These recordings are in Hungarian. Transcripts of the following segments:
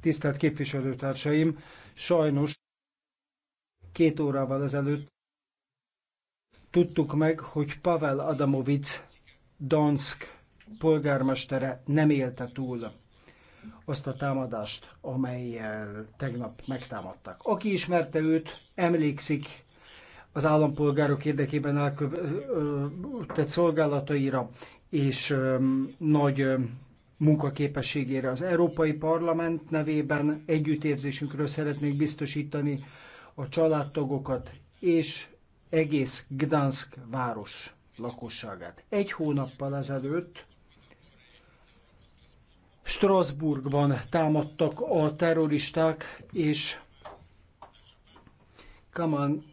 Tisztelt képviselőtársaim, sajnos két órával ezelőtt tudtuk meg, hogy Pavel Adamovic, Donsk polgármestere nem élte túl azt a támadást, amelyel tegnap megtámadtak. Aki ismerte őt, emlékszik az állampolgárok érdekében elkövetett szolgálataira, és nagy munkaképességére. Az Európai Parlament nevében együttérzésünkről szeretnék biztosítani a családtagokat és egész Gdansk város lakosságát. Egy hónappal ezelőtt Strasbourgban támadtak a terroristák, és Kaman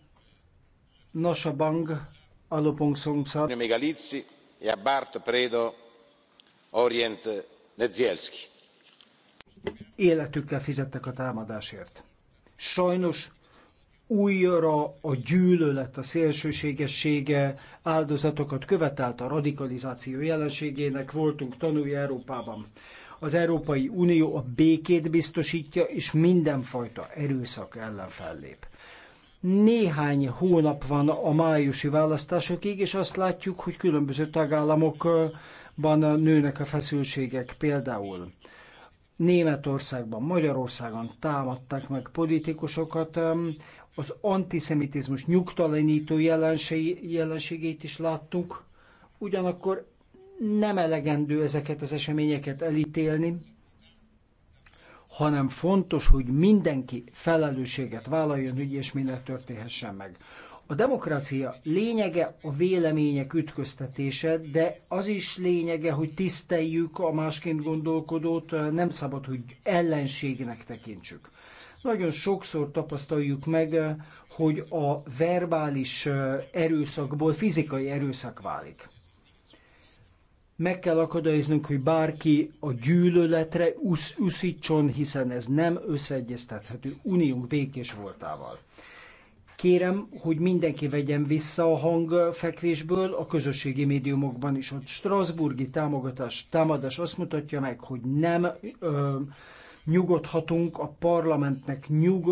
Nasabang Alopong Songsa. a Lici, a Bart Predo Orient Nedzielski. Életükkel fizettek a támadásért. Sajnos újra a gyűlölet, a szélsőségessége áldozatokat követelt a radikalizáció jelenségének, voltunk tanulja Európában. Az Európai Unió a békét biztosítja, és mindenfajta erőszak ellen fellép. Néhány hónap van a májusi választásokig, és azt látjuk, hogy különböző tagállamok van nőnek a feszültségek. Például Németországban, Magyarországon támadták meg politikusokat, az antiszemitizmus nyugtalanító jelenségét is láttuk, ugyanakkor nem elegendő ezeket az eseményeket elítélni, hanem fontos, hogy mindenki felelősséget vállaljon, hogy ilyesmi ne történhessen meg. A demokrácia lényege a vélemények ütköztetése, de az is lényege, hogy tiszteljük a másként gondolkodót, nem szabad, hogy ellenségnek tekintsük. Nagyon sokszor tapasztaljuk meg, hogy a verbális erőszakból fizikai erőszak válik. Meg kell akadályoznunk, hogy bárki a gyűlöletre usz, uszítson, hiszen ez nem összeegyeztethető unió békés voltával. Kérem, hogy mindenki vegyen vissza a hangfekvésből, a közösségi médiumokban is. A Strasburgi támogatás, támadás azt mutatja meg, hogy nem ö, nyugodhatunk, a parlamentnek nyug,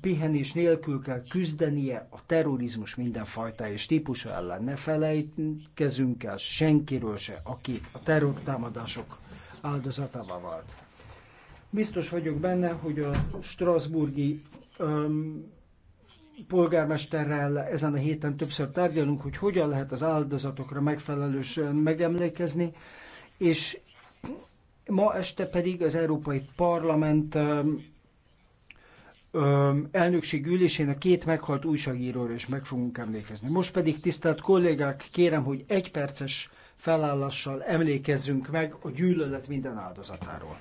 pihenés nélkül kell küzdenie a terrorizmus mindenfajta és típusa ellen. Ne felejtkezünk el senkiről se, aki a terrortámadások áldozatává vált. Biztos vagyok benne, hogy a Strasburgi polgármesterrel ezen a héten többször tárgyalunk, hogy hogyan lehet az áldozatokra megfelelősen megemlékezni, és ma este pedig az Európai Parlament elnökség ülésén a két meghalt újságíróra is meg fogunk emlékezni. Most pedig, tisztelt kollégák, kérem, hogy egy perces felállással emlékezzünk meg a gyűlölet minden áldozatáról.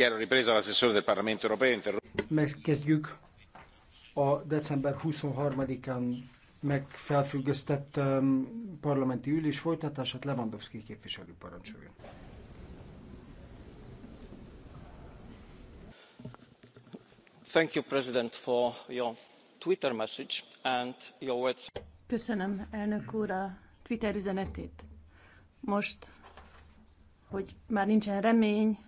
dichiaro e Megkezdjük a december 23-án meg felfüggesztett parlamenti ülés folytatását Lewandowski képviselő parancsoljon. Thank you, President, for your Twitter message and your words. Köszönöm, elnök úr, a Twitter üzenetét. Most, hogy már nincsen remény,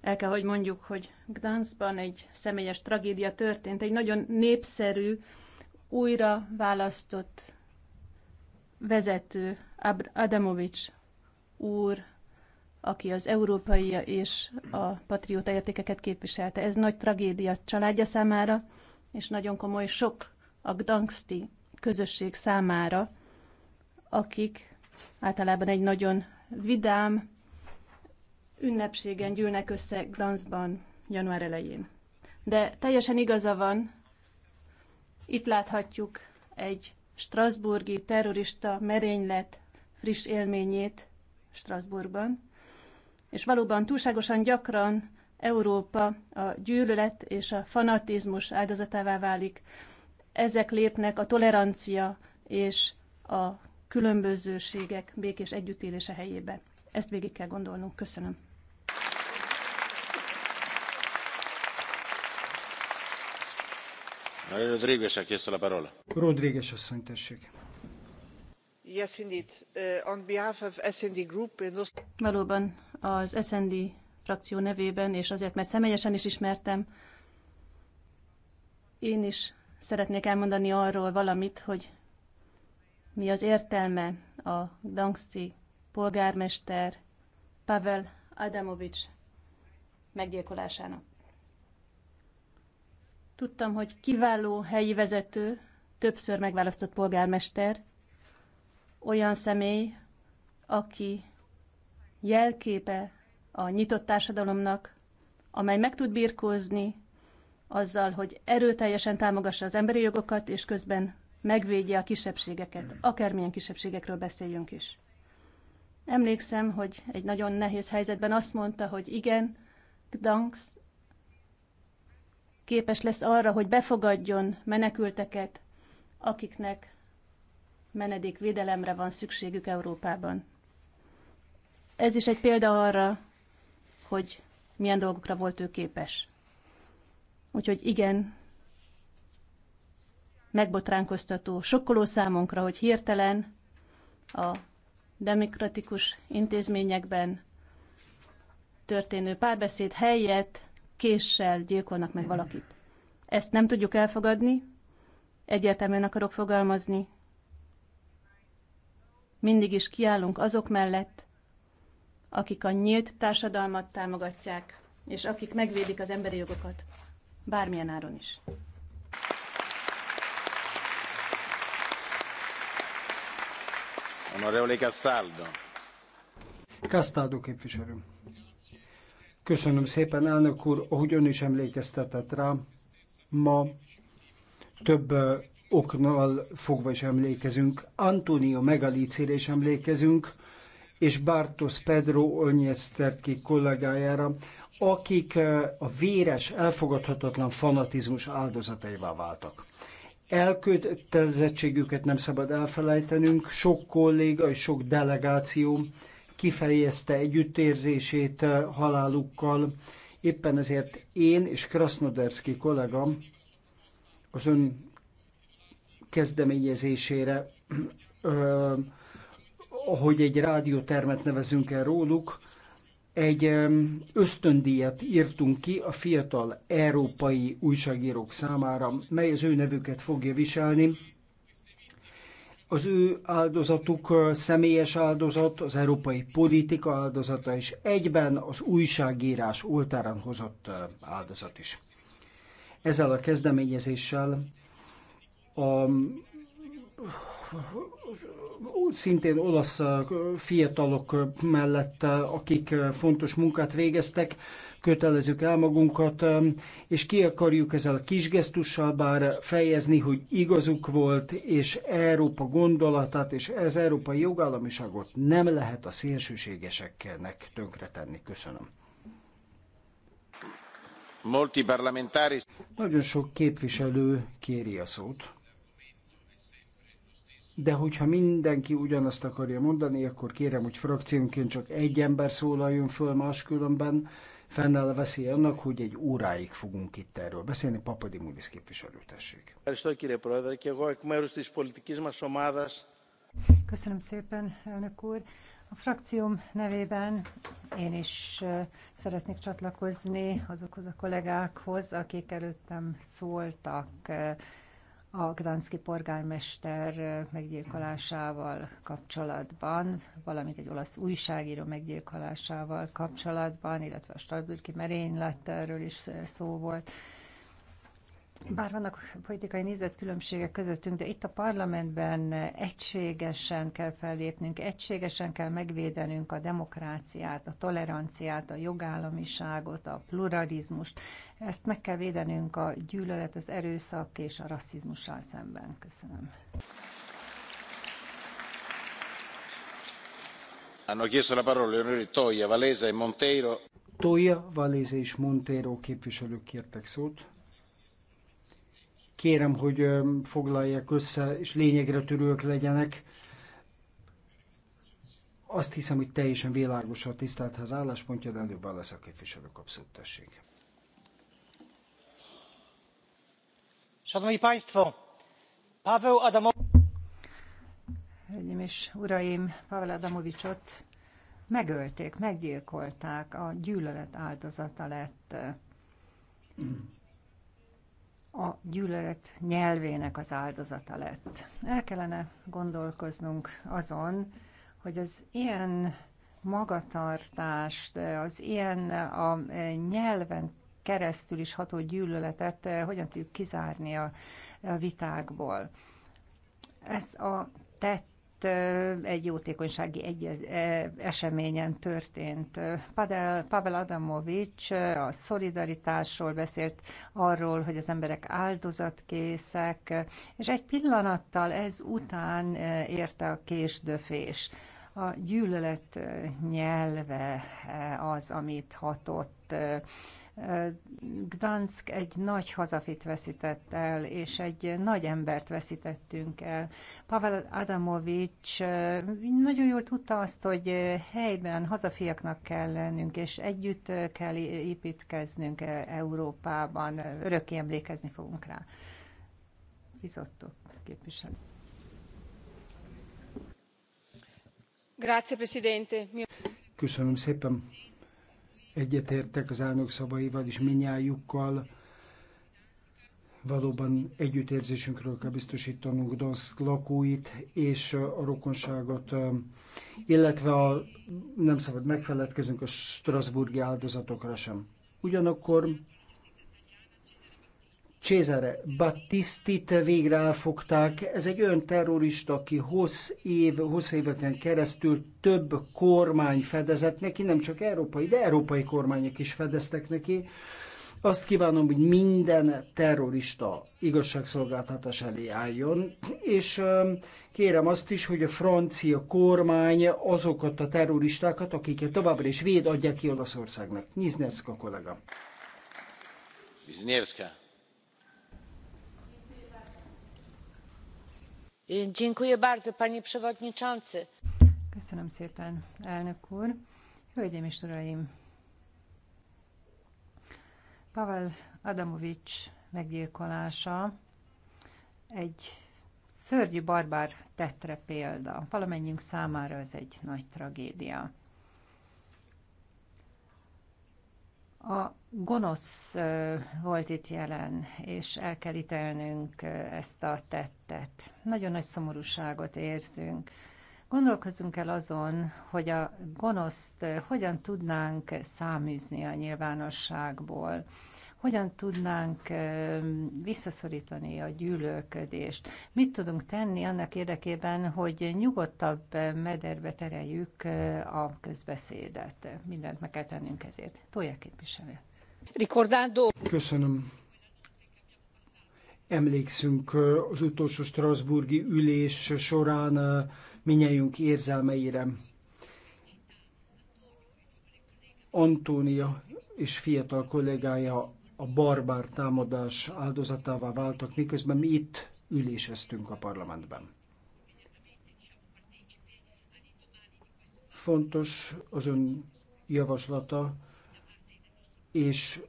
el kell, hogy mondjuk, hogy Gdanszban egy személyes tragédia történt, egy nagyon népszerű, újra választott vezető, Adamovics úr, aki az európai és a patrióta értékeket képviselte. Ez nagy tragédia családja számára, és nagyon komoly sok a Gdanszti közösség számára, akik általában egy nagyon vidám, ünnepségen gyűlnek össze Gdanszban január elején. De teljesen igaza van, itt láthatjuk egy strasburgi terrorista merénylet friss élményét Strasbourgban, és valóban túlságosan gyakran Európa a gyűlölet és a fanatizmus áldozatává válik. Ezek lépnek a tolerancia és a különbözőségek békés együttélése helyébe. Ezt végig kell gondolnunk. Köszönöm. Rodriguez asszony, tessék. Uh, uh, Valóban az d frakció nevében, és azért, mert személyesen is ismertem, én is szeretnék elmondani arról valamit, hogy mi az értelme a Gdański polgármester Pavel Adamovics meggyilkolásának. Tudtam, hogy kiváló helyi vezető, többször megválasztott polgármester, olyan személy, aki jelképe a nyitott társadalomnak, amely meg tud birkózni azzal, hogy erőteljesen támogassa az emberi jogokat, és közben megvédje a kisebbségeket, akármilyen kisebbségekről beszéljünk is. Emlékszem, hogy egy nagyon nehéz helyzetben azt mondta, hogy igen, Gdansk képes lesz arra, hogy befogadjon menekülteket, akiknek menedékvédelemre van szükségük Európában. Ez is egy példa arra, hogy milyen dolgokra volt ő képes. Úgyhogy igen, megbotránkoztató, sokkoló számunkra, hogy hirtelen a demokratikus intézményekben történő párbeszéd helyett késsel gyilkolnak meg valakit. Ezt nem tudjuk elfogadni, egyértelműen akarok fogalmazni. Mindig is kiállunk azok mellett, akik a nyílt társadalmat támogatják, és akik megvédik az emberi jogokat, bármilyen áron is. Honorevole Castaldo. Castaldo képviselő. Köszönöm szépen, elnök úr, ahogy ön is emlékeztetett rá, ma több oknal fogva is emlékezünk. Antonio Megalicére is emlékezünk, és Bartos Pedro Onyeszterki kollégájára, akik a véres, elfogadhatatlan fanatizmus áldozataival váltak. Elkötelezettségüket nem szabad elfelejtenünk, sok kolléga és sok delegáció kifejezte együttérzését eh, halálukkal. Éppen ezért én és Krasnoderski kollega az ön kezdeményezésére, eh, hogy egy rádiótermet nevezünk el róluk, egy eh, ösztöndíjat írtunk ki a fiatal európai újságírók számára, mely az ő nevüket fogja viselni az ő áldozatuk személyes áldozat, az európai politika áldozata is, egyben az újságírás oltárán hozott áldozat is. Ezzel a kezdeményezéssel a szintén olasz fiatalok mellett, akik fontos munkát végeztek, kötelezzük el magunkat, és ki akarjuk ezzel a kis gesztussal bár fejezni, hogy igazuk volt, és Európa gondolatát és ez európai jogállamiságot nem lehet a szélsőségeseknek tönkretenni. Köszönöm. parlamentari... Nagyon sok képviselő kéri a szót. De hogyha mindenki ugyanazt akarja mondani, akkor kérem, hogy frakciónként csak egy ember szólaljon föl, máskülönben Fennáll a veszély annak, hogy egy óráig fogunk itt erről beszélni. Papadimulis képviselő, tessék. Köszönöm szépen, elnök úr. A frakcióm nevében én is szeretnék csatlakozni azokhoz a kollégákhoz, akik előttem szóltak a Gdanszki polgármester meggyilkolásával kapcsolatban, valamint egy olasz újságíró meggyilkolásával kapcsolatban, illetve a Strasburgi merényletről is szó volt. Bár vannak politikai nézetkülönbségek közöttünk, de itt a parlamentben egységesen kell fellépnünk, egységesen kell megvédenünk a demokráciát, a toleranciát, a jogállamiságot, a pluralizmust. Ezt meg kell védenünk a gyűlölet, az erőszak és a rasszizmussal szemben. Köszönöm. Hanno chiesto la parola onorevoli Toia, e Monteiro. Toia, és Monteiro képviselők kértek szót. Kérem, hogy foglalják össze, és lényegre törők legyenek. Azt hiszem, hogy teljesen világos a tisztelt az álláspontja, de előbb válasz a képviselő kapszót, tessék. Szanowni Państwo, Paweł Adamowicz... Hölgyeim és uraim, Pavel Adamovicsot megölték, meggyilkolták, a gyűlölet áldozata lett a gyűlölet nyelvének az áldozata lett. El kellene gondolkoznunk azon, hogy az ilyen magatartást, az ilyen a e, nyelven keresztül is ható gyűlöletet e, hogyan tudjuk kizárni a, a vitákból. Ez a tett egy jótékonysági egy eseményen történt. Pavel, Pavel Adamovics a szolidaritásról beszélt arról, hogy az emberek áldozatkészek, és egy pillanattal ez után érte a késdöfés. A gyűlölet nyelve az, amit hatott Gdansk egy nagy hazafit veszített el, és egy nagy embert veszítettünk el. Pavel Adamovics nagyon jól tudta azt, hogy helyben hazafiaknak kell lennünk, és együtt kell építkeznünk Európában. Örökké emlékezni fogunk rá. Rizotto képviselő. Grazie, Presidente. Köszönöm szépen. Egyetértek az elnök szavaival és minnyájukkal. Valóban együttérzésünkről kell biztosítanunk Donsk lakóit és a rokonságot, illetve a, nem szabad megfeledkezünk a strasburgi áldozatokra sem. Ugyanakkor Cesare Battistit végre elfogták. Ez egy olyan terrorista, aki hossz, év, hossz éveken keresztül több kormány fedezett neki, nem csak európai, de európai kormányok is fedeztek neki. Azt kívánom, hogy minden terrorista igazságszolgáltatás elé álljon, és kérem azt is, hogy a francia kormány azokat a terroristákat, akiket továbbra is véd, adják ki Olaszországnak. Nyiznerszka kollega. Wisniewska Köszönöm szépen, Pavel Adamovics meggyilkolása egy szörnyű barbár tettre példa. Valamennyiünk számára ez egy nagy tragédia. A gonosz volt itt jelen, és el kell ítélnünk ezt a tettet. Nagyon nagy szomorúságot érzünk. Gondolkozunk el azon, hogy a gonoszt hogyan tudnánk száműzni a nyilvánosságból. Hogyan tudnánk visszaszorítani a gyűlölködést? Mit tudunk tenni annak érdekében, hogy nyugodtabb mederbe tereljük eh, a közbeszédet? Mindent meg kell tennünk ezért. Tója képviselő. Ricordando. Köszönöm. Emlékszünk eh, az utolsó Strasburgi ülés során eh, minnyájunk érzelmeire. Antónia és fiatal kollégája a barbár támadás áldozatává váltak, miközben mi itt üléseztünk a parlamentben. Fontos az ön javaslata, és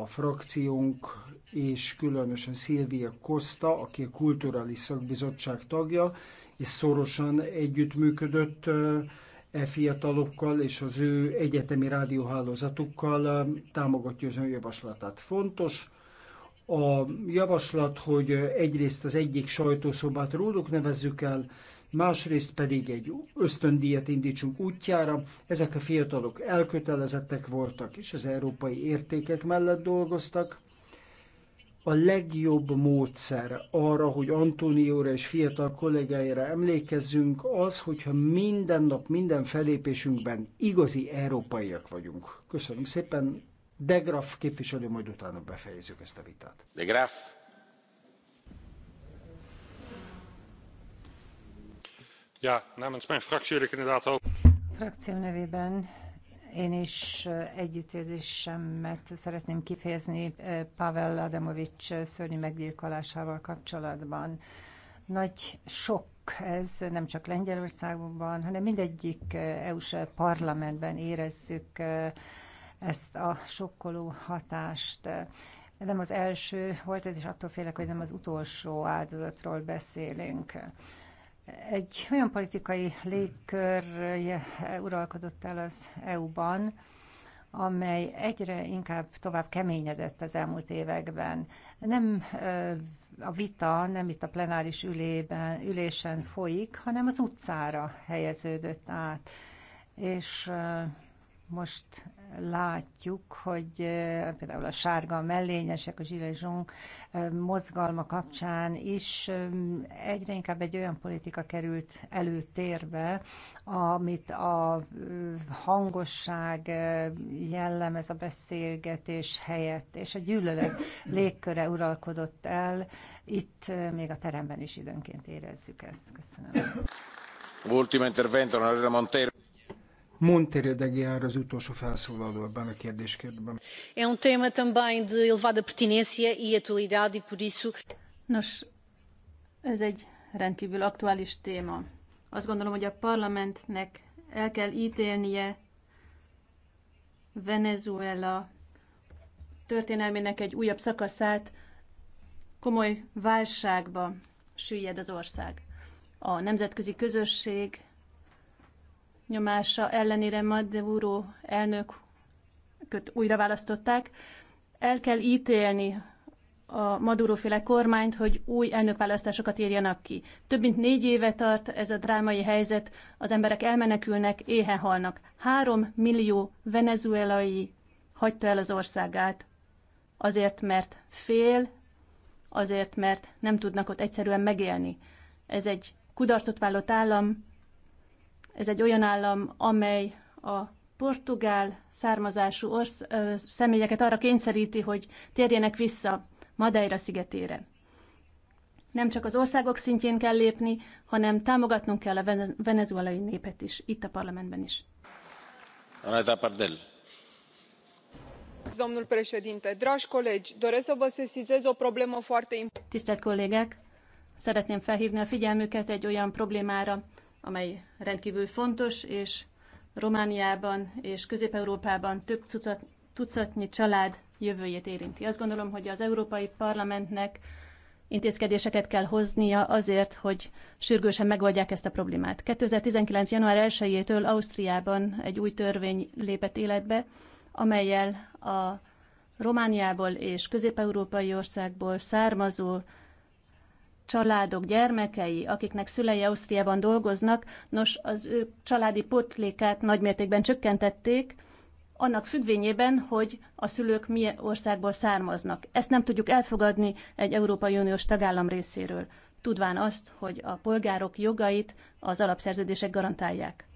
a frakciónk, és különösen Szilvia Costa, aki a Kulturális Szakbizottság tagja, és szorosan együttműködött e fiatalokkal és az ő egyetemi rádióhálózatukkal um, támogatja az önjavaslatát. Fontos a javaslat, hogy egyrészt az egyik sajtószobát róluk nevezzük el, másrészt pedig egy ösztöndíjat indítsunk útjára. Ezek a fiatalok elkötelezettek voltak, és az európai értékek mellett dolgoztak a legjobb módszer arra, hogy Antónióra és fiatal kollégáira emlékezzünk, az, hogyha minden nap, minden felépésünkben igazi európaiak vagyunk. Köszönöm szépen. De Graf képviselő, majd utána befejezzük ezt a vitát. De Graf. Ja, namens mijn fractie wil ik inderdaad ook. Frakció nevében én is együttérzésemet szeretném kifejezni Pavel Adamovics szörnyű meggyilkolásával kapcsolatban. Nagy sok ez nem csak Lengyelországban, hanem mindegyik EU-s parlamentben érezzük ezt a sokkoló hatást. Nem az első volt ez, és attól félek, hogy nem az utolsó áldozatról beszélünk. Egy olyan politikai légkör uralkodott el az EU-ban, amely egyre inkább tovább keményedett az elmúlt években. Nem a vita nem itt a plenáris ülében, ülésen folyik, hanem az utcára helyeződött át. És most látjuk, hogy például a sárga a mellényesek, a Gilles mozgalma kapcsán is egyre inkább egy olyan politika került előtérbe, amit a hangosság jellemez a beszélgetés helyett, és a gyűlölet légköre uralkodott el. Itt még a teremben is időnként érezzük ezt. Köszönöm. Ultimo intervento, Montero Monteiro de Aguiar az utolsó felszólaló ebben a kérdéskörben. É um tema também de elevada pertinência e atualidade, e por isso... Nos, ez egy rendkívül aktuális téma. Azt gondolom, hogy a parlamentnek el kell ítélnie Venezuela történelmének egy újabb szakaszát, komoly válságba süllyed az ország. A nemzetközi közösség nyomása ellenére Maduro elnök újra választották. El kell ítélni a Maduro-féle kormányt, hogy új elnökválasztásokat írjanak ki. Több mint négy éve tart ez a drámai helyzet, az emberek elmenekülnek, éhe halnak. Három millió venezuelai hagyta el az országát, azért mert fél, azért mert nem tudnak ott egyszerűen megélni. Ez egy kudarcot vállott állam, ez egy olyan állam, amely a portugál származású orsz, ö, személyeket arra kényszeríti, hogy térjenek vissza Madeira szigetére. Nem csak az országok szintjén kell lépni, hanem támogatnunk kell a venezuelai népet is, itt a parlamentben is. Domnul președinte, dragi colegi, doresc să vă sesizez o problemă foarte importantă. Tisztelt kollégák, szeretném felhívni a figyelmüket egy olyan problémára, amely rendkívül fontos, és Romániában és Közép-Európában több tucatnyi család jövőjét érinti. Azt gondolom, hogy az Európai Parlamentnek intézkedéseket kell hoznia azért, hogy sürgősen megoldják ezt a problémát. 2019. január 1-től Ausztriában egy új törvény lépett életbe, amelyel a Romániából és közép-európai országból származó családok gyermekei, akiknek szülei Ausztriában dolgoznak, nos, az ő családi potlékát nagymértékben csökkentették, annak függvényében, hogy a szülők milyen országból származnak. Ezt nem tudjuk elfogadni egy Európai Uniós tagállam részéről, tudván azt, hogy a polgárok jogait az alapszerződések garantálják.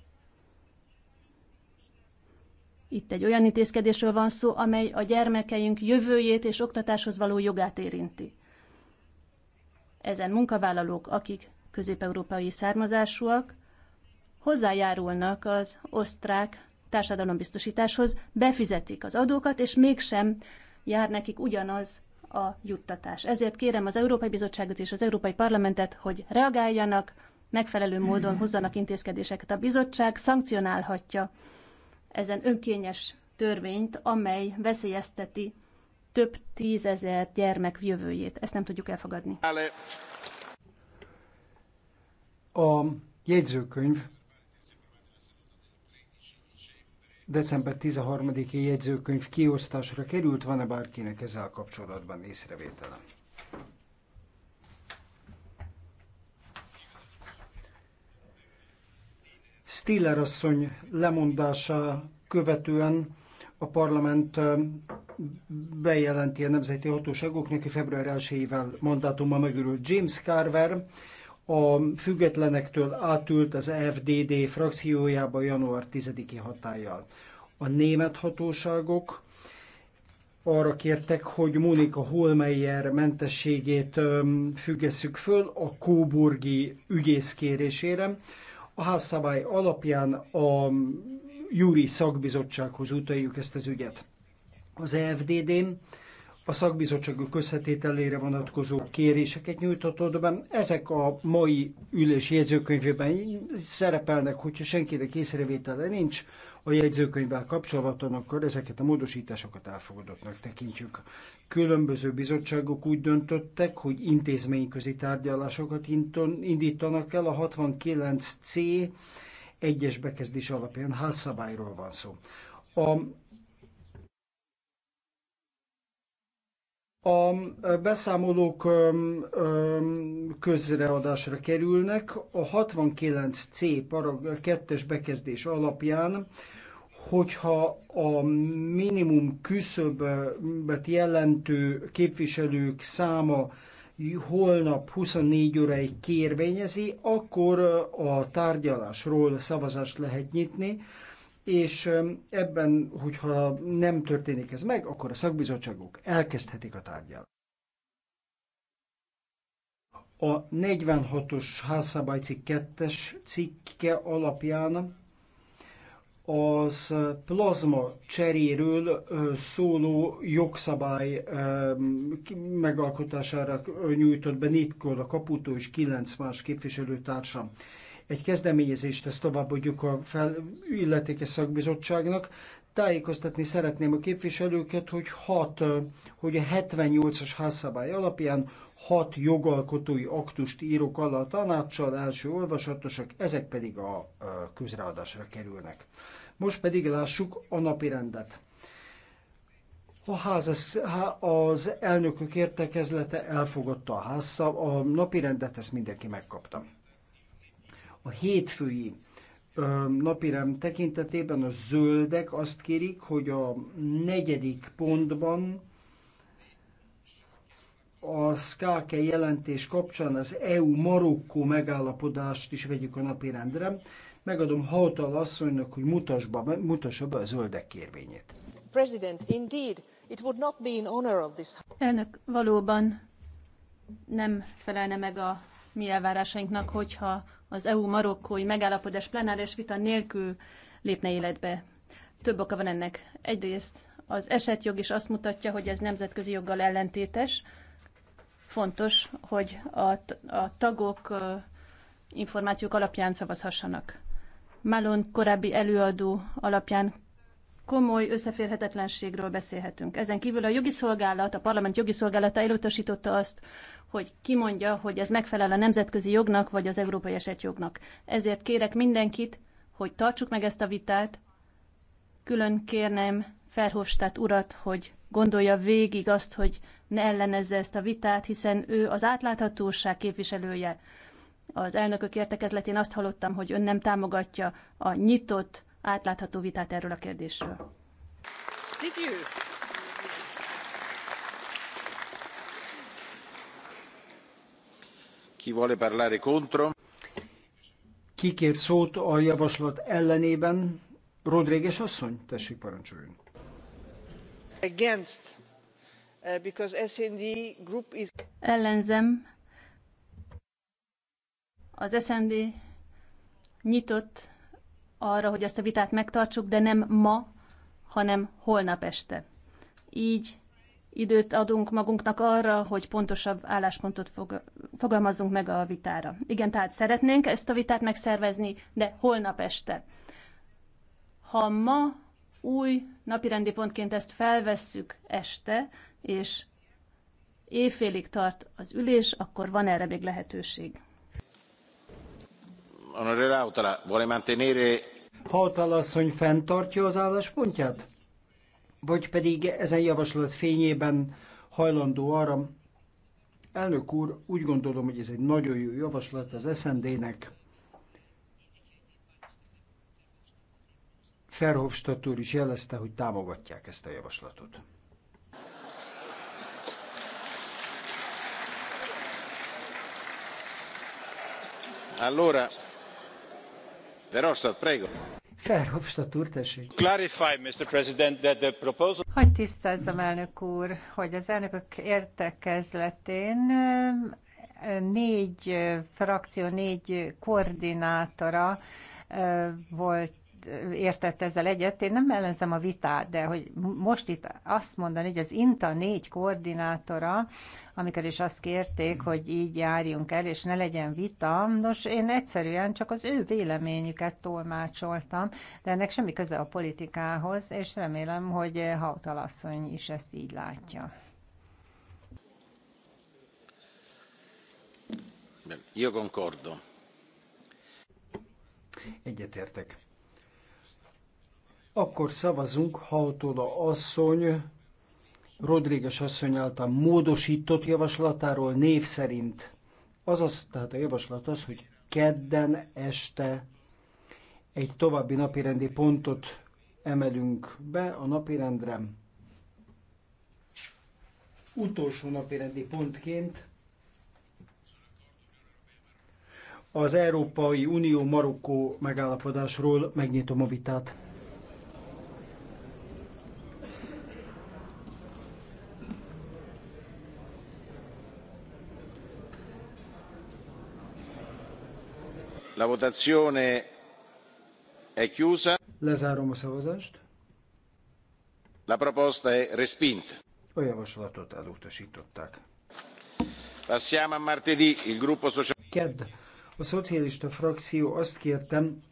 Itt egy olyan intézkedésről van szó, amely a gyermekeink jövőjét és oktatáshoz való jogát érinti ezen munkavállalók, akik közép-európai származásúak, hozzájárulnak az osztrák társadalombiztosításhoz, befizetik az adókat, és mégsem jár nekik ugyanaz a juttatás. Ezért kérem az Európai Bizottságot és az Európai Parlamentet, hogy reagáljanak, megfelelő módon mhm. hozzanak intézkedéseket. A bizottság szankcionálhatja ezen önkényes törvényt, amely veszélyezteti több tízezer gyermek jövőjét. Ezt nem tudjuk elfogadni. A jegyzőkönyv december 13-i jegyzőkönyv kiosztásra került, van-e bárkinek ezzel kapcsolatban észrevétele? Stiller asszony lemondása követően a parlament bejelenti a nemzeti hatóságoknak, hogy február 1-ével mandátummal megörült James Carver, a függetlenektől átült az FDD frakciójába január 10-i hatállyal. A német hatóságok arra kértek, hogy Monika Holmeyer mentességét függesszük föl a Kóburgi ügyész kérésére. A házszabály alapján a júri szakbizottsághoz utaljuk ezt az ügyet. Az EFDD-n a szakbizottságok összetételére vonatkozó kéréseket nyújtatott be. Ezek a mai ülés jegyzőkönyvében szerepelnek, hogyha senkinek észrevétele nincs a jegyzőkönyvvel kapcsolatban, akkor ezeket a módosításokat elfogadottnak tekintjük. Különböző bizottságok úgy döntöttek, hogy intézményközi tárgyalásokat indítanak el a 69C egyes bekezdés alapján házszabályról van szó. A A beszámolók közreadásra kerülnek. A 69C parag 2-es bekezdés alapján, hogyha a minimum küszöbet jelentő képviselők száma holnap 24 óráig kérvényezi, akkor a tárgyalásról szavazást lehet nyitni, és ebben, hogyha nem történik ez meg, akkor a szakbizottságok elkezdhetik a tárgyalást. A 46-os házszabálycikk 2-es cikke alapján az plazma cseréről szóló jogszabály megalkotására nyújtott be Nikkor, a Kaputó és kilenc más képviselőtársam. Egy kezdeményezést ezt továbbadjuk a fel, illetékes szakbizottságnak, Tájékoztatni szeretném a képviselőket, hogy hat, hogy a 78-as házszabály alapján hat jogalkotói aktust írok alá a tanácssal, első olvasatosak, ezek pedig a közreadásra kerülnek. Most pedig lássuk a napi rendet. A ház, az elnökök értekezlete elfogadta a házszab, a napi rendet, ezt mindenki megkapta. A hétfői napirem tekintetében a zöldek azt kérik, hogy a negyedik pontban a Skáke jelentés kapcsán az EU-Marokkó megállapodást is vegyük a napirendre. Megadom Hautal asszonynak, hogy mutassa be, be a zöldek kérvényét. Elnök, valóban nem felelne meg a mi elvárásainknak, hogyha az EU-marokkói megállapodás plenáris vita nélkül lépne életbe. Több oka van ennek. Egyrészt az esetjog is azt mutatja, hogy ez nemzetközi joggal ellentétes. Fontos, hogy a, a tagok információk alapján szavazhassanak. Malon korábbi előadó alapján komoly összeférhetetlenségről beszélhetünk. Ezen kívül a jogi szolgálat, a parlament jogi szolgálata elutasította azt, hogy kimondja, hogy ez megfelel a nemzetközi jognak vagy az európai esetjognak. Ezért kérek mindenkit, hogy tartsuk meg ezt a vitát. Külön kérnem Ferhofstadt urat, hogy gondolja végig azt, hogy ne ellenezze ezt a vitát, hiszen ő az átláthatóság képviselője. Az elnökök értekezletén azt hallottam, hogy ön nem támogatja a nyitott, átlátható vitát erről a kérdésről. Thank you. Ki kér szót a javaslat ellenében? Rodríguez asszony, tessék parancsoljon. Against. Eh, because SND group is... Ellenzem. Az SND nyitott arra, hogy ezt a vitát megtartsuk, de nem ma, hanem holnap este. Így időt adunk magunknak arra, hogy pontosabb álláspontot fog, fogalmazunk meg a vitára. Igen, tehát szeretnénk ezt a vitát megszervezni, de holnap este. Ha ma új napirendi pontként ezt felvesszük este, és éjfélig tart az ülés, akkor van erre még lehetőség. Honoré Rautala, vuole mantenere... Hautala asszony fenntartja az álláspontját? vagy pedig ezen javaslat fényében hajlandó arra. Elnök úr, úgy gondolom, hogy ez egy nagyon jó javaslat az SND-nek. Ferhofstadt úr is jelezte, hogy támogatják ezt a javaslatot. Allora, Verhofstadt, prego. Verhofstadt úr, tessék. Clarify, Mr. President, that the proposal... Hogy tisztázzam, elnök úr, hogy az elnökök értekezletén négy frakció, négy koordinátora volt értett ezzel egyet. Én nem ellenzem a vitát, de hogy most itt azt mondani, hogy az INTA négy koordinátora, amikor is azt kérték, hogy így járjunk el, és ne legyen vita, nos, én egyszerűen csak az ő véleményüket tolmácsoltam, de ennek semmi köze a politikához, és remélem, hogy Hautalasszony is ezt így látja. Io concordo. Egyetértek. Akkor szavazunk Hautoda asszony, Rodríguez asszony által módosított javaslatáról név szerint. Azaz, tehát a javaslat az, hogy kedden este egy további napirendi pontot emelünk be a napirendre. Utolsó napirendi pontként az Európai Unió-Marokkó megállapodásról megnyitom a vitát. La votazione è chiusa. Lezárom a szavazást. La proposta è respinta. A javaslatot elutasították. Passiamo a martedì, il gruppo Ked, A szocialista frakció azt kértem,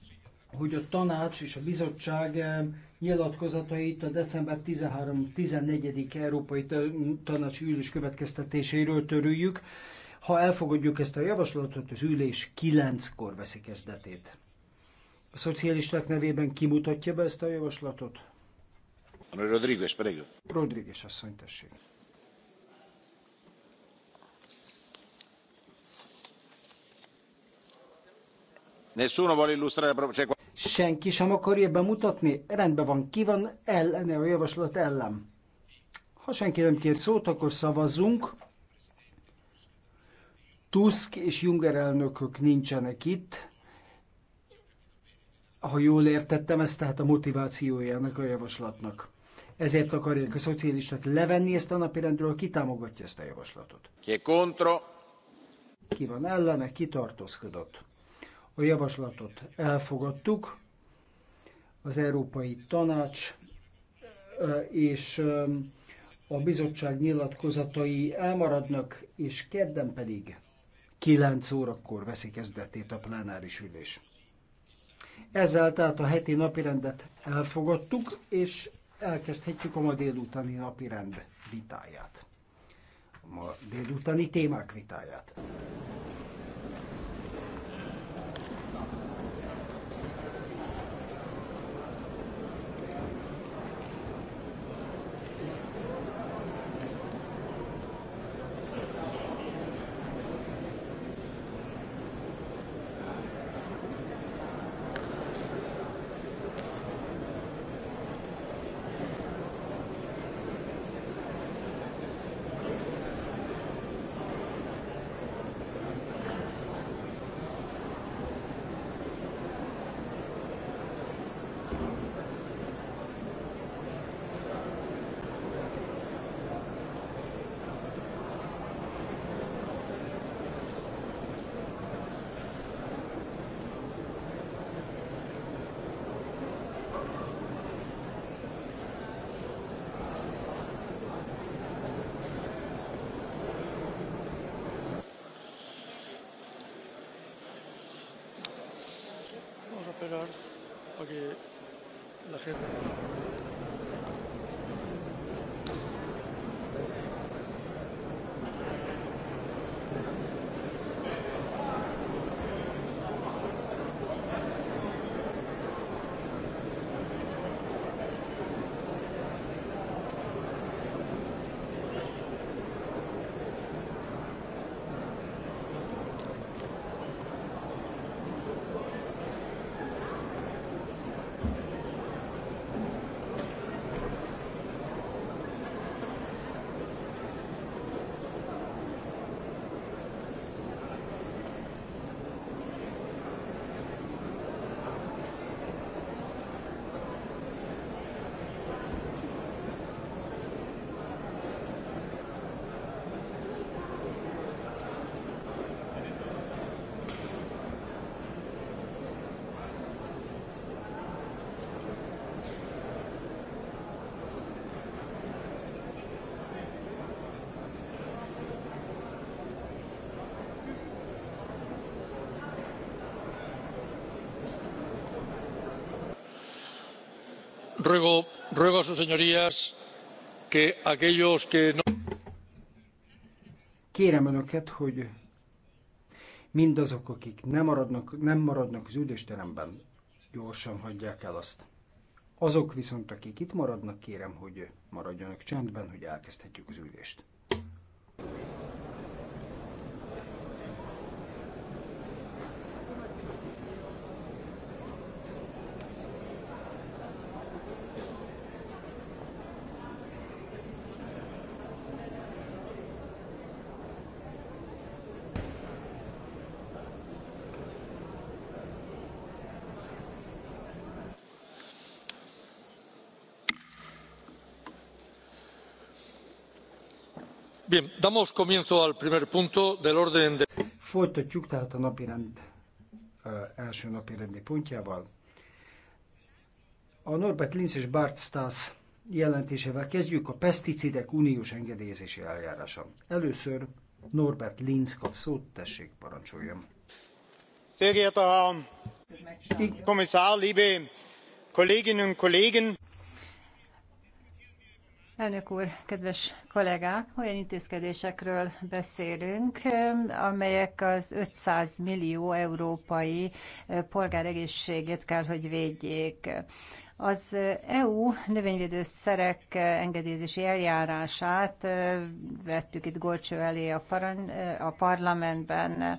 hogy a tanács és a bizottság eh, nyilatkozatait a december 13-14. Európai tanácsi ülés következtetéséről törüljük. Ha elfogadjuk ezt a javaslatot, az ülés kilenckor veszi kezdetét. A szocialisták nevében kimutatja be ezt a javaslatot? Rodríguez, pedig. Rodríguez asszony, tessék. illustrare Senki sem akarja bemutatni? Rendben van, ki van ellene a javaslat ellen? Ha senki nem kér szót, akkor szavazzunk. Tusk és Junger elnökök nincsenek itt. Ha jól értettem, ez tehát a motivációja ennek a javaslatnak. Ezért akarják a szocialistát levenni ezt a napirendről, ki támogatja ezt a javaslatot. Ki kontra? Ki van ellene, ki tartózkodott. A javaslatot elfogadtuk, az Európai Tanács és a bizottság nyilatkozatai elmaradnak, és kedden pedig 9 órakor veszi kezdetét a plenáris ülés. Ezzel tehát a heti napirendet elfogadtuk, és elkezdhetjük a ma délutáni napirend vitáját. A ma délutáni témák vitáját. ruego a sus señorías que aquellos que no. Kérem önöket, hogy mindazok, akik nem maradnak, nem maradnak az ülésteremben, gyorsan hagyják el azt. Azok viszont, akik itt maradnak, kérem, hogy maradjanak csendben, hogy elkezdhetjük az ülést. Damos comienzo al primer punto del orden de... Folytatjuk tehát a rend első rendi pontjával. A Norbert Linz és Bart Stas jelentésével kezdjük a peszticidek uniós engedélyezési eljárása. Először Norbert Linz kap szót, tessék parancsoljon. Sehr geehrter Herr Kommissar, liebe Kolleginnen und Kollegen! Elnök úr, kedves kollégák, olyan intézkedésekről beszélünk, amelyek az 500 millió európai polgár egészségét kell, hogy védjék. Az EU növényvédőszerek engedélyezési eljárását vettük itt Golcső elé a, paran- a parlamentben.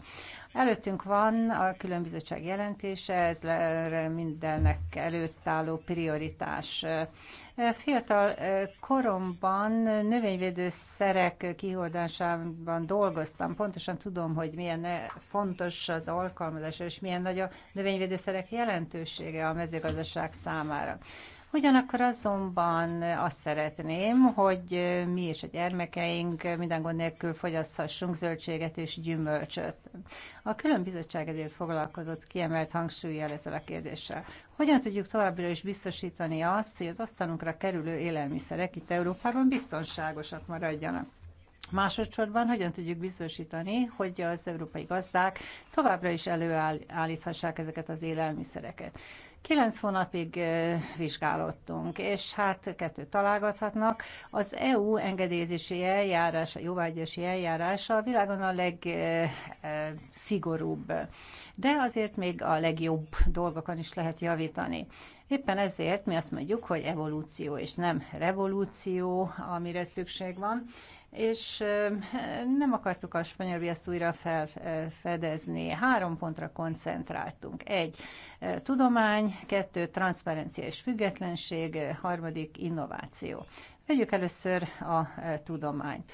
Előttünk van a különbizottság jelentése, ez mindennek előtt álló prioritás. Fiatal koromban növényvédőszerek kihordásában dolgoztam, pontosan tudom, hogy milyen eh, fontos az alkalmazás, és milyen nagy a növényvédőszerek jelentősége a mezőgazdaság számára. Ugyanakkor azonban azt szeretném, hogy mi és a gyermekeink minden gond nélkül fogyaszthassunk zöldséget és gyümölcsöt. A külön bizottság ezért foglalkozott kiemelt hangsúlyjal ezzel a kérdéssel. Hogyan tudjuk továbbra is biztosítani azt, hogy az asztalunkra kerülő élelmiszerek itt Európában biztonságosak maradjanak? Másodszorban hogyan tudjuk biztosítani, hogy az európai gazdák továbbra is előállíthassák ezeket az élelmiszereket. Kilenc hónapig vizsgálottunk, és hát kettőt találgathatnak. Az EU engedélyezési eljárása, jóvágyási eljárása a világon a legszigorúbb, de azért még a legjobb dolgokon is lehet javítani. Éppen ezért mi azt mondjuk, hogy evolúció és nem revolúció, amire szükség van, és nem akartuk a spanyol viaszt újra felfedezni. Három pontra koncentráltunk. Egy, tudomány, kettő, transzparencia és függetlenség, harmadik, innováció. Vegyük először a e, tudományt.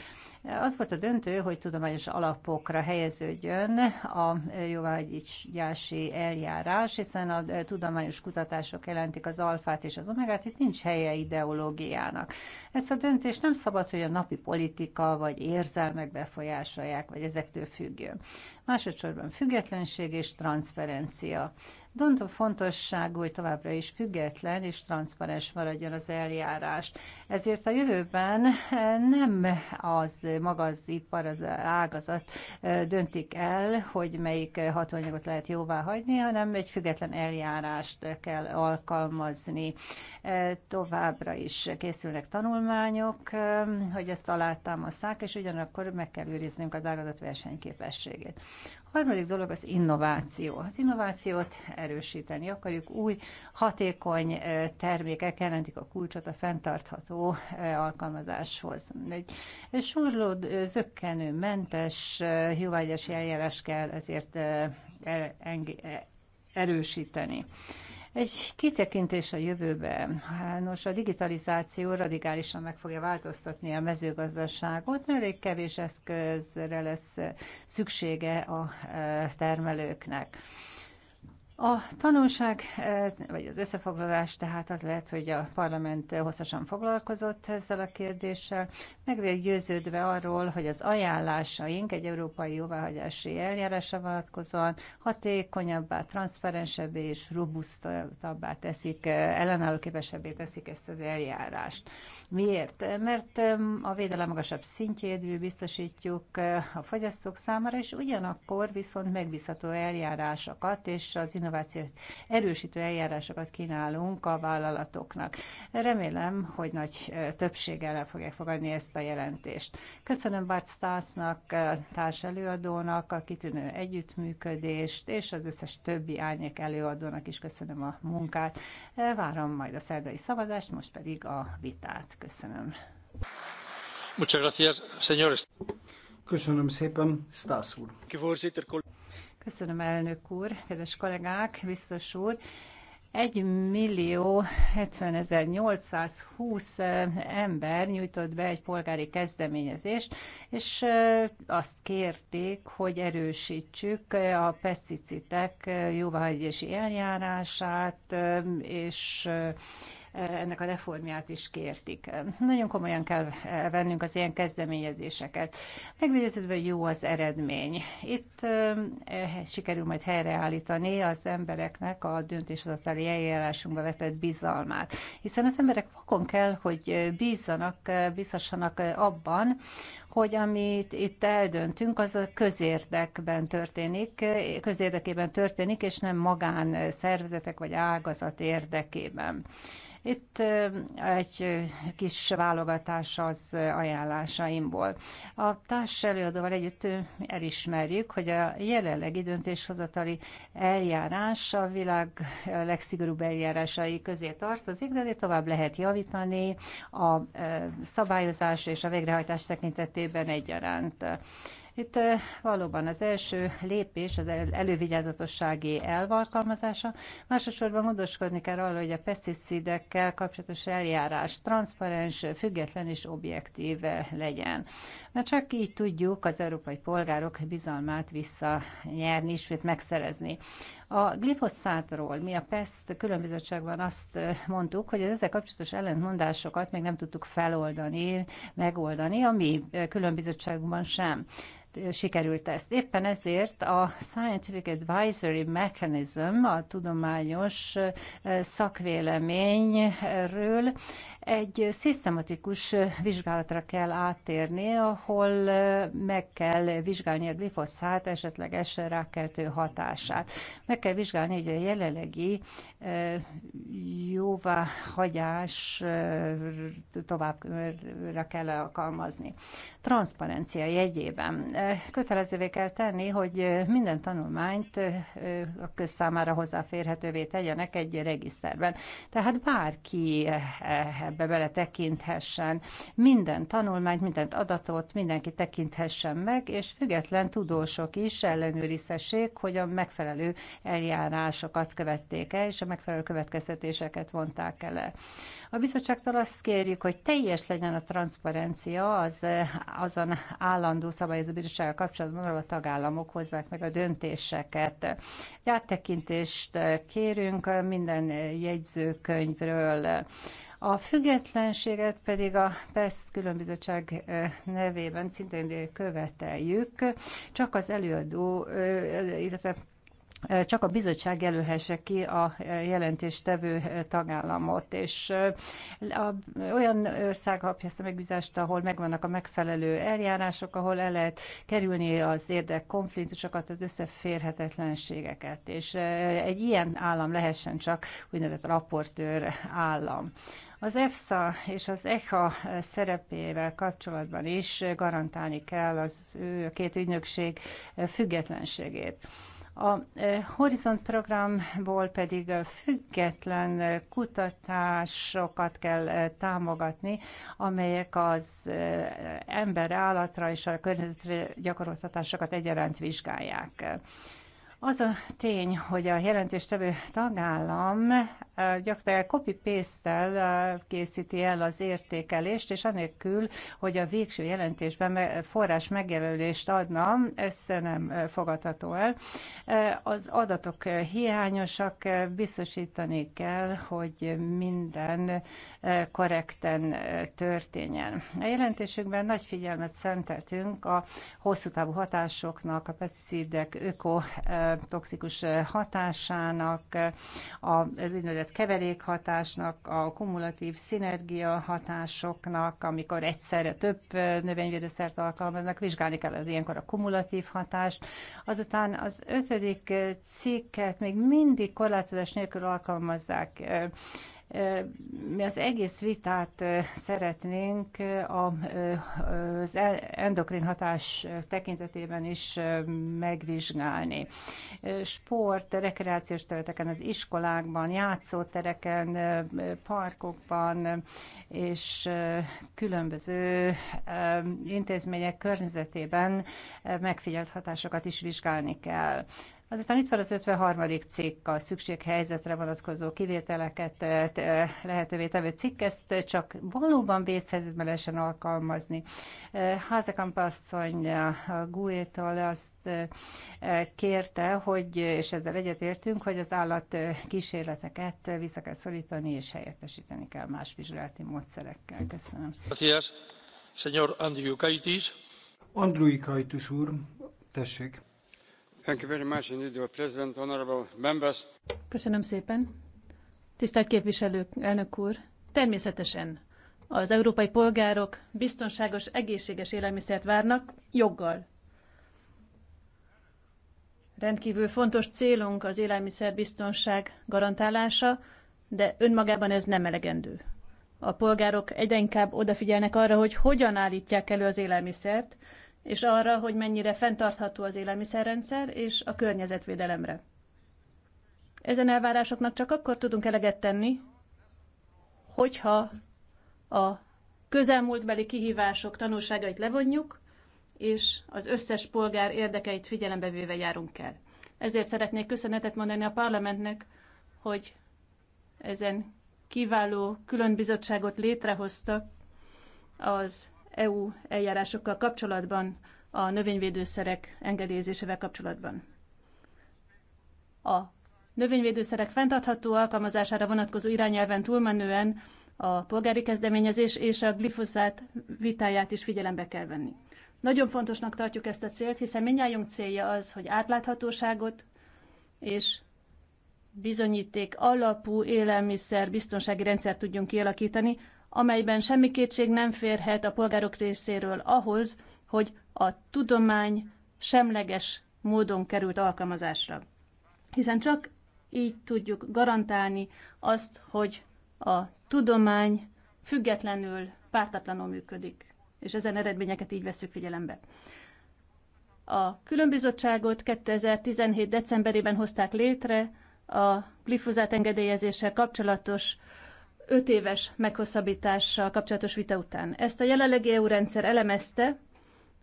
Az volt a döntő, hogy tudományos alapokra helyeződjön a jóvágyási eljárás, hiszen a e, tudományos kutatások jelentik az alfát és az omegát, itt nincs helye ideológiának. Ezt a döntést nem szabad, hogy a napi politika vagy érzelmek befolyásolják, vagy ezektől függjön. Másodszorban függetlenség és transzferencia. Döntő fontosságú, hogy továbbra is független és transzparens maradjon az eljárás. Ezért a jövőben nem az maga az ipar, az ágazat döntik el, hogy melyik hatóanyagot lehet jóvá hagyni, hanem egy független eljárást kell alkalmazni. Továbbra is készülnek tanulmányok, hogy ezt alátámasztják, és ugyanakkor meg kell őriznünk az ágazat versenyképességét harmadik dolog az innováció. Az innovációt erősíteni akarjuk, új, hatékony termékek jelentik a kulcsot a fenntartható alkalmazáshoz. Egy surló, zöggenő, mentes hivágyas eljárás kell ezért erősíteni. Egy kitekintés a jövőbe. Nos, a digitalizáció radikálisan meg fogja változtatni a mezőgazdaságot. Elég kevés eszközre lesz szüksége a e, termelőknek. A tanulság, eh, vagy az összefoglalás tehát az lehet, hogy a parlament hosszasan foglalkozott ezzel a kérdéssel, meg győződve arról, hogy az ajánlásaink egy európai jóváhagyási eljárásra vonatkozóan hatékonyabbá, transzferensebbé és robusztabbá teszik, eh, ellenállóképesebbé teszik ezt az eljárást. Miért? Mert eh, a védelem magasabb szintjét biztosítjuk a fogyasztók számára, és ugyanakkor viszont megbízható eljárásokat és az innovációt innovációt erősítő eljárásokat kínálunk a vállalatoknak. Remélem, hogy nagy többséggel el fogják fogadni ezt a jelentést. Köszönöm Bart Stásznak, társ előadónak a kitűnő együttműködést, és az összes többi árnyék előadónak is köszönöm a munkát. Várom majd a szerdai szavazást, most pedig a vitát. Köszönöm. Muchas gracias, señores. Köszönöm szépen, Stász úr. Köszönöm, elnök úr, kedves kollégák, biztos úr. 1 millió 70 820 ember nyújtott be egy polgári kezdeményezést, és azt kérték, hogy erősítsük a peszticitek jóváhagyási eljárását, és ennek a reformját is kértik. Nagyon komolyan kell vennünk az ilyen kezdeményezéseket. Megvédőződve jó az eredmény. Itt eh, sikerül majd helyreállítani az embereknek a döntéshozatali eljárásunkba vetett bizalmát. Hiszen az emberek vakon kell, hogy bízzanak, bízhassanak abban, hogy amit itt eldöntünk, az a közérdekben történik, közérdekében történik, és nem magán szervezetek vagy ágazat érdekében. Itt egy kis válogatás az ajánlásaimból. A társ előadóval együtt elismerjük, hogy a jelenlegi döntéshozatali eljárás a világ legszigorúbb eljárásai közé tartozik, de tovább lehet javítani a szabályozás és a végrehajtás tekintetében egyaránt. Itt eh, valóban az első lépés az elővigyázatossági elvalkalmazása. alkalmazása. Másodszorban módoskodni kell arra, hogy a pesticidekkel kapcsolatos eljárás transzparens, független és objektív eh, legyen. Mert csak így tudjuk az európai polgárok bizalmát visszanyerni, ismét megszerezni. A glifoszátról mi a PESZT különbizottságban azt eh, mondtuk, hogy az ezzel kapcsolatos ellentmondásokat még nem tudtuk feloldani, megoldani, a mi különbizottságunkban sem sikerült ezt. Éppen ezért a Scientific Advisory Mechanism, a tudományos eh, szakvéleményről egy szisztematikus vizsgálatra kell áttérni, ahol eh, meg kell vizsgálni a glifoszát esetleges rákkeltő hatását. Meg kell vizsgálni, hogy a jelenlegi jóvá hagyás továbbra kell alkalmazni. Transzparencia jegyében kötelezővé kell tenni, hogy minden tanulmányt a közszámára hozzáférhetővé tegyenek egy regiszterben. Tehát bárki ebbe bele tekinthessen. Minden tanulmányt, minden adatot mindenki tekinthessen meg, és független tudósok is ellenőrizhessék, hogy a megfelelő eljárásokat követték el, és a megfelelő következtetéseket vonták el. A bizottságtól azt kérjük, hogy teljes legyen a transzparencia az azon állandó szabályozó bizottsággal kapcsolatban, ahol a tagállamok hozzák meg a döntéseket. áttekintést kérünk minden jegyzőkönyvről. A függetlenséget pedig a PESZ különbizottság nevében szintén követeljük, csak az előadó, illetve csak a bizottság jelölhesse ki a jelentéstevő tagállamot, és a, olyan ország kapja ezt a megbízást, ahol megvannak a megfelelő eljárások, ahol el lehet kerülni az konfliktusokat, az összeférhetetlenségeket, és egy ilyen állam lehessen csak úgynevezett raportőr állam. Az EFSA és az ECHA szerepével kapcsolatban is garantálni kell az ő két ügynökség függetlenségét. A e, Horizont programból pedig független kutatásokat kell e, támogatni, amelyek az e, ember állatra és a környezetre gyakorolt hatásokat egyaránt vizsgálják. Az a tény, hogy a jelentéstevő tagállam eh, gyakorlatilag copy paste eh, készíti el az értékelést, és anélkül, hogy a végső jelentésben forrás megjelölést adna, ezt nem eh, fogadható el. Az adatok hiányosak, biztosítani kell, hogy minden korrekten történjen. A jelentésükben nagy figyelmet szenteltünk a hosszú távú hatásoknak, a peszticidek ökotoxikus hatásának, az úgynevezett hatásnak, a kumulatív szinergia hatásoknak, amikor egyszerre több növényvédőszert alkalmaznak, vizsgálni kell az ilyenkor a kumulatív hatást. Azután az ötödik cikket még mindig korlátozás nélkül alkalmazzák. Mi az egész vitát szeretnénk az e- endokrin hatás tekintetében is megvizsgálni. Sport, rekreációs területeken, az iskolákban, játszótereken, parkokban és különböző intézmények környezetében megfigyelt hatásokat is vizsgálni kell. Azután itt van az 53. cikk, a szükséghelyzetre vonatkozó kivételeket eh, eh, lehetővé tevő cikk, ezt csak valóban vészhelyzetben lehessen alkalmazni. Eh, Házekamp asszony a azt kérte, hogy, és ezzel egyetértünk, hogy az állat kísérleteket vissza kell szorítani, és helyettesíteni kell más vizsgálati módszerekkel. Köszönöm. Gracias, señor Andriukaitis. Andriukaitis úr, tessék. Köszönöm szépen. Tisztelt képviselők, elnök úr! Természetesen az európai polgárok biztonságos, egészséges élelmiszert várnak, joggal. Rendkívül fontos célunk az élelmiszerbiztonság garantálása, de önmagában ez nem elegendő. A polgárok egyre inkább odafigyelnek arra, hogy hogyan állítják elő az élelmiszert, és arra, hogy mennyire fenntartható az élelmiszerrendszer és a környezetvédelemre. Ezen elvárásoknak csak akkor tudunk eleget tenni, hogyha a közelmúltbeli kihívások tanulságait levonjuk, és az összes polgár érdekeit figyelembe véve járunk el. Ezért szeretnék köszönetet mondani a parlamentnek, hogy ezen kiváló különbizottságot létrehoztak az EU eljárásokkal kapcsolatban, a növényvédőszerek engedélyezésével kapcsolatban. A növényvédőszerek fenntartható alkalmazására vonatkozó irányelven túlmenően a polgári kezdeményezés és a glifoszát vitáját is figyelembe kell venni. Nagyon fontosnak tartjuk ezt a célt, hiszen mindjárt célja az, hogy átláthatóságot és bizonyíték alapú élelmiszer biztonsági rendszert tudjunk kialakítani, amelyben semmi kétség nem férhet a polgárok részéről ahhoz, hogy a tudomány semleges módon került alkalmazásra. Hiszen csak így tudjuk garantálni azt, hogy a tudomány függetlenül, pártatlanul működik, és ezen eredményeket így veszük figyelembe. A különbizottságot 2017. decemberében hozták létre a glifozát engedélyezéssel kapcsolatos öt éves meghosszabbítással kapcsolatos vita után. Ezt a jelenlegi EU rendszer elemezte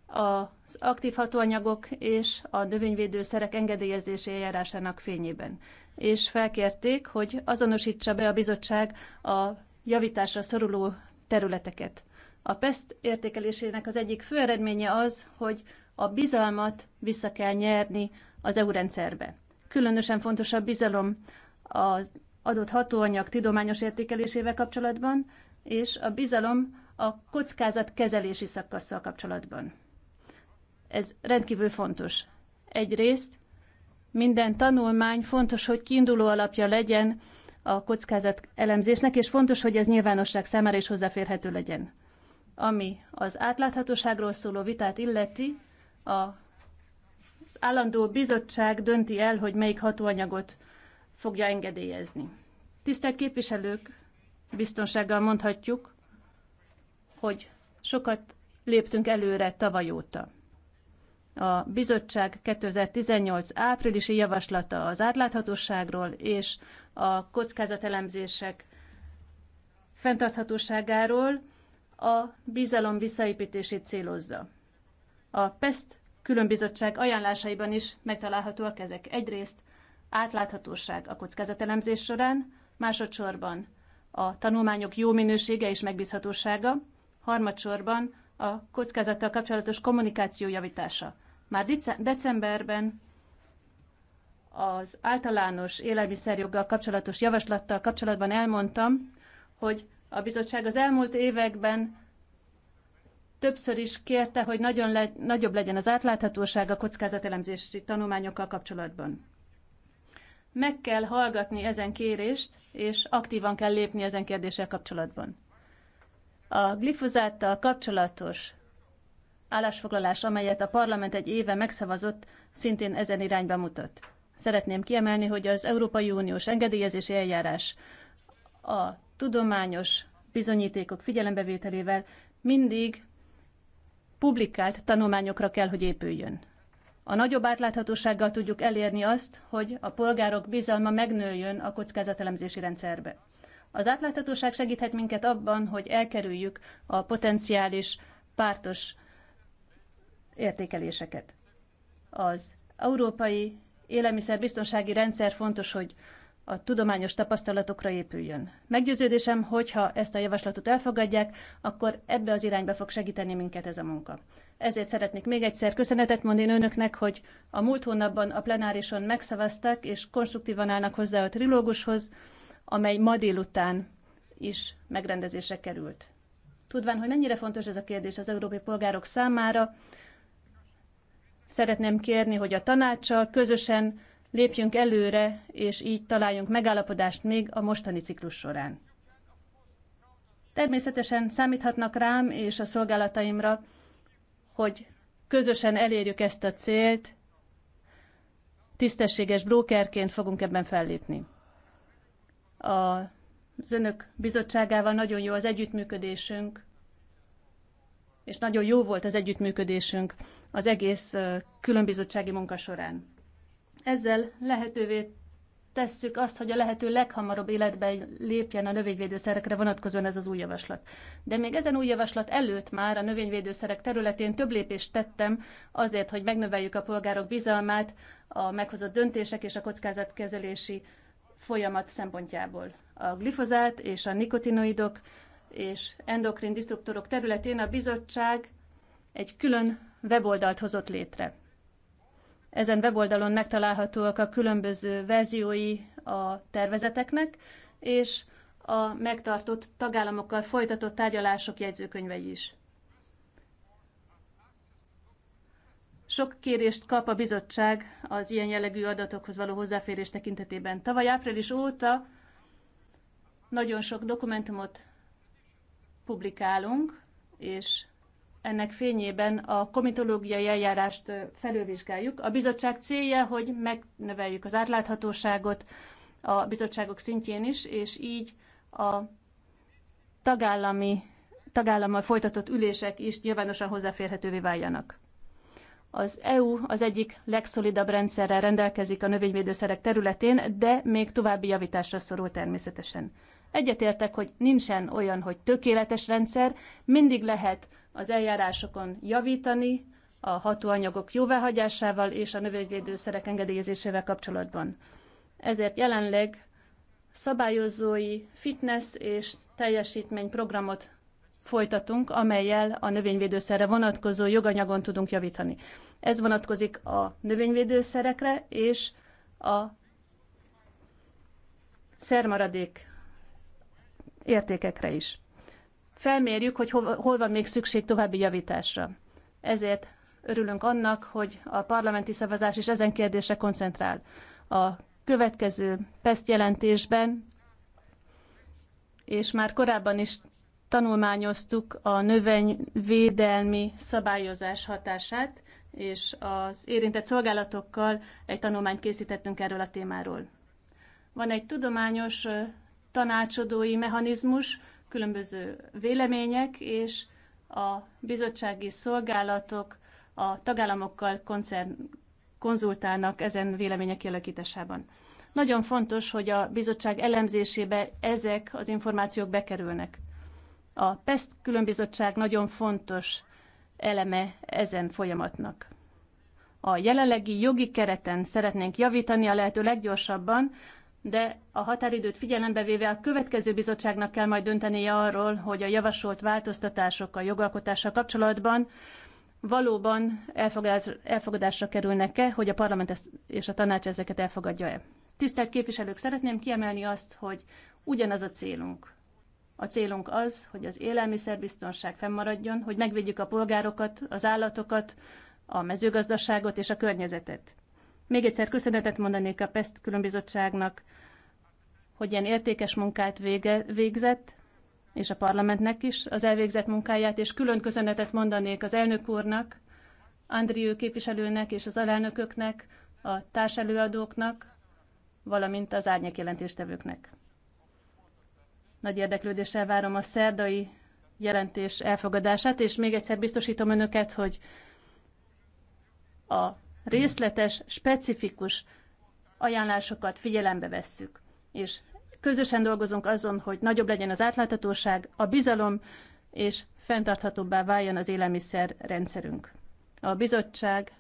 az aktív hatóanyagok és a növényvédőszerek engedélyezési eljárásának fényében, és felkérték, hogy azonosítsa be a bizottság a javításra szoruló területeket. A PESZT értékelésének az egyik fő eredménye az, hogy a bizalmat vissza kell nyerni az EU rendszerbe. Különösen fontos a bizalom az adott hatóanyag tudományos értékelésével kapcsolatban, és a bizalom a kockázat kezelési szakasszal kapcsolatban. Ez rendkívül fontos. Egyrészt minden tanulmány fontos, hogy kiinduló alapja legyen a kockázat elemzésnek, és fontos, hogy ez nyilvánosság számára is hozzáférhető legyen. Ami az átláthatóságról szóló vitát illeti, a az állandó bizottság dönti el, hogy melyik hatóanyagot fogja engedélyezni. Tisztelt képviselők, biztonsággal mondhatjuk, hogy sokat léptünk előre tavaly óta. A bizottság 2018 áprilisi javaslata az átláthatóságról és a kockázatelemzések fenntarthatóságáról a bizalom visszaépítését célozza. A PEST különbizottság ajánlásaiban is megtalálhatóak ezek. Egyrészt átláthatóság a kockázatelemzés során, másodszorban a tanulmányok jó minősége és megbízhatósága, harmadsorban a kockázattal kapcsolatos kommunikáció javítása. Már decemberben az általános élelmiszerjoggal kapcsolatos javaslattal kapcsolatban elmondtam, hogy a bizottság az elmúlt években többször is kérte, hogy nagyon le, nagyobb legyen az átláthatóság a kockázatelemzési tanulmányokkal kapcsolatban. Meg kell hallgatni ezen kérést, és aktívan kell lépni ezen kérdéssel kapcsolatban. A glifozáttal kapcsolatos állásfoglalás, amelyet a parlament egy éve megszavazott, szintén ezen irányba mutat. Szeretném kiemelni, hogy az Európai Uniós engedélyezési eljárás a tudományos bizonyítékok figyelembevételével mindig publikált tanulmányokra kell, hogy épüljön. A nagyobb átláthatósággal tudjuk elérni azt, hogy a polgárok bizalma megnőjön a kockázatelemzési rendszerbe. Az átláthatóság segíthet minket abban, hogy elkerüljük a potenciális pártos értékeléseket. Az európai élelmiszerbiztonsági rendszer fontos, hogy a tudományos tapasztalatokra épüljön. Meggyőződésem, hogyha ezt a javaslatot elfogadják, akkor ebbe az irányba fog segíteni minket ez a munka. Ezért szeretnék még egyszer köszönetet mondani önöknek, hogy a múlt hónapban a plenárison megszavaztak és konstruktívan állnak hozzá a trilógushoz, amely ma délután is megrendezésre került. Tudván, hogy mennyire fontos ez a kérdés az európai polgárok számára, szeretném kérni, hogy a tanácssal közösen lépjünk előre, és így találjunk megállapodást még a mostani ciklus során. Természetesen számíthatnak rám és a szolgálataimra, hogy közösen elérjük ezt a célt, tisztességes brókerként fogunk ebben fellépni. Az önök bizottságával nagyon jó az együttműködésünk, és nagyon jó volt az együttműködésünk az egész különbizottsági munka során. Ezzel lehetővé tesszük azt, hogy a lehető leghamarabb életbe lépjen a növényvédőszerekre vonatkozóan ez az új javaslat. De még ezen új javaslat előtt már a növényvédőszerek területén több lépést tettem azért, hogy megnöveljük a polgárok bizalmát a meghozott döntések és a kockázatkezelési folyamat szempontjából. A glifozát és a nikotinoidok és endokrin disruptorok területén a bizottság egy külön weboldalt hozott létre. Ezen weboldalon megtalálhatóak a különböző verziói a tervezeteknek, és a megtartott tagállamokkal folytatott tárgyalások jegyzőkönyvei is. Sok kérést kap a bizottság az ilyen jellegű adatokhoz való hozzáférés tekintetében. Tavaly április óta nagyon sok dokumentumot publikálunk, és ennek fényében a komitológiai eljárást felülvizsgáljuk. A bizottság célja, hogy megnöveljük az átláthatóságot a bizottságok szintjén is, és így a tagállami, tagállammal folytatott ülések is nyilvánosan hozzáférhetővé váljanak. Az EU az egyik legszolidabb rendszerrel rendelkezik a növényvédőszerek területén, de még további javításra szorul természetesen. Egyetértek, hogy nincsen olyan, hogy tökéletes rendszer, mindig lehet az eljárásokon javítani, a hatóanyagok jóváhagyásával és a növényvédőszerek engedélyezésével kapcsolatban. Ezért jelenleg szabályozói fitness és teljesítmény programot folytatunk, amelyel a növényvédőszerre vonatkozó joganyagon tudunk javítani. Ez vonatkozik a növényvédőszerekre és a szermaradék értékekre is felmérjük, hogy hol, hol van még szükség további javításra. Ezért örülünk annak, hogy a parlamenti szavazás is ezen kérdésre koncentrál. A következő PESZT jelentésben, és már korábban is tanulmányoztuk a növényvédelmi szabályozás hatását, és az érintett szolgálatokkal egy tanulmányt készítettünk erről a témáról. Van egy tudományos tanácsadói mechanizmus, különböző vélemények, és a bizottsági szolgálatok a tagállamokkal koncern, konzultálnak ezen vélemények kialakításában. Nagyon fontos, hogy a bizottság elemzésébe ezek az információk bekerülnek. A PESZT különbizottság nagyon fontos eleme ezen folyamatnak. A jelenlegi jogi kereten szeretnénk javítani a lehető leggyorsabban, de a határidőt figyelembe véve a következő bizottságnak kell majd döntenie arról, hogy a javasolt változtatások a jogalkotással kapcsolatban valóban elfogadásra kerülnek-e, hogy a parlament és a tanács ezeket elfogadja-e. Tisztelt képviselők, szeretném kiemelni azt, hogy ugyanaz a célunk. A célunk az, hogy az élelmiszerbiztonság fennmaradjon, hogy megvédjük a polgárokat, az állatokat, a mezőgazdaságot és a környezetet. Még egyszer köszönetet mondanék a PESZT különbizottságnak hogy ilyen értékes munkát vége, végzett, és a parlamentnek is az elvégzett munkáját, és külön köszönetet mondanék az elnök úrnak, Andriő képviselőnek és az alelnököknek, a társelőadóknak, valamint az árnyék jelentéstevőknek. Nagy érdeklődéssel várom a szerdai jelentés elfogadását, és még egyszer biztosítom önöket, hogy a részletes, specifikus ajánlásokat figyelembe vesszük, és Közösen dolgozunk azon, hogy nagyobb legyen az átláthatóság, a bizalom, és fenntarthatóbbá váljon az élelmiszer rendszerünk. A bizottság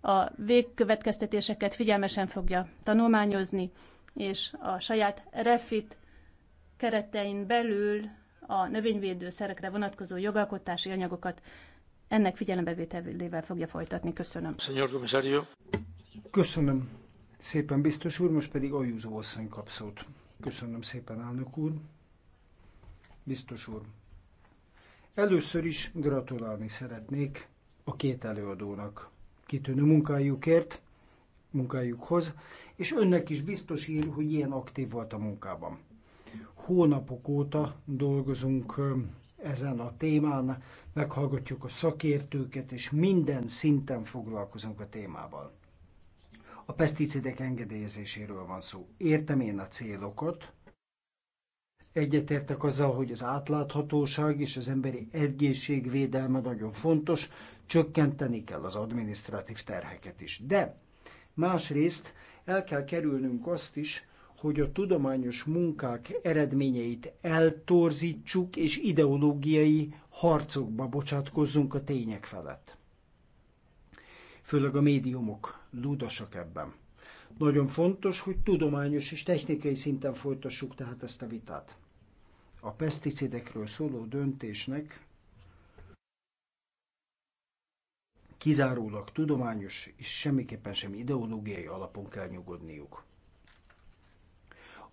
a végkövetkeztetéseket figyelmesen fogja tanulmányozni, és a saját refit keretein belül a szerekre vonatkozó jogalkotási anyagokat ennek figyelembevételével fogja folytatni. Köszönöm. Köszönöm szépen, biztos úr, most pedig Ajúzó asszony kap szót. Köszönöm szépen, elnök úr. Biztos úr. Először is gratulálni szeretnék a két előadónak. Kitűnő munkájukért, munkájukhoz, és önnek is biztos ír, hogy ilyen aktív volt a munkában. Hónapok óta dolgozunk ezen a témán, meghallgatjuk a szakértőket, és minden szinten foglalkozunk a témával a peszticidek engedélyezéséről van szó. Értem én a célokat, egyetértek azzal, hogy az átláthatóság és az emberi egészségvédelme nagyon fontos, csökkenteni kell az adminisztratív terheket is. De másrészt el kell kerülnünk azt is, hogy a tudományos munkák eredményeit eltorzítsuk, és ideológiai harcokba bocsátkozzunk a tények felett. Főleg a médiumok ludasak ebben. Nagyon fontos, hogy tudományos és technikai szinten folytassuk tehát ezt a vitát. A peszticidekről szóló döntésnek kizárólag tudományos és semmiképpen sem ideológiai alapon kell nyugodniuk.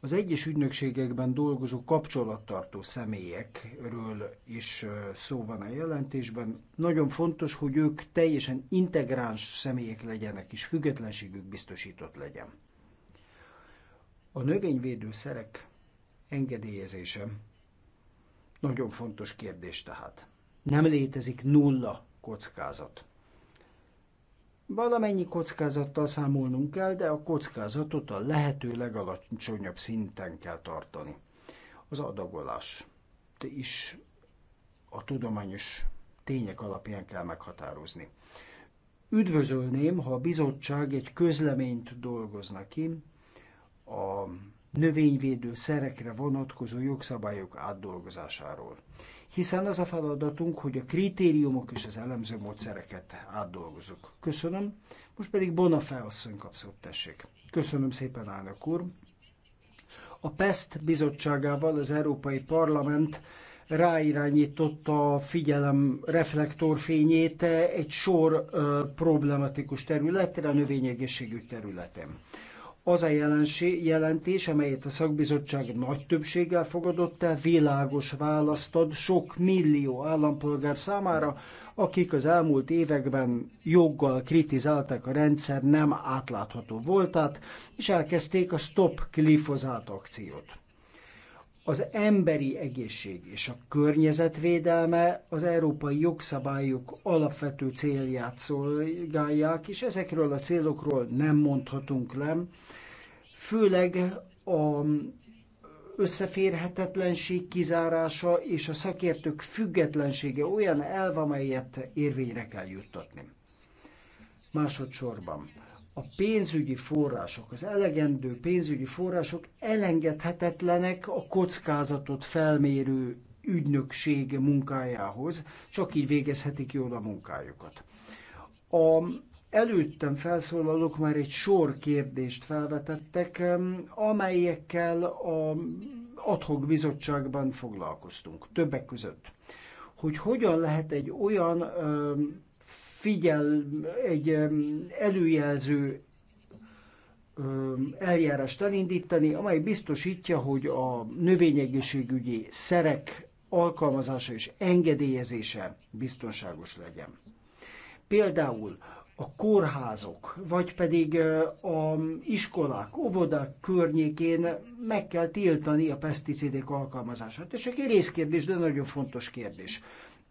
Az egyes ügynökségekben dolgozó kapcsolattartó személyekről is szó van a jelentésben. Nagyon fontos, hogy ők teljesen integráns személyek legyenek, és függetlenségük biztosított legyen. A növényvédőszerek engedélyezése nagyon fontos kérdés tehát. Nem létezik nulla kockázat. Valamennyi kockázattal számolnunk kell, de a kockázatot a lehető legalacsonyabb szinten kell tartani. Az adagolás is a tudományos tények alapján kell meghatározni. Üdvözölném, ha a bizottság egy közleményt dolgozna ki a növényvédő szerekre vonatkozó jogszabályok átdolgozásáról hiszen az a feladatunk, hogy a kritériumok és az elemző módszereket átdolgozunk. Köszönöm. Most pedig Bonafé asszony kapszott, tessék. Köszönöm szépen, elnök úr. A PESZT bizottságával az Európai Parlament ráirányította a figyelem reflektorfényét egy sor ö, problematikus területre, a növényegészségügy területén az a jelenség, jelentés, amelyet a szakbizottság nagy többséggel fogadott el, világos választ ad sok millió állampolgár számára, akik az elmúlt években joggal kritizálták a rendszer nem átlátható voltát, és elkezdték a Stop Glifozát akciót. Az emberi egészség és a környezetvédelme az európai jogszabályok alapvető célját szolgálják, és ezekről a célokról nem mondhatunk le, főleg a összeférhetetlenség kizárása és a szakértők függetlensége olyan elv, amelyet érvényre kell juttatni. Másodszorban a pénzügyi források, az elegendő pénzügyi források elengedhetetlenek a kockázatot felmérő ügynökség munkájához, csak így végezhetik jól a munkájukat. A előttem felszólalók már egy sor kérdést felvetettek, amelyekkel a adhok bizottságban foglalkoztunk, többek között. Hogy hogyan lehet egy olyan figyel, egy előjelző eljárást elindítani, amely biztosítja, hogy a növényegészségügyi szerek alkalmazása és engedélyezése biztonságos legyen. Például a kórházok, vagy pedig a iskolák, óvodák környékén meg kell tiltani a peszticidek alkalmazását. És egy részkérdés, de nagyon fontos kérdés.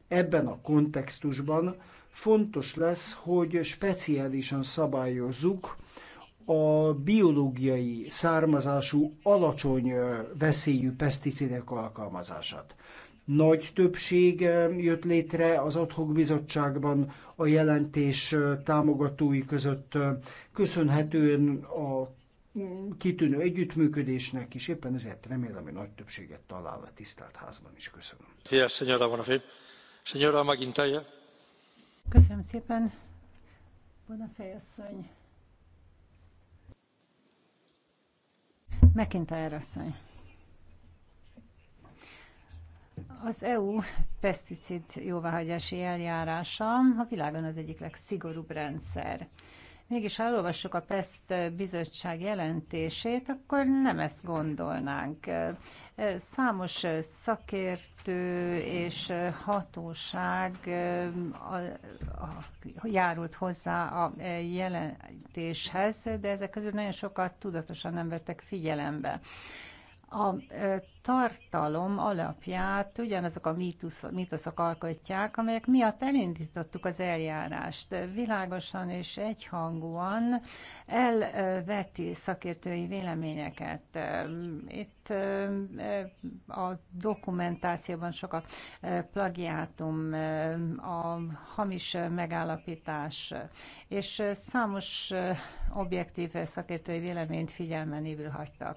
Ebben a kontextusban fontos lesz, hogy speciálisan szabályozzuk a biológiai származású alacsony veszélyű peszticidek alkalmazását. Nagy többség jött létre az adhok bizottságban a jelentés támogatói között, köszönhetően a kitűnő együttműködésnek, és éppen ezért remélem, hogy nagy többséget talál a tisztelt házban is. Köszönöm. Szia, señora Köszönöm szépen, Bonafé asszony. McIntyre asszony. Az EU peszticid jóváhagyási eljárása a világon az egyik legszigorúbb rendszer mégis ha elolvassuk a PESZT bizottság jelentését, akkor nem ezt gondolnánk. Számos szakértő és hatóság járult hozzá a jelentéshez, de ezek közül nagyon sokat tudatosan nem vettek figyelembe. A tartalom alapját ugyanazok a mítusz, mítoszok alkotják, amelyek miatt elindítottuk az eljárást. Világosan és egyhangúan elveti szakértői véleményeket. Itt a dokumentációban sok a plagiátum, a hamis megállapítás, és számos objektív szakértői véleményt figyelmen kívül hagytak.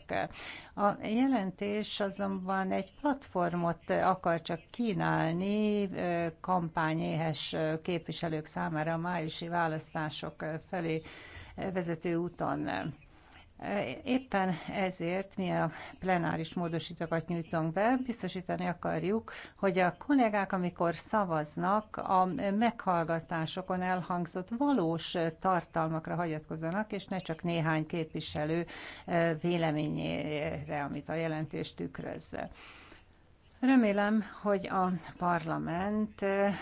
A jelentés az azonban egy platformot eh, akar csak kínálni eh, kampányéhes eh, képviselők számára a májusi választások felé vezető úton. Éppen ezért mi a plenáris módosítókat nyújtunk be, biztosítani akarjuk, hogy a kollégák, amikor szavaznak, a meghallgatásokon elhangzott valós tartalmakra hagyatkozzanak, és ne csak néhány képviselő eh, véleményére, amit a jelentés tükröz. Remélem, hogy a parlament eh,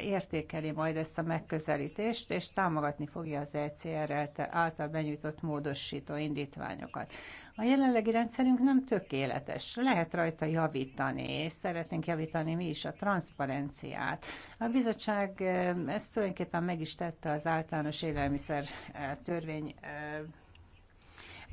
értékeli majd ezt a megközelítést, és támogatni fogja az ECR által benyújtott módosító indítványokat. A jelenlegi rendszerünk nem tökéletes, lehet rajta javítani, és szeretnénk javítani mi is a transzparenciát. A bizottság eh, ezt tulajdonképpen meg is tette az általános élelmiszer eh, törvény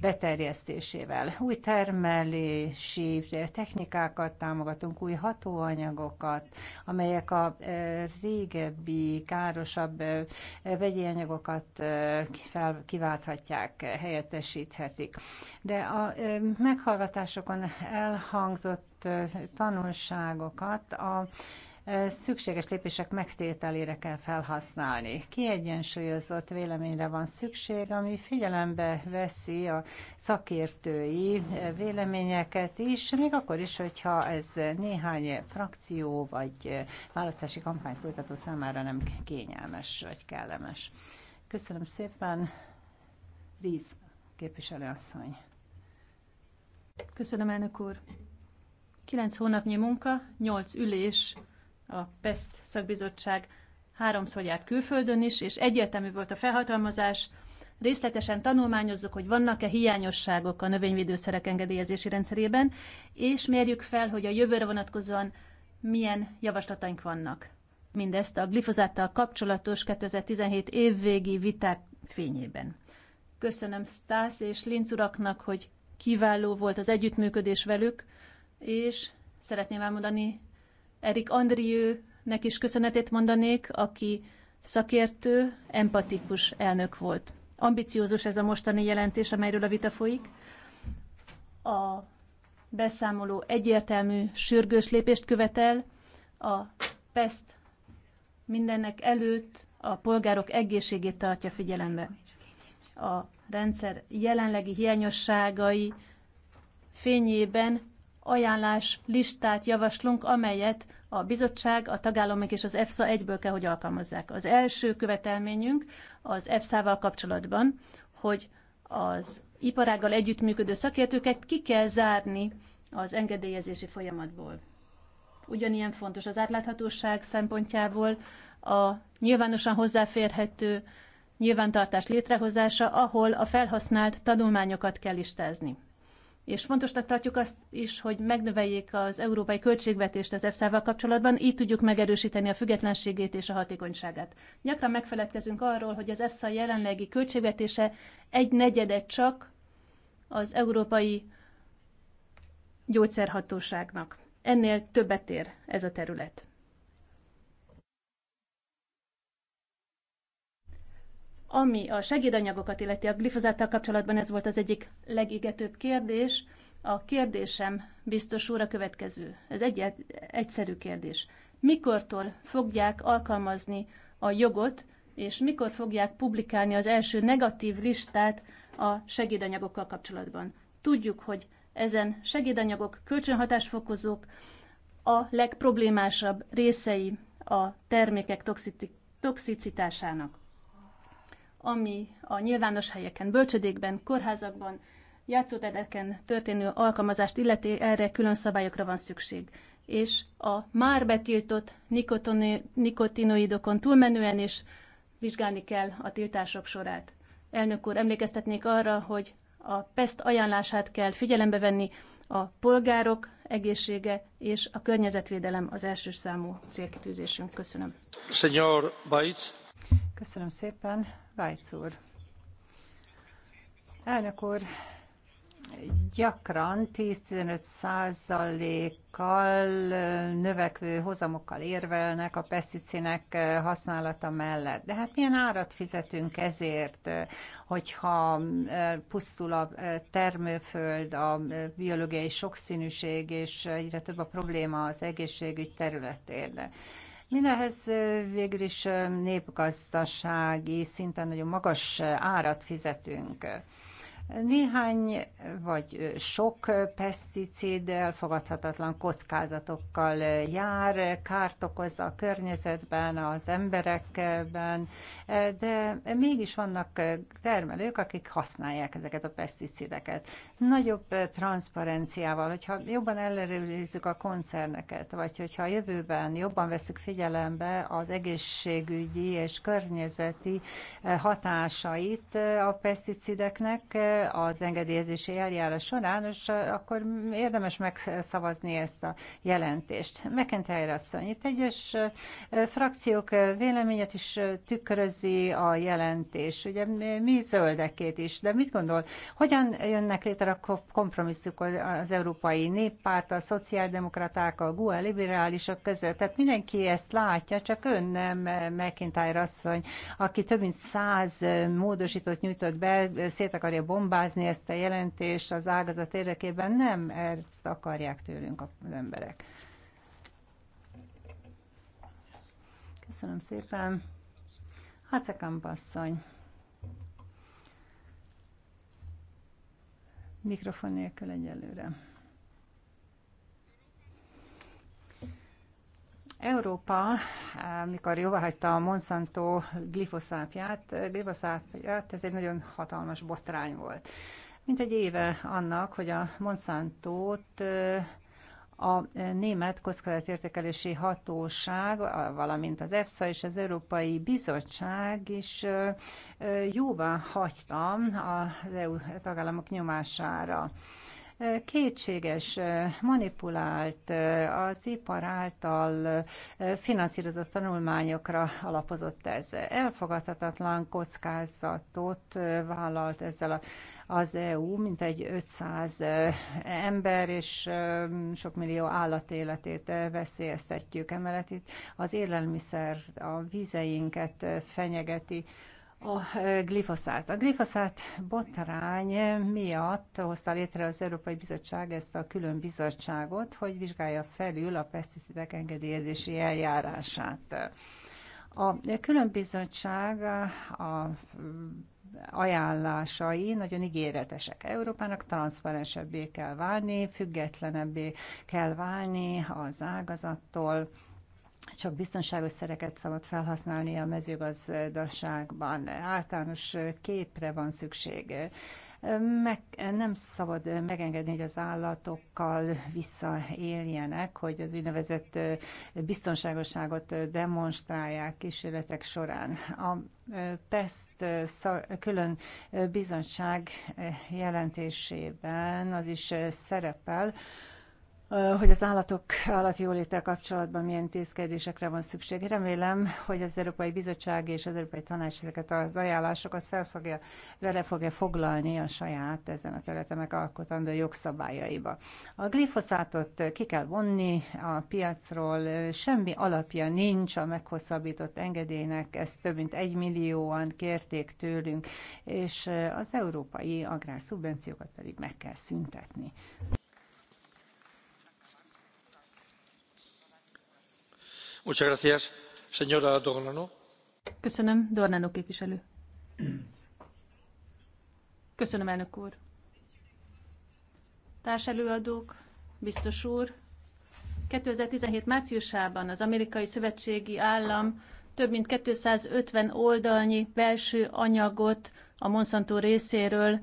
beterjesztésével. Új termelési technikákat támogatunk, új hatóanyagokat, amelyek a e, régebbi, károsabb e, vegyi anyagokat e, fel, kiválthatják, helyettesíthetik. De a meghallgatásokon elhangzott tanulságokat a szükséges lépések megtételére kell felhasználni. Kiegyensúlyozott véleményre van szükség, ami figyelembe veszi a szakértői véleményeket is, még akkor is, hogyha ez néhány frakció vagy választási kampány folytató számára nem kényelmes vagy kellemes. Köszönöm szépen, Ríz képviselőasszony. Köszönöm, elnök úr. Kilenc hónapnyi munka, nyolc ülés, a PESZT szakbizottság háromszor járt külföldön is, és egyértelmű volt a felhatalmazás, részletesen tanulmányozzuk, hogy vannak-e hiányosságok a növényvédőszerek engedélyezési rendszerében, és mérjük fel, hogy a jövőre vonatkozóan milyen javaslataink vannak. Mindezt a glifozáttal kapcsolatos 2017 évvégi viták fényében. Köszönöm Stász és Linz uraknak, hogy kiváló volt az együttműködés velük, és szeretném elmondani Erik Andriőnek is köszönetet mondanék, aki szakértő, empatikus elnök volt. Ambiciózus ez a mostani jelentés, amelyről a vita folyik. A beszámoló egyértelmű, sürgős lépést követel, a PEST mindennek előtt a polgárok egészségét tartja figyelembe. A rendszer jelenlegi hiányosságai fényében ajánlás listát javaslunk, amelyet a bizottság, a tagállamok és az EFSA egyből kell, hogy alkalmazzák. Az első követelményünk az EFSA-val kapcsolatban, hogy az iparággal együttműködő szakértőket ki kell zárni az engedélyezési folyamatból. Ugyanilyen fontos az átláthatóság szempontjából a nyilvánosan hozzáférhető nyilvántartás létrehozása, ahol a felhasznált tanulmányokat kell listázni és fontosnak tartjuk azt is, hogy megnöveljék az európai költségvetést az EFSA-val kapcsolatban, így tudjuk megerősíteni a függetlenségét és a hatékonyságát. Gyakran megfeledkezünk arról, hogy az EFSA jelenlegi költségvetése egy negyedet csak az Európai Gyógyszerhatóságnak. Ennél többet ér ez a terület. Ami a segédanyagokat illeti a glifozáttal kapcsolatban, ez volt az egyik legigetőbb kérdés. A kérdésem biztos úr a következő. Ez egy egyszerű kérdés. Mikortól fogják alkalmazni a jogot, és mikor fogják publikálni az első negatív listát a segédanyagokkal kapcsolatban? Tudjuk, hogy ezen segédanyagok, kölcsönhatásfokozók a legproblémásabb részei a termékek toxicitásának ami a nyilvános helyeken, bölcsödékben, kórházakban, játszótereken történő alkalmazást illeti, erre külön szabályokra van szükség. És a már betiltott nikotinoidokon túlmenően is vizsgálni kell a tiltások sorát. Elnök úr, emlékeztetnék arra, hogy a PESZT ajánlását kell figyelembe venni, a polgárok egészsége és a környezetvédelem az első számú célkitűzésünk. Köszönöm. Köszönöm szépen. Vájc úr. Elnök úr, gyakran 10-15 százalékkal növekvő hozamokkal érvelnek a peszticinek használata mellett. De hát milyen árat fizetünk ezért, hogyha pusztul a termőföld, a biológiai sokszínűség, és egyre több a probléma az egészségügy területén. Mindenhez végül is népgazdasági szinten nagyon magas árat fizetünk. Néhány vagy sok peszticid elfogadhatatlan kockázatokkal jár, kárt okoz a környezetben, az emberekben, de mégis vannak termelők, akik használják ezeket a peszticideket. Nagyobb transzparenciával, hogyha jobban ellenőrizzük a koncerneket, vagy hogyha a jövőben jobban veszük figyelembe az egészségügyi és környezeti hatásait a peszticideknek, az engedélyezési eljárás során, és akkor érdemes megszavazni ezt a jelentést. McIntyre asszony, itt egyes frakciók véleményet is tükrözi a jelentés. Ugye mi zöldekét is, de mit gondol, hogyan jönnek létre a kompromisszuk az Európai Néppárt, a szociáldemokraták, a GUE liberálisok között? Tehát mindenki ezt látja, csak ön nem McIntyre asszony, aki több mint száz módosítót nyújtott be, szét akarja bombázni, bombázni ezt a jelentést az ágazat érdekében, nem ezt akarják tőlünk az emberek. Köszönöm szépen. Hacekam basszony. Mikrofon nélkül egyelőre. Európa, mikor hagyta a Monsanto glifoszápját, glifoszápját, ez egy nagyon hatalmas botrány volt. Mint egy éve annak, hogy a Monsantót a német kockázatértékelési hatóság, valamint az EFSA és az Európai Bizottság is jóvá hagytam az EU tagállamok nyomására kétséges, manipulált, az ipar által finanszírozott tanulmányokra alapozott ez. Elfogadhatatlan kockázatot vállalt ezzel a az EU, mint egy 500 ember és sok millió állat életét veszélyeztetjük. Emellett itt az élelmiszer a vízeinket fenyegeti, a glifoszát. A glifoszát botrány miatt hozta létre az Európai Bizottság ezt a külön bizottságot, hogy vizsgálja felül a peszticidek engedélyezési eljárását. A külön bizottság a ajánlásai nagyon ígéretesek. Európának transzparensebbé kell válni, függetlenebbé kell válni az ágazattól, csak biztonságos szereket szabad felhasználni a mezőgazdaságban. Általános képre van szükség. Meg, nem szabad megengedni, hogy az állatokkal visszaéljenek, hogy az úgynevezett biztonságosságot demonstrálják kísérletek során. A PESZT külön bizottság jelentésében az is szerepel, hogy az állatok állati állatjóléttel kapcsolatban milyen intézkedésekre van szükség. Remélem, hogy az Európai Bizottság és az Európai Tanács ezeket az ajánlásokat fel fogja, vele fogja foglalni a saját ezen a területen megalkotandó jogszabályaiba. A glifoszátot ki kell vonni a piacról, semmi alapja nincs a meghosszabbított engedélynek, ezt több mint egy millióan kérték tőlünk, és az európai agrárszubvenciókat pedig meg kell szüntetni. Köszönöm, Dornano képviselő. Köszönöm, elnök úr. Társelőadók, biztos úr, 2017 márciusában az amerikai szövetségi állam több mint 250 oldalnyi belső anyagot a Monsanto részéről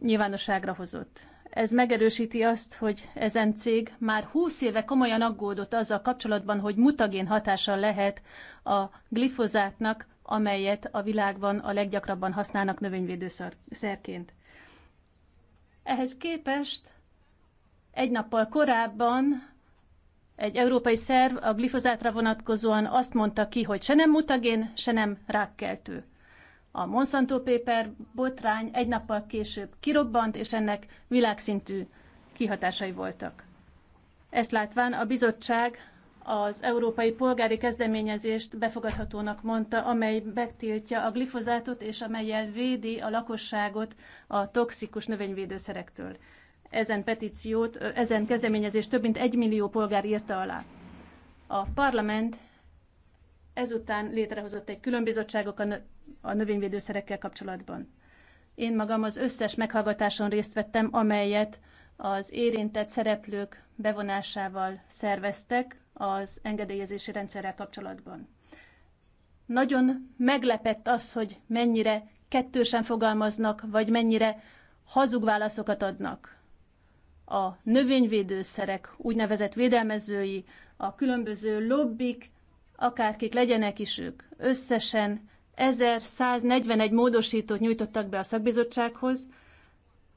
nyilvánosságra hozott. Ez megerősíti azt, hogy ezen cég már 20 éve komolyan aggódott azzal kapcsolatban, hogy mutagén hatása lehet a glifozátnak, amelyet a világban a leggyakrabban használnak növényvédőszerként. Ehhez képest egy nappal korábban egy európai szerv a glifozátra vonatkozóan azt mondta ki, hogy se nem mutagén, se nem rákkeltő. A Monsanto Paper botrány egy nappal később kirobbant, és ennek világszintű kihatásai voltak. Ezt látván a bizottság az európai polgári kezdeményezést befogadhatónak mondta, amely megtiltja a glifozátot és amelyel védi a lakosságot a toxikus növényvédőszerektől. Ezen petíciót, ezen kezdeményezést több mint egy millió polgár írta alá. A parlament ezután létrehozott egy különbizottságot a a növényvédőszerekkel kapcsolatban. Én magam az összes meghallgatáson részt vettem, amelyet az érintett szereplők bevonásával szerveztek az engedélyezési rendszerrel kapcsolatban. Nagyon meglepett az, hogy mennyire kettősen fogalmaznak, vagy mennyire hazug válaszokat adnak. A növényvédőszerek, úgynevezett védelmezői, a különböző lobbik, akárkik legyenek is ők, összesen 1141 módosítót nyújtottak be a szakbizottsághoz,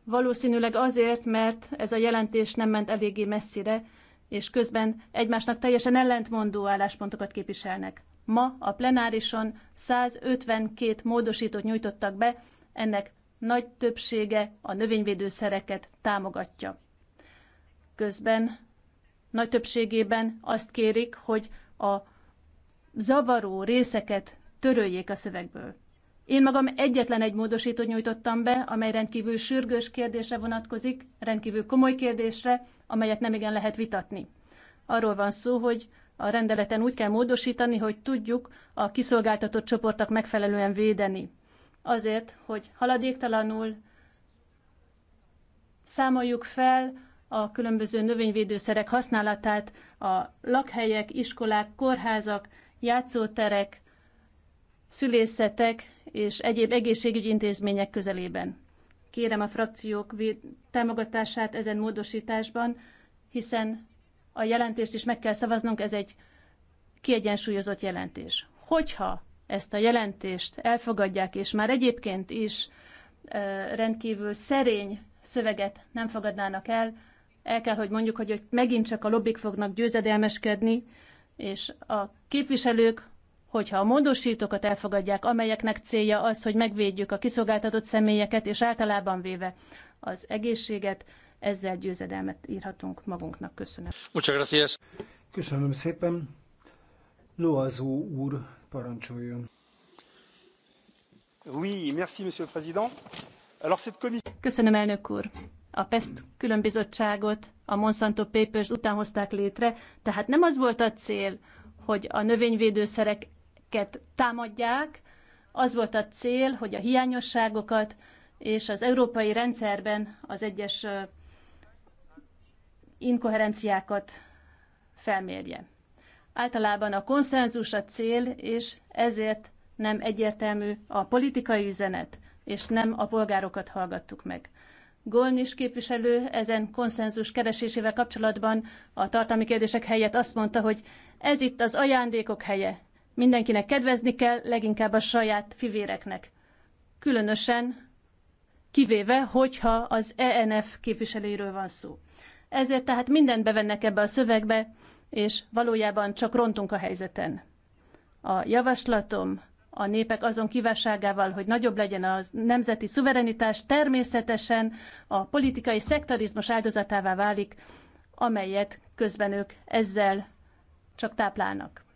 valószínűleg azért, mert ez a jelentés nem ment eléggé messzire, és közben egymásnak teljesen ellentmondó álláspontokat képviselnek. Ma a plenárison 152 módosítót nyújtottak be, ennek nagy többsége a növényvédőszereket támogatja. Közben nagy többségében azt kérik, hogy a zavaró részeket töröljék a szövegből. Én magam egyetlen egy módosítót nyújtottam be, amely rendkívül sürgős kérdésre vonatkozik, rendkívül komoly kérdésre, amelyet nem igen lehet vitatni. Arról van szó, hogy a rendeleten úgy kell módosítani, hogy tudjuk a kiszolgáltatott csoportok megfelelően védeni. Azért, hogy haladéktalanul számoljuk fel a különböző növényvédőszerek használatát a lakhelyek, iskolák, kórházak, játszóterek, szülészetek és egyéb egészségügyi intézmények közelében. Kérem a frakciók támogatását ezen módosításban, hiszen a jelentést is meg kell szavaznunk, ez egy kiegyensúlyozott jelentés. Hogyha ezt a jelentést elfogadják, és már egyébként is rendkívül szerény szöveget nem fogadnának el, el kell, hogy mondjuk, hogy megint csak a lobbik fognak győzedelmeskedni, és a képviselők hogyha a módosítókat elfogadják, amelyeknek célja az, hogy megvédjük a kiszolgáltatott személyeket, és általában véve az egészséget, ezzel győzedelmet írhatunk magunknak. Köszönöm. Köszönöm szépen. Loazó úr, parancsoljon. Oui, merci, monsieur le président. Alors, cette commission... Köszönöm, elnök úr. A PEST különbizottságot a Monsanto Papers után hozták létre, tehát nem az volt a cél, hogy a növényvédőszerek ket támadják. Az volt a cél, hogy a hiányosságokat és az európai rendszerben az egyes inkoherenciákat felmérje. Általában a konszenzus a cél, és ezért nem egyértelmű a politikai üzenet, és nem a polgárokat hallgattuk meg. Golnis képviselő ezen konszenzus keresésével kapcsolatban a tartalmi kérdések helyett azt mondta, hogy ez itt az ajándékok helye, Mindenkinek kedvezni kell, leginkább a saját fivéreknek. Különösen kivéve, hogyha az ENF képviselőiről van szó. Ezért tehát mindent bevennek ebbe a szövegbe, és valójában csak rontunk a helyzeten. A javaslatom a népek azon kívánságával, hogy nagyobb legyen a nemzeti szuverenitás, természetesen a politikai szektarizmus áldozatává válik, amelyet közben ők ezzel csak táplálnak.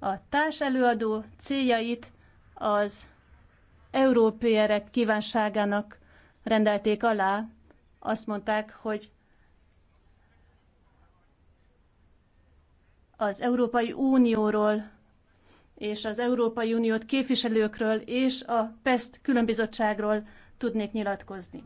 A társelőadó céljait az európérek kívánságának rendelték alá. Azt mondták, hogy az Európai Unióról és az Európai Uniót képviselőkről és a PESZT különbizottságról tudnék nyilatkozni.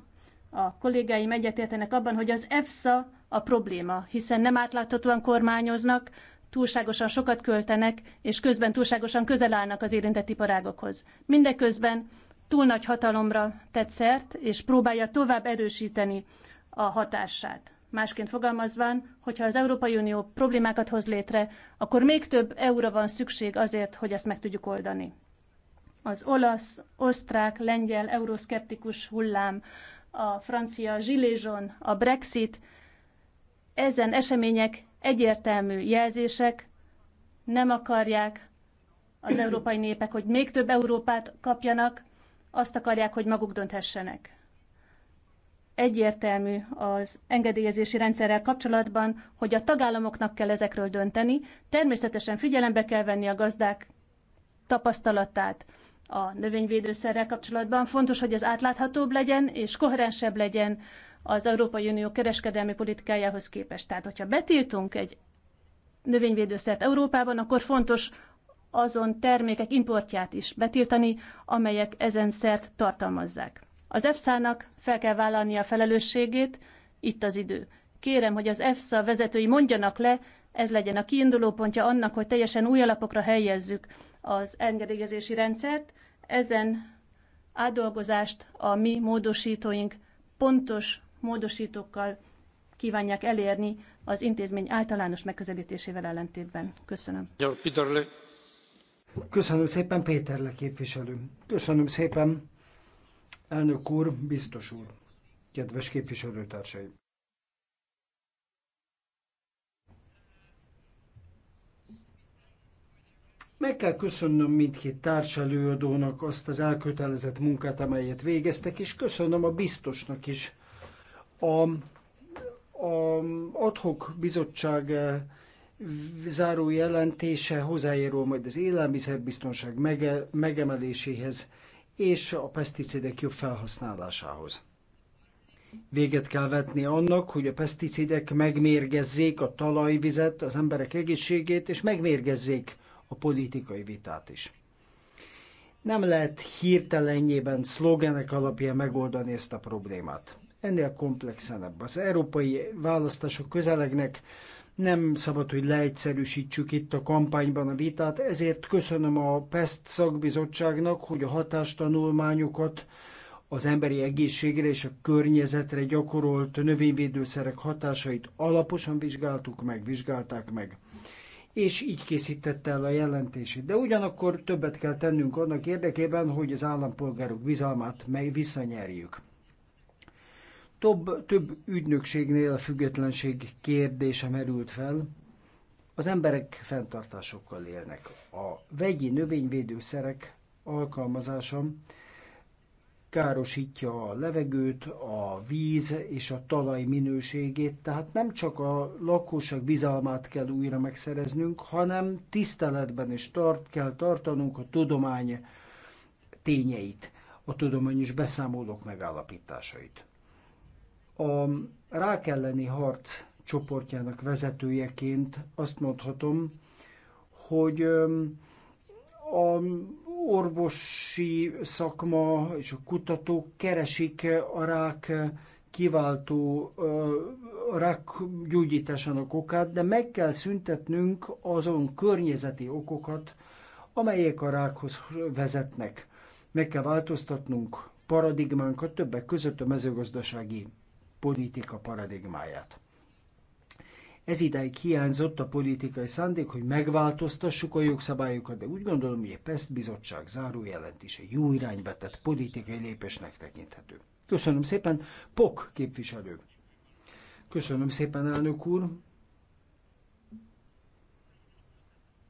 A kollégáim egyetértenek abban, hogy az EFSA a probléma, hiszen nem átláthatóan kormányoznak, túlságosan sokat költenek, és közben túlságosan közel állnak az érintett iparágokhoz. Mindeközben túl nagy hatalomra tett szert, és próbálja tovább erősíteni a hatását. Másként fogalmazván, hogyha az Európai Unió problémákat hoz létre, akkor még több euróra van szükség azért, hogy ezt meg tudjuk oldani. Az olasz, osztrák, lengyel, euroszkeptikus hullám, a francia zsilézson, a Brexit, ezen események egyértelmű jelzések, nem akarják az európai népek, hogy még több Európát kapjanak, azt akarják, hogy maguk dönthessenek. Egyértelmű az engedélyezési rendszerrel kapcsolatban, hogy a tagállamoknak kell ezekről dönteni, természetesen figyelembe kell venni a gazdák tapasztalatát a növényvédőszerrel kapcsolatban. Fontos, hogy ez átláthatóbb legyen és koherensebb legyen az Európai Unió kereskedelmi politikájához képest. Tehát, hogyha betiltunk egy növényvédőszert Európában, akkor fontos azon termékek importját is betiltani, amelyek ezen szert tartalmazzák. Az EFSA-nak fel kell vállalni a felelősségét, itt az idő. Kérem, hogy az EFSA vezetői mondjanak le, ez legyen a kiindulópontja annak, hogy teljesen új alapokra helyezzük az engedélyezési rendszert. Ezen átdolgozást a mi módosítóink pontos módosítókkal kívánják elérni az intézmény általános megközelítésével ellentétben. Köszönöm. Köszönöm szépen, Péterle képviselő. Köszönöm szépen, elnök úr, biztos úr, kedves képviselőtársaim. Meg kell köszönnöm mindkét társelőadónak azt az elkötelezett munkát, amelyet végeztek, és köszönöm a biztosnak is a, a adhok bizottság eh, záró jelentése hozzájárul majd az élelmiszerbiztonság mege, megemeléséhez és a peszticidek jobb felhasználásához. Véget kell vetni annak, hogy a peszticidek megmérgezzék a talajvizet, az emberek egészségét, és megmérgezzék a politikai vitát is. Nem lehet hirtelenjében szlogenek alapján megoldani ezt a problémát ennél komplexenebb. Az európai választások közelegnek, nem szabad, hogy leegyszerűsítsük itt a kampányban a vitát, ezért köszönöm a PESZT szakbizottságnak, hogy a hatástanulmányokat az emberi egészségre és a környezetre gyakorolt növényvédőszerek hatásait alaposan vizsgáltuk meg, vizsgálták meg. És így készítette el a jelentését. De ugyanakkor többet kell tennünk annak érdekében, hogy az állampolgárok bizalmát meg visszanyerjük több, több ügynökségnél a függetlenség kérdése merült fel. Az emberek fenntartásokkal élnek. A vegyi növényvédőszerek alkalmazása károsítja a levegőt, a víz és a talaj minőségét, tehát nem csak a lakosság bizalmát kell újra megszereznünk, hanem tiszteletben is tart, kell tartanunk a tudomány tényeit, a tudományos beszámolók megállapításait. A rák elleni harc csoportjának vezetőjeként azt mondhatom, hogy a orvosi szakma és a kutatók keresik a rák kiváltó a rák gyógyításának okát, de meg kell szüntetnünk azon környezeti okokat, amelyek a rákhoz vezetnek. Meg kell változtatnunk paradigmánkat többek között a mezőgazdasági politika paradigmáját. Ez idáig hiányzott a politikai szándék, hogy megváltoztassuk a jogszabályokat, de úgy gondolom, hogy a PESZT bizottság záró jelentése jó irányba tett politikai lépésnek tekinthető. Köszönöm szépen, POK képviselő. Köszönöm szépen, elnök úr.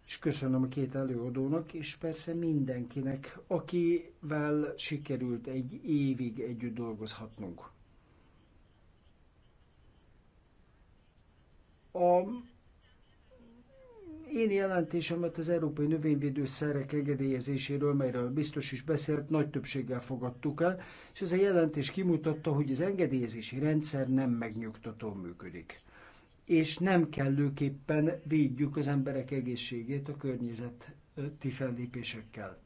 és köszönöm a két előadónak, és persze mindenkinek, akivel sikerült egy évig együtt dolgozhatnunk. A én jelentésemet az Európai szerek engedélyezéséről, melyről biztos is beszélt, nagy többséggel fogadtuk el, és ez a jelentés kimutatta, hogy az engedélyezési rendszer nem megnyugtató működik. És nem kellőképpen védjük az emberek egészségét a környezeti fellépésekkel.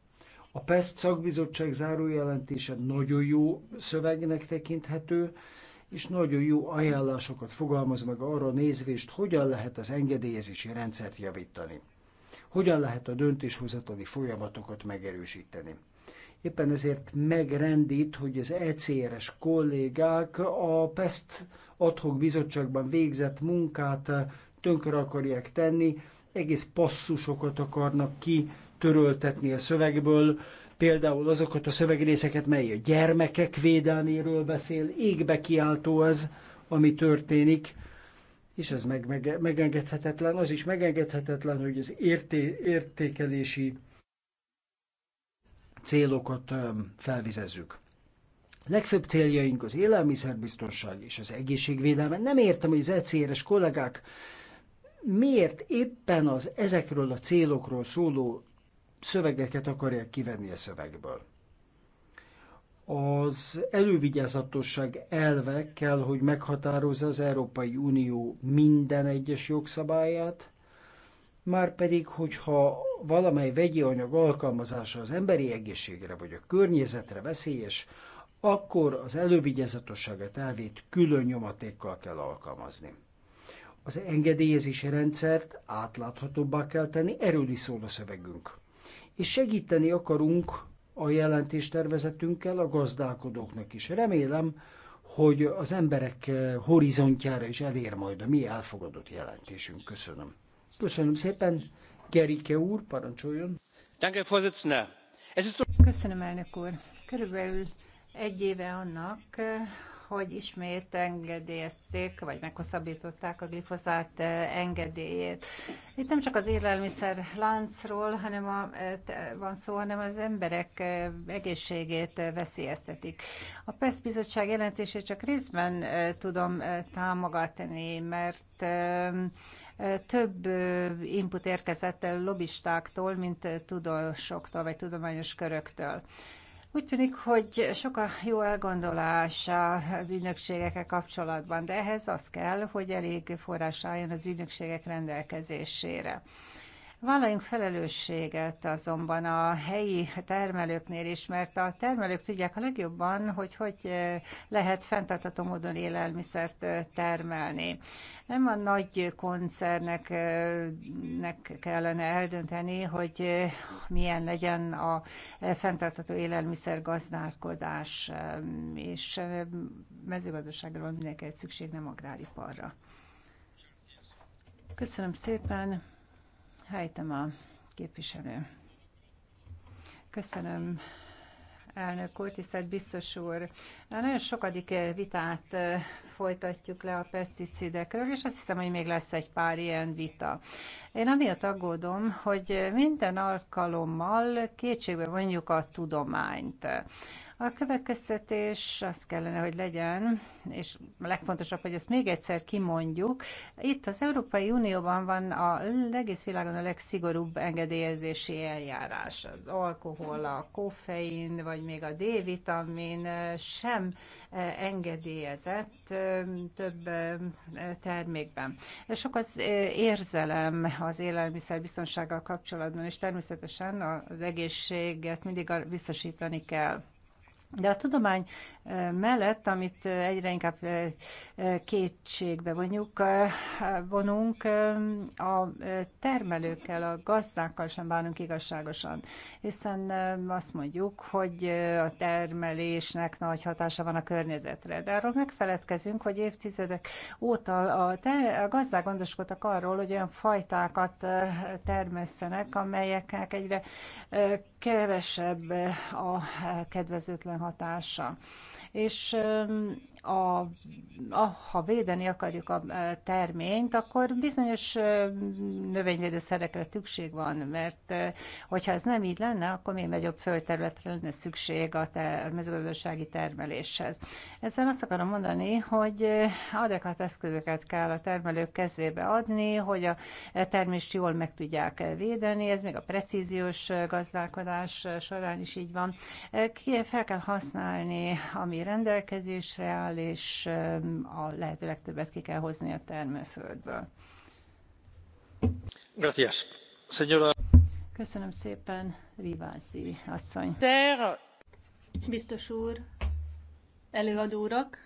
A PESZ szakbizottság zárójelentése nagyon jó szövegnek tekinthető, és nagyon jó ajánlásokat fogalmaz meg arra nézvést, hogyan lehet az engedélyezési rendszert javítani, hogyan lehet a döntéshozatali folyamatokat megerősíteni. Éppen ezért megrendít, hogy az ECRS kollégák a PEST adhok bizottságban végzett munkát tönkre akarják tenni, egész passzusokat akarnak ki töröltetni a szövegből, például azokat a szövegrészeket, mely a gyermekek védelméről beszél, égbe kiáltó ez, ami történik, és ez meg, meg, megengedhetetlen. Az is megengedhetetlen, hogy az érté, értékelési célokat felvizezzük. Legfőbb céljaink az élelmiszerbiztonság és az egészségvédelme. Nem értem, hogy az ECR-es kollégák miért éppen az ezekről a célokról szóló szövegeket akarják kivenni a szövegből. Az elővigyázatosság elve kell, hogy meghatározza az Európai Unió minden egyes jogszabályát, már pedig, hogyha valamely vegyi anyag alkalmazása az emberi egészségre vagy a környezetre veszélyes, akkor az elővigyázatosságot elvét külön nyomatékkal kell alkalmazni. Az engedélyezési rendszert átláthatóbbá kell tenni, erről is szól a szövegünk és segíteni akarunk a jelentéstervezetünkkel a gazdálkodóknak is. Remélem, hogy az emberek eh, horizontjára is elér majd a mi elfogadott jelentésünk. Köszönöm. Köszönöm szépen. Gerike úr, parancsoljon. Köszönöm, elnök úr. Körülbelül egy éve annak, eh, hogy ismét engedélyezték, vagy meghosszabbították a glifozát eh, engedélyét. Itt nem csak az élelmiszer láncról hanem a, eh, van szó, hanem az emberek eh, egészségét veszélyeztetik. A PESZ bizottság jelentését csak részben tudom támogatni, mert több input érkezett lobbistáktól, mint tudósoktól, vagy tudományos köröktől. Úgy tűnik, hogy sok a jó elgondolás az ügynökségekkel kapcsolatban, de ehhez az kell, hogy elég forrás álljon az ügynökségek rendelkezésére. Vállaljunk felelősséget azonban a helyi termelőknél is, mert a termelők tudják a legjobban, hogy hogy eh, lehet fenntartható módon élelmiszert eh, termelni. Nem a nagy koncerneknek eh, kellene eldönteni, hogy milyen legyen a fenntartható élelmiszer gazdálkodás, és mezőgazdaságra van mindenki szükség, nem agráriparra. Köszönöm szépen! Helytem a képviselő. Köszönöm elnök úr, tisztelt biztos úr. Na, nagyon sokadik vitát folytatjuk le a peszticidekről, és azt hiszem, hogy még lesz egy pár ilyen vita. Én amiatt aggódom, hogy minden alkalommal kétségbe vonjuk a tudományt. A következtetés az kellene, hogy legyen, és a legfontosabb, hogy ezt még egyszer kimondjuk. Itt az Európai Unióban van a egész világon a legszigorúbb engedélyezési eljárás. Az alkohol, a koffein, vagy még a D-vitamin sem eh, engedélyezett eh, több eh, termékben. Sok az érzelem az élelmiszer biztonsággal kapcsolatban, és természetesen az egészséget mindig biztosítani kell. De a tudomány mellett, amit egyre inkább kétségbe vonjuk, vonunk, a termelőkkel, a gazdákkal sem bánunk igazságosan, hiszen azt mondjuk, hogy a termelésnek nagy hatása van a környezetre, de arról megfeledkezünk, hogy évtizedek óta a, ter- a gazdák gondoskodtak arról, hogy olyan fajtákat termesszenek, amelyeknek egyre kevesebb a kedvezőtlen hatása. És a, a, ha védeni akarjuk a e, terményt, akkor bizonyos e, növényvédőszerekre szükség van, mert e, hogyha ez nem így lenne, akkor még nagyobb földterületre lenne szükség a, te, a mezőgazdasági termeléshez. Ezzel azt akarom mondani, hogy adekvát eszközöket kell a termelők kezébe adni, hogy a termést jól meg tudják védeni, ez még a precíziós gazdálkodás során is így van. Ki fel kell használni, ami rendelkezésre áll, kell, és a lehető legtöbbet ki kell hozni a termőföldből. Gracias. Señora... Köszönöm szépen, Rivázi asszony. Terra. Biztos úr, előadó urak,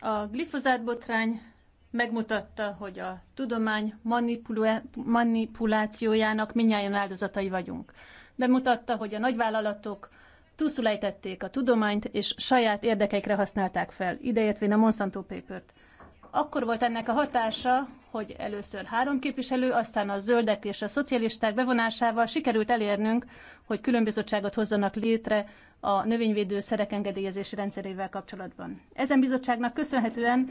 a glifozát botrány megmutatta, hogy a tudomány manipulációjának minnyáján áldozatai vagyunk. Bemutatta, hogy a nagyvállalatok túlszulejtették a tudományt, és saját érdekeikre használták fel, ideértvén a Monsanto Papert. Akkor volt ennek a hatása, hogy először három képviselő, aztán a zöldek és a szocialisták bevonásával sikerült elérnünk, hogy különbizottságot hozzanak létre a szerek engedélyezési rendszerével kapcsolatban. Ezen bizottságnak köszönhetően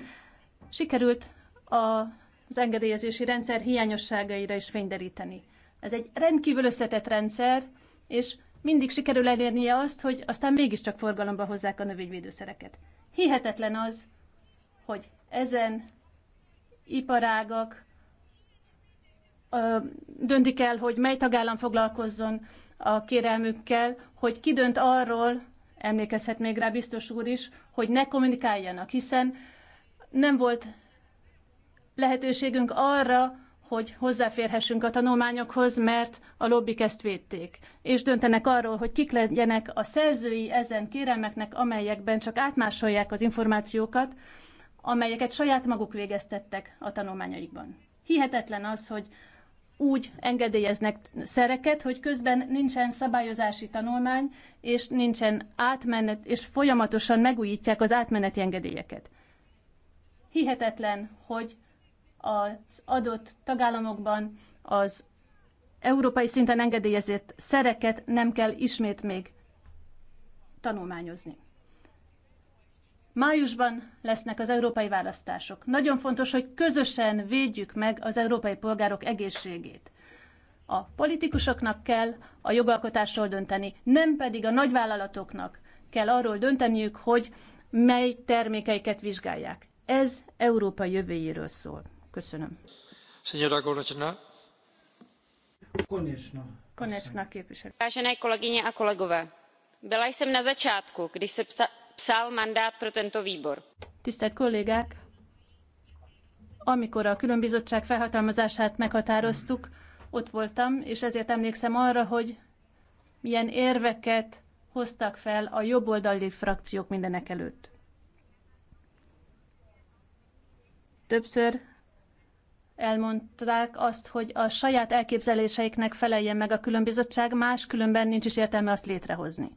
sikerült a az engedélyezési rendszer hiányosságaira is fényderíteni. Ez egy rendkívül összetett rendszer, és mindig sikerül elérnie azt, hogy aztán mégiscsak forgalomba hozzák a növényvédőszereket. Hihetetlen az, hogy ezen iparágak ö, döntik el, hogy mely tagállam foglalkozzon a kérelmükkel, hogy ki dönt arról, emlékezhet még rá biztos úr is, hogy ne kommunikáljanak, hiszen nem volt lehetőségünk arra, hogy hozzáférhessünk a tanulmányokhoz, mert a lobbik ezt védték. És döntenek arról, hogy kik legyenek a szerzői ezen kérelmeknek, amelyekben csak átmásolják az információkat, amelyeket saját maguk végeztettek a tanulmányaikban. Hihetetlen az, hogy úgy engedélyeznek szereket, hogy közben nincsen szabályozási tanulmány, és nincsen átmenet, és folyamatosan megújítják az átmeneti engedélyeket. Hihetetlen, hogy az adott tagállamokban az európai szinten engedélyezett szereket nem kell ismét még tanulmányozni. Májusban lesznek az európai választások. Nagyon fontos, hogy közösen védjük meg az európai polgárok egészségét. A politikusoknak kell a jogalkotásról dönteni, nem pedig a nagyvállalatoknak kell arról dönteniük, hogy mely termékeiket vizsgálják. Ez Európa jövőjéről szól. Köszönöm. Vážené kolegyně a kolegové, byla jsem na začátku, když se psal mandát pro tento výbor. Tisztelt kollégák, amikor a bizottság felhatalmazását meghatároztuk, ott voltam, és ezért emlékszem arra, hogy milyen érveket hoztak fel a jobboldali frakciók mindenek előtt. Többször elmondták azt, hogy a saját elképzeléseiknek feleljen meg a különbizottság, különben nincs is értelme azt létrehozni.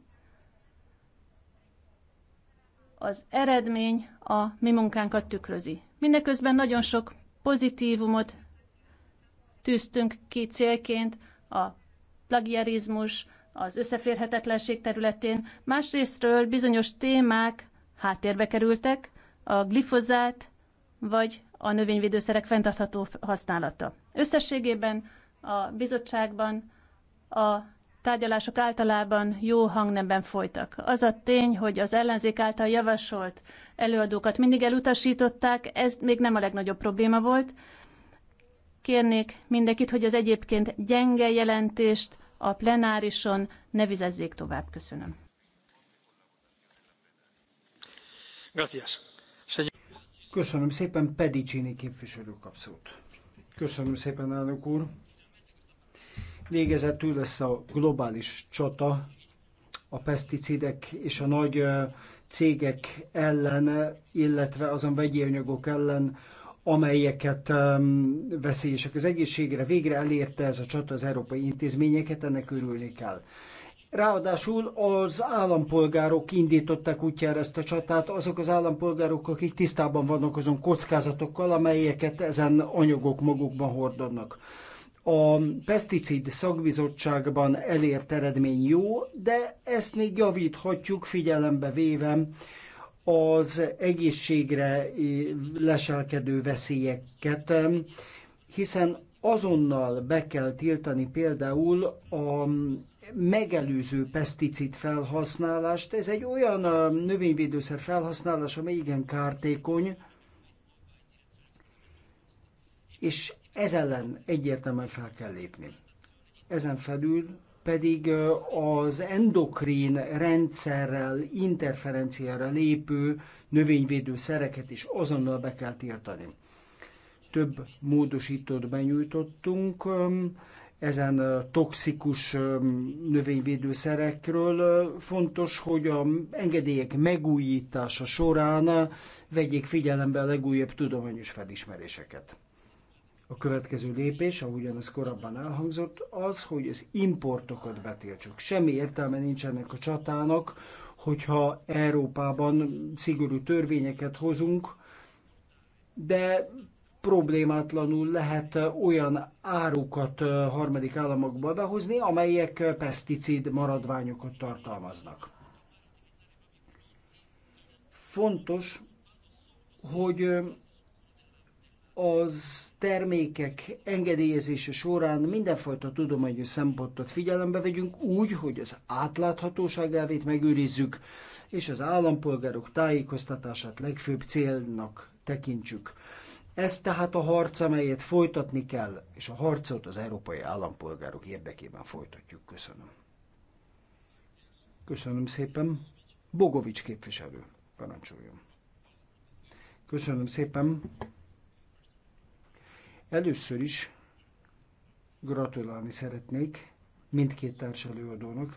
Az eredmény a mi munkánkat tükrözi. Mindeközben nagyon sok pozitívumot tűztünk ki célként, a plagiarizmus, az összeférhetetlenség területén, másrésztről bizonyos témák háttérbe kerültek, a glifozát vagy a növényvédőszerek fenntartható használata. Összességében a bizottságban a tárgyalások általában jó hangnemben folytak. Az a tény, hogy az ellenzék által javasolt előadókat mindig elutasították, ez még nem a legnagyobb probléma volt. Kérnék mindenkit, hogy az egyébként gyenge jelentést a plenárison ne vizezzék tovább. Köszönöm. Gracias. Señor... Köszönöm szépen, Pedicsini képviselő kapszót. Köszönöm szépen, elnök úr. Végezetül lesz a globális csata a peszticidek és a nagy cégek ellen, illetve azon vegyi anyagok ellen, amelyeket um, veszélyesek az egészségre. Végre elérte ez a csata az európai intézményeket, ennek örülni kell. Ráadásul az állampolgárok indították útjára ezt a csatát, azok az állampolgárok, akik tisztában vannak azon kockázatokkal, amelyeket ezen anyagok magukban hordanak. A Pesticid Szakbizottságban elért eredmény jó, de ezt még javíthatjuk figyelembe véve az egészségre leselkedő veszélyeket, hiszen azonnal be kell tiltani például a megelőző peszticid felhasználást. Ez egy olyan növényvédőszer felhasználás, ami igen kártékony, és ez ellen egyértelműen fel kell lépni. Ezen felül pedig az endokrín rendszerrel, interferenciára lépő növényvédő szereket is azonnal be kell tiltani. Több módosítót benyújtottunk ezen toxikus növényvédőszerekről. Fontos, hogy a engedélyek megújítása során vegyék figyelembe a legújabb tudományos felismeréseket. A következő lépés, ahogyan ez korábban elhangzott, az, hogy az importokat betiltsuk. Semmi értelme nincsenek a csatának, hogyha Európában szigorú törvényeket hozunk, de problémátlanul lehet olyan árukat harmadik államokba behozni, amelyek peszticid maradványokat tartalmaznak. Fontos, hogy az termékek engedélyezése során mindenfajta tudományos szempontot figyelembe vegyünk úgy, hogy az átláthatóság elvét megőrizzük, és az állampolgárok tájékoztatását legfőbb célnak tekintsük. Ez tehát a harc, amelyet folytatni kell, és a harcot az európai állampolgárok érdekében folytatjuk. Köszönöm. Köszönöm szépen. Bogovics képviselő, parancsoljon. Köszönöm szépen. Először is gratulálni szeretnék mindkét társelőadónak,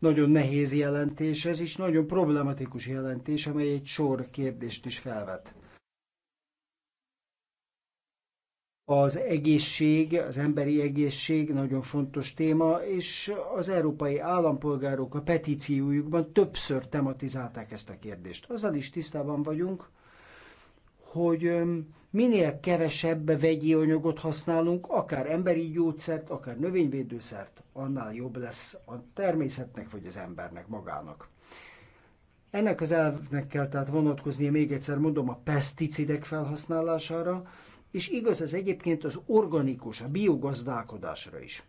Nagyon nehéz jelentés ez, és nagyon problematikus jelentés, amely egy sor kérdést is felvet. Az egészség, az emberi egészség nagyon fontos téma, és az európai állampolgárok a petíciójukban többször tematizálták ezt a kérdést. Azzal is tisztában vagyunk, hogy minél kevesebb vegyi anyagot használunk, akár emberi gyógyszert, akár növényvédőszert, annál jobb lesz a természetnek vagy az embernek magának. Ennek az elvnek kell tehát vonatkoznia, még egyszer mondom, a peszticidek felhasználására, és igaz ez egyébként az organikus, a biogazdálkodásra is.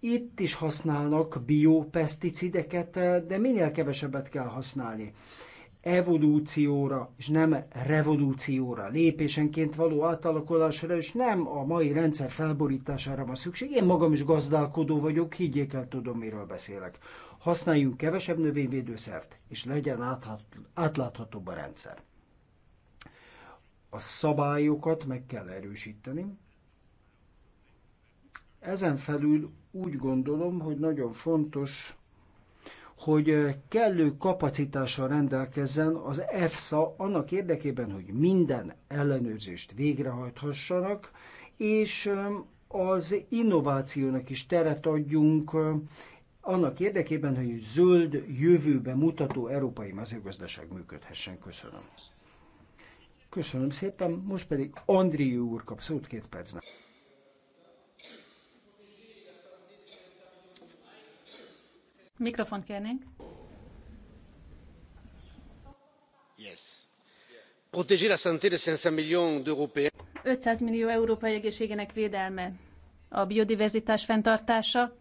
Itt is használnak biopeszticideket, de minél kevesebbet kell használni evolúcióra, és nem revolúcióra, lépésenként való átalakulásra, és nem a mai rendszer felborítására van szükség. Én magam is gazdálkodó vagyok, higgyék el, tudom, miről beszélek. Használjunk kevesebb növényvédőszert, és legyen átláthatóbb a rendszer. A szabályokat meg kell erősíteni. Ezen felül úgy gondolom, hogy nagyon fontos hogy kellő kapacitással rendelkezzen az EFSA annak érdekében, hogy minden ellenőrzést végrehajthassanak, és az innovációnak is teret adjunk annak érdekében, hogy zöld jövőbe mutató európai mezőgazdaság működhessen. Köszönöm. Köszönöm szépen, most pedig Andri úr kap szót két percben. Mikrofont kérnénk. Yes. Protéger la santé de 500 millions d'Européens. 500 millió európai egészségének védelme, a biodiverzitás fenntartása,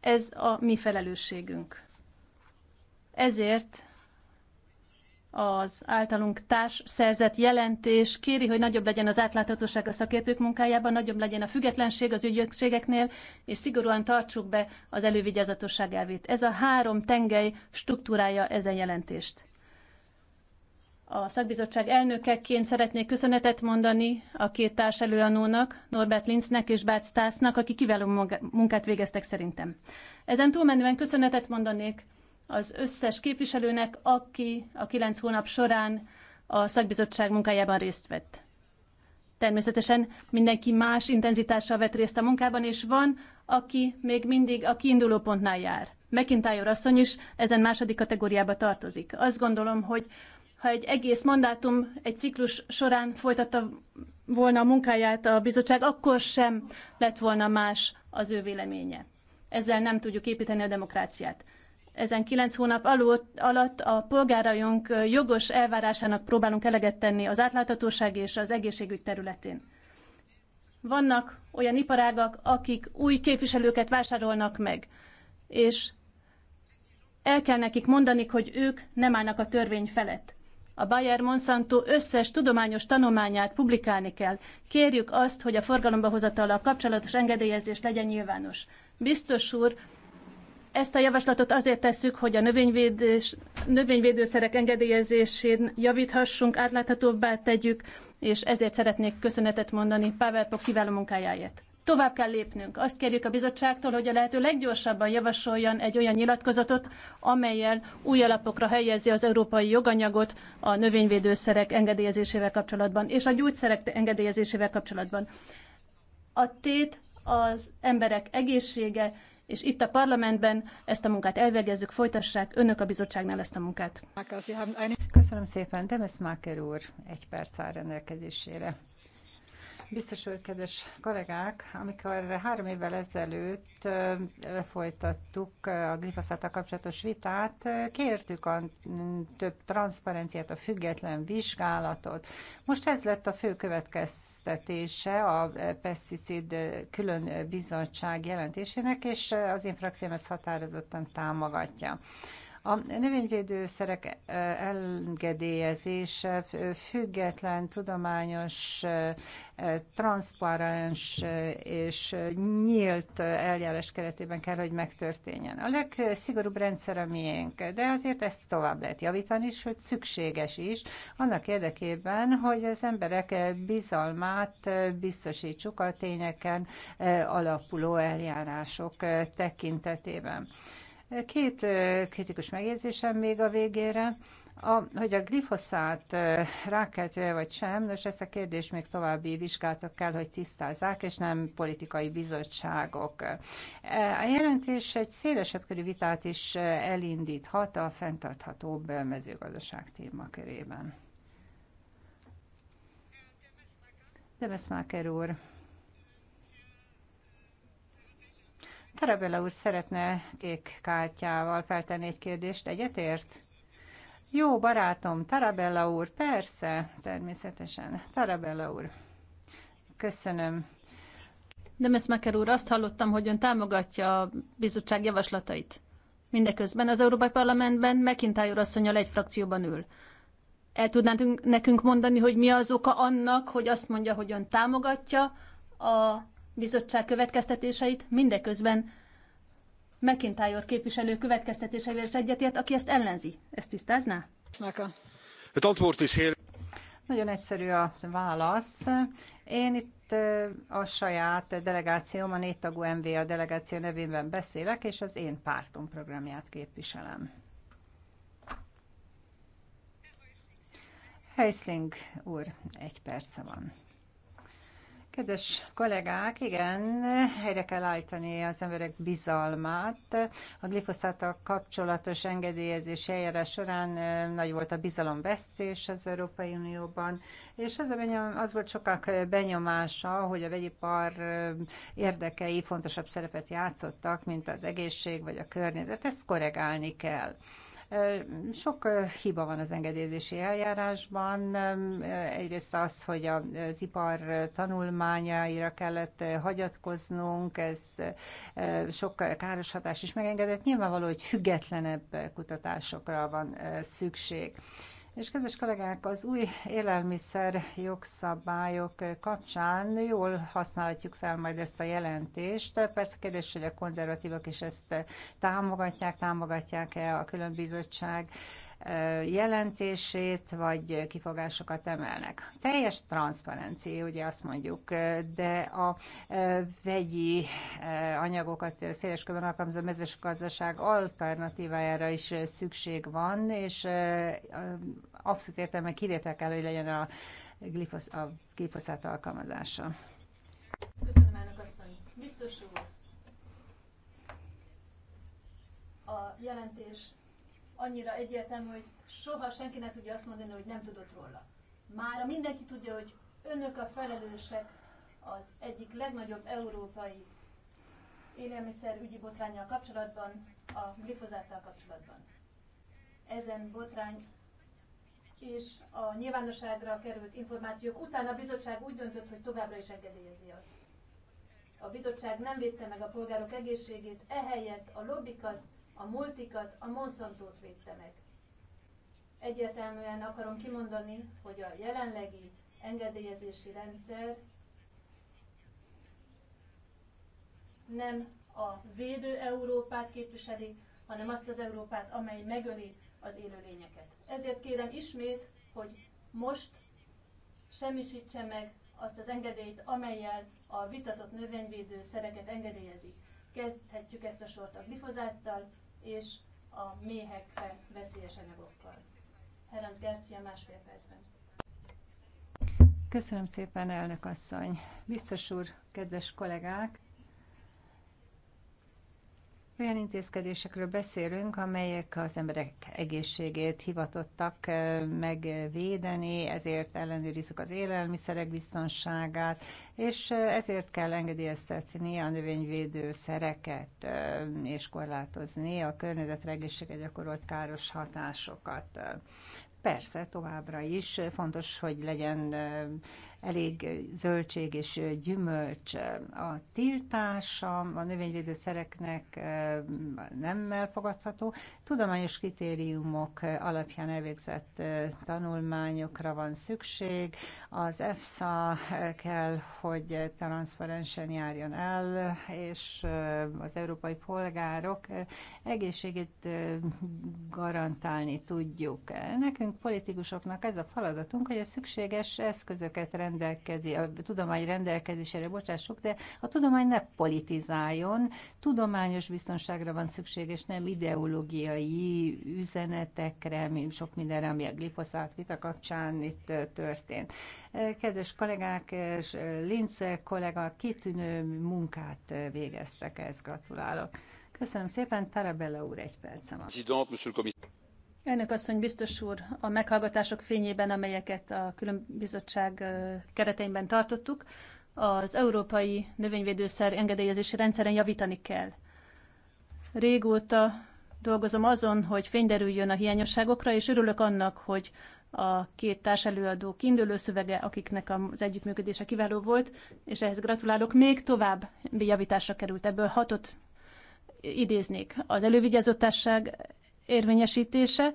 ez a mi felelősségünk. Ezért az általunk társ szerzett jelentés kéri, hogy nagyobb legyen az átláthatóság a szakértők munkájában, nagyobb legyen a függetlenség az ügyökségeknél, és szigorúan tartsuk be az elővigyázatosság elvét. Ez a három tengely struktúrája ezen jelentést. A szakbizottság elnökeként szeretnék köszönetet mondani a két társ előanónak, Norbert Linznek és Bács Stásznak, akik kiváló munkát végeztek szerintem. Ezen túlmenően köszönetet mondanék az összes képviselőnek, aki a kilenc hónap során a szakbizottság munkájában részt vett. Természetesen mindenki más intenzitással vett részt a munkában, és van, aki még mindig a kiinduló pontnál jár. McIntyre asszony is ezen második kategóriába tartozik. Azt gondolom, hogy ha egy egész mandátum egy ciklus során folytatta volna a munkáját a bizottság, akkor sem lett volna más az ő véleménye. Ezzel nem tudjuk építeni a demokráciát ezen kilenc hónap alatt a polgárajunk jogos elvárásának próbálunk eleget tenni az átláthatóság és az egészségügy területén. Vannak olyan iparágak, akik új képviselőket vásárolnak meg, és el kell nekik mondani, hogy ők nem állnak a törvény felett. A Bayer Monsanto összes tudományos tanulmányát publikálni kell. Kérjük azt, hogy a forgalomba hozatala kapcsolatos engedélyezés legyen nyilvános. Biztos úr, ezt a javaslatot azért tesszük, hogy a növényvédés, növényvédőszerek engedélyezésén javíthassunk, átláthatóbbá tegyük, és ezért szeretnék köszönetet mondani Pavel Pok kiváló munkájáért. Tovább kell lépnünk. Azt kérjük a bizottságtól, hogy a lehető leggyorsabban javasoljon egy olyan nyilatkozatot, amelyel új alapokra helyezi az európai joganyagot a növényvédőszerek engedélyezésével kapcsolatban és a gyógyszerek engedélyezésével kapcsolatban. A tét az emberek egészsége és itt a parlamentben ezt a munkát elvégezzük, folytassák, önök a bizottságnál ezt a munkát. Köszönöm szépen, Demes Máker úr, egy perc áll rendelkezésére. Biztos úr, kedves kollégák, amikor három évvel ezelőtt lefolytattuk a glifoszáta kapcsolatos vitát, kértük a több transzparenciát, a független vizsgálatot. Most ez lett a fő következő egyeztetése a Peszticid Külön Bizottság jelentésének, és az én frakcióm ezt határozottan támogatja. A növényvédőszerek engedélyezése független, tudományos, transzparens és nyílt eljárás keretében kell, hogy megtörténjen. A legszigorúbb rendszer a miénk, de azért ezt tovább lehet javítani, és hogy szükséges is, annak érdekében, hogy az emberek bizalmát biztosítsuk a tényeken alapuló eljárások tekintetében. Két kritikus megjegyzésem még a végére. A, hogy a glifoszát rákeltő vagy sem, nos ezt a kérdést még további vizsgálatok kell, hogy tisztázzák, és nem politikai bizottságok. A jelentés egy szélesebb körű vitát is elindíthat a fenntarthatóbb mezőgazdaság témakörében. Demeszmáker úr. Tarabella úr szeretne kék kártyával feltenni egy kérdést. Egyetért? Jó barátom, Tarabella úr, persze, természetesen. Tarabella úr, köszönöm. Demes Meker úr, azt hallottam, hogy ön támogatja a bizottság javaslatait. Mindeközben az Európai Parlamentben McIntyre asszonyal egy frakcióban ül. El tudnánk nekünk mondani, hogy mi az oka annak, hogy azt mondja, hogy ön támogatja a bizottság következtetéseit, mindeközben McIntyre képviselő következtetéseivel is egyetért, aki ezt ellenzi. Ezt tisztázná? Nagyon egyszerű a válasz. Én itt a saját delegációm, a négy tagú MVA delegáció nevében beszélek, és az én pártom programját képviselem. Heisling úr, egy perce van. Kedves kollégák, igen, helyre kell állítani az emberek bizalmát. A glifoszáttal kapcsolatos engedélyezés eljárás során eh, nagy volt a bizalomvesztés az Európai Unióban, és az, a benyom, az volt sokak eh, benyomása, hogy a vegyipar eh, érdekei fontosabb szerepet játszottak, mint az egészség vagy a környezet. Ezt korrigálni kell. Sok hiba van az engedélyezési eljárásban. Egyrészt az, hogy az ipar tanulmányaira kellett hagyatkoznunk, ez sok káros hatás is megengedett. Nyilvánvaló, hogy függetlenebb kutatásokra van szükség. És kedves kollégák, az új élelmiszer jogszabályok kapcsán jól használhatjuk fel majd ezt a jelentést. Persze kérdés, hogy a konzervatívok is ezt támogatják, támogatják-e a különbizottság jelentését, vagy kifogásokat emelnek. Teljes transzparenci, ugye azt mondjuk, de a vegyi anyagokat széles körben alkalmazó mezőgazdaság alternatívájára is szükség van, és abszolút értelemben kivétel kell, hogy legyen a, glifosz, a glifoszát alkalmazása. Köszönöm, elnök asszony. Biztos úr, a jelentés annyira egyértelmű, hogy soha senki ne tudja azt mondani, hogy nem tudott róla. Mára mindenki tudja, hogy önök a felelősek az egyik legnagyobb európai élelmiszerügyi botrányjal kapcsolatban, a glifozáttal kapcsolatban. Ezen botrány és a nyilvánosságra került információk után a bizottság úgy döntött, hogy továbbra is engedélyezi azt. A bizottság nem védte meg a polgárok egészségét, ehelyett a lobbikat a multikat, a Monsantót védte meg. Egyértelműen akarom kimondani, hogy a jelenlegi engedélyezési rendszer nem a védő Európát képviseli, hanem azt az Európát, amely megöli az élőlényeket. Ezért kérem ismét, hogy most semmisítse meg azt az engedélyt, amelyel a vitatott növényvédő szereket engedélyezik. Kezdhetjük ezt a sort a glifozáttal, és a méhekre veszélyes anyagokkal. Herenc Gercia másfél percben. Köszönöm szépen, elnök asszony. Biztos úr, kedves kollégák! Olyan intézkedésekről beszélünk, amelyek az emberek egészségét hivatottak megvédeni, ezért ellenőrizzük az élelmiszerek biztonságát, és ezért kell engedélyeztetni a szereket és korlátozni a környezetre egészsége gyakorolt káros hatásokat. Persze, továbbra is fontos, hogy legyen elég zöldség és gyümölcs. A tiltása a növényvédőszereknek nem elfogadható. Tudományos kritériumok alapján elvégzett tanulmányokra van szükség, az EFSA kell, hogy transzparensen járjon el, és az európai polgárok egészségét garantálni tudjuk. Nekünk politikusoknak ez a feladatunk, hogy a szükséges eszközöket rendelkezi, a tudomány rendelkezésére bocsássuk, de a tudomány ne politizáljon. Tudományos biztonságra van szükség, és nem ideológiai üzenetekre, sok mindenre, ami a glifoszát vita kapcsán itt történt. Kedves kollégák, és Lince kollega kitűnő munkát végeztek, ezt gratulálok. Köszönöm szépen, Tarabella úr, egy percem. Elnök asszony, biztos úr, a meghallgatások fényében, amelyeket a különbizottság kereteimben tartottuk, az európai növényvédőszer engedélyezési rendszeren javítani kell. Régóta dolgozom azon, hogy fényderüljön a hiányosságokra, és örülök annak, hogy a két társelőadó kiindulő szövege, akiknek az együttműködése kiváló volt, és ehhez gratulálok. Még tovább javításra került ebből hatot idéznék. Az elővigyázatosság érvényesítése,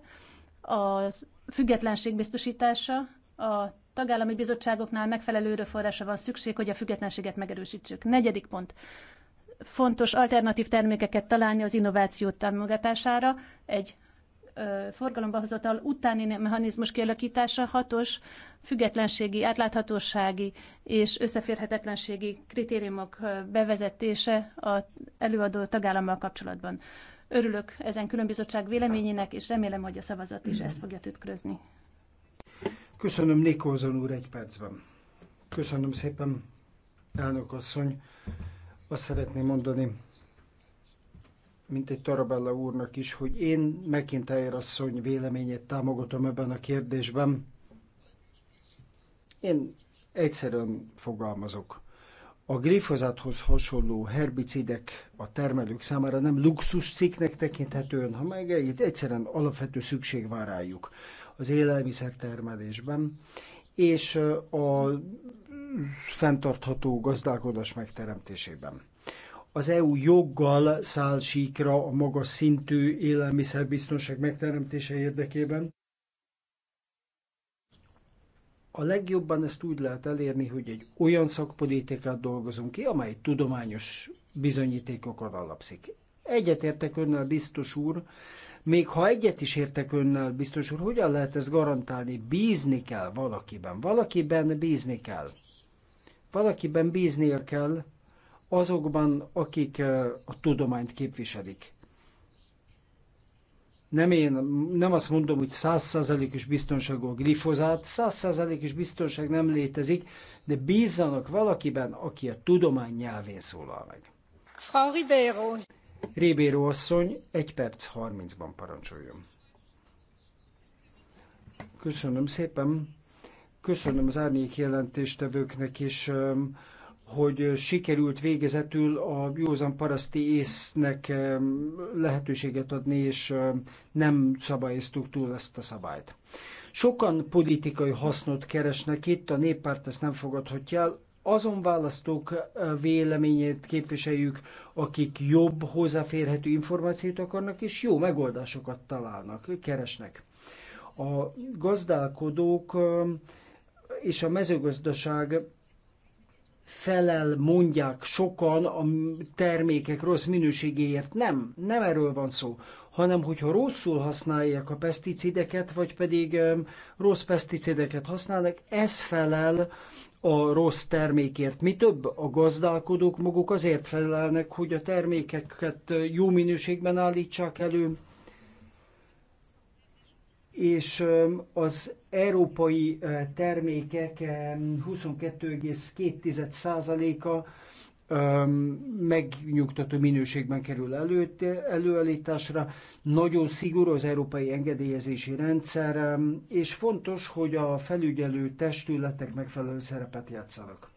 az függetlenség biztosítása, a tagállami bizottságoknál megfelelő erőforrásra van szükség, hogy a függetlenséget megerősítsük. Negyedik pont. Fontos alternatív termékeket találni az innováció támogatására. Egy forgalomba hozatal utáni mechanizmus kialakítása hatos függetlenségi, átláthatósági és összeférhetetlenségi kritériumok bevezetése az előadó tagállammal kapcsolatban. Örülök ezen különbizottság véleményének, és remélem, hogy a szavazat is ezt fogja tükrözni. Köszönöm Nikolzon úr egy percben. Köszönöm szépen, elnök asszony. Azt szeretném mondani, mint egy Tarabella úrnak is, hogy én McIntyre asszony véleményét támogatom ebben a kérdésben. Én egyszerűen fogalmazok. A glifozáthoz hasonló herbicidek a termelők számára nem luxus cikknek tekinthetően, ha meg itt egyszerűen alapvető szükség van rájuk az termelésben és a fenntartható gazdálkodás megteremtésében az EU joggal száll síkra a magas szintű élelmiszerbiztonság megteremtése érdekében. A legjobban ezt úgy lehet elérni, hogy egy olyan szakpolitikát dolgozunk ki, amely tudományos bizonyítékokon alapszik. Egyetértek önnel, biztos úr, még ha egyet is értek önnel, biztos úr, hogyan lehet ezt garantálni? Bízni kell valakiben. Valakiben bízni kell. Valakiben bíznia kell, azokban, akik a tudományt képviselik. Nem én, nem azt mondom, hogy százszázalékos biztonság a glifozát, százszázalékos biztonság nem létezik, de bízzanak valakiben, aki a tudomány nyelvén szólal meg. Frau Ribeiro. Ribeiro asszony, egy perc 30-ban parancsoljon. Köszönöm szépen. Köszönöm az árnyék jelentéstevőknek is hogy sikerült végezetül a józan paraszti észnek lehetőséget adni, és nem szabályoztuk túl ezt a szabályt. Sokan politikai hasznot keresnek itt, a néppárt ezt nem fogadhatja el, azon választók véleményét képviseljük, akik jobb hozzáférhető információt akarnak, és jó megoldásokat találnak, keresnek. A gazdálkodók és a mezőgazdaság felel, mondják sokan a termékek rossz minőségéért. Nem, nem erről van szó, hanem hogyha rosszul használják a peszticideket, vagy pedig um, rossz peszticideket használnak, ez felel a rossz termékért. Mi több, a gazdálkodók maguk azért felelnek, hogy a termékeket jó minőségben állítsák elő, és az európai termékek 22,2%-a megnyugtató minőségben kerül elő, előállításra. Nagyon szigorú az európai engedélyezési rendszer, és fontos, hogy a felügyelő testületek megfelelő szerepet játszanak.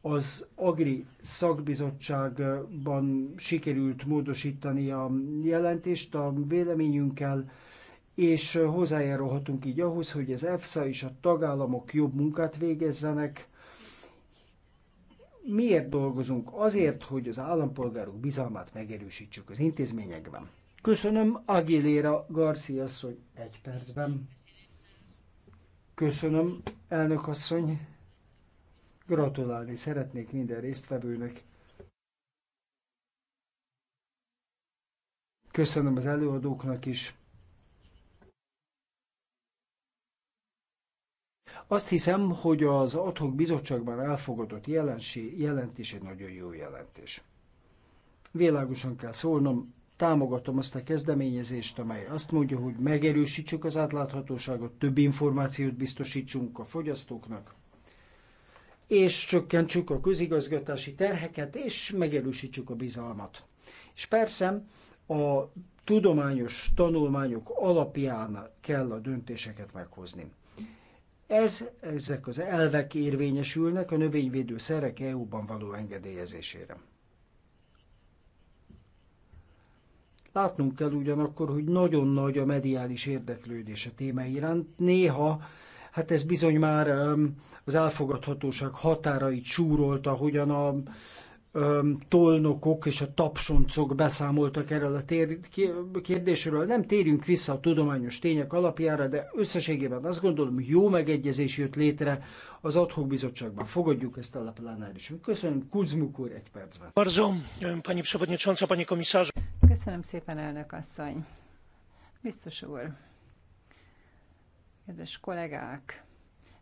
Az Agri szakbizottságban sikerült módosítani a jelentést a véleményünkkel, és hozzájárulhatunk így ahhoz, hogy az EFSA és a tagállamok jobb munkát végezzenek. Miért dolgozunk? Azért, hogy az állampolgárok bizalmát megerősítsük az intézményekben. Köszönöm Aguilera Garcia asszony egy percben. Köszönöm, elnök asszony. Gratulálni szeretnék minden résztvevőnek. Köszönöm az előadóknak is Azt hiszem, hogy az adhok bizottságban elfogadott jelensi, jelentés egy nagyon jó jelentés. Világosan kell szólnom, támogatom azt a kezdeményezést, amely azt mondja, hogy megerősítsük az átláthatóságot, több információt biztosítsunk a fogyasztóknak, és csökkentsük a közigazgatási terheket, és megerősítsük a bizalmat. És persze a tudományos tanulmányok alapján kell a döntéseket meghozni. Ez, ezek az elvek érvényesülnek a növényvédő szerek EU-ban való engedélyezésére. Látnunk kell ugyanakkor, hogy nagyon nagy a mediális érdeklődés a téma iránt. Néha, hát ez bizony már az elfogadhatóság határait súrolta, hogyan a tolnokok és a tapsoncok beszámoltak erről a tér, kérdésről. Nem térjünk vissza a tudományos tények alapjára, de összességében azt gondolom, jó megegyezés jött létre az adhok bizottságban. Fogadjuk ezt a plenárisunk. Köszönöm, Kuzmuk úr, egy percben. pani pani Köszönöm szépen, elnök asszony. Biztos úr, kedves kollégák,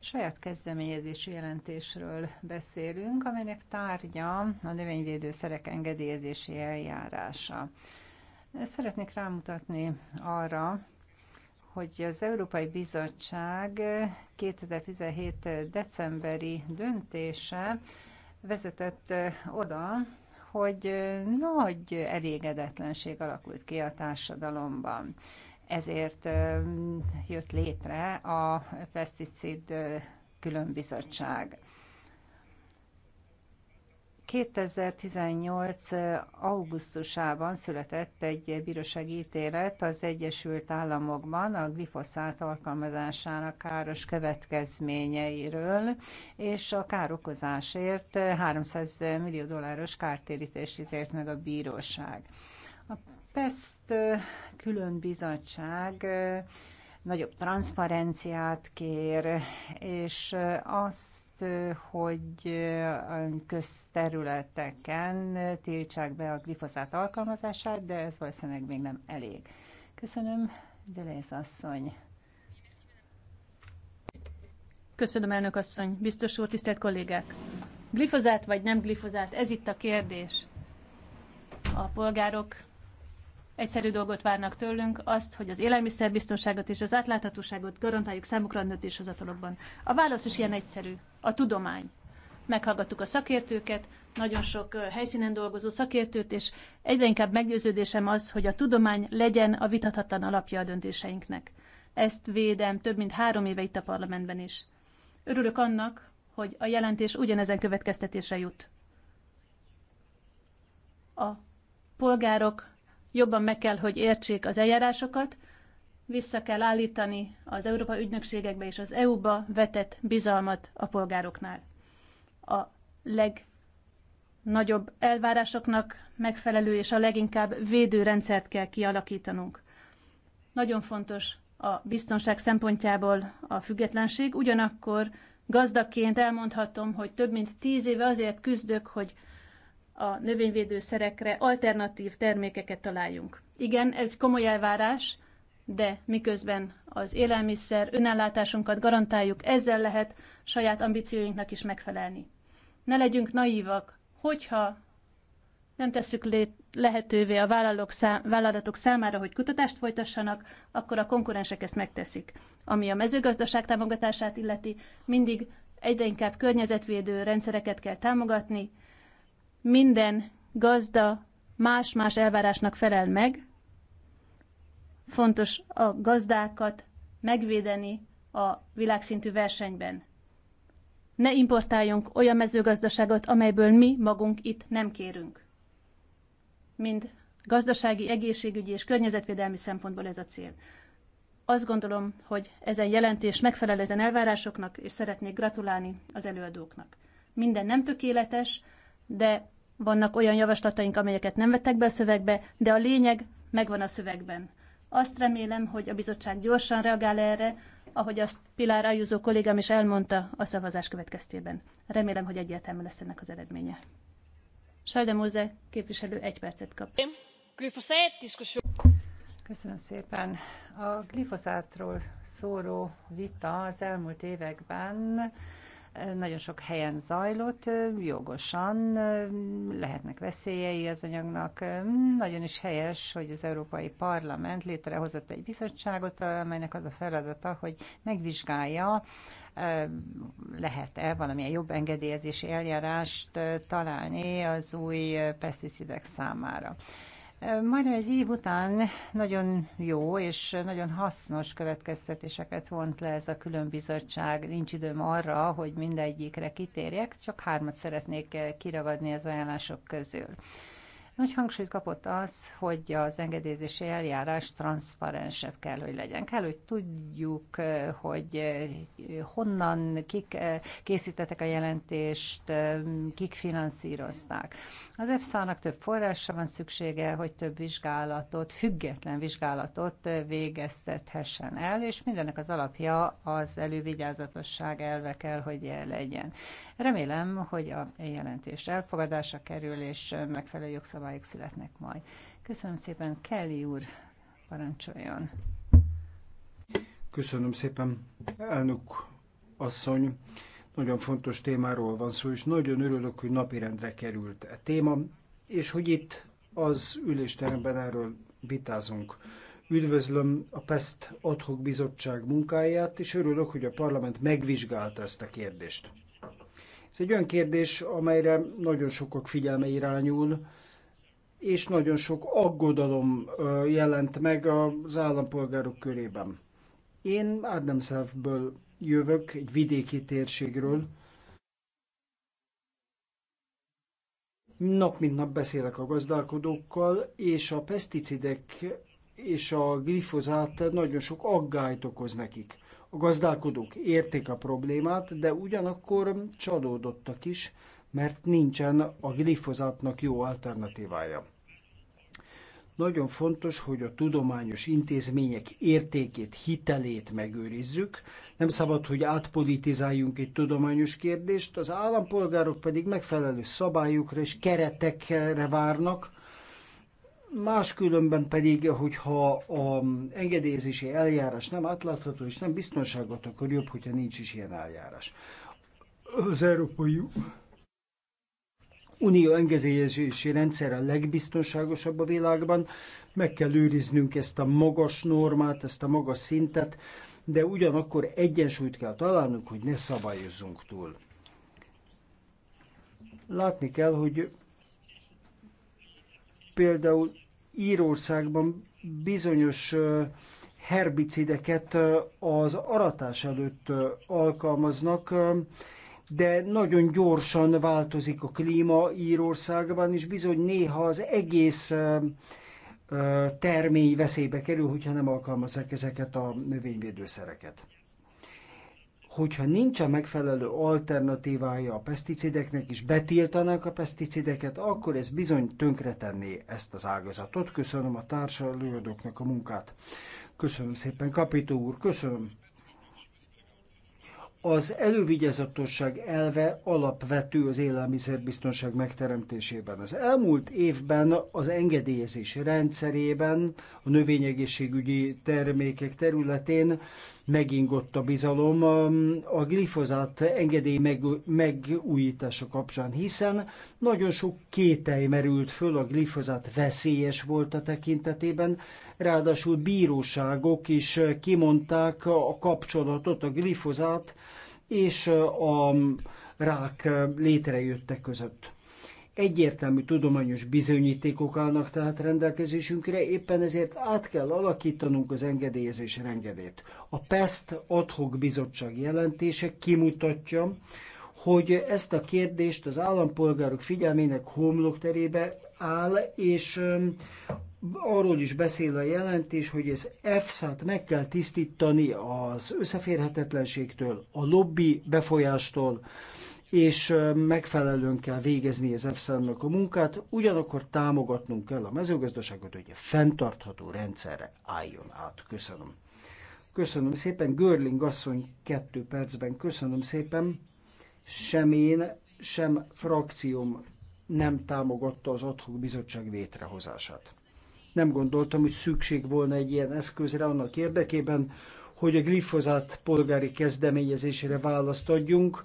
Saját kezdeményezési jelentésről beszélünk, amelynek tárgya a növényvédőszerek engedélyezési eljárása. Szeretnék rámutatni arra, hogy az Európai Bizottság 2017. decemberi döntése vezetett oda, hogy nagy elégedetlenség alakult ki a társadalomban ezért jött létre a Pesticid Különbizottság. 2018. augusztusában született egy bírósági ítélet az Egyesült Államokban a glifoszát alkalmazásának káros következményeiről, és a károkozásért 300 millió dolláros kártérítést ítélt meg a bíróság. PESZT külön bizottság nagyobb transzparenciát kér, és azt, hogy közterületeken tiltsák be a glifoszát alkalmazását, de ez valószínűleg még nem elég. Köszönöm, Delész asszony. Köszönöm, elnök asszony. Biztos úr, tisztelt kollégák! Glifozát vagy nem glifozát, ez itt a kérdés. A polgárok Egyszerű dolgot várnak tőlünk, azt, hogy az élelmiszerbiztonságot és az átláthatóságot garantáljuk számukra a döntéshozatalokban. A válasz is ilyen egyszerű. A tudomány. Meghallgattuk a szakértőket, nagyon sok helyszínen dolgozó szakértőt, és egyre inkább meggyőződésem az, hogy a tudomány legyen a vitathatlan alapja a döntéseinknek. Ezt védem több mint három éve itt a parlamentben is. Örülök annak, hogy a jelentés ugyanezen következtetése jut. A polgárok jobban meg kell, hogy értsék az eljárásokat, vissza kell állítani az Európa ügynökségekbe és az EU-ba vetett bizalmat a polgároknál. A legnagyobb elvárásoknak megfelelő és a leginkább védő rendszert kell kialakítanunk. Nagyon fontos a biztonság szempontjából a függetlenség, ugyanakkor gazdagként elmondhatom, hogy több mint tíz éve azért küzdök, hogy a növényvédőszerekre alternatív termékeket találjunk. Igen, ez komoly elvárás, de miközben az élelmiszer önellátásunkat garantáljuk, ezzel lehet saját ambícióinknak is megfelelni. Ne legyünk naívak, hogyha nem tesszük lehetővé a vállalatok számára, hogy kutatást folytassanak, akkor a konkurensek ezt megteszik. Ami a mezőgazdaság támogatását illeti, mindig egyre inkább környezetvédő rendszereket kell támogatni, minden gazda más-más elvárásnak felel meg. Fontos a gazdákat megvédeni a világszintű versenyben. Ne importáljunk olyan mezőgazdaságot, amelyből mi magunk itt nem kérünk. Mind gazdasági, egészségügyi és környezetvédelmi szempontból ez a cél. Azt gondolom, hogy ezen jelentés megfelel ezen elvárásoknak, és szeretnék gratulálni az előadóknak. Minden nem tökéletes, de vannak olyan javaslataink, amelyeket nem vettek be a szövegbe, de a lényeg megvan a szövegben. Azt remélem, hogy a bizottság gyorsan reagál erre, ahogy azt Pilár Ajúzó kollégám is elmondta a szavazás következtében. Remélem, hogy egyértelmű lesz ennek az eredménye. Sajda Móze képviselő egy percet kap. Köszönöm szépen. A glifoszátról szóró vita az elmúlt években nagyon sok helyen zajlott, jogosan lehetnek veszélyei az anyagnak. Nagyon is helyes, hogy az Európai Parlament létrehozott egy bizottságot, amelynek az a feladata, hogy megvizsgálja, lehet-e valamilyen jobb engedélyezési eljárást találni az új peszticidek számára. Majdnem egy év után nagyon jó és nagyon hasznos következtetéseket vont le ez a különbizottság. Nincs időm arra, hogy mindegyikre kitérjek, csak hármat szeretnék kiragadni az ajánlások közül. Nagy hangsúlyt kapott az, hogy az engedélyezési eljárás transzparensebb kell, hogy legyen. Kell, hogy tudjuk, eh, hogy eh, honnan, kik eh, készítettek a jelentést, kik finanszírozták. Az EFSA-nak több forrásra van szüksége, hogy több vizsgálatot, független vizsgálatot végeztethessen el, és mindennek az alapja az elővigyázatosság elve kell, hogy legyen. Remélem, hogy a jelentés elfogadása kerül, és megfelelő jogszabályok születnek majd. Köszönöm szépen, Kelly úr, parancsoljon. Köszönöm szépen, elnök asszony. Nagyon fontos témáról van szó, és nagyon örülök, hogy napirendre került a e téma, és hogy itt az ülésteremben erről vitázunk. Üdvözlöm a PESZT adhok bizottság munkáját, és örülök, hogy a parlament megvizsgálta ezt a kérdést. Ez egy olyan kérdés, amelyre nagyon sokak figyelme irányul, és nagyon sok aggodalom jelent meg az állampolgárok körében. Én Ádemszelfből jövök, egy vidéki térségről. Nap mint nap beszélek a gazdálkodókkal, és a peszticidek és a glifozát nagyon sok aggályt okoz nekik. A gazdálkodók érték a problémát, de ugyanakkor csalódottak is, mert nincsen a glifozátnak jó alternatívája. Nagyon fontos, hogy a tudományos intézmények értékét, hitelét megőrizzük. Nem szabad, hogy átpolitizáljunk egy tudományos kérdést, az állampolgárok pedig megfelelő szabályokra és keretekre várnak, Máskülönben pedig, hogyha a engedélyezési eljárás nem átlátható és nem biztonságot, akkor jobb, hogyha nincs is ilyen eljárás. Az Európai Unió engedélyezési rendszer a legbiztonságosabb a világban, meg kell őriznünk ezt a magas normát, ezt a magas szintet, de ugyanakkor egyensúlyt kell találnunk, hogy ne szabályozzunk túl. Látni kell, hogy például Írországban bizonyos herbicideket az aratás előtt alkalmaznak, de nagyon gyorsan változik a klíma Írországban, és bizony néha az egész termény veszélybe kerül, hogyha nem alkalmazzák ezeket a növényvédőszereket hogyha nincs a megfelelő alternatívája a peszticideknek, és betiltanák a peszticideket, akkor ez bizony tönkretenné ezt az ágazatot. Köszönöm a társadalmi a munkát. Köszönöm szépen, kapitó úr, köszönöm. Az elővigyázatosság elve alapvető az élelmiszerbiztonság megteremtésében. Az elmúlt évben az engedélyezés rendszerében, a növényegészségügyi termékek területén megingott a bizalom um, a glifozát engedély meg, megújítása kapcsán, hiszen nagyon sok kételj merült föl a glifozát veszélyes volt a tekintetében, Ráadásul bíróságok is kimondták a kapcsolatot a glifozát és a rák létrejöttek között. Egyértelmű tudományos bizonyítékok állnak tehát rendelkezésünkre, éppen ezért át kell alakítanunk az engedélyezés rendjét. A PEST adhok bizottság jelentése kimutatja, hogy ezt a kérdést az állampolgárok figyelmének homlokterébe áll, és arról is beszél a jelentés, hogy ez EFSA-t meg kell tisztítani az összeférhetetlenségtől, a lobby befolyástól, és megfelelően kell végezni az EFSA-nak a munkát, ugyanakkor támogatnunk kell a mezőgazdaságot, hogy a fenntartható rendszerre álljon át. Köszönöm. Köszönöm szépen, Görling asszony kettő percben, köszönöm szépen. Sem én, sem frakcióm nem támogatta az adhok bizottság létrehozását nem gondoltam, hogy szükség volna egy ilyen eszközre annak érdekében, hogy a glifozát polgári kezdeményezésére választ adjunk.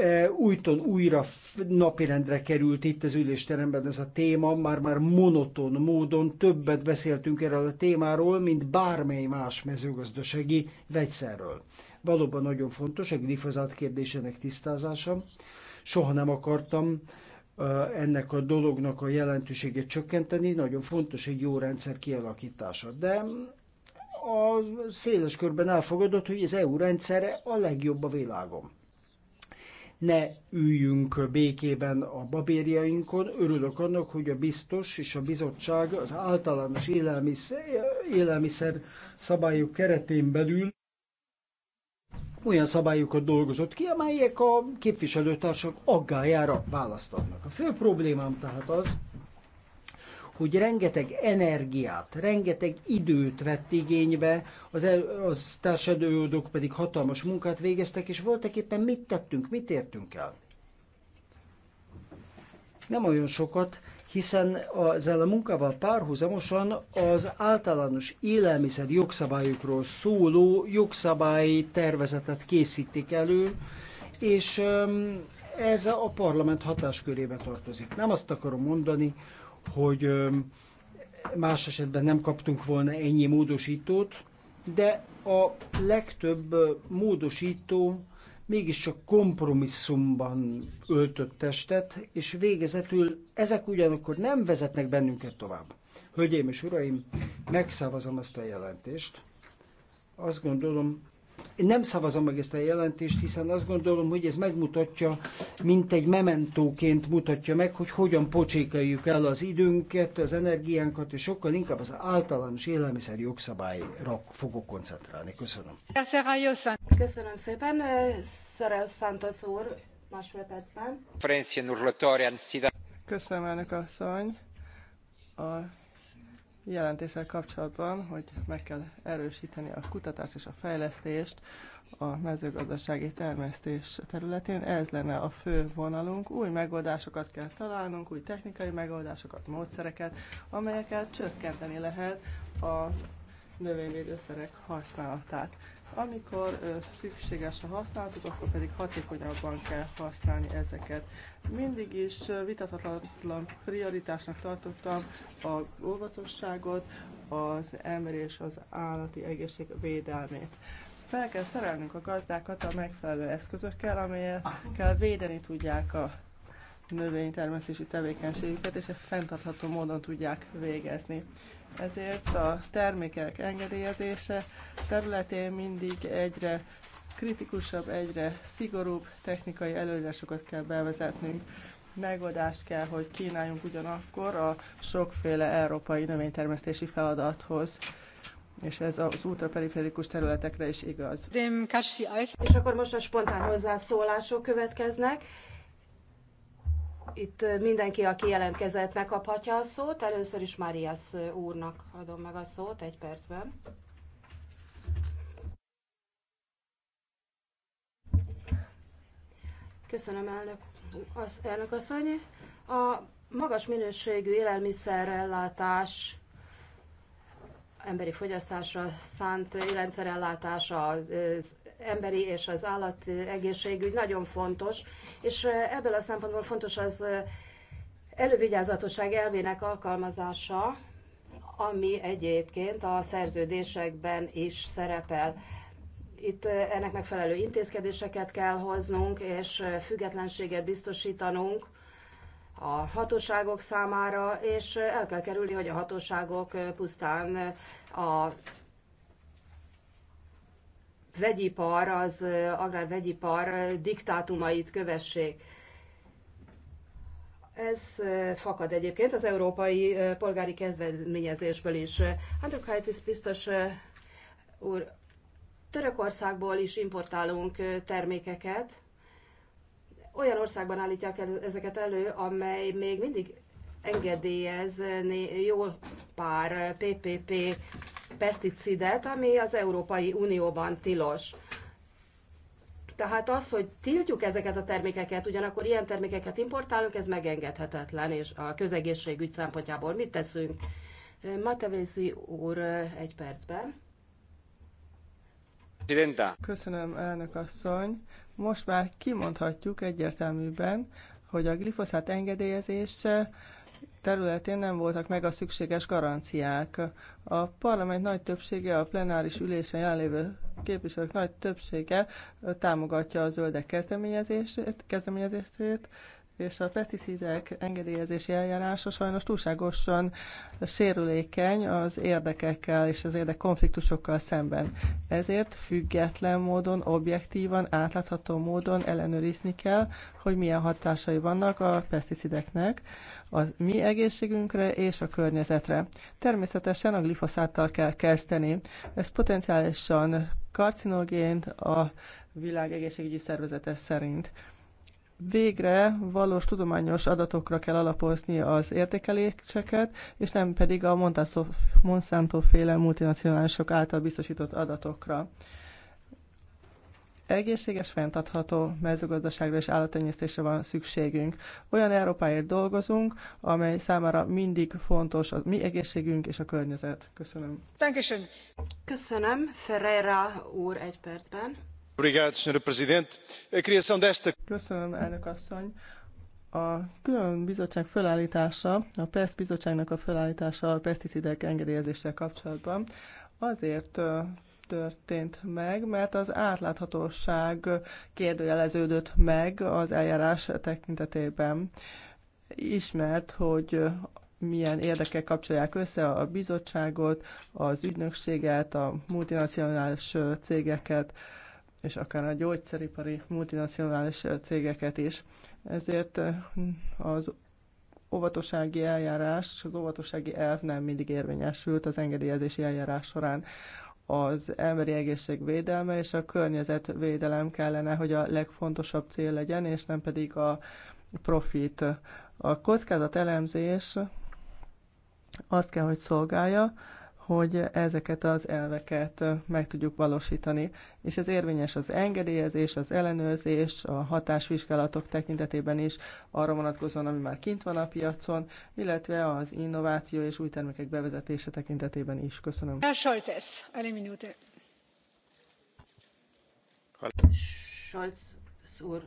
E, újton újra napirendre került itt az ülésteremben ez a téma, már-már monoton módon többet beszéltünk erről a témáról, mint bármely más mezőgazdasági vegyszerről. Valóban nagyon fontos a glifozát kérdésének tisztázása. Soha nem akartam, ennek a dolognak a jelentőségét csökkenteni, nagyon fontos egy jó rendszer kialakítása. De a széles körben elfogadott, hogy az EU rendszere a legjobb a világon. Ne üljünk békében a babériainkon, örülök annak, hogy a biztos és a bizottság az általános élelmiszer, élelmiszer szabályok keretén belül olyan szabályokat dolgozott ki, amelyek a képviselőtársak aggájára választ adnak. A fő problémám tehát az, hogy rengeteg energiát, rengeteg időt vett igénybe, az, el, az társadalmadók pedig hatalmas munkát végeztek, és voltak éppen mit tettünk, mit értünk el. Nem olyan sokat, hiszen ezzel a munkával párhuzamosan az általános élelmiszer jogszabályokról szóló jogszabályi tervezetet készítik elő, és ez a parlament hatáskörébe tartozik. Nem azt akarom mondani, hogy más esetben nem kaptunk volna ennyi módosítót, de a legtöbb módosító mégiscsak kompromisszumban öltött testet, és végezetül ezek ugyanakkor nem vezetnek bennünket tovább. Hölgyeim és uraim, megszavazom ezt a jelentést. Azt gondolom, én nem szavazom meg ezt a jelentést, hiszen azt gondolom, hogy ez megmutatja, mint egy mementóként mutatja meg, hogy hogyan pocsékeljük el az időnket, az energiánkat, és sokkal inkább az általános élelmiszer jogszabályra fogok koncentrálni. Köszönöm. Köszönöm szépen. Szerel Santos úr, másfél percben. Köszönöm, elnök asszony. A jelentéssel kapcsolatban, hogy meg kell erősíteni a kutatást és a fejlesztést a mezőgazdasági termesztés területén. Ez lenne a fő vonalunk. Új megoldásokat kell találnunk, új technikai megoldásokat, módszereket, amelyekkel csökkenteni lehet a növényvédőszerek használatát. Amikor szükséges használtuk, akkor pedig hatékonyabban kell használni ezeket. Mindig is vitathatatlan prioritásnak tartottam a óvatosságot, az ember és az állati egészség védelmét. Fel kell szerelnünk a gazdákat a megfelelő eszközökkel, amelyekkel védeni tudják a növénytermesztési tevékenységüket, és ezt fenntartható módon tudják végezni. Ezért a termékek engedélyezése területén mindig egyre kritikusabb, egyre szigorúbb technikai előírásokat kell bevezetnünk. Megoldást kell, hogy kínáljunk ugyanakkor a sokféle európai növénytermesztési feladathoz és ez az ultraperiferikus területekre is igaz. És akkor most a spontán hozzászólások következnek. Itt mindenki, aki jelentkezett, megkaphatja a szót. Először is Marias úrnak adom meg a szót egy percben. Köszönöm, elnök, az, elnök asszony. A magas minőségű élelmiszerellátás, emberi fogyasztásra szánt élelmiszerellátás, az emberi és az állat egészségügy nagyon fontos, és ebből a szempontból fontos az elővigyázatosság elvének alkalmazása, ami egyébként a szerződésekben is szerepel. Itt ennek megfelelő intézkedéseket kell hoznunk, és függetlenséget biztosítanunk a hatóságok számára, és el kell kerülni, hogy a hatóságok pusztán a vegyipar, az agrárvegyipar diktátumait kövessék. Ez fakad egyébként az európai polgári kezdeményezésből is. Andrukaitis biztos úr, Törökországból is importálunk termékeket. Olyan országban állítják el, ezeket elő, amely még mindig engedélyez jó pár PPP peszticidet, ami az Európai Unióban tilos. Tehát az, hogy tiltjuk ezeket a termékeket, ugyanakkor ilyen termékeket importálunk, ez megengedhetetlen, és a közegészségügy szempontjából mit teszünk? Matevészi úr, egy percben. Köszönöm, elnök asszony. Most már kimondhatjuk egyértelműben, hogy a glifoszát engedélyezése területén nem voltak meg a szükséges garanciák. A parlament nagy többsége, a plenáris ülésen jelenlévő képviselők nagy többsége támogatja a zöldek kezdeményezését, kezdeményezését és a peticidek engedélyezési eljárása sajnos túlságosan sérülékeny az érdekekkel és az érdekkonfliktusokkal szemben. Ezért független módon, objektívan, átlátható módon ellenőrizni kell, hogy milyen hatásai vannak a peszticideknek a mi egészségünkre és a környezetre. Természetesen a glifoszáttal kell kezdeni. Ez potenciálisan karcinogént a világ egészségügyi szervezete szerint végre valós tudományos adatokra kell alapozni az értékeléseket, és nem pedig a Monsanto féle multinacionálisok által biztosított adatokra. Egészséges, fenntartható mezőgazdaságra és állattenyésztésre van szükségünk. Olyan Európáért dolgozunk, amely számára mindig fontos a mi egészségünk és a környezet. Köszönöm. Köszönöm. Ferreira úr egy percben. Köszönöm, elnök asszony. A külön bizottság felállítása, a PEST bizottságnak a felállítása a peszticidek engedélyezéssel kapcsolatban azért történt meg, mert az átláthatóság kérdőjeleződött meg az eljárás tekintetében. Ismert, hogy milyen érdekek kapcsolják össze a bizottságot, az ügynökséget, a multinacionális cégeket és akár a gyógyszeripari multinacionális eh, cégeket is. Ezért eh, az óvatossági eljárás és az óvatossági elv nem mindig érvényesült az engedélyezési eljárás során. Az emberi egészség védelme és a környezetvédelem kellene, hogy a legfontosabb cél legyen, és nem pedig a profit. A kockázat elemzés azt kell, hogy szolgálja, hogy ezeket az elveket meg tudjuk valósítani. És ez érvényes az engedélyezés, az ellenőrzés, a hatásvizsgálatok tekintetében is, arra vonatkozóan, ami már kint van a piacon, illetve az innováció és új termékek bevezetése tekintetében is. Köszönöm. Scholz, egy minute. Scholz úr.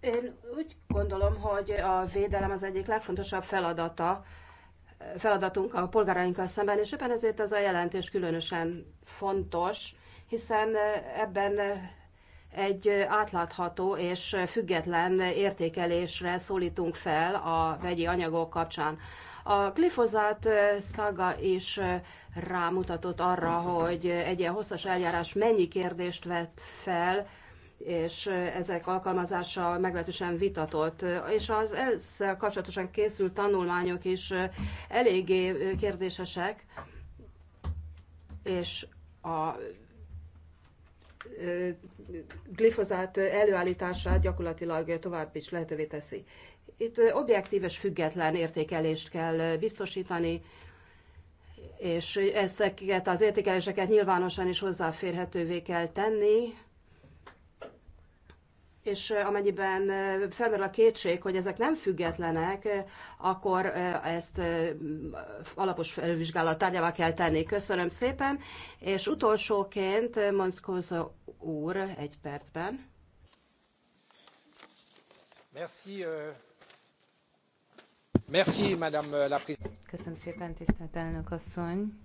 Én úgy gondolom, hogy a védelem az egyik legfontosabb feladata feladatunk a polgárainkkal szemben, és éppen ezért ez a jelentés különösen fontos, hiszen ebben egy átlátható és független értékelésre szólítunk fel a vegyi anyagok kapcsán. A glifozát szaga is rámutatott arra, hogy egy ilyen hosszas eljárás mennyi kérdést vett fel, és ezek alkalmazása meglehetősen vitatott, és az ezzel kapcsolatosan készült tanulmányok is eléggé kérdésesek, és a glifozát előállítását gyakorlatilag tovább is lehetővé teszi. Itt objektív és független értékelést kell biztosítani, és ezeket az értékeléseket nyilvánosan is hozzáférhetővé kell tenni, és amennyiben felmerül a kétség, hogy ezek nem függetlenek, akkor ezt alapos felvizsgálat tárgyává kell tenni. Köszönöm szépen, és utolsóként Monszkóza úr egy percben. Merci, Merci, Madame la Köszönöm szépen, tisztelt elnök asszony.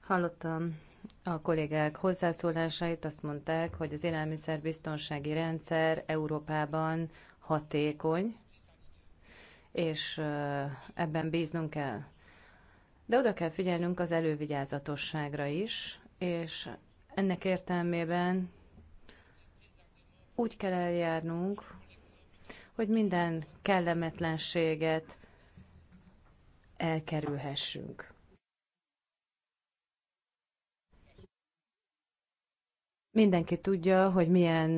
Hallottam a kollégák hozzászólásait azt mondták, hogy az élelmiszerbiztonsági rendszer Európában hatékony, és ebben bíznunk kell. De oda kell figyelnünk az elővigyázatosságra is, és ennek értelmében úgy kell eljárnunk, hogy minden kellemetlenséget elkerülhessünk. Mindenki tudja, hogy milyen,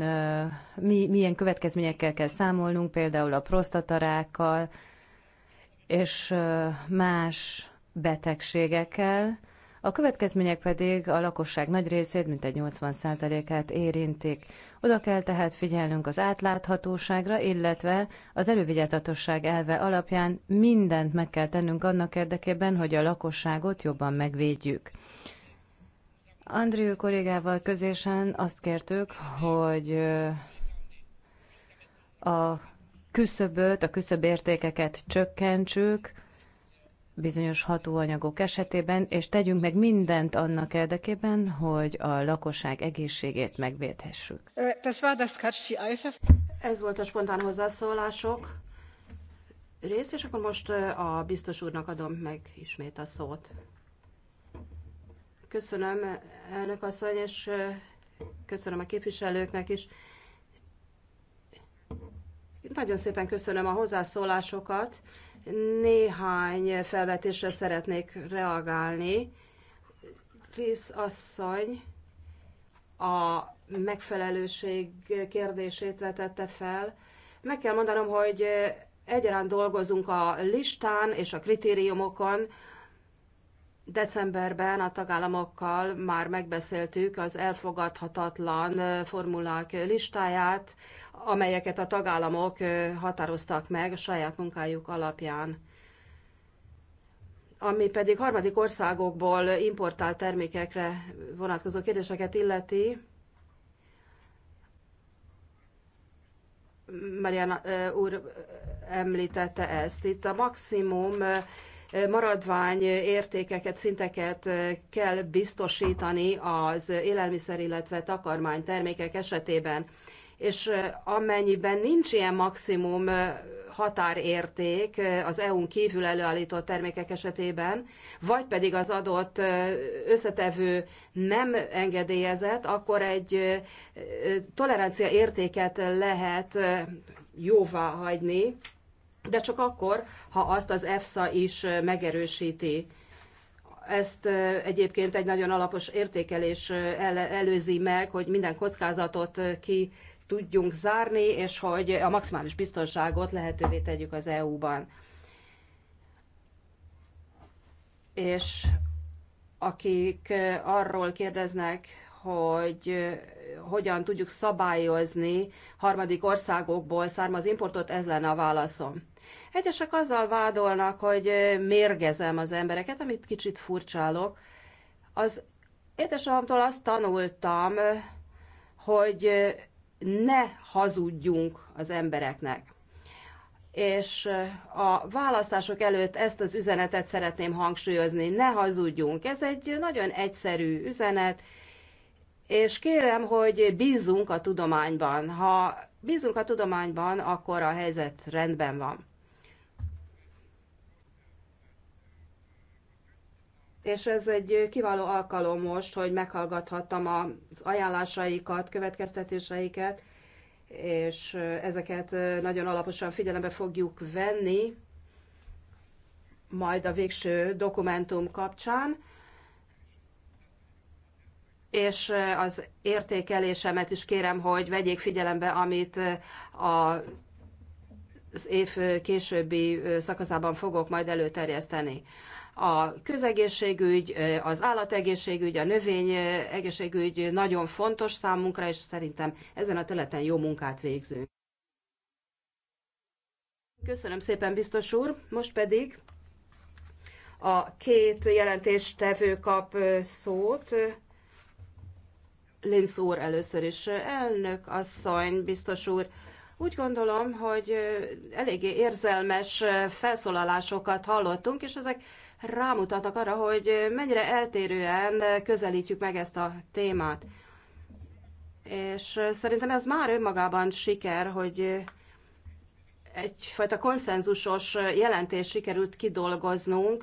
mi, milyen következményekkel kell számolnunk, például a prostatarákkal és más betegségekkel. A következmények pedig a lakosság nagy részét, mintegy 80%-át érintik. Oda kell tehát figyelnünk az átláthatóságra, illetve az elővigyázatosság elve alapján mindent meg kell tennünk annak érdekében, hogy a lakosságot jobban megvédjük. Andrew kollégával közésen azt kértük, hogy a küszöböt, a küszöbértékeket csökkentsük bizonyos hatóanyagok esetében, és tegyünk meg mindent annak érdekében, hogy a lakosság egészségét megvédhessük. Ez volt a spontán hozzászólások rész, és akkor most a biztos úrnak adom meg ismét a szót. Köszönöm, elnök asszony, és köszönöm a képviselőknek is. Nagyon szépen köszönöm a hozzászólásokat. Néhány felvetésre szeretnék reagálni. Krisz asszony a megfelelőség kérdését vetette fel. Meg kell mondanom, hogy egyaránt dolgozunk a listán és a kritériumokon, Decemberben a tagállamokkal már megbeszéltük az elfogadhatatlan formulák listáját, amelyeket a tagállamok határoztak meg a saját munkájuk alapján. Ami pedig harmadik országokból importált termékekre vonatkozó kérdéseket illeti, Mariana úr említette ezt. Itt a maximum maradvány értékeket, szinteket kell biztosítani az élelmiszer, illetve takarmány termékek esetében. És amennyiben nincs ilyen maximum határérték az EU-n kívül előállított termékek esetében, vagy pedig az adott összetevő nem engedélyezett, akkor egy tolerancia értéket lehet jóvá hagyni, de csak akkor, ha azt az EFSA is megerősíti. Ezt egyébként egy nagyon alapos értékelés előzi meg, hogy minden kockázatot ki tudjunk zárni, és hogy a maximális biztonságot lehetővé tegyük az EU-ban. És akik arról kérdeznek, hogy hogyan tudjuk szabályozni harmadik országokból származ importot, ez lenne a válaszom. Egyesek azzal vádolnak, hogy mérgezem az embereket, amit kicsit furcsálok. Az édesapámtól azt tanultam, hogy ne hazudjunk az embereknek. És a választások előtt ezt az üzenetet szeretném hangsúlyozni, ne hazudjunk. Ez egy nagyon egyszerű üzenet, és kérem, hogy bízzunk a tudományban. Ha bízunk a tudományban, akkor a helyzet rendben van. és ez egy kiváló alkalom most, hogy meghallgathattam az ajánlásaikat, következtetéseiket, és ezeket nagyon alaposan figyelembe fogjuk venni, majd a végső dokumentum kapcsán, és az értékelésemet is kérem, hogy vegyék figyelembe, amit a az év későbbi szakaszában fogok majd előterjeszteni. A közegészségügy, az állategészségügy, a növény egészségügy nagyon fontos számunkra, és szerintem ezen a területen jó munkát végzünk. Köszönöm szépen, biztos úr. Most pedig a két jelentéstevő kap szót. Linz úr először is. Elnök asszony, biztos úr, úgy gondolom, hogy eléggé érzelmes felszólalásokat hallottunk, és ezek rámutatnak arra, hogy mennyire eltérően közelítjük meg ezt a témát. És szerintem ez már önmagában siker, hogy egyfajta konszenzusos jelentés sikerült kidolgoznunk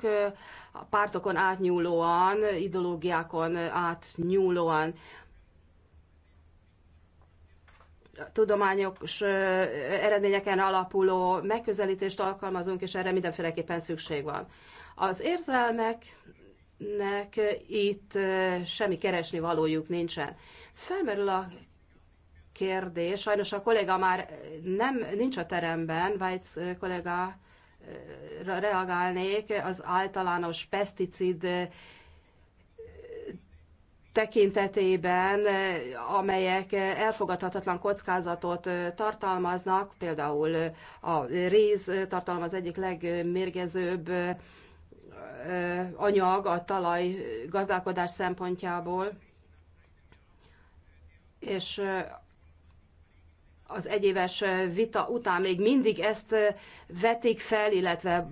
a pártokon átnyúlóan, ideológiákon átnyúlóan tudományos eredményeken alapuló megközelítést alkalmazunk, és erre mindenféleképpen szükség van. Az érzelmeknek itt semmi keresni valójuk nincsen. Felmerül a kérdés, sajnos a kollega már nem, nincs a teremben, Vajc kolléga reagálnék, az általános peszticid tekintetében, amelyek elfogadhatatlan kockázatot tartalmaznak, például a réz tartalmaz egyik legmérgezőbb anyag a talaj gazdálkodás szempontjából, és az egyéves vita után még mindig ezt vetik fel, illetve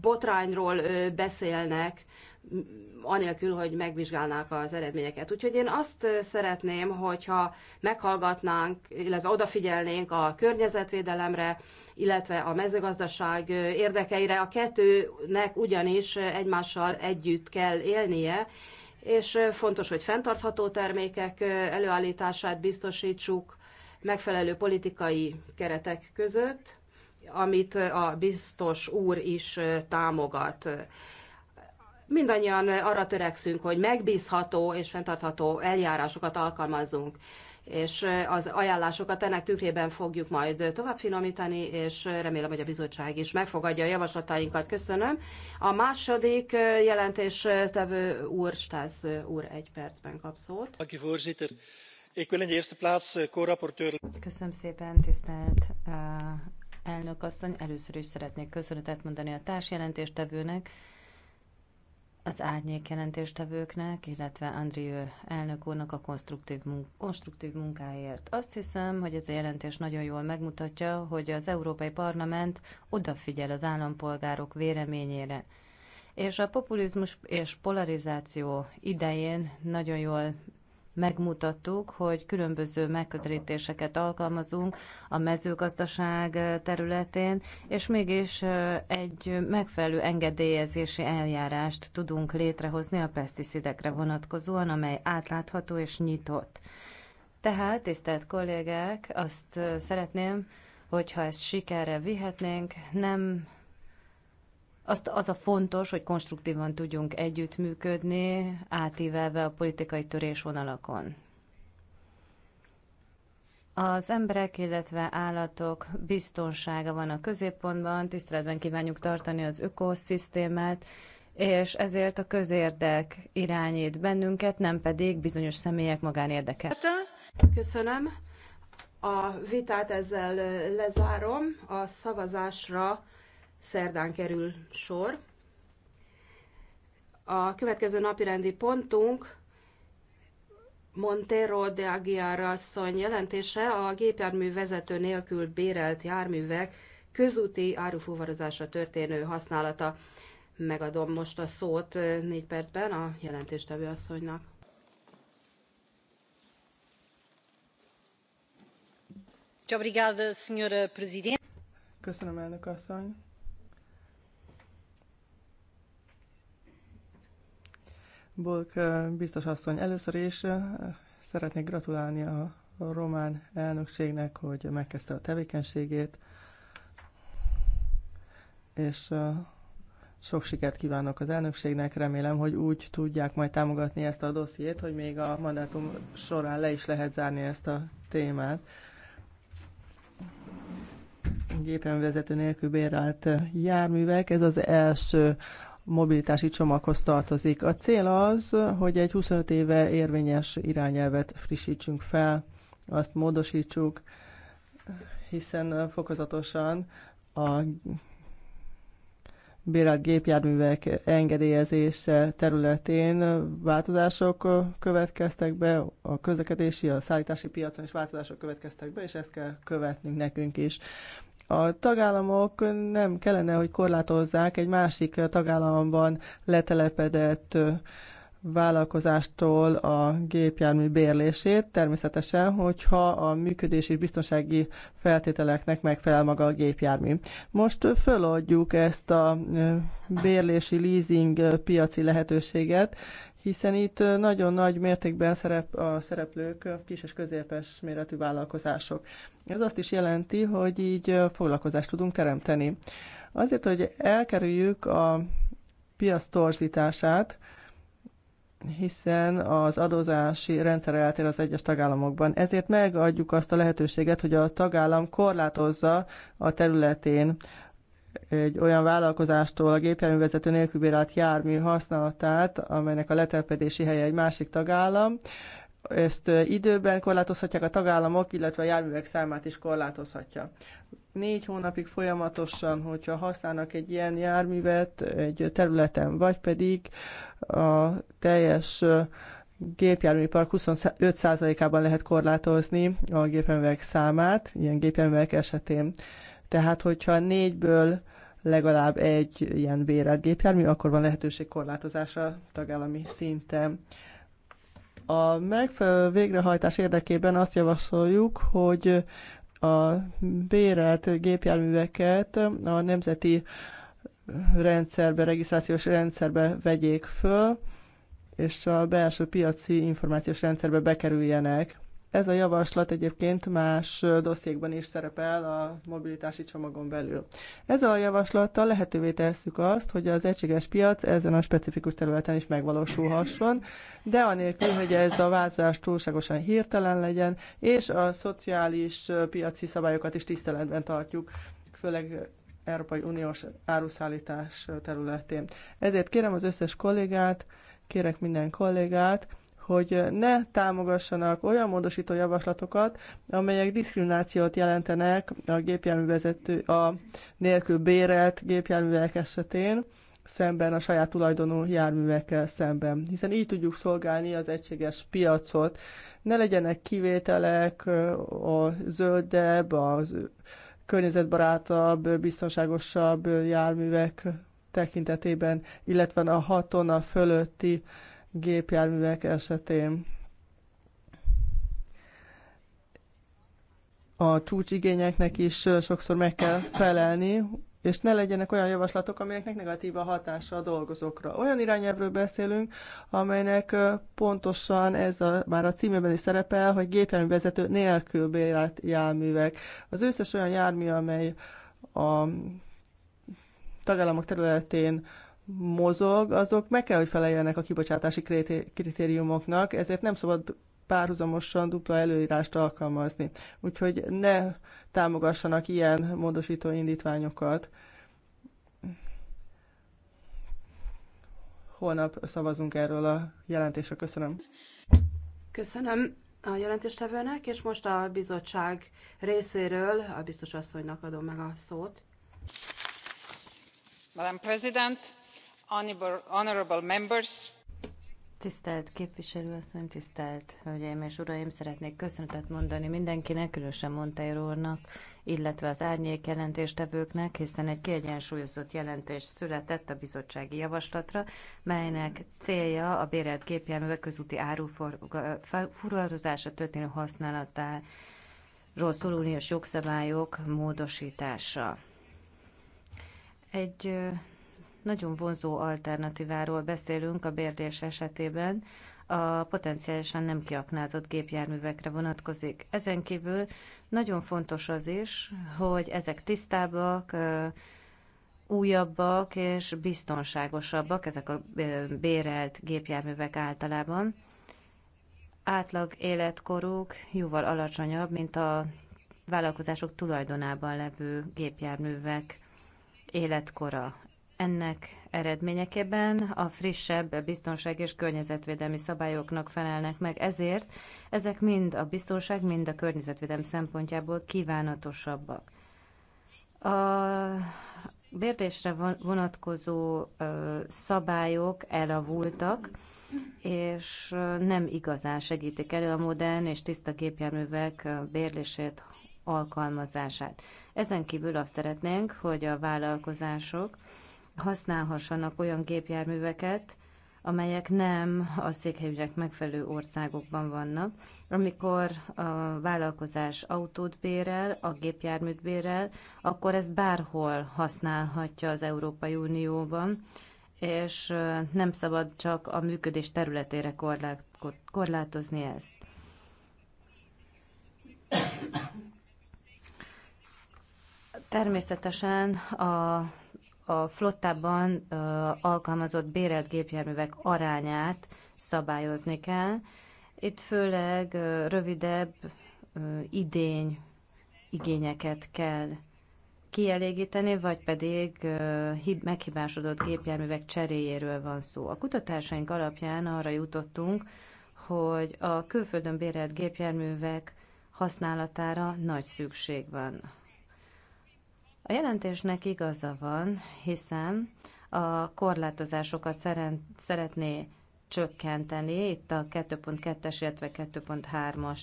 botrányról beszélnek, anélkül, hogy megvizsgálnák az eredményeket. Úgyhogy én azt szeretném, hogyha meghallgatnánk, illetve odafigyelnénk a környezetvédelemre, illetve a mezőgazdaság érdekeire. A kettőnek ugyanis egymással együtt kell élnie, és fontos, hogy fenntartható termékek előállítását biztosítsuk megfelelő politikai keretek között, amit a biztos úr is támogat mindannyian arra törekszünk, hogy megbízható és fenntartható eljárásokat alkalmazzunk és az ajánlásokat ennek tükrében fogjuk majd tovább finomítani, és remélem, hogy a bizottság is megfogadja a javaslatainkat. Köszönöm. A második jelentés tevő úr, Stász úr egy percben kap szót. Eh, Köszönöm szépen, tisztelt eh, elnök asszony. Először is szeretnék köszönetet mondani a társjelentéstevőnek, az árnyék jelentéstevőknek, illetve Andrió elnök úrnak a konstruktív, munk- konstruktív munkáért. Azt hiszem, hogy ez a jelentés nagyon jól megmutatja, hogy az Európai Parlament odafigyel az állampolgárok véleményére. És a populizmus és polarizáció idején nagyon jól megmutattuk, hogy különböző megközelítéseket alkalmazunk a mezőgazdaság eh, területén, és mégis eh, egy megfelelő engedélyezési eljárást tudunk létrehozni a peszticidekre vonatkozóan, amely átlátható és nyitott. Tehát, tisztelt kollégák, azt eh, szeretném, hogyha ezt sikerre vihetnénk, nem azt az a fontos, hogy konstruktívan tudjunk együttműködni, átívelve a politikai törésvonalakon. Az emberek, illetve állatok biztonsága van a középpontban, tiszteletben kívánjuk tartani az ökoszisztémát, és ezért a közérdek irányít bennünket, nem pedig bizonyos személyek magánérdeke. Köszönöm. A vitát ezzel lezárom. A szavazásra szerdán kerül sor. A következő napirendi pontunk Montero de Aguiar asszony jelentése a gépjármű vezető nélkül bérelt járművek közúti árufúvarozásra történő használata. Megadom most a szót négy percben a jelentéstevő asszonynak. Köszönöm, elnök asszony. Bulk biztos asszony, először is szeretnék gratulálni a román elnökségnek, hogy megkezdte a tevékenységét, és sok sikert kívánok az elnökségnek, remélem, hogy úgy tudják majd támogatni ezt a dossziét, hogy még a mandátum során le is lehet zárni ezt a témát. Gépjárművezető nélkül bérelt járművek, ez az első mobilitási csomaghoz tartozik. A cél az, hogy egy 25 éve érvényes irányelvet frissítsünk fel, azt módosítsuk, hiszen fokozatosan a bérelt gépjárművek engedélyezése területén változások következtek be, a közlekedési, a szállítási piacon is változások következtek be, és ezt kell követnünk nekünk is. A tagállamok nem kellene, hogy korlátozzák egy másik tagállamban letelepedett vállalkozástól a gépjármű bérlését, természetesen, hogyha a működés és biztonsági feltételeknek megfelel maga a gépjármű. Most föladjuk ezt a bérlési leasing piaci lehetőséget, hiszen itt nagyon nagy mértékben szerep a szereplők kis és középes méretű vállalkozások. Ez azt is jelenti, hogy így foglalkozást tudunk teremteni. Azért, hogy elkerüljük a piac torzítását, hiszen az adózási rendszer eltér az egyes tagállamokban. Ezért megadjuk azt a lehetőséget, hogy a tagállam korlátozza a területén egy olyan vállalkozástól a gépjárművezető nélkül bérelt jármű használatát, amelynek a letelepedési helye egy másik tagállam. Ezt időben korlátozhatják a tagállamok, illetve a járművek számát is korlátozhatja. Négy hónapig folyamatosan, hogyha használnak egy ilyen járművet egy területen, vagy pedig a teljes gépjárműpark 25%-ában lehet korlátozni a gépjárművek számát, ilyen gépjárművek esetén. Tehát, hogyha négyből legalább egy ilyen bérelt gépjármű, akkor van lehetőség korlátozása tagállami szinten. A megfelelő végrehajtás érdekében azt javasoljuk, hogy a bérelt gépjárműveket a nemzeti rendszerbe, regisztrációs rendszerbe vegyék föl, és a belső piaci információs rendszerbe bekerüljenek. Ez a javaslat egyébként más dossziékban is szerepel a mobilitási csomagon belül. Ezzel a javaslattal lehetővé tesszük azt, hogy az egységes piac ezen a specifikus területen is megvalósulhasson, de anélkül, hogy ez a változás túlságosan hirtelen legyen, és a szociális piaci szabályokat is tiszteletben tartjuk, főleg Európai Uniós áruszállítás területén. Ezért kérem az összes kollégát, kérek minden kollégát, hogy ne támogassanak olyan módosító javaslatokat, amelyek diszkriminációt jelentenek a gépjárművezető, a nélkül bérelt gépjárművek esetén, szemben a saját tulajdonú járművekkel szemben, hiszen így tudjuk szolgálni az egységes piacot. Ne legyenek kivételek a zöldebb, a környezetbarátabb, biztonságosabb járművek tekintetében, illetve a hatona tonna fölötti gépjárművek esetén. A csúcsigényeknek is sokszor meg kell felelni, és ne legyenek olyan javaslatok, amelyeknek negatív a hatása a dolgozókra. Olyan irányelvről beszélünk, amelynek pontosan ez a, már a címében is szerepel, hogy gépjárművezető nélkül bérelt járművek. Az összes olyan jármű, amely a tagállamok területén mozog, azok meg kell, hogy feleljenek a kibocsátási kritériumoknak, ezért nem szabad párhuzamosan dupla előírást alkalmazni. Úgyhogy ne támogassanak ilyen módosító indítványokat. Holnap szavazunk erről a jelentésre. Köszönöm. Köszönöm a jelentéstevőnek, és most a bizottság részéről a biztos asszonynak adom meg a szót. Madam President, Tisztelt képviselő Tisztelt képviselőasszony, tisztelt hölgyeim és uraim, szeretnék köszönetet mondani mindenkinek, különösen Monteiro úrnak, illetve az árnyék jelentéstevőknek, hiszen egy kiegyensúlyozott jelentés született a bizottsági javaslatra, melynek célja a bérelt gépjárművek közúti áruforgalmazása történő használatáról szóló uniós jogszabályok módosítása. Egy nagyon vonzó alternatíváról beszélünk a bérdés esetében, a potenciálisan nem kiaknázott gépjárművekre vonatkozik. Ezen kívül nagyon fontos az is, hogy ezek tisztábbak, újabbak és biztonságosabbak, ezek a bérelt gépjárművek általában. Átlag életkoruk jóval alacsonyabb, mint a vállalkozások tulajdonában levő gépjárművek életkora. Ennek eredményeképpen a frissebb biztonság és környezetvédelmi szabályoknak felelnek meg, ezért ezek mind a biztonság, mind a környezetvédelem szempontjából kívánatosabbak. A bérdésre vonatkozó szabályok elavultak, és nem igazán segítik elő a modern és tiszta gépjárművek bérlését, alkalmazását. Ezen kívül azt szeretnénk, hogy a vállalkozások használhassanak olyan gépjárműveket, amelyek nem a székhelyügyek megfelelő országokban vannak. Amikor a vállalkozás autót bérel, a gépjárműt bérel, akkor ezt bárhol használhatja az Európai Unióban, és nem szabad csak a működés területére korlátozni ezt. Természetesen a a flottában alkalmazott bérelt gépjárművek arányát szabályozni kell. Itt főleg rövidebb idény igényeket kell kielégíteni, vagy pedig meghibásodott gépjárművek cseréjéről van szó. A kutatásaink alapján arra jutottunk, hogy a külföldön bérelt gépjárművek használatára nagy szükség van. A jelentésnek igaza van, hiszen a korlátozásokat szeretné csökkenteni, itt a 2.2-es, illetve 2.3-as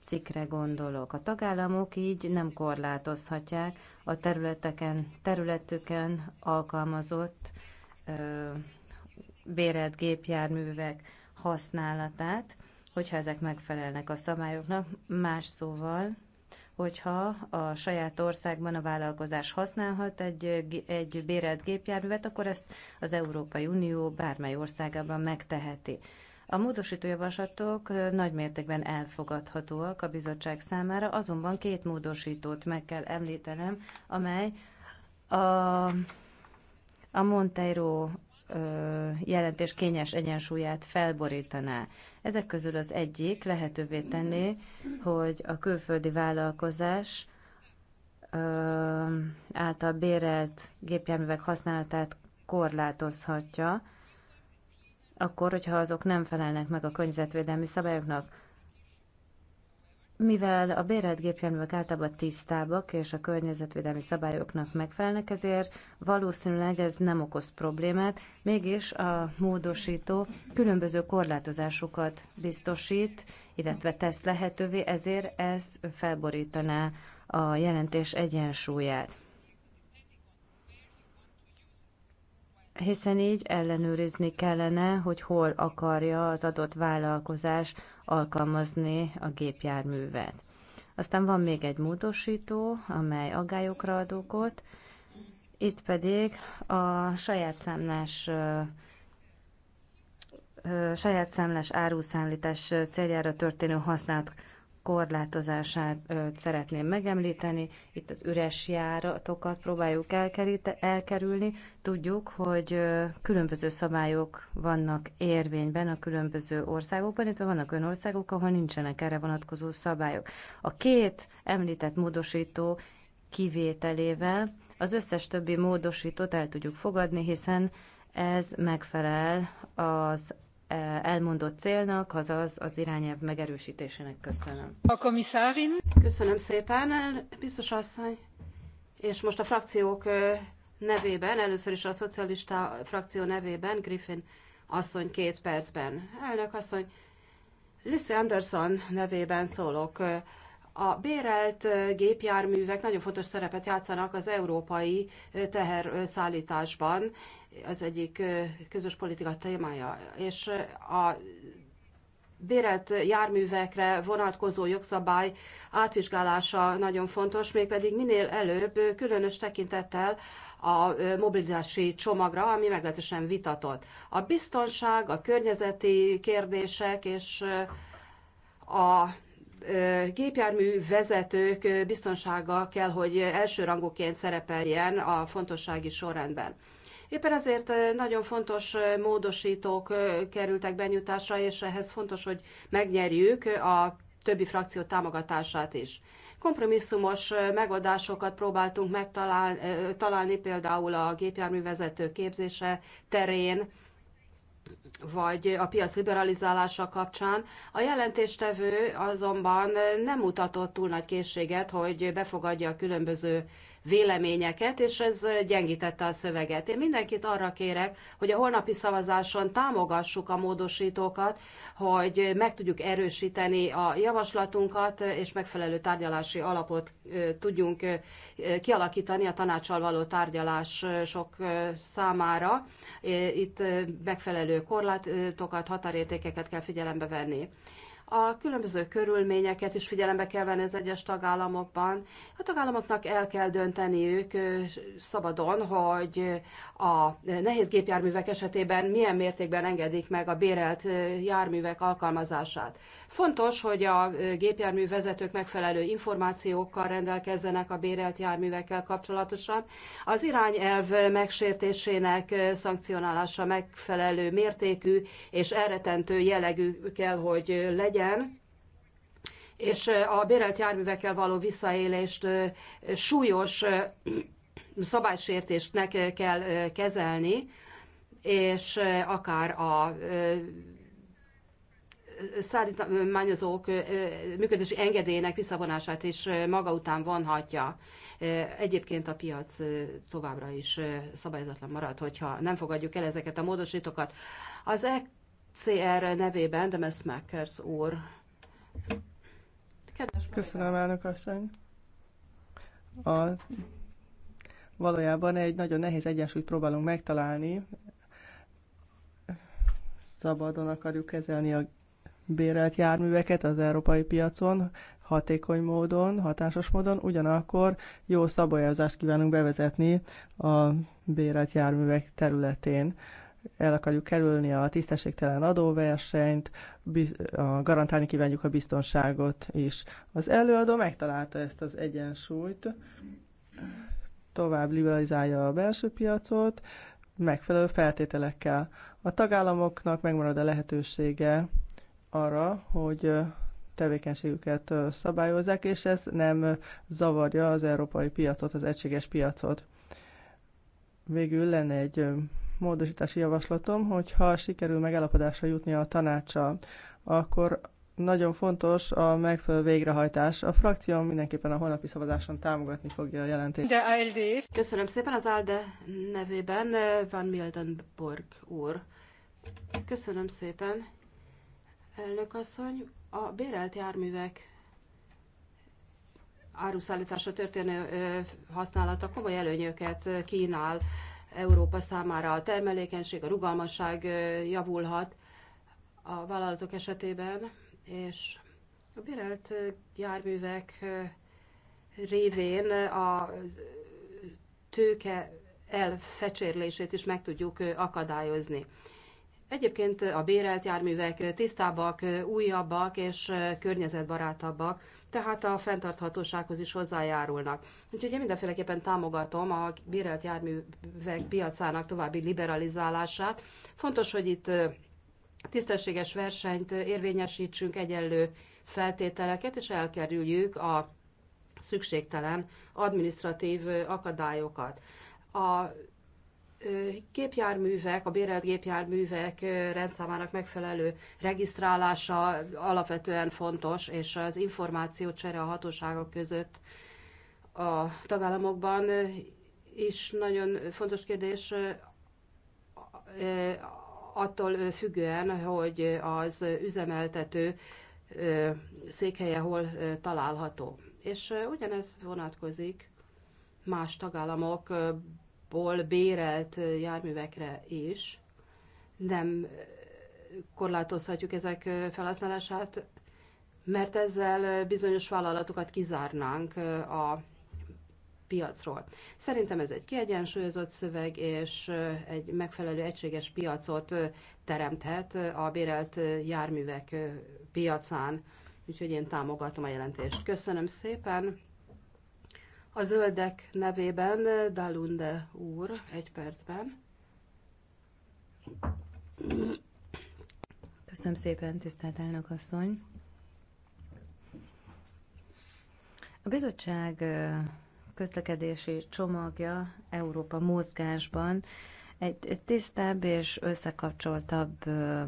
cikkre gondolok. A tagállamok így nem korlátozhatják a területeken, területüken alkalmazott ö, bérelt gépjárművek használatát, hogyha ezek megfelelnek a szabályoknak. Más szóval hogyha a saját országban a vállalkozás használhat egy, egy bérelt gépjárművet, akkor ezt az Európai Unió bármely országában megteheti. A módosító javaslatok nagy mértékben elfogadhatóak a bizottság számára, azonban két módosítót meg kell említenem, amely a, a Monteiro jelentés kényes egyensúlyát felborítaná. Ezek közül az egyik lehetővé tenné, hogy a külföldi vállalkozás által bérelt gépjárművek használatát korlátozhatja, akkor, hogyha azok nem felelnek meg a környezetvédelmi szabályoknak mivel a bérelt gépjárművek általában tisztábbak és a környezetvédelmi szabályoknak megfelelnek, ezért valószínűleg ez nem okoz problémát, mégis a módosító különböző korlátozásokat biztosít, illetve tesz lehetővé, ezért ez felborítaná a jelentés egyensúlyát. hiszen így ellenőrizni kellene, hogy hol akarja az adott vállalkozás alkalmazni a gépjárművet. Aztán van még egy módosító, amely agályokra ad okot, itt pedig a saját számlás saját számlás áruszállítás céljára történő használt korlátozását szeretném megemlíteni. Itt az üres járatokat próbáljuk elkerülni. Tudjuk, hogy különböző szabályok vannak érvényben a különböző országokban, illetve vannak olyan országok, ahol nincsenek erre vonatkozó szabályok. A két említett módosító kivételével az összes többi módosítót el tudjuk fogadni, hiszen ez megfelel az elmondott célnak, azaz az irányelv megerősítésének köszönöm. A komisszárin. Köszönöm szépen, biztos asszony. És most a frakciók nevében, először is a szocialista frakció nevében, Griffin asszony két percben. Elnök asszony, Lissi Anderson nevében szólok. A bérelt gépjárművek nagyon fontos szerepet játszanak az európai teherszállításban, az egyik közös politika témája, és a bérelt járművekre vonatkozó jogszabály átvizsgálása nagyon fontos, mégpedig minél előbb, különös tekintettel a mobilitási csomagra, ami meglehetősen vitatott. A biztonság, a környezeti kérdések és a gépjármű vezetők biztonsága kell, hogy elsőrangúként szerepeljen a fontossági sorrendben. Éppen ezért eh, nagyon fontos eh, módosítók eh, kerültek benyújtásra, és ehhez fontos, hogy megnyerjük a többi frakció támogatását is. Kompromisszumos megoldásokat próbáltunk megtalálni, például a gépjárművezető képzése terén, vagy a piac liberalizálása kapcsán. A jelentéstevő azonban nem mutatott túl nagy készséget, hogy befogadja a különböző véleményeket, és ez gyengítette a szöveget. Én mindenkit arra kérek, hogy a holnapi szavazáson támogassuk a módosítókat, hogy meg tudjuk erősíteni a javaslatunkat, és megfelelő tárgyalási alapot tudjunk kialakítani a tanácsal való tárgyalások számára. Itt megfelelő korlátokat, határértékeket kell figyelembe venni. A különböző körülményeket is figyelembe kell venni az egyes tagállamokban. A tagállamoknak el kell dönteniük szabadon, hogy a nehéz gépjárművek esetében milyen mértékben engedik meg a bérelt járművek alkalmazását. Fontos, hogy a gépjármű vezetők megfelelő információkkal rendelkezzenek a bérelt járművekkel kapcsolatosan. Az irányelv megsértésének szankcionálása megfelelő mértékű és elretentő jellegű kell, hogy legyen legyen, és eh, a bérelt járművekkel való visszaélést eh, súlyos eh, szabálysértésnek kell kezelni, és akár a szállítmányozók működési engedélyének visszavonását is maga után vonhatja. Egyébként a piac továbbra is szabályozatlan marad, hogyha nem fogadjuk el ezeket a módosítókat. Az CR nevében, de Messmakers úr. Kedves Köszönöm, elnök asszony. A, valójában egy nagyon nehéz egyensúlyt próbálunk megtalálni. Szabadon akarjuk kezelni a bérelt járműveket az európai piacon, hatékony módon, hatásos módon, ugyanakkor jó szabályozást kívánunk bevezetni a bérelt járművek területén el akarjuk kerülni a tisztességtelen adóversenyt, a garantálni kívánjuk a biztonságot is. Az előadó megtalálta ezt az egyensúlyt, tovább liberalizálja a belső piacot, megfelelő feltételekkel. A tagállamoknak megmarad a lehetősége arra, hogy tevékenységüket szabályozzák, és ez nem zavarja az európai piacot, az egységes piacot. Végül lenne egy módosítási javaslatom, hogyha sikerül megállapodásra jutni a tanácsa, akkor nagyon fontos a megfelelő végrehajtás. A frakció mindenképpen a holnapi szavazáson támogatni fogja a jelentést. De ALD. Köszönöm szépen az ALDE nevében, eh, Van Mildenborg úr. Köszönöm szépen, elnök asszony. A bérelt járművek áruszállítása történő eh, használata komoly előnyöket eh, kínál Európa számára. A termelékenység, a rugalmasság javulhat a vállalatok esetében, és a bérelt járművek révén a tőke elfecsérlését is meg tudjuk akadályozni. Egyébként a bérelt járművek tisztábbak, újabbak és környezetbarátabbak, tehát a fenntarthatósághoz is hozzájárulnak. Úgyhogy én mindenféleképpen támogatom a bérelt járművek piacának további liberalizálását. Fontos, hogy itt tisztességes versenyt érvényesítsünk, egyenlő feltételeket, és elkerüljük a szükségtelen administratív akadályokat. A gépjárművek, a bérelt gépjárművek rendszámának megfelelő regisztrálása alapvetően fontos, és az információ csere a hatóságok között a tagállamokban is nagyon fontos kérdés attól függően, hogy az üzemeltető székhelye hol található. És ugyanez vonatkozik más tagállamok alapból bérelt járművekre is. Nem korlátozhatjuk ezek felhasználását, mert ezzel bizonyos vállalatokat kizárnánk a piacról. Szerintem ez egy kiegyensúlyozott szöveg, és egy megfelelő egységes piacot teremthet a bérelt járművek piacán. Úgyhogy én támogatom a jelentést. Köszönöm szépen! A zöldek nevében eh, Dalunde úr, egy percben. Köszönöm szépen, tisztelt elnök asszony. A bizottság eh, közlekedési csomagja Európa mozgásban egy tisztább és összekapcsoltabb eh,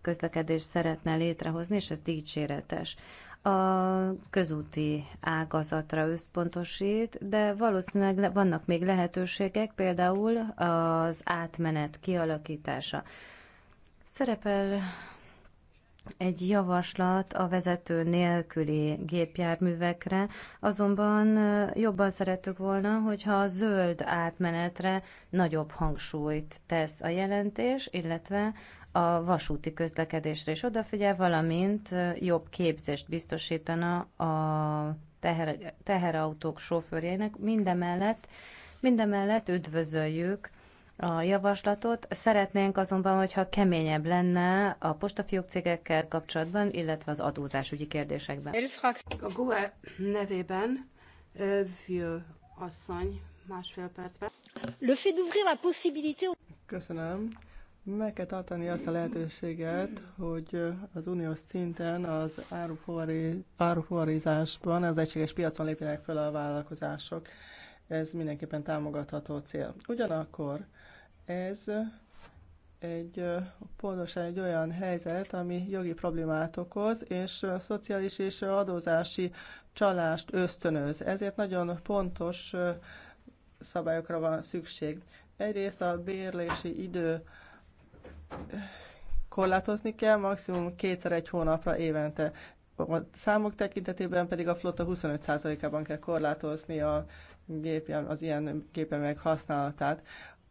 közlekedést szeretne létrehozni, és ez dicséretes a közúti ágazatra összpontosít, de valószínűleg vannak még lehetőségek, például az átmenet kialakítása. Szerepel egy javaslat a vezető nélküli gépjárművekre, azonban jobban szerettük volna, hogyha a zöld átmenetre nagyobb hangsúlyt tesz a jelentés, illetve a vasúti közlekedésre is odafigyel, valamint jobb képzést biztosítana a teher, teherautók sofőrjeinek. Mindemellett, mindemellett üdvözöljük a javaslatot. Szeretnénk azonban, hogyha keményebb lenne a postafiók cégekkel kapcsolatban, illetve az adózásügyi kérdésekben. A GUE nevében Vieux asszony másfél percben. Le fait d'ouvrir la possibilité... Köszönöm meg kell tartani azt a lehetőséget, hogy az uniós szinten az árufuvarizásban, az egységes piacon lépjenek fel a vállalkozások. Ez mindenképpen támogatható cél. Ugyanakkor ez egy pontosan egy olyan helyzet, ami jogi problémát okoz, és szociális és adózási csalást ösztönöz. Ezért nagyon pontos szabályokra van szükség. Egyrészt a bérlési idő korlátozni kell, maximum kétszer egy hónapra évente. A számok tekintetében pedig a flotta 25%-ában kell korlátozni a gépjárm, az ilyen gépjárművek használatát.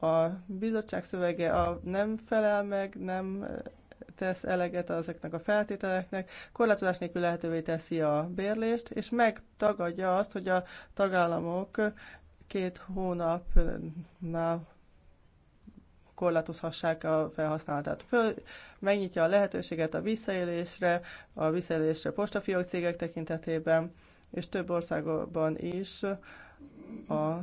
A bizottság szövege a nem felel meg, nem tesz eleget ezeknek a feltételeknek, korlátozás nélkül lehetővé teszi a bérlést, és megtagadja azt, hogy a tagállamok két hónapnál korlátozhassák a felhasználatát. Föl, megnyitja a lehetőséget a visszaélésre, a visszaélésre postafiók cégek tekintetében, és több országban is a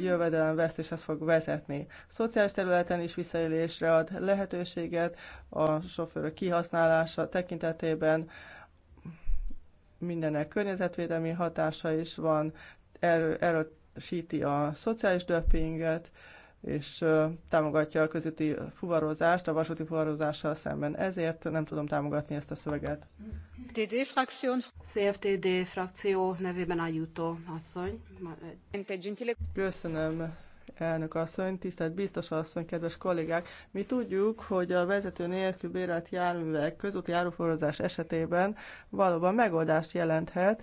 jövedelem vesztéshez fog vezetni. Szociális területen is visszaélésre ad lehetőséget a sofőrök kihasználása tekintetében, Mindenek környezetvédelmi hatása is van, erősíti a szociális döppinget, és támogatja a közötti fuvarozást, a vasúti fuvarozással szemben. Ezért nem tudom támogatni ezt a szöveget. TD frakció. CFTD frakció nevében a jutó asszony. Köszönöm. Elnök asszony, tisztelt biztos asszony, kedves kollégák! Mi tudjuk, hogy a vezető nélkül bérelt járművek közúti áruforozás esetében valóban megoldást jelenthet,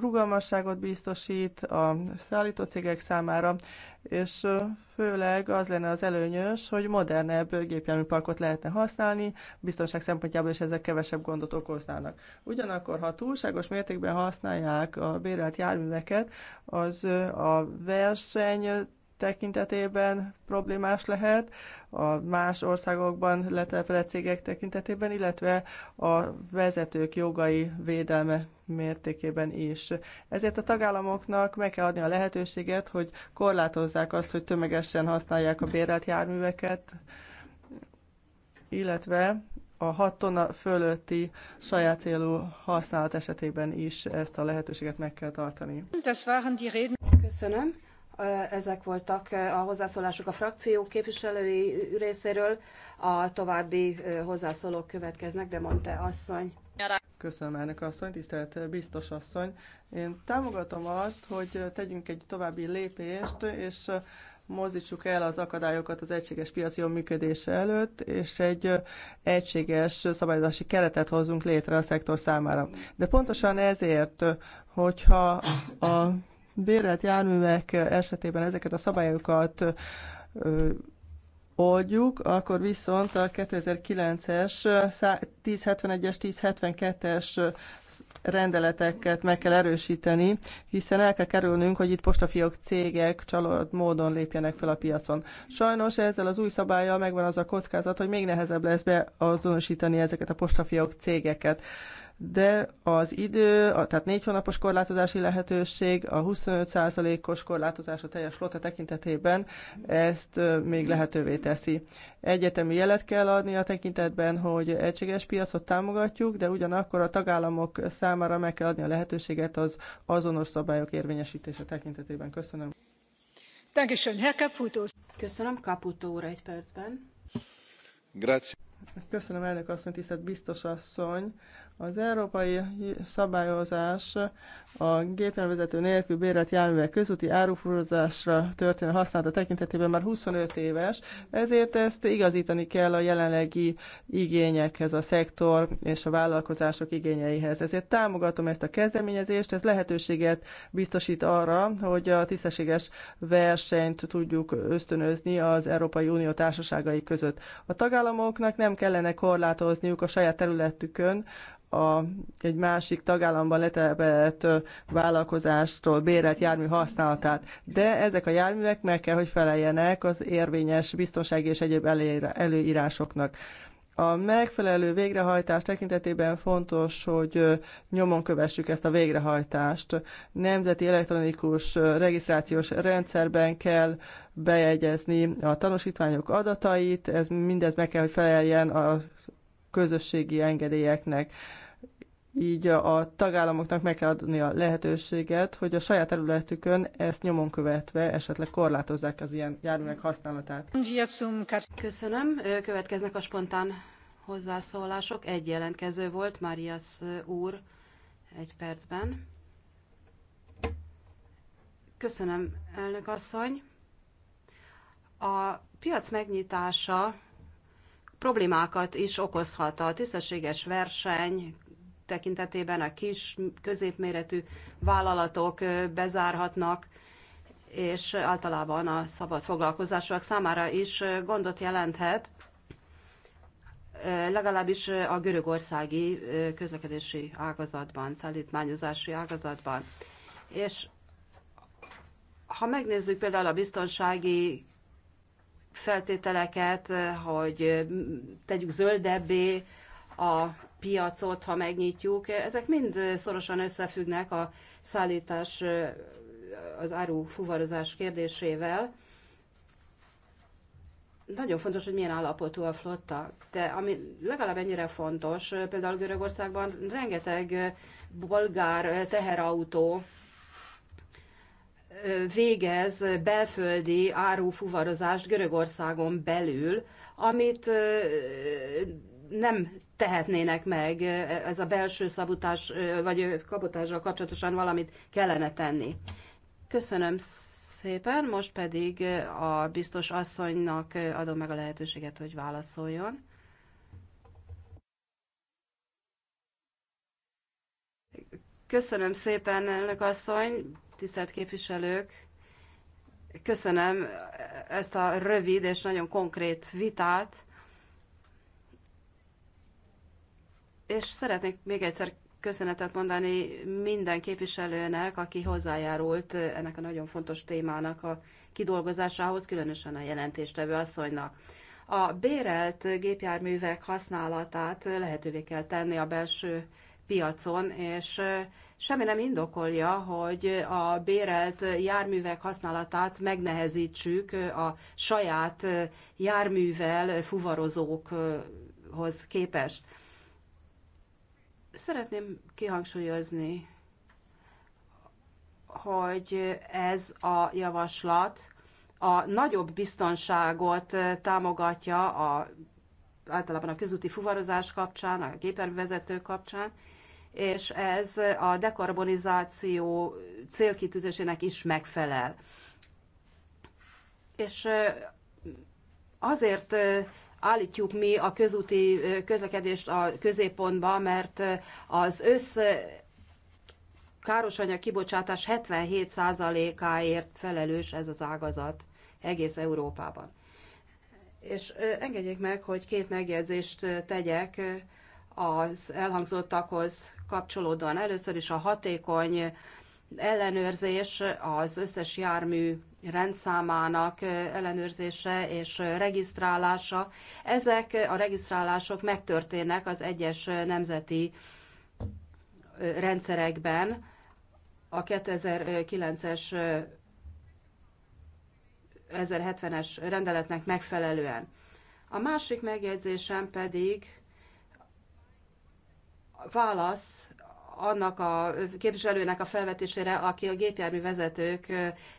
rugalmasságot biztosít a szállító cégek számára, és főleg az lenne az előnyös, hogy modernebb gépjárműparkot lehetne használni, biztonság szempontjából is ezek kevesebb gondot okoznának. Ugyanakkor, ha túlságos mértékben használják a bérelt járműveket, az a verseny tekintetében problémás lehet, a más országokban letelepedett cégek tekintetében, illetve a vezetők jogai védelme mértékében is. Ezért a tagállamoknak meg kell adni a lehetőséget, hogy korlátozzák azt, hogy tömegesen használják a bérelt járműveket, illetve a 6 tonna fölötti saját célú használat esetében is ezt a lehetőséget meg kell tartani. Köszönöm. Ezek voltak a hozzászólások a frakció képviselői részéről. A további hozzászólók következnek, de mondta asszony. Köszönöm, elnök asszony, tisztelt biztos asszony. Én támogatom azt, hogy tegyünk egy további lépést, és mozdítsuk el az akadályokat az egységes piaci jó működése előtt, és egy egységes szabályozási keretet hozzunk létre a szektor számára. De pontosan ezért, hogyha a bérelt járművek esetében ezeket a szabályokat oldjuk, akkor viszont a 2009-es 1071-es, 1072-es rendeleteket meg kell erősíteni, hiszen el kell kerülnünk, hogy itt postafiók cégek csalódott módon lépjenek fel a piacon. Sajnos ezzel az új szabályjal megvan az a kockázat, hogy még nehezebb lesz beazonosítani ezeket a postafiók cégeket de az idő, a, tehát négy hónapos korlátozási lehetőség, a 25%-os korlátozás a teljes flotta tekintetében ezt még lehetővé teszi. Egyetemi jelet kell adni a tekintetben, hogy egységes piacot támogatjuk, de ugyanakkor a tagállamok számára meg kell adni a lehetőséget az azonos szabályok érvényesítése tekintetében. Köszönöm. Köszönöm, kaputó úr egy percben. Grazie. Köszönöm, elnök asszony, tisztelt biztos asszony az európai szabályozás a gépjárművezető nélkül bérelt járművek közúti árufúrozásra történő használata tekintetében már 25 éves, ezért ezt igazítani kell a jelenlegi igényekhez, a szektor és a vállalkozások igényeihez. Ezért támogatom ezt a kezdeményezést, ez lehetőséget biztosít arra, hogy a tisztességes versenyt tudjuk ösztönözni az Európai Unió társaságai között. A tagállamoknak nem kellene korlátozniuk a saját területükön a, egy másik tagállamban letelepedett vállalkozástól bérelt jármű használatát. De ezek a járművek meg kell, hogy feleljenek az érvényes biztonsági és egyéb előírásoknak. A megfelelő végrehajtás tekintetében fontos, hogy nyomon kövessük ezt a végrehajtást. Nemzeti elektronikus regisztrációs rendszerben kell bejegyezni a tanúsítványok adatait, ez mindez meg kell, hogy feleljen a közösségi engedélyeknek így a tagállamoknak meg kell adni a lehetőséget, hogy a saját területükön ezt nyomon követve esetleg korlátozzák az ilyen járművek használatát. Köszönöm. Következnek a spontán hozzászólások. Egy jelentkező volt, Marias úr, egy percben. Köszönöm, elnök asszony. A piac megnyitása problémákat is okozhat a tisztességes verseny tekintetében a kis, középméretű vállalatok bezárhatnak, és általában a szabad foglalkozások számára is gondot jelenthet, legalábbis a görögországi közlekedési ágazatban, szállítmányozási ágazatban. És ha megnézzük például a biztonsági feltételeket, hogy tegyük zöldebbé a piacot, ha megnyitjuk, ezek mind szorosan összefüggnek a szállítás, az áru fuvarozás kérdésével. Nagyon fontos, hogy milyen állapotú a flotta, de ami legalább ennyire fontos, például Görögországban rengeteg bolgár teherautó végez belföldi árufuvarozást Görögországon belül, amit nem tehetnének meg ez a belső szabotás vagy kabotással kapcsolatosan valamit kellene tenni. Köszönöm szépen, most pedig a biztos asszonynak adom meg a lehetőséget, hogy válaszoljon. Köszönöm szépen, elnök asszony, tisztelt képviselők. Köszönöm ezt a rövid és nagyon konkrét vitát És szeretnék még egyszer köszönetet mondani minden képviselőnek, aki hozzájárult ennek a nagyon fontos témának a kidolgozásához, különösen a jelentéstevő asszonynak. A bérelt gépjárművek használatát lehetővé kell tenni a belső piacon, és semmi nem indokolja, hogy a bérelt járművek használatát megnehezítsük a saját járművel fuvarozókhoz képest Szeretném kihangsúlyozni, hogy ez a javaslat a nagyobb biztonságot támogatja a, általában a közúti fuvarozás kapcsán, a gépervezető kapcsán, és ez a dekarbonizáció célkitűzésének is megfelel. És azért állítjuk mi a közúti közlekedést a középpontba, mert az össz károsanyag kibocsátás 77%-áért felelős ez az ágazat egész Európában. És engedjék meg, hogy két megjegyzést tegyek az elhangzottakhoz kapcsolódóan. Először is a hatékony ellenőrzés az összes jármű rendszámának ellenőrzése és regisztrálása. Ezek a regisztrálások megtörténnek az egyes nemzeti rendszerekben. A 2009-es 1070-es rendeletnek megfelelően. A másik megjegyzésem pedig válasz annak a képviselőnek a felvetésére, aki a gépjármű vezetők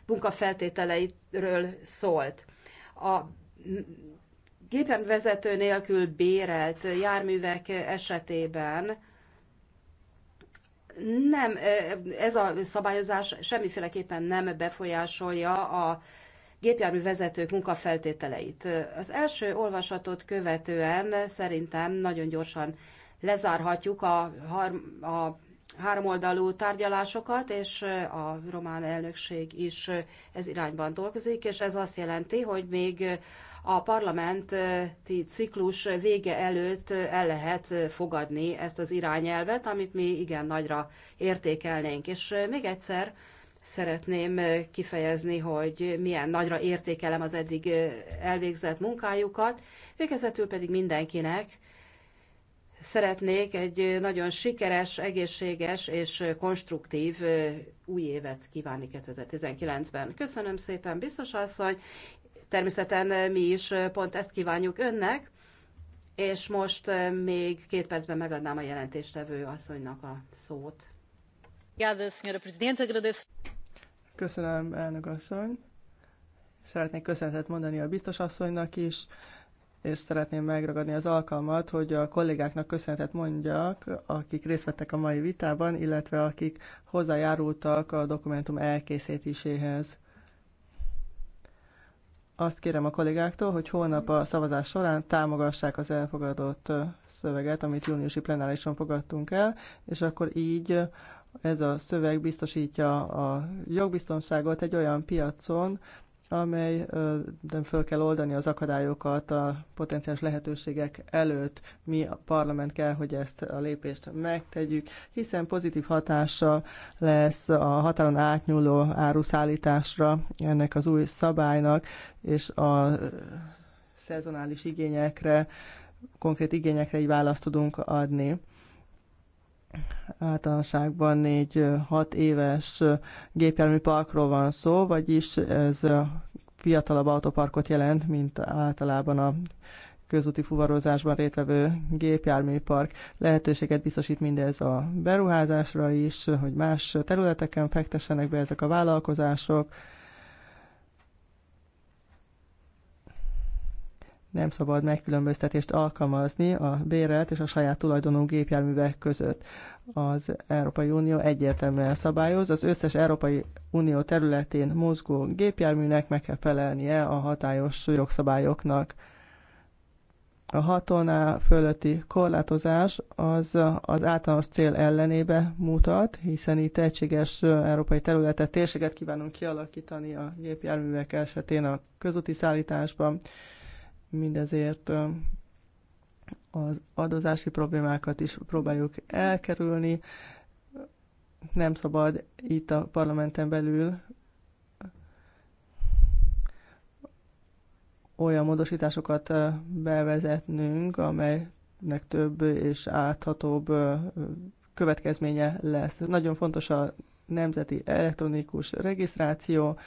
munkafeltételeiről szólt. A gépjárművezető nélkül bérelt járművek esetében nem, ez a szabályozás semmiféleképpen nem befolyásolja a gépjárművezetők munkafeltételeit. Az első olvasatot követően szerintem nagyon gyorsan lezárhatjuk a, a háromoldalú tárgyalásokat, és eh, a román elnökség is eh, ez irányban dolgozik, és ez azt jelenti, hogy még eh, a parlamenti ciklus vége előtt el lehet fogadni ezt az irányelvet, amit mi igen nagyra értékelnénk. És még egyszer szeretném kifejezni, hogy milyen nagyra értékelem az eddig elvégzett munkájukat, végezetül pedig mindenkinek, szeretnék egy nagyon sikeres, egészséges és konstruktív új évet kívánni 2019-ben. Köszönöm szépen, biztos asszony. Természetesen mi is pont ezt kívánjuk önnek, és most még két percben megadnám a jelentéstevő asszonynak a szót. Köszönöm, elnök asszony. Szeretnék köszönetet mondani a biztos asszonynak is, és szeretném megragadni az alkalmat, hogy a kollégáknak köszönetet mondjak, akik részt vettek a mai vitában, illetve akik hozzájárultak a dokumentum elkészítéséhez. Azt kérem a kollégáktól, hogy holnap a szavazás során támogassák az elfogadott szöveget, amit júniusi plenárison fogadtunk el, és akkor így ez a szöveg biztosítja a jogbiztonságot egy olyan piacon, amely de föl kell oldani az akadályokat a potenciális lehetőségek előtt. Mi a parlament kell, hogy ezt a lépést megtegyük, hiszen pozitív hatása lesz a határon átnyúló áruszállításra ennek az új szabálynak, és a szezonális igényekre, konkrét igényekre egy választ tudunk adni általánosságban négy hat éves gépjármű parkról van szó, vagyis ez fiatalabb autoparkot jelent, mint általában a közúti fuvarozásban rétvevő gépjárműpark. Lehetőséget biztosít mindez a beruházásra is, hogy más területeken fektessenek be ezek a vállalkozások, nem szabad megkülönböztetést alkalmazni a bérelt és a saját tulajdonú gépjárművek között. Az Európai Unió egyértelműen szabályoz, az összes Európai Unió területén mozgó gépjárműnek meg kell felelnie a hatályos jogszabályoknak. A hatóná fölötti korlátozás az az általános cél ellenébe mutat, hiszen itt egységes európai területet, térséget kívánunk kialakítani a gépjárművek esetén a közúti szállításban, mindezért az adózási problémákat is próbáljuk elkerülni. Nem szabad itt a parlamenten belül olyan módosításokat bevezetnünk, amelynek több és áthatóbb következménye lesz. Nagyon fontos a nemzeti elektronikus regisztráció,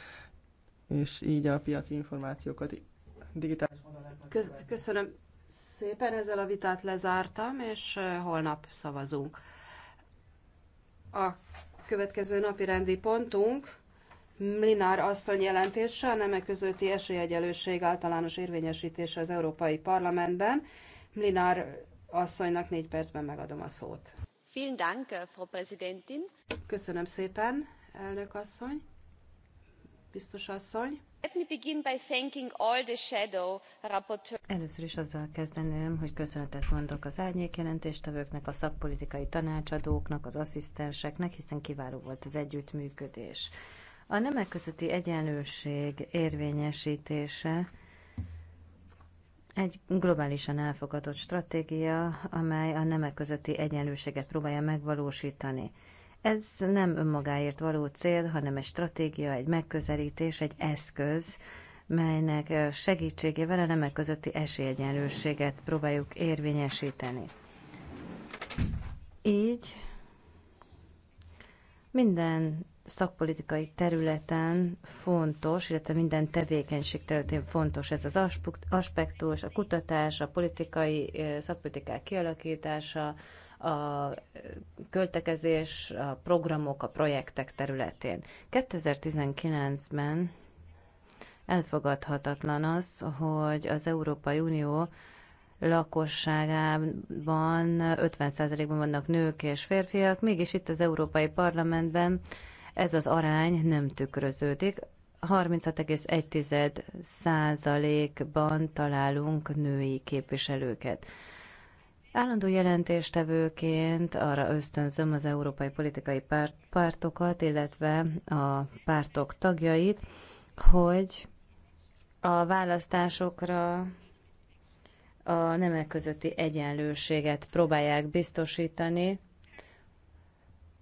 és így a piaci információkat digitális Köszönöm szépen, ezzel a vitát lezártam, és holnap szavazunk. A következő napi rendi pontunk Mlinár asszony jelentése, a nemek közötti esélyegyelőség általános érvényesítése az Európai Parlamentben. Mlinár asszonynak négy percben megadom a szót. Äh, köszönöm szépen, elnök asszony, biztos asszony. Először is azzal kezdeném, hogy köszönetet mondok az árnyékjelentéstevőknek, a szakpolitikai tanácsadóknak, az asszisztenseknek, hiszen kiváló volt az együttműködés. A nemek közötti egyenlőség érvényesítése egy globálisan elfogadott stratégia, amely a nemek közötti egyenlőséget próbálja megvalósítani. Ez nem önmagáért való cél, hanem egy stratégia, egy megközelítés, egy eszköz, melynek segítségével a nemek közötti esélyegyenlőséget próbáljuk érvényesíteni. Így minden szakpolitikai területen fontos, illetve minden tevékenység területén fontos ez az aspektus, a kutatás, a politikai szakpolitikák kialakítása, a költekezés, a programok, a projektek területén. 2019-ben elfogadhatatlan az, hogy az Európai Unió lakosságában 50%-ban vannak nők és férfiak, mégis itt az Európai Parlamentben ez az arány nem tükröződik. 36,1%-ban találunk női képviselőket. Állandó jelentéstevőként arra ösztönzöm az európai politikai pártokat, illetve a pártok tagjait, hogy a választásokra a nemek közötti egyenlőséget próbálják biztosítani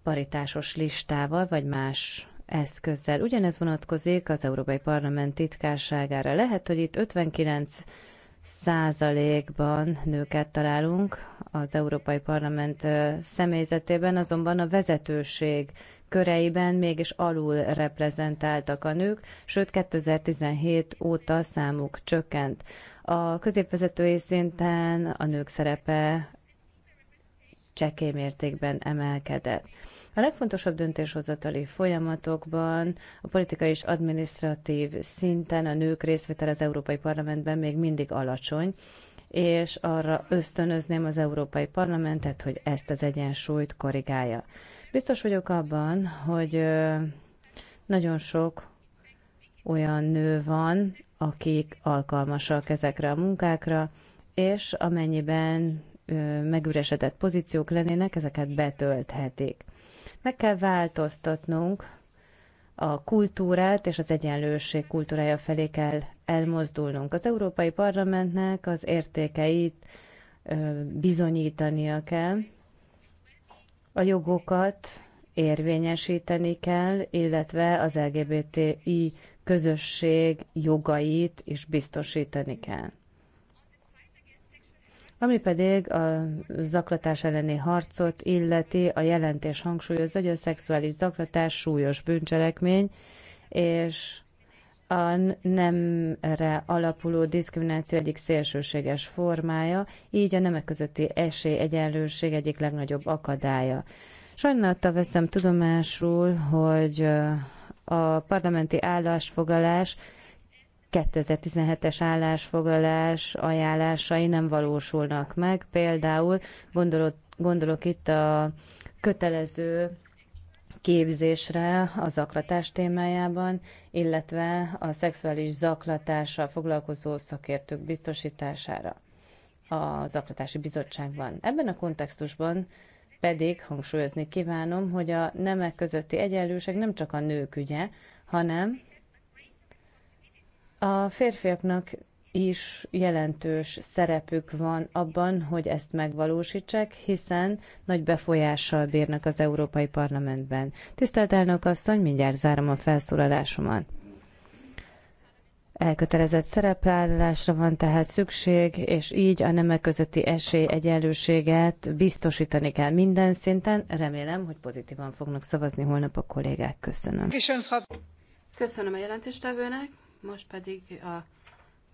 paritásos listával, vagy más eszközzel. Ugyanez vonatkozik az Európai Parlament titkárságára. Lehet, hogy itt 59 százalékban nőket találunk az Európai Parlament személyzetében, azonban a vezetőség köreiben mégis alul reprezentáltak a nők, sőt 2017 óta számuk csökkent. A középvezetői szinten a nők szerepe csekély mértékben emelkedett. A legfontosabb döntéshozatali folyamatokban, a politikai és adminisztratív szinten a nők részvétel az Európai Parlamentben még mindig alacsony, és arra ösztönözném az Európai Parlamentet, hogy ezt az egyensúlyt korrigálja. Biztos vagyok abban, hogy nagyon sok olyan nő van, akik alkalmasak ezekre a munkákra, és amennyiben megüresedett pozíciók lennének, ezeket betölthetik. Meg kell változtatnunk a kultúrát és az egyenlőség kultúrája felé kell elmozdulnunk. Az Európai Parlamentnek az értékeit bizonyítania kell, a jogokat érvényesíteni kell, illetve az LGBTI közösség jogait is biztosítani kell. Ami pedig a zaklatás elleni harcot illeti, a jelentés hangsúlyozza, hogy a szexuális zaklatás súlyos bűncselekmény, és a nemre alapuló diszkrimináció egyik szélsőséges formája, így a nemek közötti esélyegyenlőség egyik legnagyobb akadálya. Sajnálattal veszem tudomásul, hogy a parlamenti állásfoglalás 2017-es állásfoglalás ajánlásai nem valósulnak meg. Például gondolok, gondolok itt a kötelező képzésre a zaklatás témájában, illetve a szexuális zaklatással foglalkozó szakértők biztosítására a Zaklatási Bizottságban. Ebben a kontextusban pedig hangsúlyozni kívánom, hogy a nemek közötti egyenlőség nem csak a nők ügye, hanem a férfiaknak is jelentős szerepük van abban, hogy ezt megvalósítsák, hiszen nagy befolyással bírnak az Európai Parlamentben. Tisztelt elnök asszony, mindjárt zárom a felszólalásomat. Elkötelezett szerepvállalásra van tehát szükség, és így a nemek közötti esély egyenlőséget biztosítani kell minden szinten. Remélem, hogy pozitívan fognak szavazni holnap a kollégák. Köszönöm. Köszönöm a jelentéstevőnek. Most pedig a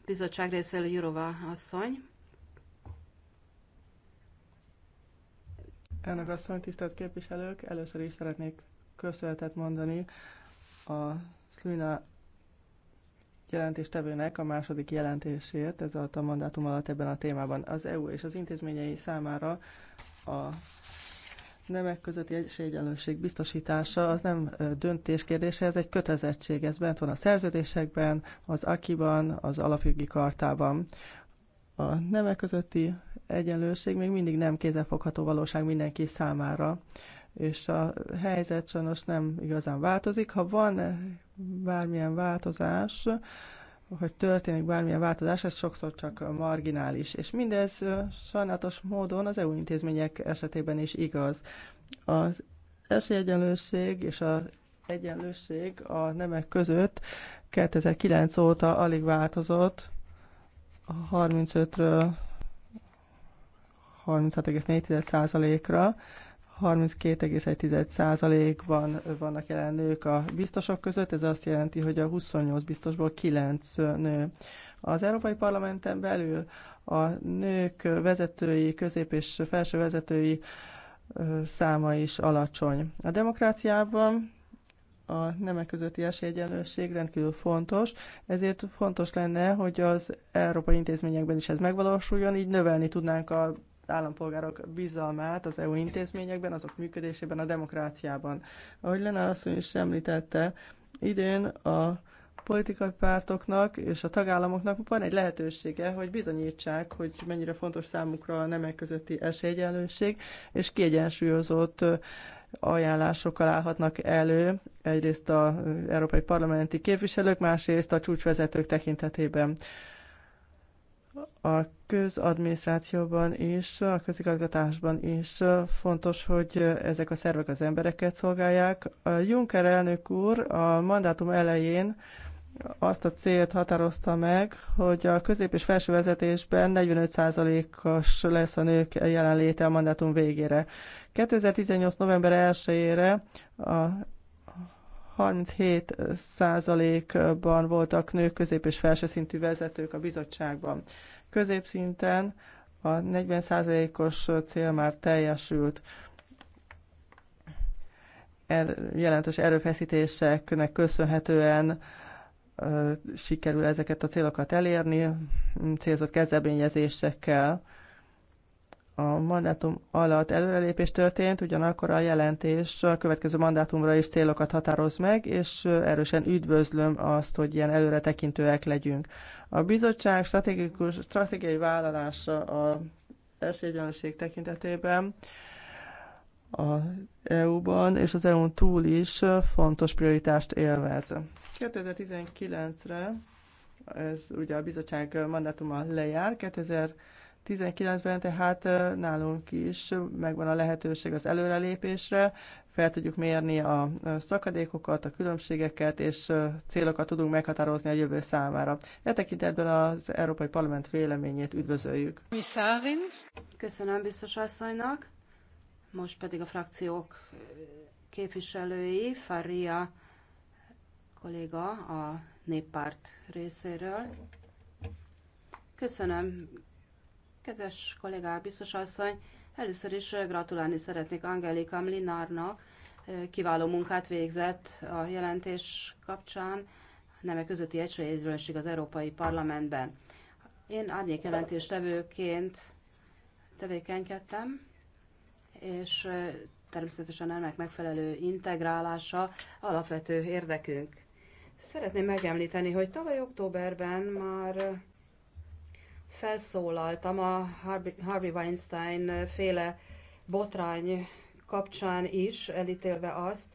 bizottság részéről Jurova asszony. Elnök asszony, tisztelt képviselők, először is szeretnék köszönetet mondani a Szlina jelentéstevőnek a második jelentésért, ez a mandátum alatt ebben a témában. Az EU és az intézményei számára a nemek közötti esélyegyenlőség biztosítása az nem döntés kérdése, ez egy kötelezettség, ez bent van a szerződésekben, az akiban, az alapjogi kartában. A nemek közötti egyenlőség még mindig nem kézefogható valóság mindenki számára, és a helyzet sajnos nem igazán változik. Ha van bármilyen változás, hogy történik bármilyen változás, ez sokszor csak marginális. És mindez sajnálatos módon az EU intézmények esetében is igaz. Az esélyegyenlőség és az egyenlőség a nemek között 2009 óta alig változott, 35-ről 36,4%-ra, 32,1%-ban vannak jelen nők a biztosok között, ez azt jelenti, hogy a 28 biztosból 9 nő. Az Európai Parlamenten belül a nők vezetői, közép és felső vezetői száma is alacsony. A demokráciában a nemek közötti esélyegyenlőség rendkívül fontos, ezért fontos lenne, hogy az európai intézményekben is ez megvalósuljon, így növelni tudnánk a állampolgárok bizalmát az EU intézményekben, azok működésében, a demokráciában. Ahogy Lenár asszony is említette, idén a politikai pártoknak és a tagállamoknak van egy lehetősége, hogy bizonyítsák, hogy mennyire fontos számukra a nemek közötti esélyegyenlőség, és kiegyensúlyozott ajánlásokkal állhatnak elő, egyrészt az európai parlamenti képviselők, másrészt a csúcsvezetők tekintetében. A közadminisztrációban is, a közigazgatásban is fontos, hogy ezek a szervek az embereket szolgálják. A Juncker elnök úr a mandátum elején azt a célt határozta meg, hogy a közép és felső vezetésben 45%-os lesz a nők jelenléte a mandátum végére. 2018. november 1-ére a 37%-ban voltak nők közép és felső szintű vezetők a bizottságban. Középszinten a 40%-os cél már teljesült. Er, jelentős erőfeszítéseknek köszönhetően ö, sikerül ezeket a célokat elérni, célzott kezdeményezésekkel. A mandátum alatt előrelépés történt, ugyanakkor a jelentés a következő mandátumra is célokat határoz meg, és erősen üdvözlöm azt, hogy ilyen előretekintőek legyünk. A bizottság stratégikus, stratégiai vállalása a esélyegyenlőség tekintetében a EU-ban és az EU-n túl is fontos prioritást élvez. 2019-re, ez ugye a bizottság mandátuma lejár, 2000 19-ben tehát nálunk is megvan a lehetőség az előrelépésre, fel tudjuk mérni a szakadékokat, a különbségeket, és célokat tudunk meghatározni a jövő számára. E tekintetben az Európai Parlament véleményét üdvözöljük. Köszönöm biztos asszonynak. Most pedig a frakciók képviselői, Faria kolléga a néppárt részéről. Köszönöm, Kedves kollégák, biztos asszony, először is eh, gratulálni szeretnék Angelika Mlinárnak, eh, kiváló munkát végzett a jelentés kapcsán, nemek közötti egységegyelőség az Európai Parlamentben. Én árnyék jelentéstevőként tevékenykedtem, és eh, természetesen ennek megfelelő integrálása alapvető érdekünk. Szeretném megemlíteni, hogy tavaly októberben már felszólaltam a Harvey Weinstein féle botrány kapcsán is, elítélve azt,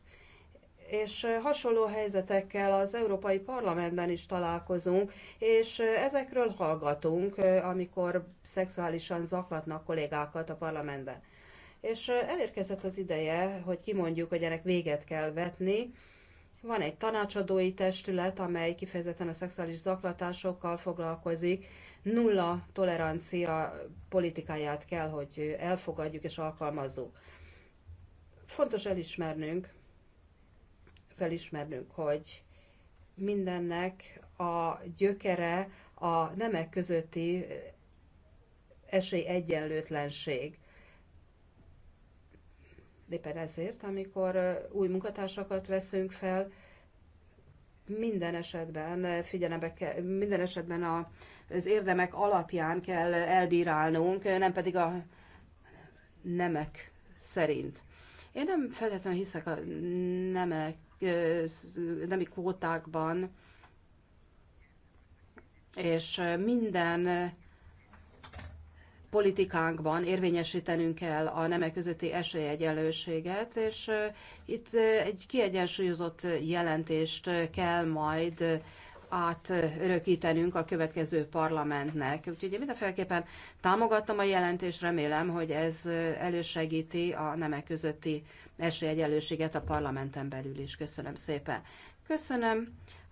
és hasonló helyzetekkel az Európai Parlamentben is találkozunk, és ezekről hallgatunk, amikor szexuálisan zaklatnak kollégákat a parlamentben. És elérkezett az ideje, hogy kimondjuk, hogy ennek véget kell vetni, van egy tanácsadói testület, amely kifejezetten a szexuális zaklatásokkal foglalkozik. Nulla tolerancia politikáját kell, hogy elfogadjuk és alkalmazzuk. Fontos elismernünk, felismernünk, hogy mindennek a gyökere a nemek közötti esély egyenlőtlenség. Éppen ezért, amikor új munkatársakat veszünk fel, minden esetben figyelembe kell, minden esetben a, az érdemek alapján kell elbírálnunk, nem pedig a nemek szerint. Én nem feltétlenül hiszek a nemek, nemi kvótákban, és minden politikánkban érvényesítenünk kell a nemek közötti esélyegyenlőséget, és itt egy kiegyensúlyozott jelentést kell majd átörökítenünk a következő parlamentnek. Úgyhogy én mindenféleképpen támogattam a jelentést, remélem, hogy ez elősegíti a nemek közötti esélyegyenlőséget a parlamenten belül is. Köszönöm szépen. Köszönöm.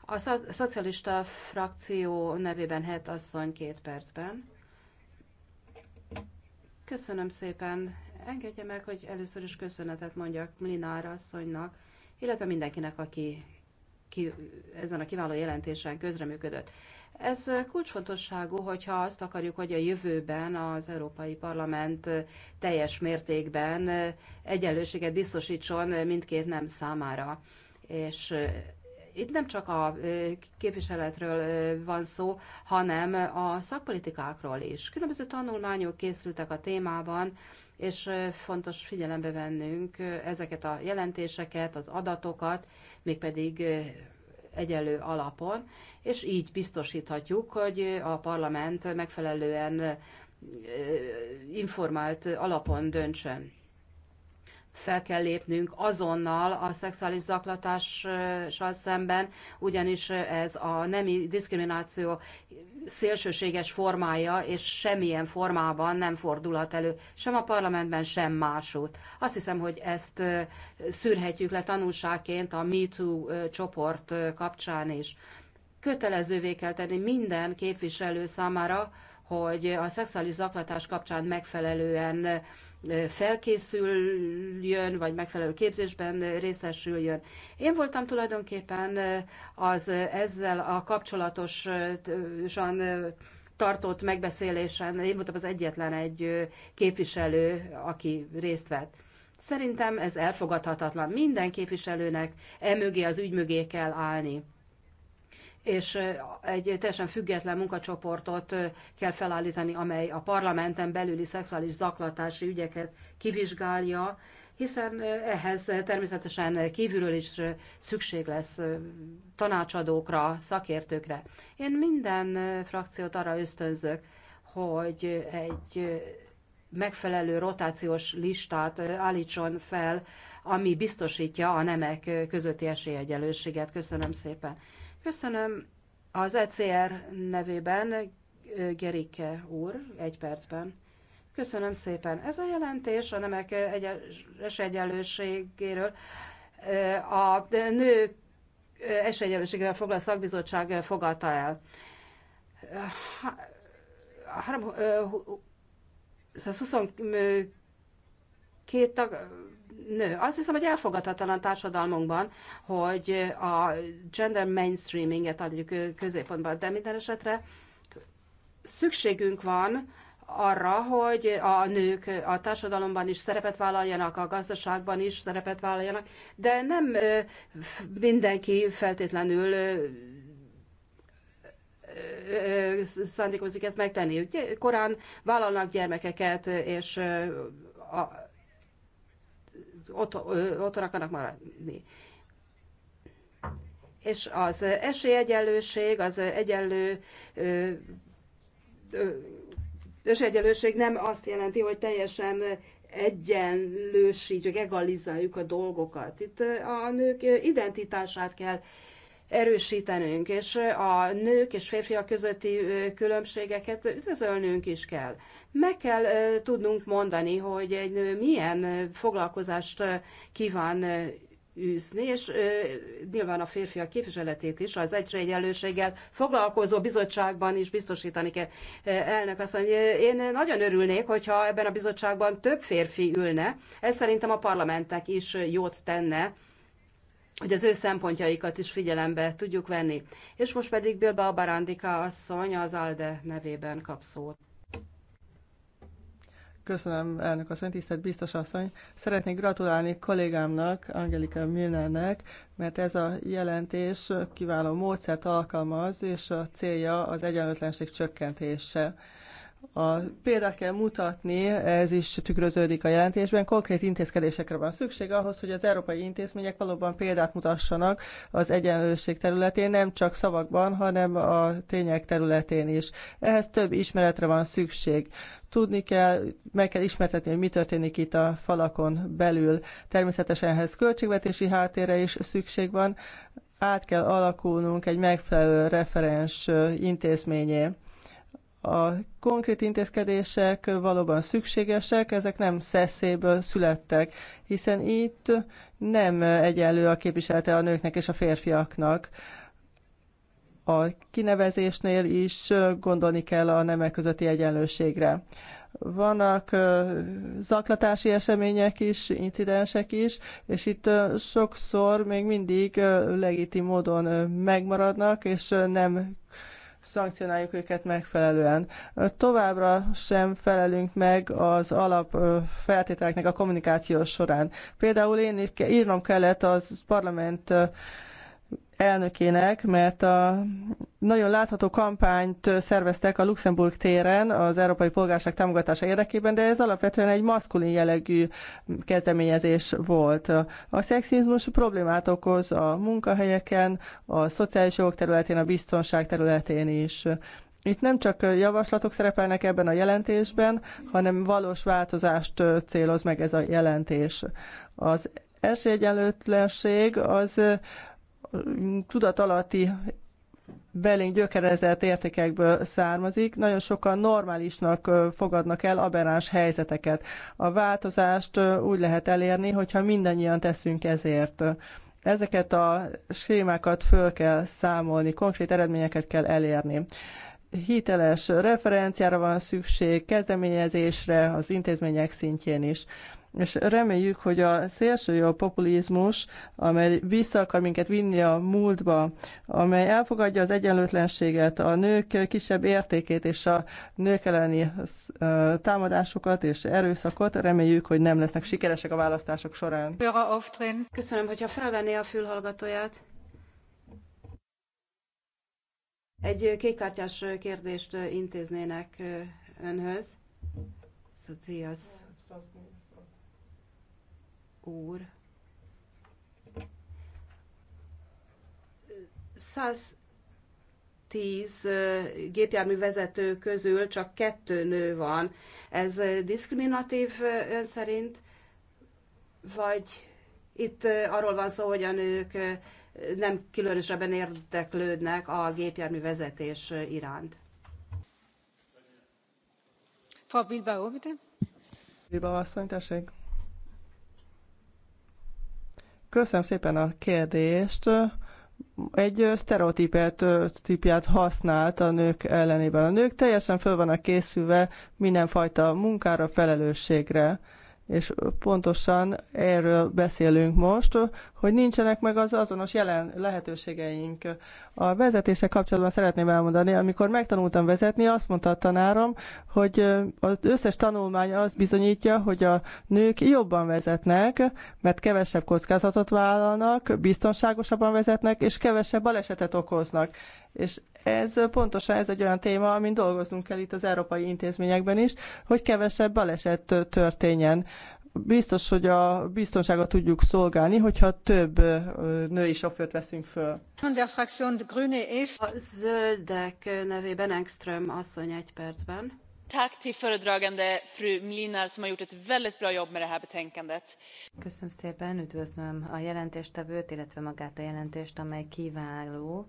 A szocialista frakció nevében het asszony két percben. Köszönöm szépen. Engedje meg, hogy először is köszönetet mondjak Mlinár asszonynak, illetve mindenkinek, aki ki, ezen a kiváló jelentésen közreműködött. Ez kulcsfontosságú, hogyha azt akarjuk, hogy a jövőben az Európai Parlament teljes mértékben egyenlőséget biztosítson mindkét nem számára, és itt nem csak a képviseletről van szó, hanem a szakpolitikákról is. Különböző tanulmányok készültek a témában, és fontos figyelembe vennünk ezeket a jelentéseket, az adatokat, mégpedig egyelő alapon, és így biztosíthatjuk, hogy a parlament megfelelően informált alapon döntsön fel kell lépnünk azonnal a szexuális zaklatással szemben, ugyanis ez a nemi diszkrimináció szélsőséges formája, és semmilyen formában nem fordulhat elő, sem a parlamentben, sem másút. Azt hiszem, hogy ezt szűrhetjük le tanulságként a MeToo csoport kapcsán is. Kötelezővé kell tenni minden képviselő számára, hogy a szexuális zaklatás kapcsán megfelelően felkészüljön, vagy megfelelő képzésben részesüljön. Én voltam tulajdonképpen az ezzel a kapcsolatosan tartott megbeszélésen, én voltam az egyetlen egy képviselő, aki részt vett. Szerintem ez elfogadhatatlan. Minden képviselőnek emögé az ügy mögé kell állni és egy teljesen független munkacsoportot kell felállítani, amely a parlamenten belüli szexuális zaklatási ügyeket kivizsgálja, hiszen ehhez természetesen kívülről is szükség lesz tanácsadókra, szakértőkre. Én minden frakciót arra ösztönzök, hogy egy megfelelő rotációs listát állítson fel, ami biztosítja a nemek közötti esélyegyelősséget. Köszönöm szépen. Köszönöm az ECR nevében, Gerike úr, egy percben. Köszönöm szépen. Ez a jelentés a nemek egyes egyenlőségéről a nő esélyegyenlőségével foglalt szakbizottság fogadta el. 3, 22 tag nő. Azt hiszem, hogy elfogadhatatlan társadalmunkban, hogy a gender mainstreaminget adjuk középpontban, de minden esetre szükségünk van arra, hogy a nők a társadalomban is szerepet vállaljanak, a gazdaságban is szerepet vállaljanak, de nem mindenki feltétlenül szándékozik ezt megtenni. Korán vállalnak gyermekeket, és a ott akarnak maradni. És az esélyegyenlőség, az egyenlő esélyegyenlőség nem azt jelenti, hogy teljesen egyenlősítjük, egalizáljuk a dolgokat. Itt a nők identitását kell erősítenünk, és a nők és férfiak közötti különbségeket üdvözölnünk is kell. Meg kell tudnunk mondani, hogy egy nő milyen foglalkozást kíván űzni, és nyilván a férfiak képviseletét is az egyre egyenlőséggel foglalkozó bizottságban is biztosítani kell. Elnök azt mondja, én nagyon örülnék, hogyha ebben a bizottságban több férfi ülne, ez szerintem a parlamentnek is jót tenne, hogy az ő szempontjaikat is figyelembe tudjuk venni. És most pedig Bilba Barandika asszony az ALDE nevében kap szót. Köszönöm, elnök asszony, tisztelt biztos asszony. Szeretnék gratulálni kollégámnak, Angelika Milnernek, mert ez a jelentés kiváló módszert alkalmaz, és a célja az egyenlőtlenség csökkentése a példát kell mutatni, ez is tükröződik a jelentésben, konkrét intézkedésekre van szükség ahhoz, hogy az európai intézmények valóban példát mutassanak az egyenlőség területén, nem csak szavakban, hanem a tények területén is. Ehhez több ismeretre van szükség. Tudni kell, meg kell ismertetni, hogy mi történik itt a falakon belül. Természetesen ehhez költségvetési háttérre is szükség van. Át kell alakulnunk egy megfelelő referens intézményé a konkrét intézkedések valóban szükségesek, ezek nem szeszéből születtek, hiszen itt nem egyenlő a képviselete a nőknek és a férfiaknak. A kinevezésnél is gondolni kell a nemek közötti egyenlőségre. Vannak zaklatási események is, incidensek is, és itt sokszor még mindig legitim módon megmaradnak, és nem szankcionáljuk őket megfelelően. Továbbra sem felelünk meg az alap feltételeknek a kommunikáció során. Például én írnom kellett az parlament elnökének, mert a nagyon látható kampányt szerveztek a Luxemburg téren az európai polgárság támogatása érdekében, de ez alapvetően egy maszkulin jellegű kezdeményezés volt. A szexizmus problémát okoz a munkahelyeken, a szociális jogok területén, a biztonság területén is. Itt nem csak javaslatok szerepelnek ebben a jelentésben, hanem valós változást céloz meg ez a jelentés. Az esélyegyenlőtlenség az tudatalatti belénk gyökerezett értékekből származik. Nagyon sokan normálisnak fogadnak el aberráns helyzeteket. A változást úgy lehet elérni, hogyha mindannyian teszünk ezért. Ezeket a sémákat föl kell számolni, konkrét eredményeket kell elérni. Hiteles referenciára van szükség, kezdeményezésre az intézmények szintjén is és reméljük, hogy a szélső, jó populizmus, amely vissza akar minket vinni a múltba, amely elfogadja az egyenlőtlenséget, a nők kisebb értékét és a nők elleni támadásokat és erőszakot, reméljük, hogy nem lesznek sikeresek a választások során. Köszönöm, hogyha felvenné a fülhallgatóját. Egy kékkártyás kérdést intéznének önhöz. Szóval úr. 110 gépjármű vezető közül csak kettő nő van. Ez diszkriminatív ön szerint, vagy itt arról van szó, hogy a nők nem különösebben érdeklődnek a gépjármű vezetés iránt? Frau Bilbao, bitte. Bilbao asszony, tessék. Köszönöm szépen a kérdést. Egy sztereotípet típját használt a nők ellenében. A nők teljesen föl vannak készülve mindenfajta munkára, felelősségre és pontosan erről beszélünk most, hogy nincsenek meg az azonos jelen lehetőségeink. A vezetése kapcsolatban szeretném elmondani, amikor megtanultam vezetni, azt mondta a tanárom, hogy az összes tanulmány azt bizonyítja, hogy a nők jobban vezetnek, mert kevesebb kockázatot vállalnak, biztonságosabban vezetnek, és kevesebb balesetet okoznak. És ez pontosan ez egy olyan téma, amin dolgoznunk kell itt az európai intézményekben is, hogy kevesebb baleset történjen. Biztos, hogy a biztonságot tudjuk szolgálni, hogyha több női sofőrt veszünk föl. A zöldek nevében Engström asszony egy percben tack till föredragande fru mlinar som har gjort ett väldigt bra jobb med det här betänkandet. Köszönöm szépen, üdvözlöm a jelentéstevőt, illetve magát a jelentést, amely kiváló.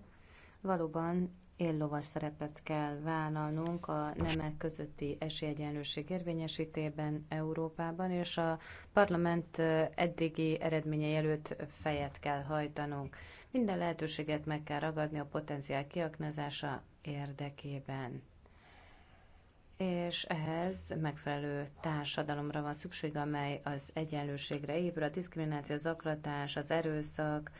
Valóban éllovas szerepet kell vállalnunk a nemek közötti esélyegyenlőség érvényesítében Európában, és a parlament eddigi eredményei előtt fejet kell hajtanunk. Minden lehetőséget meg kell ragadni a potenciál kiaknázása érdekében. És ehhez megfelelő társadalomra van szükség, amely az egyenlőségre épül, a diszkrimináció, az aklatás, az erőszak,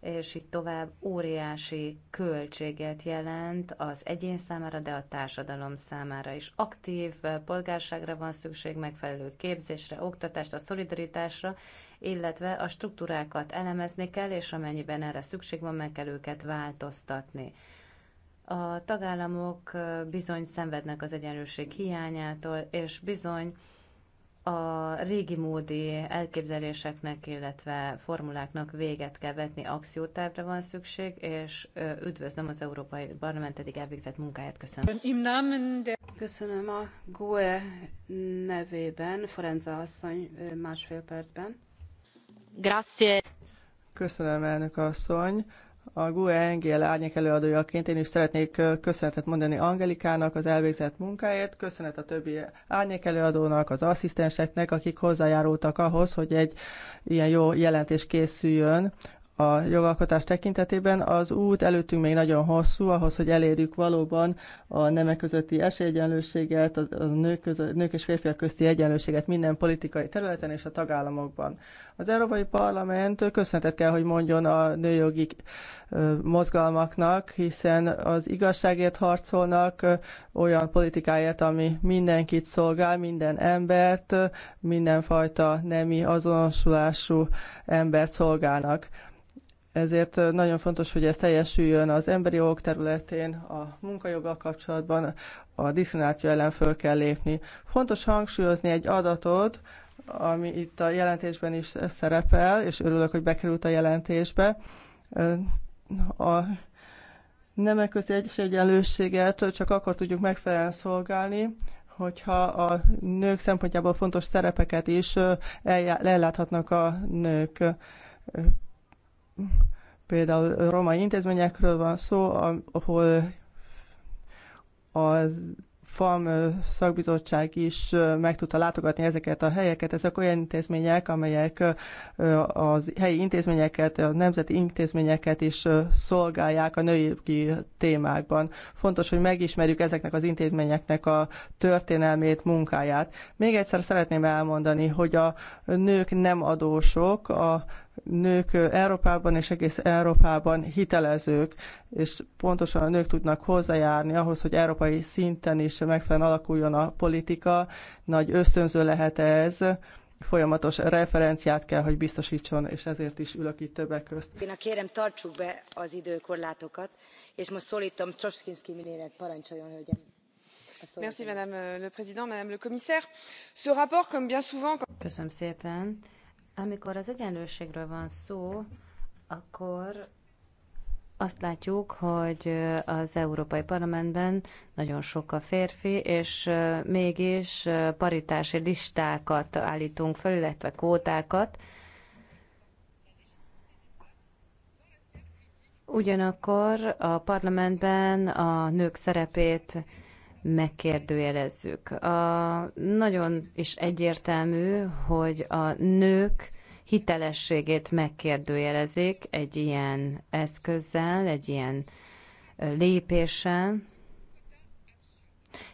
és így tovább óriási költséget jelent az egyén számára, de a társadalom számára is. Aktív eh, polgárságra van szükség, megfelelő képzésre, oktatást, a szolidaritásra, illetve a struktúrákat elemezni kell, és amennyiben erre szükség van, meg kell őket változtatni. A tagállamok eh, bizony szenvednek az egyenlőség hiányától, és bizony a régi módi elképzeléseknek, illetve formuláknak véget kell vetni, akciótávra van szükség, és üdvözlöm az Európai Parlament eddig elvégzett munkáját. Köszönöm. Köszönöm a GUE nevében, Forenza asszony másfél percben. Grazie. Köszönöm, elnök asszony. A GUE NGL árnyék előadójaként én is szeretnék köszönetet mondani Angelikának az elvégzett munkáért, köszönet a többi árnyék előadónak, az asszisztenseknek, akik hozzájárultak ahhoz, hogy egy ilyen jó jelentés készüljön a jogalkotás tekintetében. Az út előttünk még nagyon hosszú, ahhoz, hogy elérjük valóban a nemek közötti esélyegyenlőséget, a nők, között, nők és férfiak közti egyenlőséget minden politikai területen és a tagállamokban. Az Európai Parlament köszönetet kell, hogy mondjon a nőjogi mozgalmaknak, hiszen az igazságért harcolnak olyan politikáért, ami mindenkit szolgál, minden embert, mindenfajta nemi azonosulású embert szolgálnak. Ezért nagyon fontos, hogy ez teljesüljön az emberi jogok területén, a munkajoggal kapcsolatban, a diszkrimináció ellen föl kell lépni. Fontos hangsúlyozni egy adatot, ami itt a jelentésben is szerepel, és örülök, hogy bekerült a jelentésbe. A nemek közti egyenlőséget csak akkor tudjuk megfelelően szolgálni, hogyha a nők szempontjából fontos szerepeket is elláthatnak a nők például romai intézményekről van szó, ahol a FAM szakbizottság is meg tudta látogatni ezeket a helyeket. Ezek olyan intézmények, amelyek az helyi intézményeket, a nemzeti intézményeket is szolgálják a női témákban. Fontos, hogy megismerjük ezeknek az intézményeknek a történelmét, munkáját. Még egyszer szeretném elmondani, hogy a nők nem adósok, a nők Európában és egész Európában hitelezők, és pontosan a nők tudnak hozzájárni ahhoz, hogy európai szinten is megfelelően alakuljon a politika. Nagy ösztönző lehet ez, folyamatos referenciát kell, hogy biztosítson, és ezért is ülök itt többek közt. Én a kérem, tartsuk be az időkorlátokat, és most szólítom Csoskinszki minélet, parancsoljon, hölgyem. Merci, madame le président, madame le commissaire. Ce rapport, comme bien souvent... Köszönöm szépen. Amikor az egyenlőségről van szó, akkor azt látjuk, hogy az Európai Parlamentben nagyon sok a férfi, és mégis paritási listákat állítunk föl, illetve kótákat. Ugyanakkor a parlamentben a nők szerepét megkérdőjelezzük. A, nagyon is egyértelmű, hogy a nők hitelességét megkérdőjelezik egy ilyen eszközzel, egy ilyen lépéssel,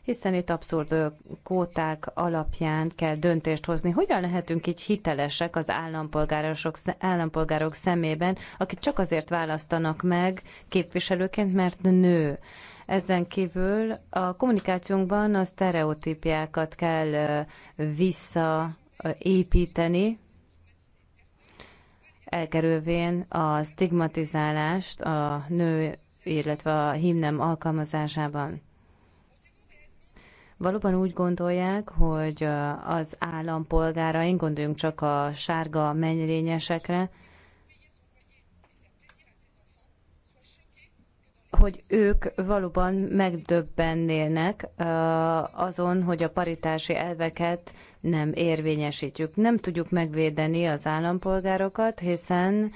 hiszen itt abszurd kóták alapján kell döntést hozni. Hogyan lehetünk így hitelesek az állampolgárosok, állampolgárok szemében, akik csak azért választanak meg képviselőként, mert nő? Ezen kívül a kommunikációnkban a sztereotípiákat kell visszaépíteni, elkerülvén a stigmatizálást a nő, illetve a himnem alkalmazásában. Valóban úgy gondolják, hogy az Én gondoljunk csak a sárga mennyrényesekre, hogy ők valóban megdöbbennének azon, hogy a paritási elveket nem érvényesítjük. Nem tudjuk megvédeni az állampolgárokat, hiszen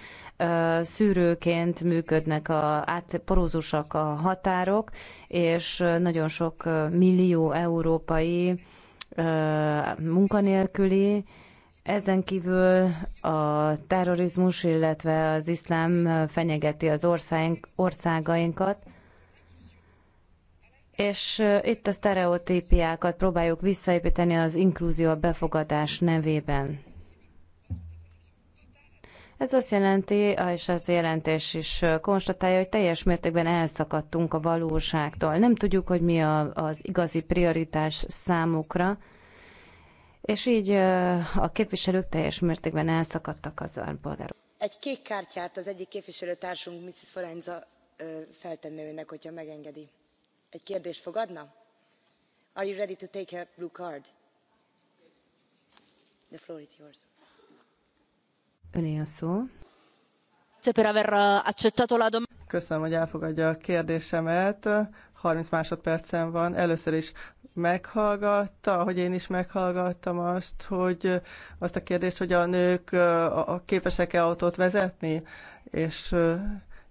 szűrőként működnek a porózusak a határok, és nagyon sok millió európai munkanélküli, ezen kívül a terrorizmus, illetve az iszlám fenyegeti az országaink, országainkat, és itt a sztereotípiákat próbáljuk visszaépíteni az inkluzió, a befogadás nevében. Ez azt jelenti, és ez a jelentés is konstatálja, hogy teljes mértékben elszakadtunk a valóságtól. Nem tudjuk, hogy mi a, az igazi prioritás számukra, és így a képviselők teljes mértékben elszakadtak az állampolgárok. Egy kék kártyát az egyik képviselőtársunk, Mrs. Forenza feltenne önnek, hogyha megengedi. Egy kérdést fogadna? Are you ready to take a blue card? The floor is yours. Öné a szó. Köszönöm, hogy elfogadja a kérdésemet. 30 másodpercen van. Először is meghallgatta, hogy én is meghallgattam azt, hogy azt a kérdést, hogy a nők képesek-e autót vezetni, és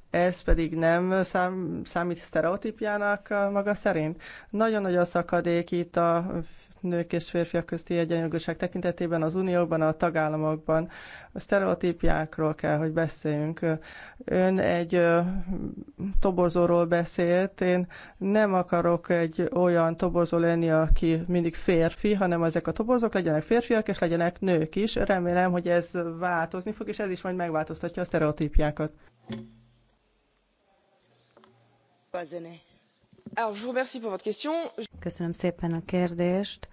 ez pedig nem szám, számít sztereotípjának maga szerint. Nagyon nagy a szakadék itt a nők és férfiak közti egyenjogúság tekintetében az unióban, a tagállamokban. A sztereotípiákról kell, hogy beszéljünk. Ön egy toborzóról beszélt. Én nem akarok egy olyan toborzó lenni, aki mindig férfi, hanem ezek a toborzók legyenek férfiak, és legyenek nők is. Remélem, hogy ez változni fog, és ez is majd megváltoztatja a sztereotípiákat. Köszönöm. Köszönöm szépen a kérdést.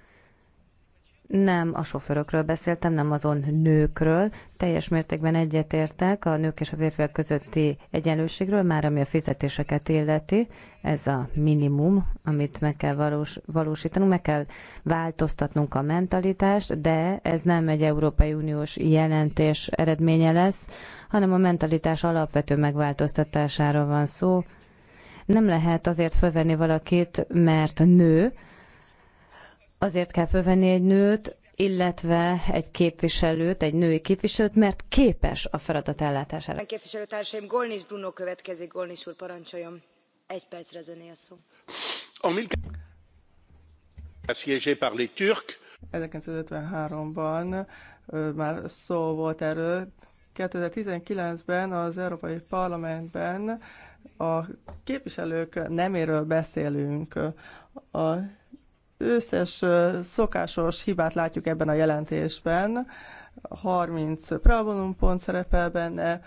Nem a sofőrökről beszéltem, nem azon nőkről. Teljes mértékben egyetértek a nők és a férfiak közötti egyenlőségről, már ami a fizetéseket illeti. Ez a minimum, amit meg kell valós, valósítanunk, meg kell változtatnunk a mentalitást, de ez nem egy Európai Uniós jelentés eredménye lesz, hanem a mentalitás alapvető megváltoztatására van szó nem lehet azért fölvenni valakit, mert nő, azért kell fölvenni egy nőt, illetve egy képviselőt, egy női képviselőt, mert képes a feladat ellátására. Képviselőtársaim, Golnis Bruno következik, Golnis úr, parancsoljon. Egy percre zöné a szó. Amíg 1953-ban már szó volt erről. 2019-ben az Európai Parlamentben a képviselők neméről beszélünk. A összes szokásos hibát látjuk ebben a jelentésben. 30 pravonum pont szerepel benne,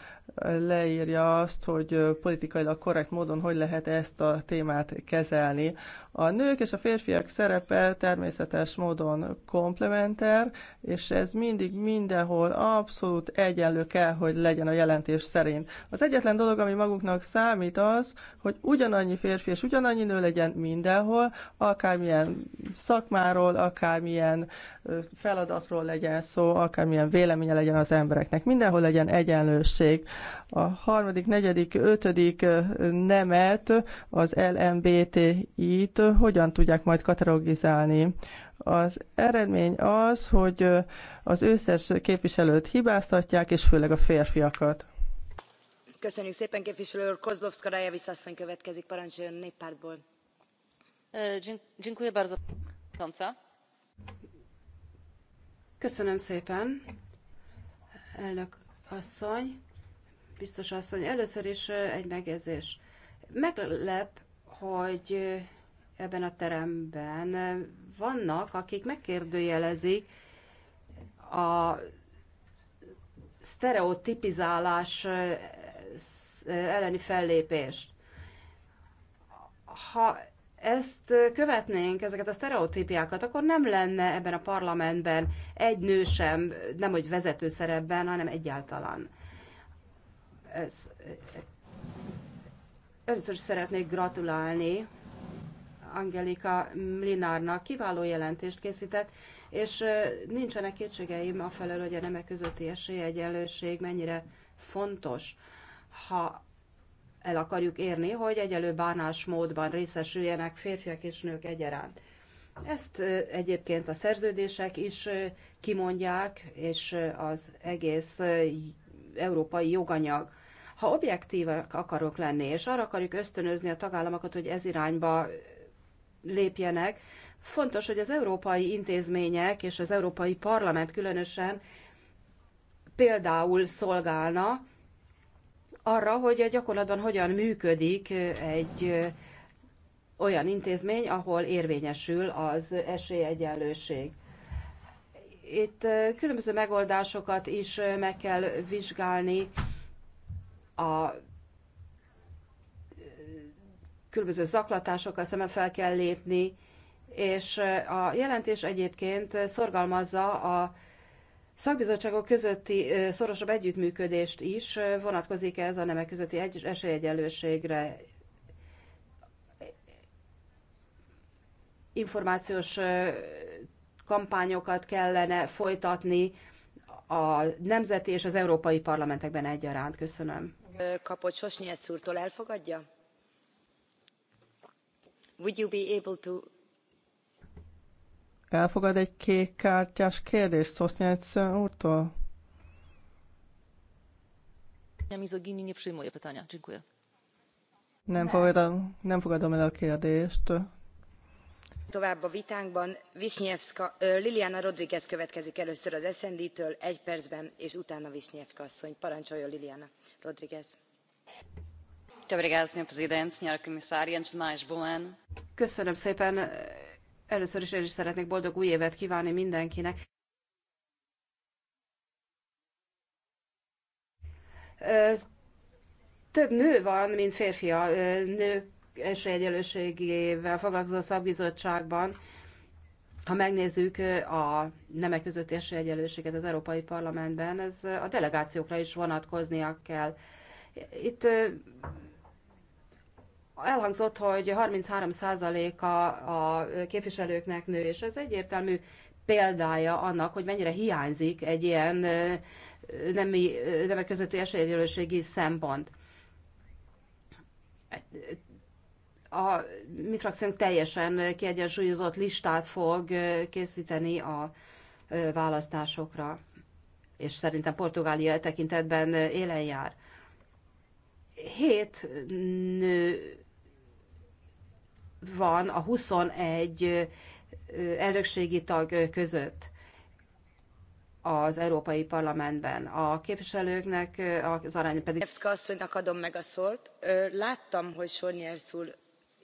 leírja azt, hogy politikailag korrekt módon hogy lehet ezt a témát kezelni. A nők és a férfiak szerepe természetes módon komplementer, és ez mindig mindenhol abszolút egyenlő kell, hogy legyen a jelentés szerint. Az egyetlen dolog, ami magunknak számít az, hogy ugyanannyi férfi és ugyanannyi nő legyen mindenhol, akármilyen szakmáról, akármilyen feladatról legyen szó, akármilyen véleménye legyen az embereknek. Mindenhol legyen egyenlőség a harmadik, negyedik, ötödik nemet, az LMBTI-t hogyan tudják majd katalogizálni? Az eredmény az, hogy az összes képviselőt hibáztatják, és főleg a férfiakat. Köszönjük szépen, képviselő úr. Kozlovszka asszony következik, parancsoljon néppártból. Dziękuję bardzo. Köszönöm szépen, elnök asszony biztos asszony, először is egy megjegyzés. Meglep, hogy ebben a teremben vannak, akik megkérdőjelezik a sztereotipizálás elleni fellépést. Ha ezt követnénk, ezeket a sztereotípiákat, akkor nem lenne ebben a parlamentben egy nő sem, nem hogy vezető szerepben, hanem egyáltalán. Ez, először is szeretnék gratulálni Angelika Mlinárnak kiváló jelentést készített, és nincsenek kétségeim a felől, hogy a nemek közötti esélyegyenlőség mennyire fontos, ha el akarjuk érni, hogy egyelő bánásmódban részesüljenek férfiak és nők egyaránt. Ezt egyébként a szerződések is kimondják, és az egész európai joganyag. Ha objektívek akarok lenni, és arra akarjuk ösztönözni a tagállamokat, hogy ez irányba lépjenek, fontos, hogy az európai intézmények és az európai parlament különösen például szolgálna arra, hogy a gyakorlatban hogyan működik egy olyan intézmény, ahol érvényesül az esélyegyenlőség. Itt különböző megoldásokat is meg kell vizsgálni a különböző zaklatásokkal szemben fel kell lépni, és a jelentés egyébként szorgalmazza a szakbizottságok közötti szorosabb együttműködést is, vonatkozik ez a nemek közötti egy, esélyegyenlőségre, információs kampányokat kellene folytatni a nemzeti és az európai parlamentekben egyaránt. Köszönöm. Kapott Sosnyec úrtól elfogadja? Would you be able to... Elfogad egy kék kártyás kérdést Sosnyec úrtól? Mizogini nie przyjmuje pytania. Dziękuję. Nem fogadom, nem fogadom el a kérdést tovább a vitánkban liliana rodriguez következik először az d től egy percben és utána wiśniewska asszony. parancsoljon liliana rodriguez! köszönöm szépen először is én is szeretnék boldog új évet kvánni mindenkinek. több nő van mint férfi a nők esélyegyelőségével foglalkozó szakbizottságban, ha megnézzük a nemek közötti esélyegyelőséget az Európai Parlamentben, ez a delegációkra is vonatkoznia kell. Itt elhangzott, hogy 33%-a a képviselőknek nő, és ez egyértelmű példája annak, hogy mennyire hiányzik egy ilyen nemi, nemek közötti esélyegyelőségi szempont a mi frakciónk teljesen kiegyensúlyozott listát fog készíteni a választásokra, és szerintem Portugália tekintetben élen jár. Hét nő van a 21 elnökségi tag között az Európai Parlamentben. A képviselőknek az arány pedig... Evszka asszonynak adom meg a szót. Láttam, hogy Sonnyersz úr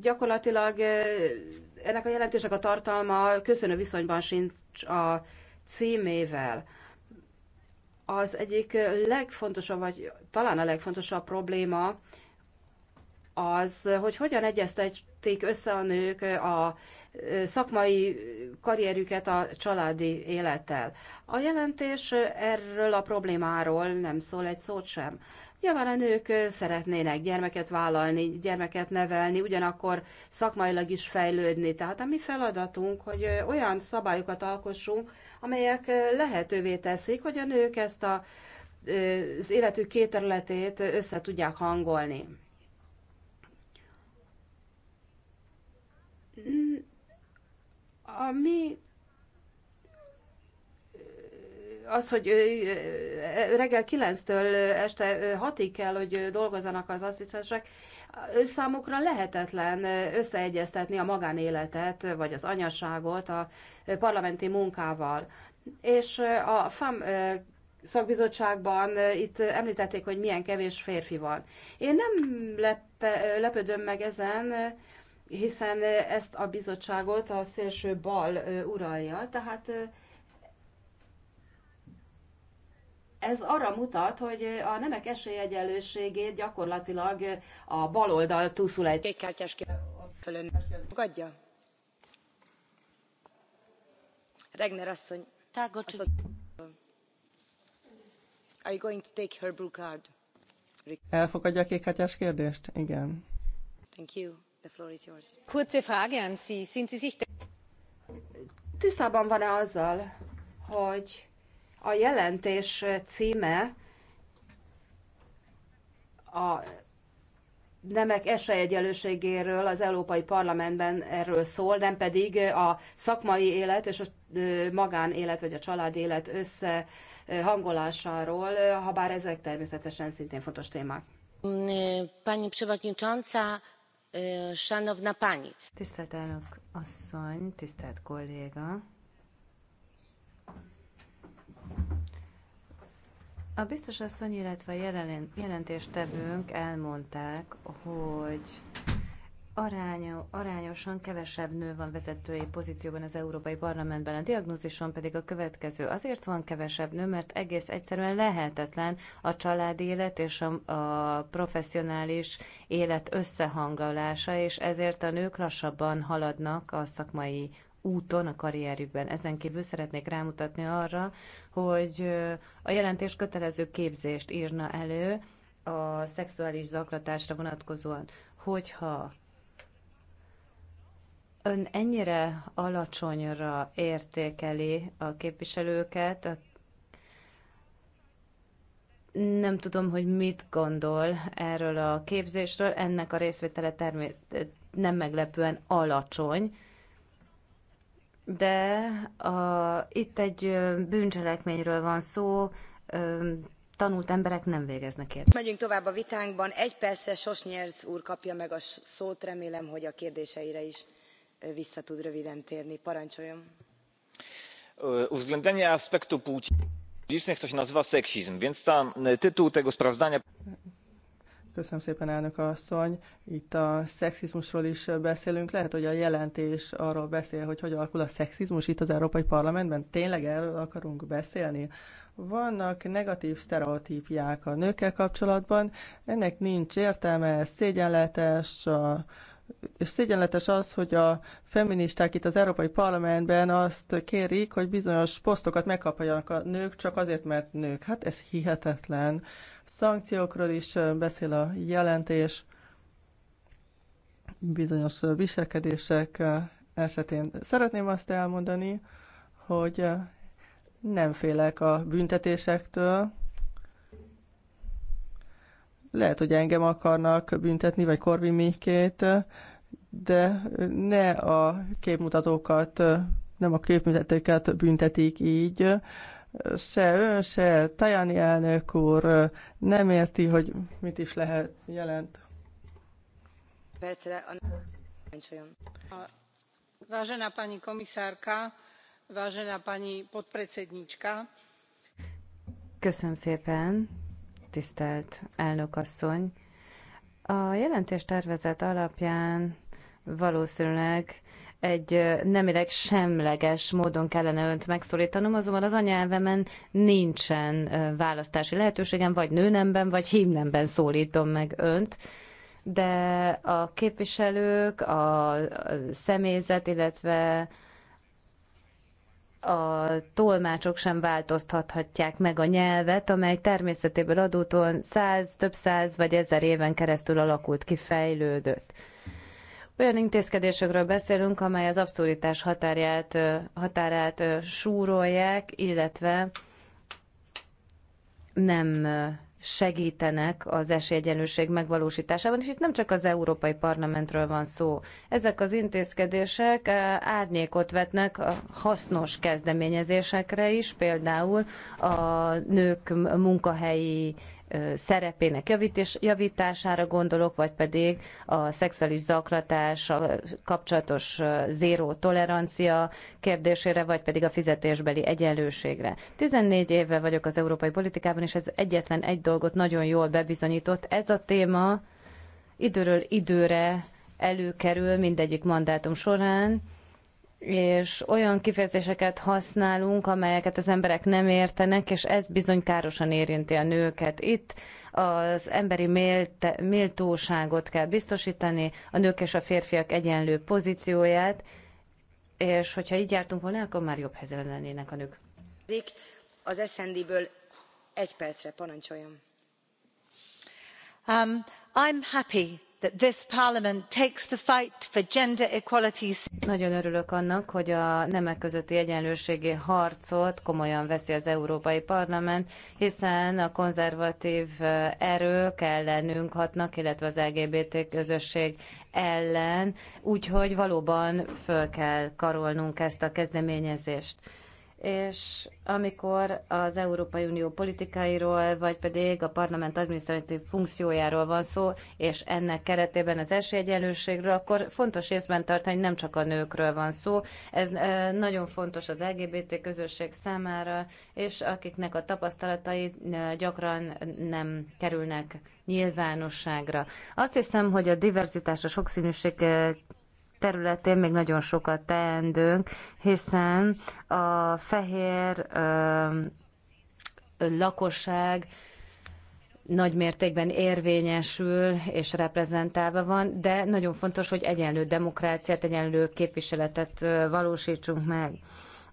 Gyakorlatilag ennek a jelentésnek a tartalma köszönő viszonyban sincs a címével. Az egyik legfontosabb, vagy talán a legfontosabb probléma az, hogy hogyan egyeztették össze a nők a szakmai karrierüket a családi élettel. A jelentés erről a problémáról nem szól egy szót sem. Nyilván a nők szeretnének gyermeket vállalni, gyermeket nevelni, ugyanakkor szakmailag is fejlődni. Tehát a mi feladatunk, hogy olyan szabályokat alkossunk, amelyek lehetővé teszik, hogy a nők ezt a, az életük két területét össze tudják hangolni. A mi az, hogy reggel 9-től este 6-ig kell, hogy dolgozzanak az asszisztensek, számukra lehetetlen összeegyeztetni a magánéletet, vagy az anyaságot a parlamenti munkával. És a FAM szakbizottságban itt említették, hogy milyen kevés férfi van. Én nem lepe, lepődöm meg ezen, hiszen ezt a bizottságot a szélső bal uralja, tehát ez arra mutat, hogy a nemek esélyegyenlőségét gyakorlatilag a baloldal túszul egy... Kékkártyás fölön. Fogadja? Regner asszony. Tágocsi. Are you going to take her blue card? Elfogadja a kékkártyás kérdést? Igen. Thank you. The floor is yours. Kurze Frage an Sie. Sind Sie sich... Tisztában van-e azzal, hogy a jelentés címe a nemek esélyegyelőségéről az Európai Parlamentben erről szól, nem pedig a szakmai élet és a magánélet vagy a családélet összehangolásáról, ha bár ezek természetesen szintén fontos témák. Mm, e, pani Przewodnicząca, e, Szanowna Pani! Tisztelt elnök asszony, tisztelt kolléga! A biztos asszony, illetve jelentéstevőnk elmondták, hogy aránya, arányosan kevesebb nő van vezetői pozícióban az Európai Parlamentben. A diagnózison pedig a következő. Azért van kevesebb nő, mert egész egyszerűen lehetetlen a családi élet és a, a professzionális élet összehangolása, és ezért a nők lassabban haladnak a szakmai úton a karrierjükben. Ezen kívül szeretnék rámutatni arra, hogy a jelentés kötelező képzést írna elő a szexuális zaklatásra vonatkozóan, hogyha ön ennyire alacsonyra értékeli a képviselőket, a nem tudom, hogy mit gondol erről a képzésről. Ennek a részvétele termé- nem meglepően alacsony de a, itt egy bűncselekményről van szó, tanult emberek nem végeznek ért. Megyünk tovább a vitánkban. Egy persze Sosnyerc úr kapja meg a szót, remélem, hogy a kérdéseire is vissza tud röviden térni. Parancsoljon! uwzględnienie aspektu płci publicznych to się nazywa seksizm więc ten tytuł tego sprawozdania. Köszönöm szépen, elnök asszony. Itt a szexizmusról is beszélünk. Lehet, hogy a jelentés arról beszél, hogy hogy alakul a szexizmus itt az Európai Parlamentben. Tényleg erről akarunk beszélni? Vannak negatív sztereotípiák a nőkkel kapcsolatban. Ennek nincs értelme, ez szégyenletes, a és szégyenletes az, hogy a feministák itt az Európai Parlamentben azt kérik, hogy bizonyos posztokat megkapjanak a nők csak azért, mert nők. Hát ez hihetetlen. Szankciókról is beszél a jelentés, bizonyos viselkedések esetén. Szeretném azt elmondani, hogy nem félek a büntetésektől. Lehet, hogy engem akarnak büntetni, vagy Korvin Mikét, de ne a képmutatókat, nem a képmutatókat büntetik így, se ön, se Tajani elnök úr nem érti, hogy mit is lehet jelent. Vážená pani komisárka, vážená pani podpredsednička. Köszönöm szépen, tisztelt elnök asszony. A jelentés tervezet alapján valószínűleg egy nemileg semleges módon kellene önt megszólítanom, azonban az anyelvemen nincsen választási lehetőségem, vagy nőnemben, vagy hímnemben szólítom meg önt de a képviselők, a személyzet, illetve a tolmácsok sem változtathatják meg a nyelvet, amely természetéből adódóan száz, több száz vagy ezer éven keresztül alakult ki, fejlődött. Olyan intézkedésekről beszélünk, amely az abszurditás határját, határát súrolják, illetve nem segítenek az esélyegyenlőség megvalósításában, és itt nem csak az Európai Parlamentről van szó. Ezek az intézkedések árnyékot vetnek a hasznos kezdeményezésekre is, például a nők munkahelyi szerepének javítés, javítására gondolok, vagy pedig a szexuális a kapcsolatos zéró tolerancia kérdésére, vagy pedig a fizetésbeli egyenlőségre. 14 éve vagyok az európai politikában, és ez egyetlen egy dolgot nagyon jól bebizonyított. Ez a téma időről időre előkerül mindegyik mandátum során, és olyan kifejezéseket használunk, amelyeket az emberek nem értenek, és ez bizony károsan érinti a nőket. Itt az emberi mélt, méltóságot kell biztosítani, a nők és a férfiak egyenlő pozícióját, és hogyha így jártunk volna, akkor már jobb helyzetben lennének a nők. Az SND-ből egy percre parancsoljon. Um, I'm happy that this parliament takes the fight for gender equality. Nagyon örülök annak, hogy a nemek közötti egyenlőségi harcot komolyan veszi az Európai Parlament, hiszen a konzervatv erők ellenünk hatnak, illetve az LGBT közösség ellen, úgyhogy valóban föl kell karolnunk ezt a kezdeményezést és amikor az Európai Unió politikáiról, vagy pedig a parlament adminisztratív funkciójáról van szó, és ennek keretében az esélyegyenlőségről, akkor fontos észben tartani, hogy nem csak a nőkről van szó. Ez nagyon fontos az LGBT közösség számára, és akiknek a tapasztalatai gyakran nem kerülnek nyilvánosságra. Azt hiszem, hogy a diverzitás, a sokszínűség területén még nagyon sokat teendőnk, hiszen a fehér ö, lakosság nagy mértékben érvényesül és reprezentálva van, de nagyon fontos, hogy egyenlő demokráciát, egyenlő képviseletet valósítsunk meg.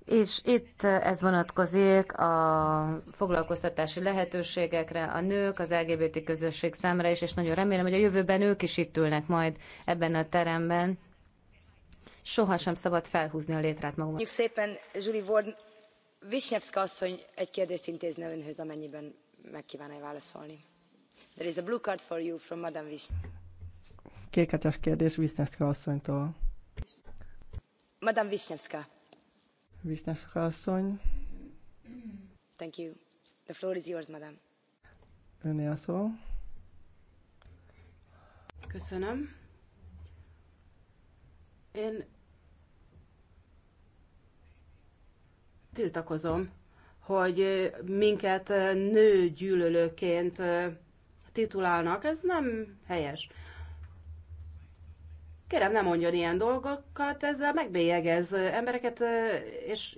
És itt ez vonatkozik a foglalkoztatási lehetőségekre, a nők, az LGBT közösség számára is, és nagyon remélem, hogy a jövőben ők is itt ülnek majd ebben a teremben sohasem szabad felhúzni a létrát magunkon. Köszönjük szépen, Julie Ward. Visnyevska asszony egy kérdést intézne önhöz, amennyiben megkívánja válaszolni. There is a blue card for you from Madame Vision. Kékhetes kérdés Visnyevska asszonytól. Madame Visnyevska. Visnyevska asszony. Thank you. The floor is yours, madam. Öné a szó. Köszönöm. Én tiltakozom, hogy minket nőgyűlölőként titulálnak. Ez nem helyes. Kérem, ne mondjon ilyen dolgokat, ezzel megbélyegez embereket, és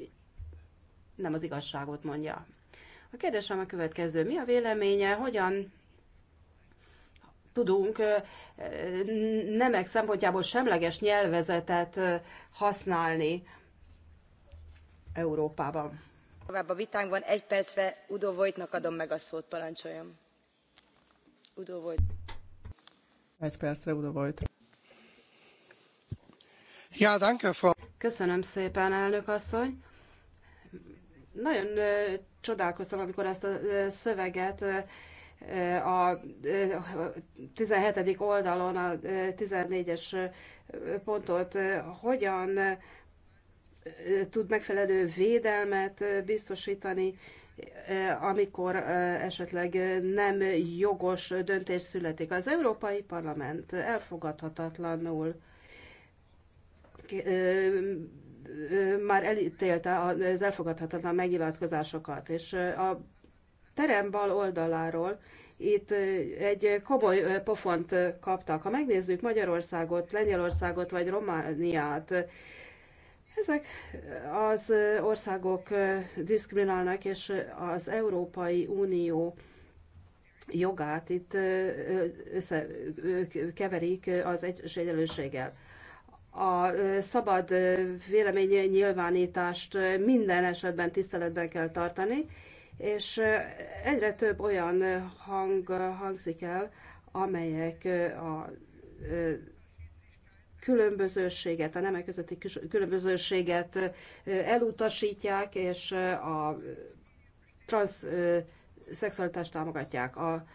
nem az igazságot mondja. A kérdésem a következő. Mi a véleménye, hogyan tudunk nemek szempontjából semleges nyelvezetet használni Európában. Tovább a vitánkban egy percre Udo Vojtnak adom meg a szót, parancsoljon. Udo Vojt. Egy percre Udo Vojt. Ja, danke, Frau. Köszönöm szépen, elnök asszony. Nagyon csodálkoztam, amikor ezt a szöveget a 17. oldalon a 14-es pontot hogyan tud megfelelő védelmet biztosítani, amikor esetleg nem jogos döntés születik. Az Európai Parlament elfogadhatatlanul már elítélte az elfogadhatatlan megnyilatkozásokat, és a terem bal oldaláról itt egy komoly pofont kaptak. Ha megnézzük Magyarországot, Lengyelországot vagy Romániát, ezek az országok diszkriminálnak, és az Európai Unió jogát itt összekeverik az egyenlőséggel. A szabad vélemény nyilvánítást minden esetben tiszteletben kell tartani, és egyre több olyan hang hangzik el, amelyek a különbözőséget, a nemek közötti különbözőséget elutasítják, és a szexualitást támogatják. A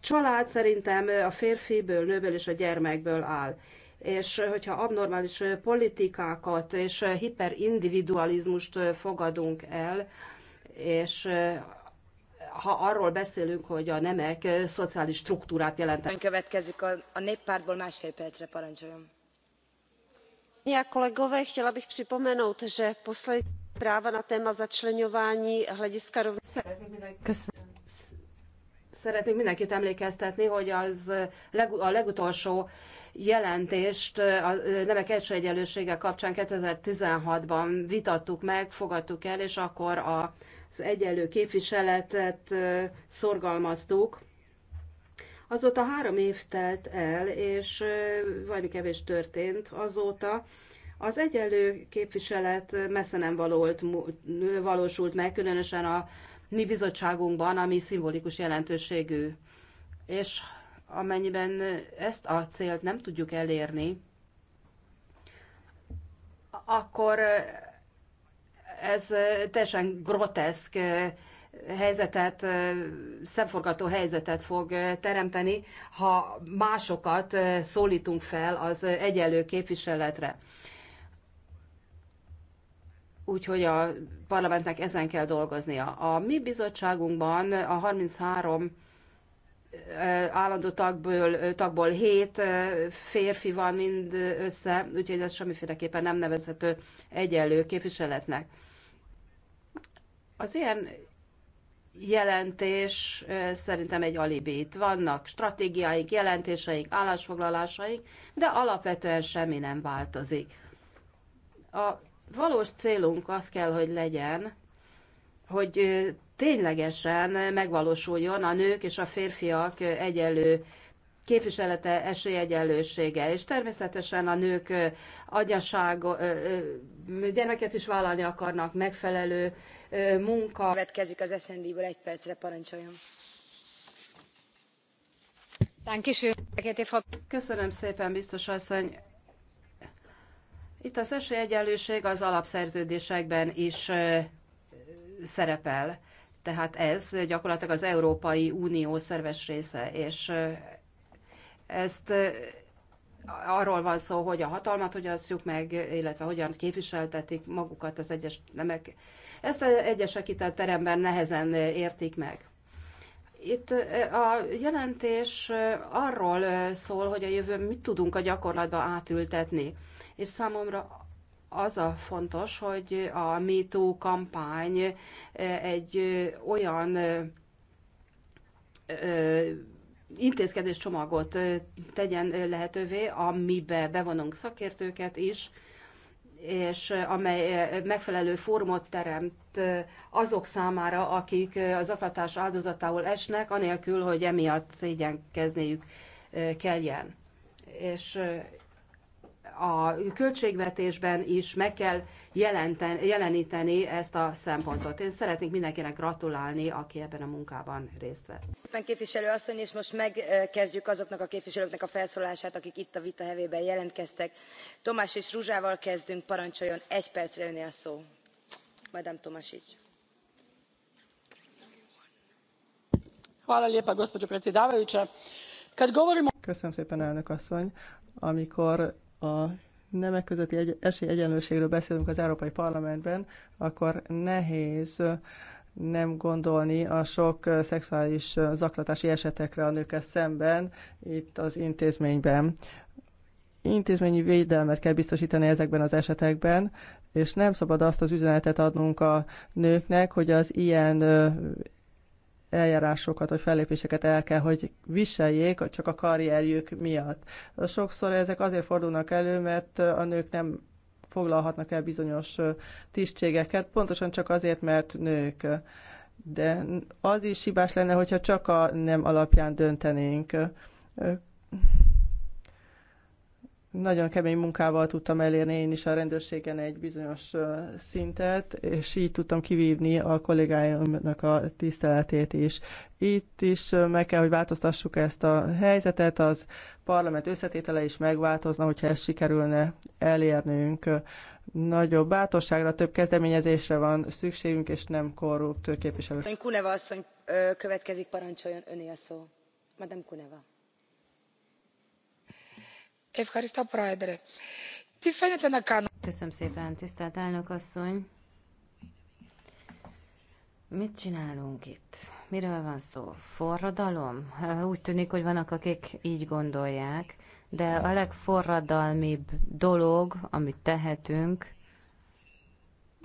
család szerintem a férfiből, nőből és a gyermekből áll és hogyha abnormális politikákat és hiperindividualizmust fogadunk el, és ha arról beszélünk, hogy a nemek szociális struktúrát jelentenek. Ön következik a, a néppártból másfél percre parancsoljon. Já kolegové, chtěla bych připomenout, že poslední práva na téma začlenování hlediska rovnosti. Szeretnék mindenkit emlékeztetni, hogy az leg, a legutolsó jelentést a nemek egyenlősége kapcsán 2016-ban vitattuk meg, fogadtuk el, és akkor a egyenlő képviseletet szorgalmaztuk. Azóta három év telt el, és valami kevés történt azóta. Az egyenlő képviselet messze nem valolt, valósult meg, különösen a mi bizottságunkban, ami szimbolikus jelentőségű. És amennyiben ezt a célt nem tudjuk elérni, akkor ez teljesen groteszk helyzetet, szemforgató helyzetet fog teremteni, ha másokat szólítunk fel az egyenlő képviseletre. Úgyhogy a parlamentnek ezen kell dolgoznia. A mi bizottságunkban a 33 állandó tagból, tagból 7 férfi van mind össze, úgyhogy ez semmiféleképpen nem nevezhető egyenlő képviseletnek. Az ilyen jelentés szerintem egy alibit. vannak stratégiáik, jelentéseik, állásfoglalásaik, de alapvetően semmi nem változik. A valós célunk az kell, hogy legyen, hogy ténylegesen megvalósuljon a nők és a férfiak egyenlő képviselete, esélyegyenlősége, és természetesen a nők agyaság, gyermeket is vállalni akarnak, megfelelő munka. Következik az sd ből egy percre, parancsoljon. Köszönöm szépen, biztos asszony. Itt az esélyegyenlőség az alapszerződésekben is szerepel. Tehát ez gyakorlatilag az Európai Unió szerves része, és ezt arról van szó, hogy a hatalmat hogy osztjuk meg, illetve hogyan képviseltetik magukat az egyes nemek. Ezt az egyesek itt a teremben nehezen értik meg. Itt eh, a jelentés eh, arról eh, szól, hogy a jövő mit tudunk a gyakorlatba átültetni. És számomra az a fontos, hogy a MeToo kampány egy olyan intézkedés csomagot tegyen lehetővé, amibe bevonunk szakértőket is, és amely megfelelő formot teremt azok számára, akik az aklatás áldozatául esnek, anélkül, hogy emiatt szégyenkezniük kelljen. És a költségvetésben is meg kell jelenten, jeleníteni ezt a szempontot. Én szeretnék mindenkinek gratulálni, aki ebben a munkában részt vett. Éppen képviselő asszony, és most megkezdjük azoknak a képviselőknek a felszólását, akik itt a vita hevében jelentkeztek. Tomás és Ruzsával kezdünk, parancsoljon, egy percre jönni a szó. Madame Tomasics. Köszönöm szépen, elnök asszony. Amikor a nemek közötti egy, esélyegyenlőségről beszélünk az Európai Parlamentben, akkor nehéz nem gondolni a sok szexuális zaklatási esetekre a nőkkel szemben itt az intézményben. Intézményi védelmet kell biztosítani ezekben az esetekben, és nem szabad azt az üzenetet adnunk a nőknek, hogy az ilyen eljárásokat vagy fellépéseket el kell, hogy viseljék csak a karrierjük miatt. Sokszor ezek azért fordulnak elő, mert a nők nem foglalhatnak el bizonyos tisztségeket, pontosan csak azért, mert nők. De az is hibás lenne, hogyha csak a nem alapján döntenénk nagyon kemény munkával tudtam elérni én is a rendőrségen egy bizonyos szintet, és így tudtam kivívni a kollégáimnak a tiszteletét is. Itt is meg kell, hogy változtassuk ezt a helyzetet, az parlament összetétele is megváltozna, hogyha ezt sikerülne elérnünk. Nagyobb bátorságra, több kezdeményezésre van szükségünk, és nem korrupt képviselők. Kuneva asszony következik, parancsoljon öné a szó. Madame Kuneva Köszönöm szépen, tisztelt elnök asszony! Mit csinálunk itt? Miről van szó? Forradalom? Úgy tűnik, hogy vannak, akik így gondolják, de a legforradalmibb dolog, amit tehetünk,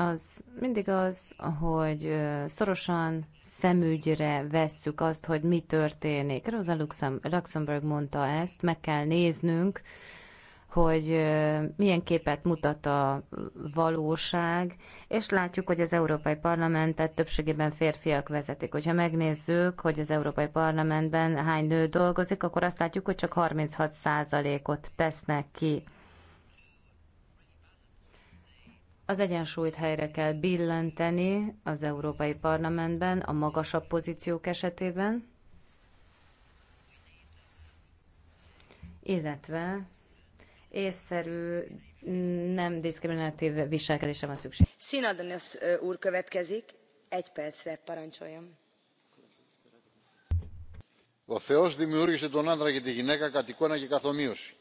az mindig az, hogy szorosan szemügyre vesszük azt, hogy mi történik. Rosa Luxemburg mondta ezt, meg kell néznünk, hogy milyen képet mutat a valóság, és látjuk, hogy az Európai Parlamentet többségében férfiak vezetik. Hogyha megnézzük, hogy az Európai Parlamentben hány nő dolgozik, akkor azt látjuk, hogy csak 36%-ot tesznek ki Az egyensúlyt helyre kell billenteni az Európai Parlamentben, a magasabb pozíciók esetében, illetve észszerű, nem diszkriminatív viselkedésre van szükség. Színadonis úr következik. Egy percre parancsoljon. Ο Θεός δημιούργησε τον άντρα και τη γυναίκα κατ' εικόνα και καθομοίωση.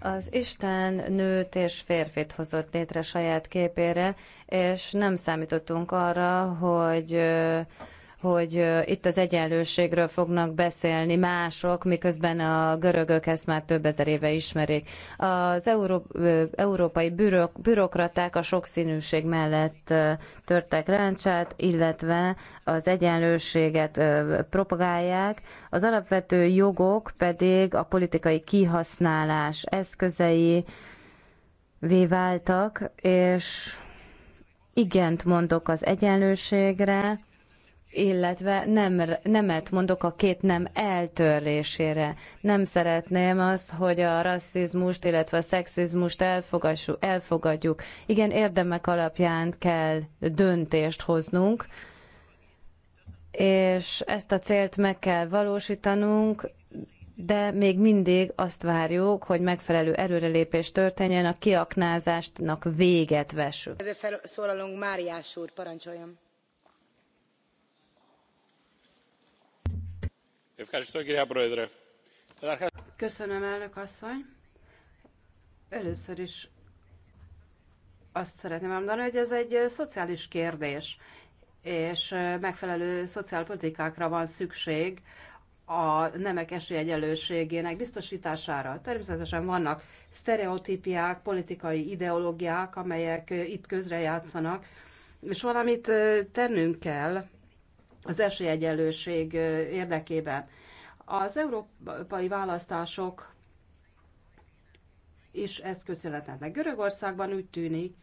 Az Isten nőt és férfit hozott létre saját képére, és nem számítottunk arra, hogy hogy itt az egyenlőségről fognak beszélni mások, miközben a görögök ezt már több ezer éve ismerik. Az euró, európai bürok, bürokraták a sokszínűség mellett törtek láncsát, illetve az egyenlőséget propagálják, az alapvető jogok pedig a politikai kihasználás eszközei váltak, és igent mondok az egyenlőségre, illetve nem, nemet mondok a két nem eltörlésére. Nem szeretném azt, hogy a rasszizmust, illetve a szexizmust elfogadjuk. Igen, érdemek alapján kell döntést hoznunk, és ezt a célt meg kell valósítanunk, de még mindig azt várjuk, hogy megfelelő előrelépés történjen, a kiaknázástnak véget vessük. Ez felszólalunk Máriás úr, parancsoljon Köszönöm, elnök asszony. Először is azt szeretném elmondani, hogy ez egy szociális kérdés, és megfelelő szociálpolitikákra van szükség a nemek esélyegyenlőségének biztosítására. Természetesen vannak sztereotípiák, politikai ideológiák, amelyek itt közrejátszanak, és valamit tennünk kell az esélyegyenlőség érdekében. Az európai választások és ezt köszönhetnek. Görögországban úgy tűnik,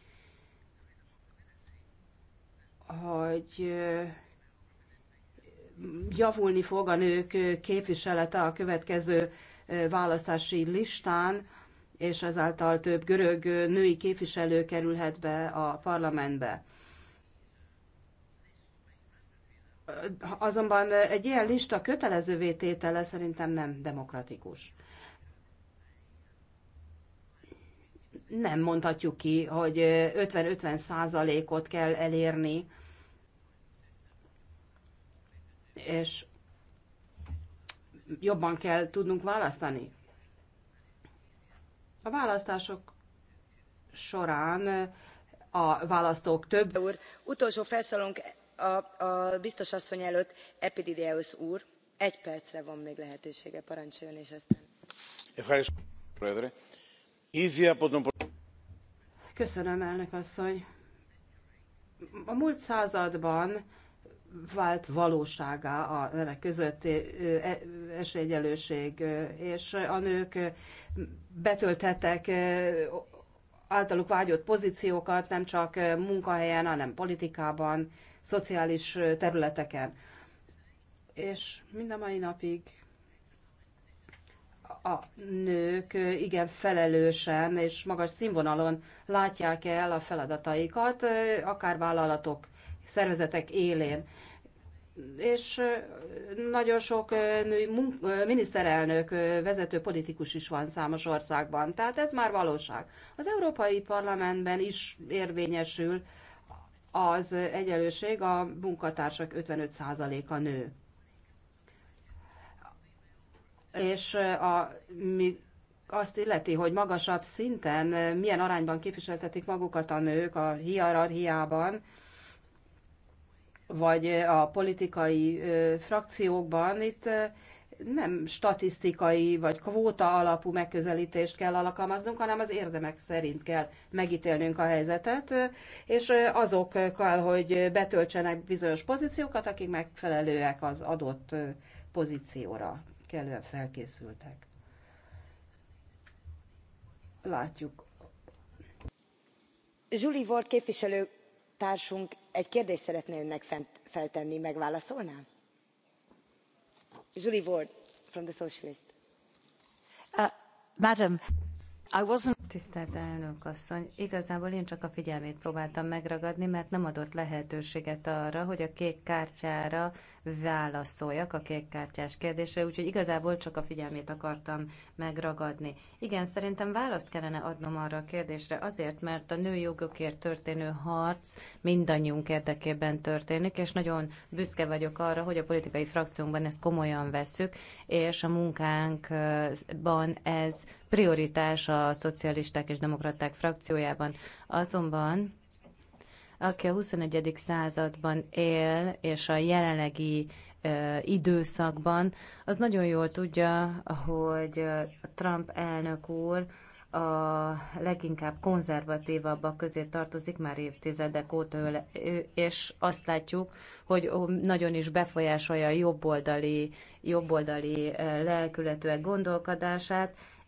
hogy javulni fog a nők képviselete a következő választási listán, és ezáltal több görög női képviselő kerülhet be a parlamentbe. Azonban egy ilyen lista kötelezővé tétele szerintem nem demokratikus. Nem mondhatjuk ki, hogy 50-50 százalékot -50 kell elérni, és jobban kell tudnunk választani. A választások során a választók több... Úr, utolsó felszólunk a biztos asszony előtt epidideios úr egy percre van még lehetősége parancsoljon és aztán. köszönöm elnök asszony! a múlt században vált valóságá a nemek közötti e, esélyegyenlőség, és a nők betölthettek általuk vágyott pozíciókat nem csak munkahelyen, hanem politikában, szociális területeken. És mind a mai napig a nők igen felelősen és magas színvonalon látják el a feladataikat, akár vállalatok, szervezetek élén. És nagyon sok női miniszterelnök, vezető politikus is van számos országban. Tehát ez már valóság. Az Európai Parlamentben is érvényesül az egyenlőség a munkatársak 55%-a nő. És a, mi azt illeti, hogy magasabb szinten milyen arányban képviseltetik magukat a nők a hierarchiában, vagy a politikai frakciókban, itt nem statisztikai vagy kvóta alapú megközelítést kell alkalmaznunk, hanem az érdemek szerint kell megítélnünk a helyzetet, és azok kell, hogy betöltsenek bizonyos pozíciókat, akik megfelelőek az adott pozícióra, kellően felkészültek. Látjuk. Zsuli volt képviselőtársunk egy kérdést szeretné önnek feltenni, megválaszolnám? Uh, tisztelt elnök asszony igazából én csak a figyelmét próbáltam megragadni mert nem adott lehetőséget arra hogy a kék kártyára válaszoljak a kékkártyás kérdésre, úgyhogy igazából csak a figyelmét akartam megragadni. Igen, szerintem választ kellene adnom arra a kérdésre, azért, mert a női jogokért történő harc mindannyiunk érdekében történik, és nagyon büszke vagyok arra, hogy a politikai frakciónkban ezt komolyan vesszük, és a munkánkban ez prioritás a szocialisták és demokraták frakciójában. Azonban aki a 21. században él, és a jelenlegi időszakban, az nagyon jól tudja, hogy Trump elnök úr a leginkább konzervatívabbak közé tartozik már évtizedek óta, és azt látjuk, hogy nagyon is befolyásolja a jobboldali, jobboldali lelkületűek gondolkodását,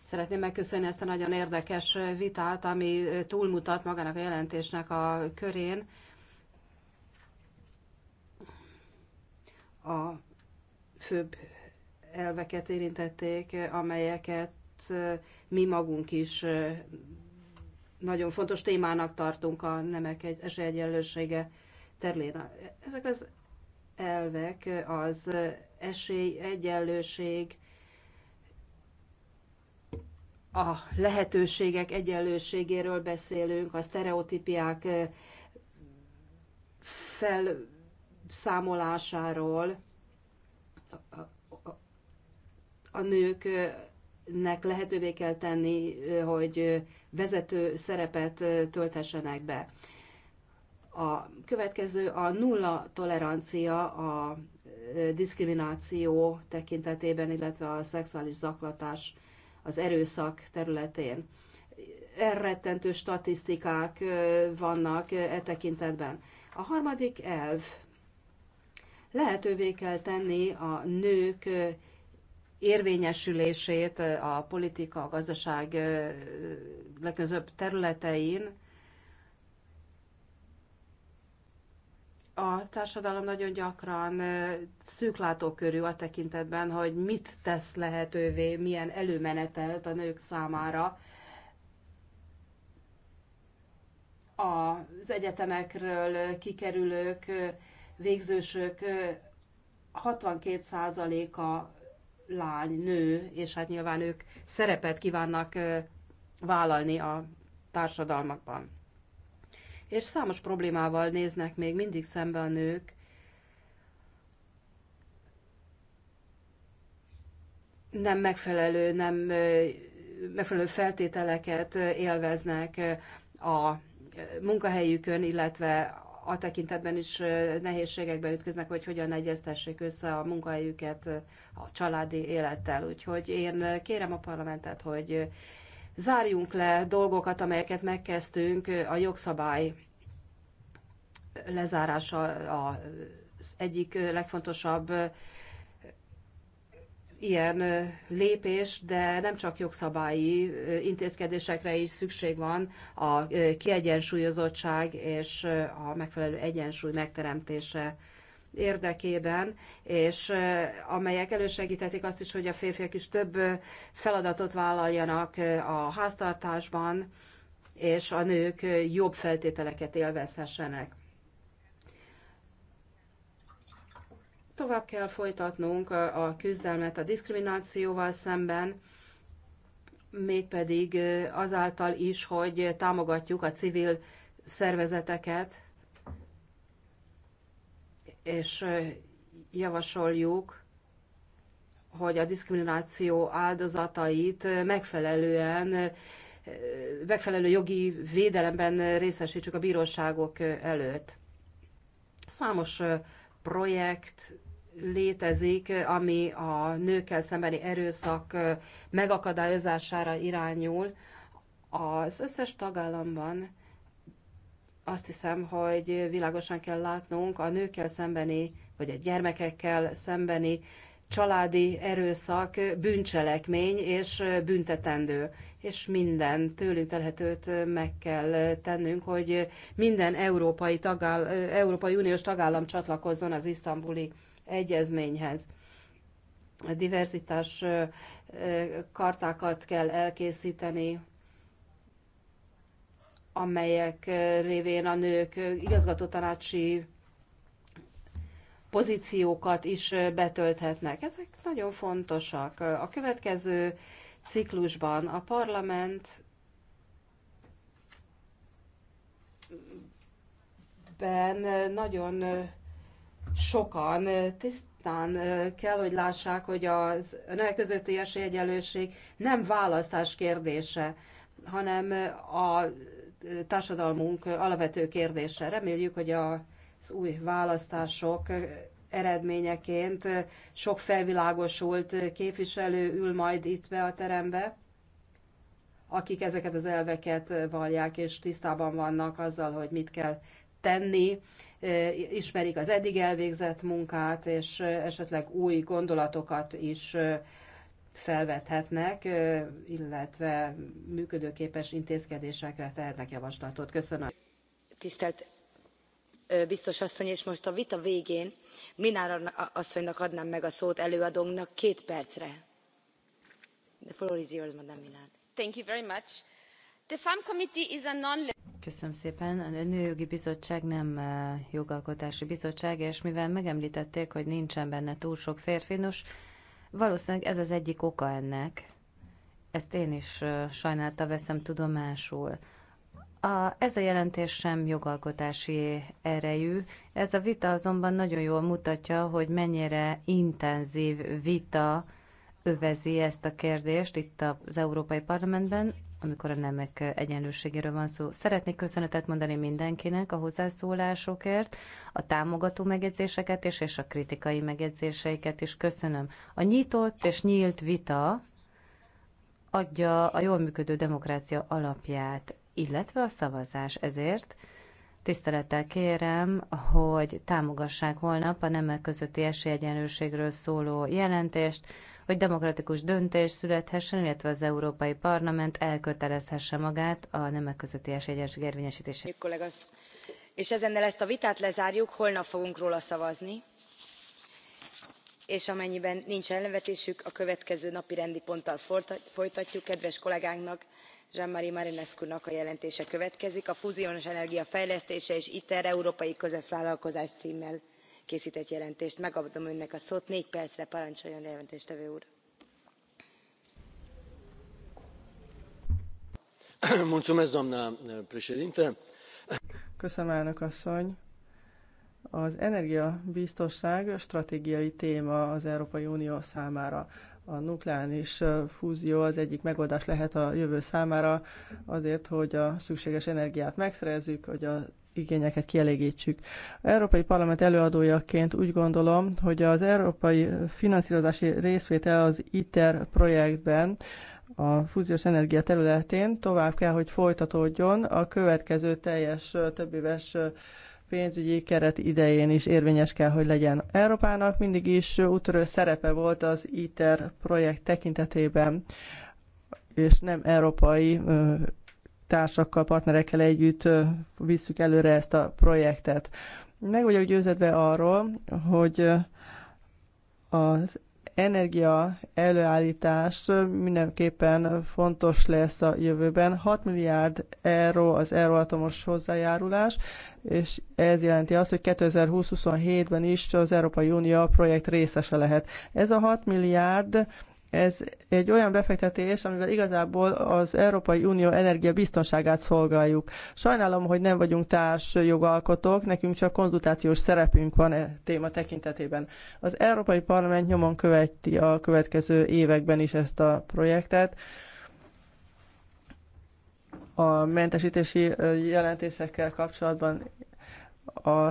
Szeretném megköszönni ezt a nagyon érdekes vitát, ami túlmutat magának a jelentésnek a körén. A főbb elveket érintették, amelyeket mi magunk is nagyon fontos témának tartunk a nemek esélyegyenlősége terén. Ezek az elvek az esélyegyenlőség, a lehetőségek egyenlőségéről beszélünk, a sztereotípiák felszámolásáról, a nőknek lehetővé kell tenni, hogy vezető szerepet töltessenek be. A következő a nulla tolerancia a diszkrimináció tekintetében, illetve a szexuális zaklatás az erőszak területén. Elrettentő statisztikák vannak e tekintetben. A harmadik elv lehetővé kell tenni a nők érvényesülését a politika, a gazdaság legközöbb területein, a társadalom nagyon gyakran szűklátókörű a tekintetben, hogy mit tesz lehetővé, milyen előmenetelt a nők számára. Az egyetemekről kikerülők, végzősök 62%-a lány, nő, és hát nyilván ők szerepet kívánnak vállalni a társadalmakban és számos problémával néznek még mindig szembe a nők. Nem megfelelő, nem megfelelő feltételeket élveznek a munkahelyükön, illetve a tekintetben is nehézségekbe ütköznek, hogy hogyan egyeztessék össze a munkahelyüket a családi élettel. Úgyhogy én kérem a parlamentet, hogy zárjunk le dolgokat, amelyeket megkezdtünk a jogszabály lezárása az egyik legfontosabb ilyen lépés, de nem csak jogszabályi intézkedésekre is szükség van a kiegyensúlyozottság és a megfelelő egyensúly megteremtése érdekében, és amelyek elősegítették azt is, hogy a férfiak is több feladatot vállaljanak a háztartásban, és a nők jobb feltételeket élvezhessenek. Tovább kell folytatnunk a küzdelmet a diszkriminációval szemben, mégpedig azáltal is, hogy támogatjuk a civil szervezeteket, és javasoljuk, hogy a diszkrimináció áldozatait megfelelően megfelelő jogi védelemben részesítsük a bíróságok előtt. Számos projekt létezik, ami a nőkkel szembeni erőszak megakadályozására irányul. Az összes tagállamban azt hiszem, hogy világosan kell látnunk a nőkkel szembeni, vagy a gyermekekkel szembeni családi erőszak bűncselekmény és büntetendő, és minden tőlünk telhetőt meg kell tennünk, hogy minden európai, tagáll, európai uniós tagállam csatlakozzon az isztambuli egyezményhez. A diverzitás kartákat kell elkészíteni, amelyek révén a nők igazgatótanácsi pozíciókat is betölthetnek. Ezek nagyon fontosak. A következő ciklusban a parlament ben nagyon sokan tisztán kell, hogy lássák, hogy az nők közötti esélyegyelőség nem választás kérdése, hanem a társadalmunk alapvető kérdése. Reméljük, hogy az új választások eredményeként sok felvilágosult képviselő ül majd itt be a terembe, akik ezeket az elveket vallják, és tisztában vannak azzal, hogy mit kell tenni, ismerik az eddig elvégzett munkát, és esetleg új gondolatokat is felvethetnek, illetve működőképes intézkedésekre tehetnek javaslatot. Köszönöm. Tisztelt biztos asszony és most a vita végén Minár asszonynak adnám meg a szót előadónknak két percre. The floor is yours, Madame Minár. Thank you very much. The FAM Committee is a non Köszönöm szépen. A Nőjogi Bizottság nem jogalkotási bizottság, és mivel megemlítették, hogy nincsen benne túl sok férfinus, Valószínűleg ez az egyik oka ennek. Ezt én is sajnálta veszem tudomásul. A, ez a jelentés sem jogalkotási erejű. Ez a vita azonban nagyon jól mutatja, hogy mennyire intenzív vita övezi ezt a kérdést itt az Európai Parlamentben amikor a nemek egyenlőségéről van szó. Szeretnék köszönetet mondani mindenkinek a hozzászólásokért, a támogató megjegyzéseket és, és a kritikai megjegyzéseiket is köszönöm. A nyitott és nyílt vita adja a jól működő demokrácia alapját, illetve a szavazás. Ezért tisztelettel kérem, hogy támogassák holnap a nemek közötti esélyegyenlőségről szóló jelentést, hogy demokratikus döntés születhessen, illetve az Európai Parlament elkötelezhesse magát a nemek közötti esélyegyenlőség érvényesítésére. És ezennel ezt a vitát lezárjuk, holnap fogunk róla szavazni és amennyiben nincs ellenvetésük a következő napirendi ponttal folytatjuk kedves kollégánknak jean marie marinescu nak a jelentése következik a fúziós energia fejlesztése és iter európai közös vállalkozás cmmel késztett jelentést. megadom önnek a szót négy percre parancsoljon jelentéstevő úr! doamnă eh, președintă az energiabiztonság stratégiai téma az európai unió számára. a nukleáris eh, fúzió az egyik megoldás lehet a jövő számára azért hogy a szükséges energiát megszerezzük hogy az igényeket kielégítsük. A Európai Parlament előadójaként úgy gondolom, hogy az európai finanszírozási részvétel az ITER projektben a fúziós energia területén tovább kell, hogy folytatódjon a következő teljes többéves pénzügyi keret idején is érvényes kell, hogy legyen. Európának mindig is útörő szerepe volt az ITER projekt tekintetében, és nem európai társakkal, partnerekkel együtt visszük előre ezt a projektet. Meg vagyok győződve arról, hogy az energia előállítás mindenképpen fontos lesz a jövőben. 6 milliárd euró az euróatomos hozzájárulás, és ez jelenti azt, hogy 2027 ben is az Európai Unió projekt részese lehet. Ez a 6 milliárd ez egy olyan befektetés, amivel igazából az Európai Unió energia biztonságát szolgáljuk. Sajnálom, hogy nem vagyunk társ jogalkotók, nekünk csak konzultációs szerepünk van e téma tekintetében. Az Európai Parlament nyomon követi a következő években is ezt a projektet a mentesítési jelentésekkel kapcsolatban a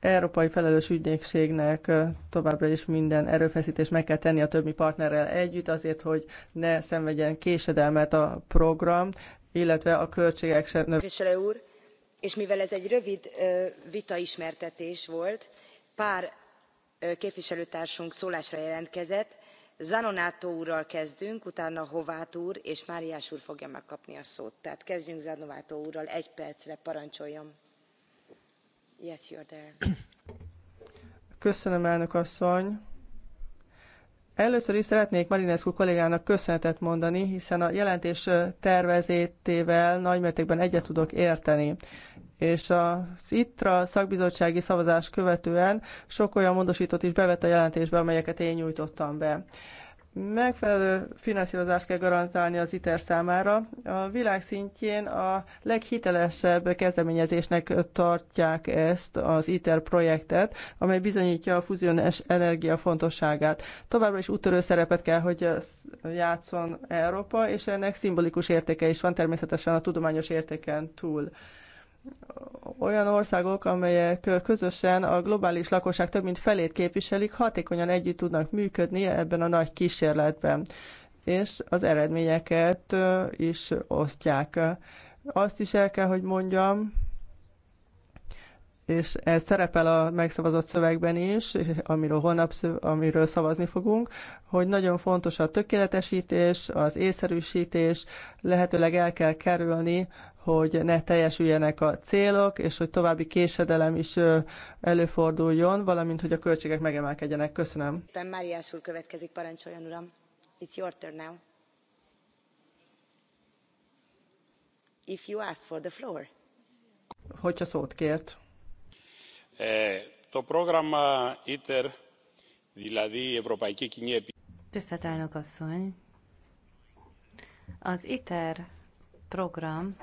európai felelős ügynökségnek továbbra is minden erőfeszítés meg kell tenni a többi partnerrel együtt azért, hogy ne szenvedjen késedelmet a program, illetve a költségek sem növ... úr, és mivel ez egy rövid vita ismertetés volt, pár képviselőtársunk szólásra jelentkezett. Zanonátó úrral kezdünk, utána Hovát úr és Máriás úr fogja megkapni a szót. Tehát kezdjünk Zanonátó úrral, egy percre parancsoljon. Yes, there. Köszönöm, elnök asszony. Először is szeretnék Marinescu kollégának köszönetet mondani, hiszen a jelentés tervezétével nagymértékben egyet tudok érteni. És az ITRA szakbizottsági szavazás követően sok olyan módosítót is bevett a jelentésbe, amelyeket én nyújtottam be. Megfelelő finanszírozást kell garantálni az ITER számára. A világ szintjén a leghitelesebb kezdeményezésnek tartják ezt az ITER projektet, amely bizonyítja a fúziós energia fontosságát. Továbbra is úttörő szerepet kell, hogy játszon Európa, és ennek szimbolikus értéke is van természetesen a tudományos értéken túl olyan országok, amelyek közösen a globális lakosság több mint felét képviselik, hatékonyan együtt tudnak működni ebben a nagy kísérletben, és az eredményeket is osztják. Azt is el kell, hogy mondjam, és ez szerepel a megszavazott szövegben is, amiről holnap amiről szavazni fogunk, hogy nagyon fontos a tökéletesítés, az észszerűsítés, lehetőleg el kell kerülni hogy ne teljesüljenek a célok, és hogy további késedelem is előforduljon, valamint, hogy a költségek megemelkedjenek. Köszönöm. Máriás úr következik, parancsoljon, uram. It's your turn now. If you ask for the floor. Hogyha szót kért. Eh, to ITER, dilladi Európai Κοινή Tisztelt elnök asszony, az ITER program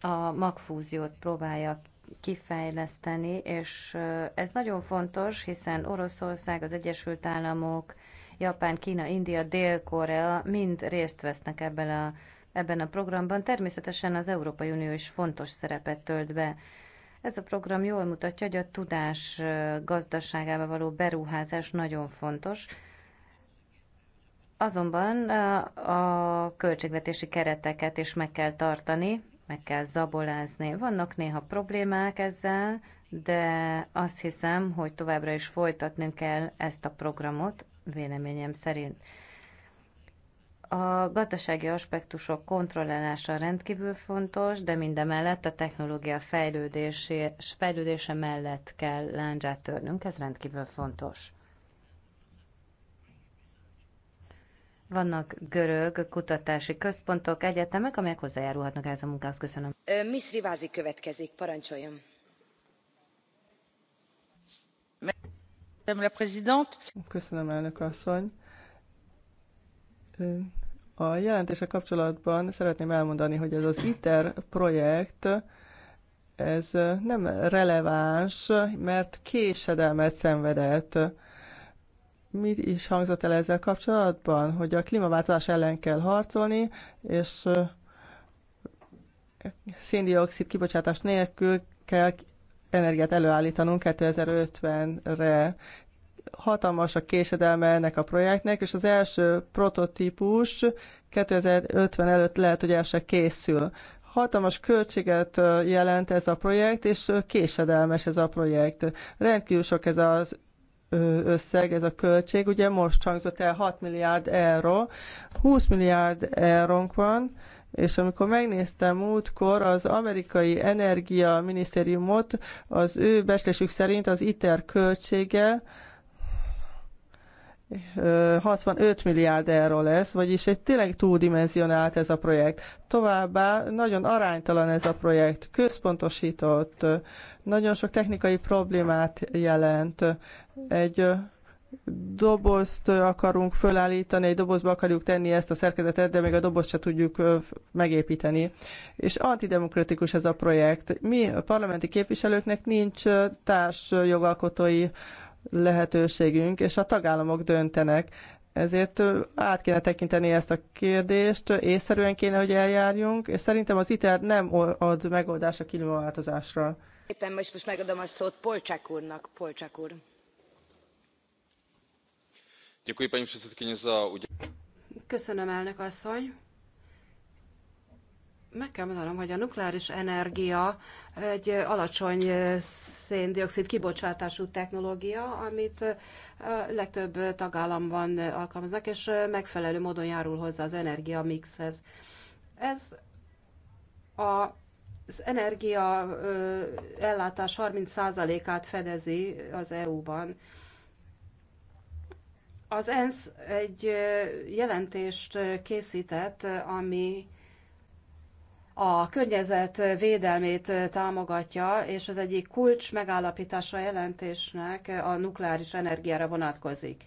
a magfúziót próbálja kifejleszteni, és ez nagyon fontos, hiszen Oroszország, az Egyesült Államok, Japán, Kína, India, Dél-Korea mind részt vesznek ebben a, ebben a programban. Természetesen az Európai Unió is fontos szerepet tölt be. Ez a program jól mutatja, hogy a tudás gazdaságába való beruházás nagyon fontos. Azonban a költségvetési kereteket is meg kell tartani, meg kell zabolázni. Vannak néha problémák ezzel, de azt hiszem, hogy továbbra is folytatnunk kell ezt a programot, véleményem szerint. A gazdasági aspektusok kontrollálása rendkívül fontos, de mindemellett a technológia fejlődése mellett kell láncsát törnünk, ez rendkívül fontos. Vannak görög kutatási központok, egyetemek, amelyek hozzájárulhatnak ehhez a munkához. Köszönöm. Miss Rivázi következik, parancsoljon. Köszönöm, elnök asszony. A jelentése kapcsolatban szeretném elmondani, hogy ez az ITER projekt, ez nem releváns, mert késedelmet szenvedett mit is hangzott el ezzel kapcsolatban, hogy a klímaváltozás ellen kell harcolni, és széndiokszid kibocsátás nélkül kell energiát előállítanunk 2050-re. Hatalmas a késedelme ennek a projektnek, és az első prototípus 2050 előtt lehet, hogy el se készül. Hatalmas költséget jelent ez a projekt, és késedelmes ez a projekt. Rendkívül sok ez az összeg, ez a költség. Ugye most hangzott el 6 milliárd euró, 20 milliárd eurónk van, és amikor megnéztem múltkor az amerikai energia minisztériumot, az ő beszélésük szerint az ITER költsége 65 milliárd euró lesz, vagyis egy tényleg túldimenzionált ez a projekt. Továbbá nagyon aránytalan ez a projekt, központosított, nagyon sok technikai problémát jelent. Egy dobozt akarunk fölállítani, egy dobozba akarjuk tenni ezt a szerkezetet, de még a dobozt se tudjuk megépíteni. És antidemokratikus ez a projekt. Mi a parlamenti képviselőknek nincs társ jogalkotói lehetőségünk, és a tagállamok döntenek. Ezért át kéne tekinteni ezt a kérdést, észszerűen kéne, hogy eljárjunk, és szerintem az ITER nem ad megoldást a klímaváltozásra éppen most, most megadom szót Köszönöm, Meg kell mondanom, hogy a nukleáris energia egy alacsony dioxid kibocsátású technológia, amit legtöbb tagállamban alkalmaznak, és megfelelő módon járul hozzá az energiamixhez. Ez a az energia ellátás 30%-át fedezi az EU-ban. Az ENSZ egy jelentést készített, ami a környezet védelmét támogatja, és az egyik kulcs megállapítása jelentésnek a nukleáris energiára vonatkozik.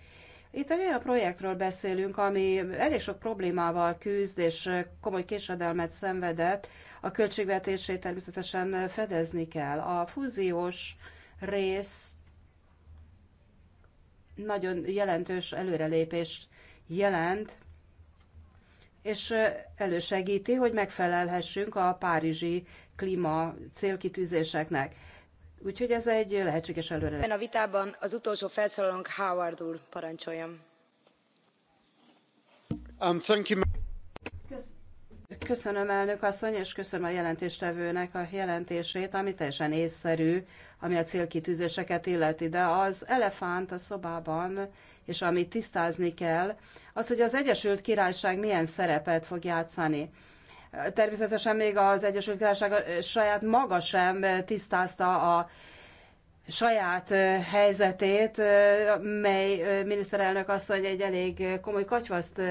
Itt egy olyan projektről beszélünk, ami elég sok problémával küzd, és komoly késedelmet szenvedett, a költségvetését természetesen fedezni kell. A fúziós rész nagyon jelentős előrelépést jelent, és elősegíti, hogy megfelelhessünk a párizsi klíma célkitűzéseknek. Úgyhogy ez egy lehetséges előre. Ebben a vitában az utolsó felszólalónk Howard úr, parancsoljam. Um, thank you. Köszönöm. Köszönöm elnök asszony, és köszönöm a jelentéstevőnek a jelentését, ami teljesen észszerű, ami a célkitűzéseket illeti, de az elefánt a szobában, és amit tisztázni kell, az, hogy az Egyesült Királyság milyen szerepet fog játszani. Természetesen még az Egyesült Királyság saját maga sem tisztázta a saját helyzetét, mely miniszterelnök asszony egy elég komoly katyvaszt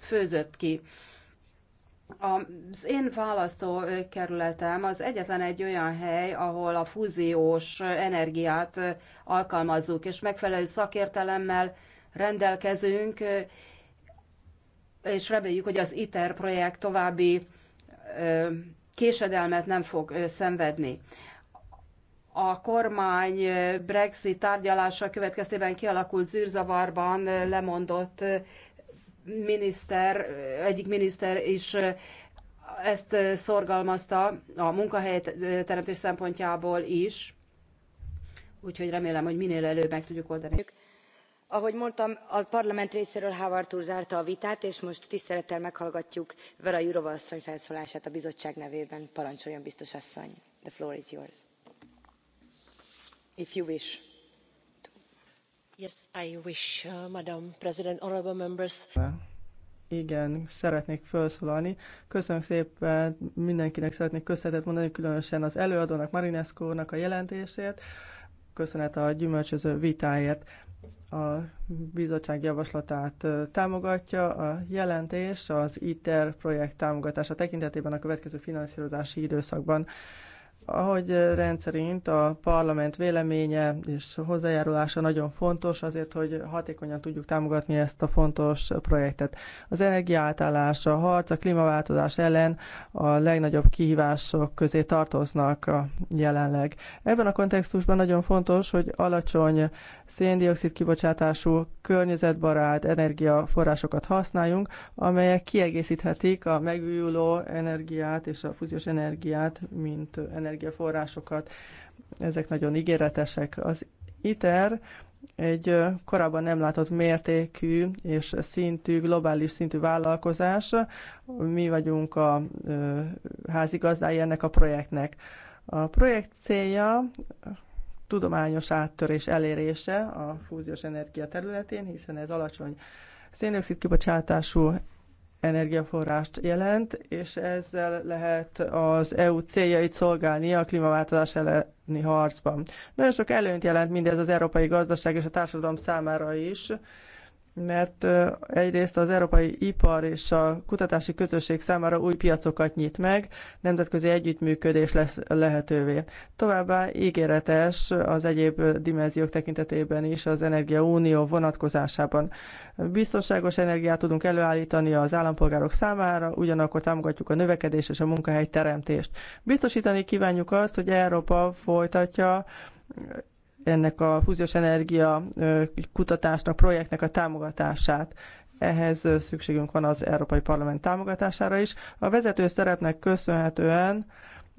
főzött ki. Az én választókerületem az egyetlen egy olyan hely, ahol a fúziós energiát alkalmazzuk, és megfelelő szakértelemmel rendelkezünk, és reméljük, hogy az ITER projekt további késedelmet nem fog szenvedni. A kormány Brexit tárgyalása következtében kialakult zűrzavarban lemondott miniszter, egyik miniszter is ezt szorgalmazta a teremtés szempontjából is, úgyhogy remélem, hogy minél előbb meg tudjuk oldani. Ahogy mondtam, a parlament részéről Howard úr zárta a vitát, és most tisztelettel meghallgatjuk Vera Jurova asszony felszólását a bizottság nevében. Parancsoljon, biztos asszony. The floor is yours. If you wish. Uh, Igen, szeretnék felszólalni. Köszönöm szépen, mindenkinek szeretnék köszönetet mondani, különösen az előadónak, Marineszkónak a jelentésért, köszönet a gyümölcsöző vitáért. A bizottság javaslatát támogatja a jelentés az ITER projekt támogatása tekintetében a következő finanszírozási időszakban. Ahogy eh, rendszerint a parlament véleménye és hozzájárulása nagyon fontos azért, hogy hatékonyan tudjuk támogatni ezt a fontos projektet. Az energiátállás, a harc, a klímaváltozás ellen a legnagyobb kihívások közé tartoznak jelenleg. Ebben a kontextusban nagyon fontos, hogy alacsony széndiokszid kibocsátású, környezetbarát energiaforrásokat használjunk, amelyek kiegészíthetik a megújuló energiát és a fúziós energiát, mint energiát energiaforrásokat. Ezek nagyon ígéretesek. Az ITER egy korábban nem látott mértékű és szintű, globális szintű vállalkozás. Mi vagyunk a házigazdái ennek a projektnek. A projekt célja tudományos áttörés elérése a fúziós energia területén, hiszen ez alacsony széndiokszid kibocsátású energiaforrást jelent, és ezzel lehet az EU céljait szolgálni a klímaváltozás elleni harcban. Nagyon sok előnyt jelent mindez az európai gazdaság és a társadalom számára is, mert egyrészt az európai ipar és a kutatási közösség számára új piacokat nyit meg, nemzetközi együttműködés lesz lehetővé. Továbbá ígéretes az egyéb dimenziók tekintetében is az energiaunió vonatkozásában. Biztonságos energiát tudunk előállítani az állampolgárok számára, ugyanakkor támogatjuk a növekedés és a munkahely teremtést. Biztosítani kívánjuk azt, hogy Európa folytatja ennek a fúziós energia kutatásnak, projektnek a támogatását. Ehhez szükségünk van az Európai Parlament támogatására is. A vezető szerepnek köszönhetően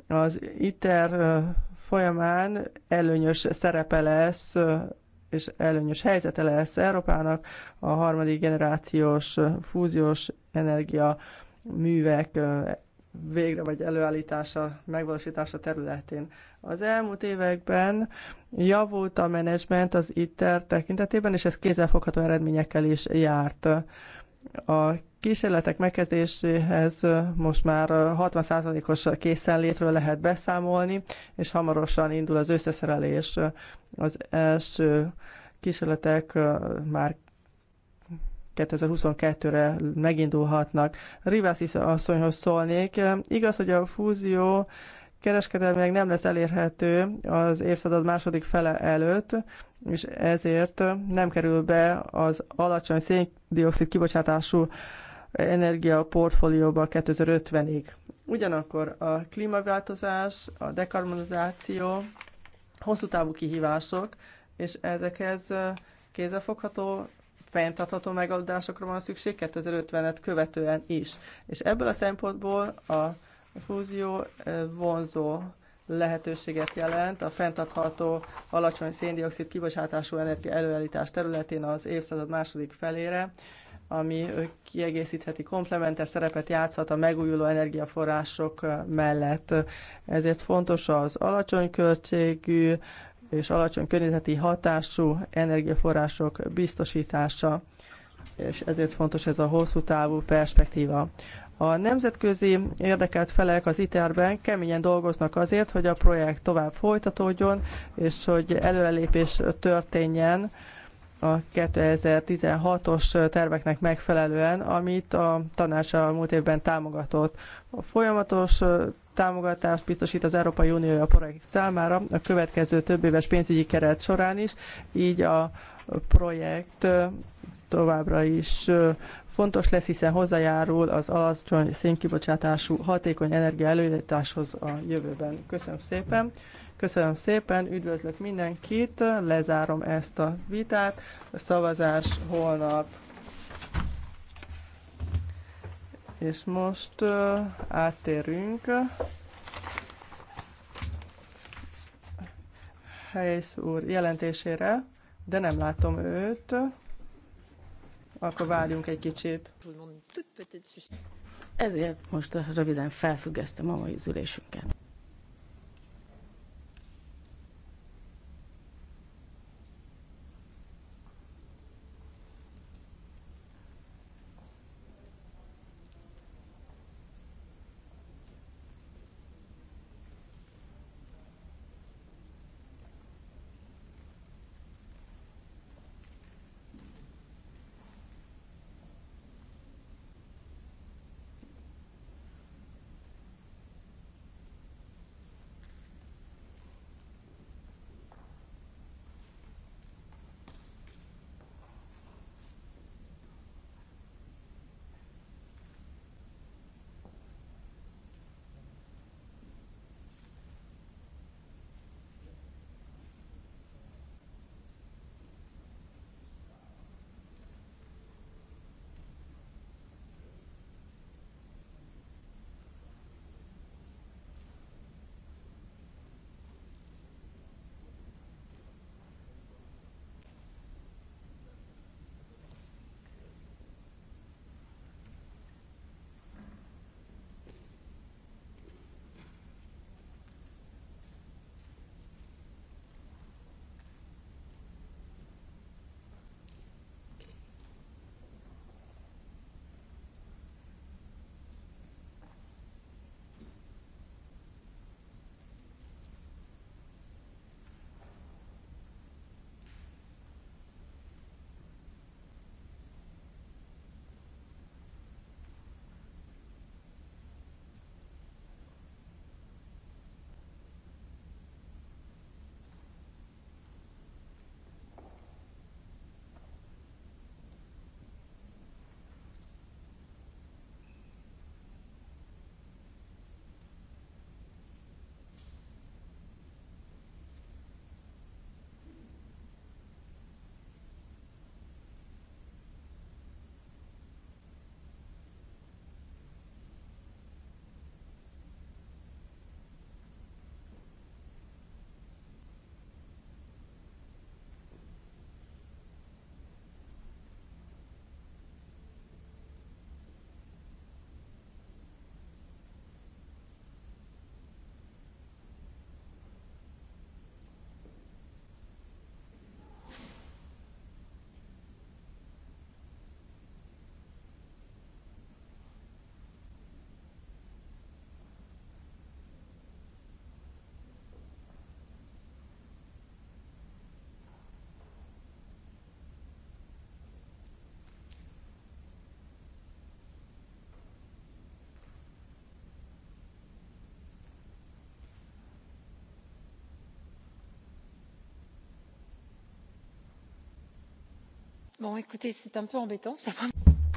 az ITER folyamán előnyös szerepe lesz és előnyös helyzete lesz Európának a harmadik generációs fúziós energia művek végre vagy előállítása, megvalósítása területén. Az elmúlt években javult a menedzsment az ITER tekintetében, és ez kézzelfogható eredményekkel is járt. A kísérletek megkezdéséhez most már 60%-os készenlétről lehet beszámolni, és hamarosan indul az összeszerelés. Az első kísérletek már 2022-re megindulhatnak. Rivas asszonyhoz szólnék. Igaz, hogy a fúzió kereskedelmileg nem lesz elérhető az évszázad második fele előtt, és ezért nem kerül be az alacsony széndiokszid kibocsátású portfólióba 2050-ig. Ugyanakkor a klímaváltozás, a dekarbonizáció hosszú távú kihívások, és ezekhez kézzelfogható fenntartható megoldásokra van szükség 2050-et követően is. És ebből a szempontból a fúzió eh, vonzó lehetőséget jelent a fenntartható alacsony széndiokszid kibocsátású energia előállítás területén az évszázad második felére, ami kiegészítheti, komplementer szerepet játszhat a megújuló energiaforrások eh, mellett. Ezért fontos az alacsony költségű, és alacsony környezeti hatású energiaforrások biztosítása, és ezért fontos ez a hosszú távú perspektíva. A nemzetközi érdekelt felek az ITER-ben keményen dolgoznak azért, hogy a projekt tovább folytatódjon, és hogy előrelépés történjen a 2016-os terveknek megfelelően, amit a tanács a múlt évben támogatott. A folyamatos támogatást biztosít az Európai Unió a projekt számára a következő több éves pénzügyi keret során is, így a projekt továbbra is fontos lesz, hiszen hozzájárul az alacsony szénkibocsátású hatékony energia előállításhoz a jövőben. Köszönöm szépen! Köszönöm szépen, üdvözlök mindenkit, lezárom ezt a vitát, a szavazás holnap És most uh, áttérünk Helyes úr jelentésére, de nem látom őt. Akkor várjunk egy kicsit. Ezért most röviden felfüggesztem a mai ülésünket.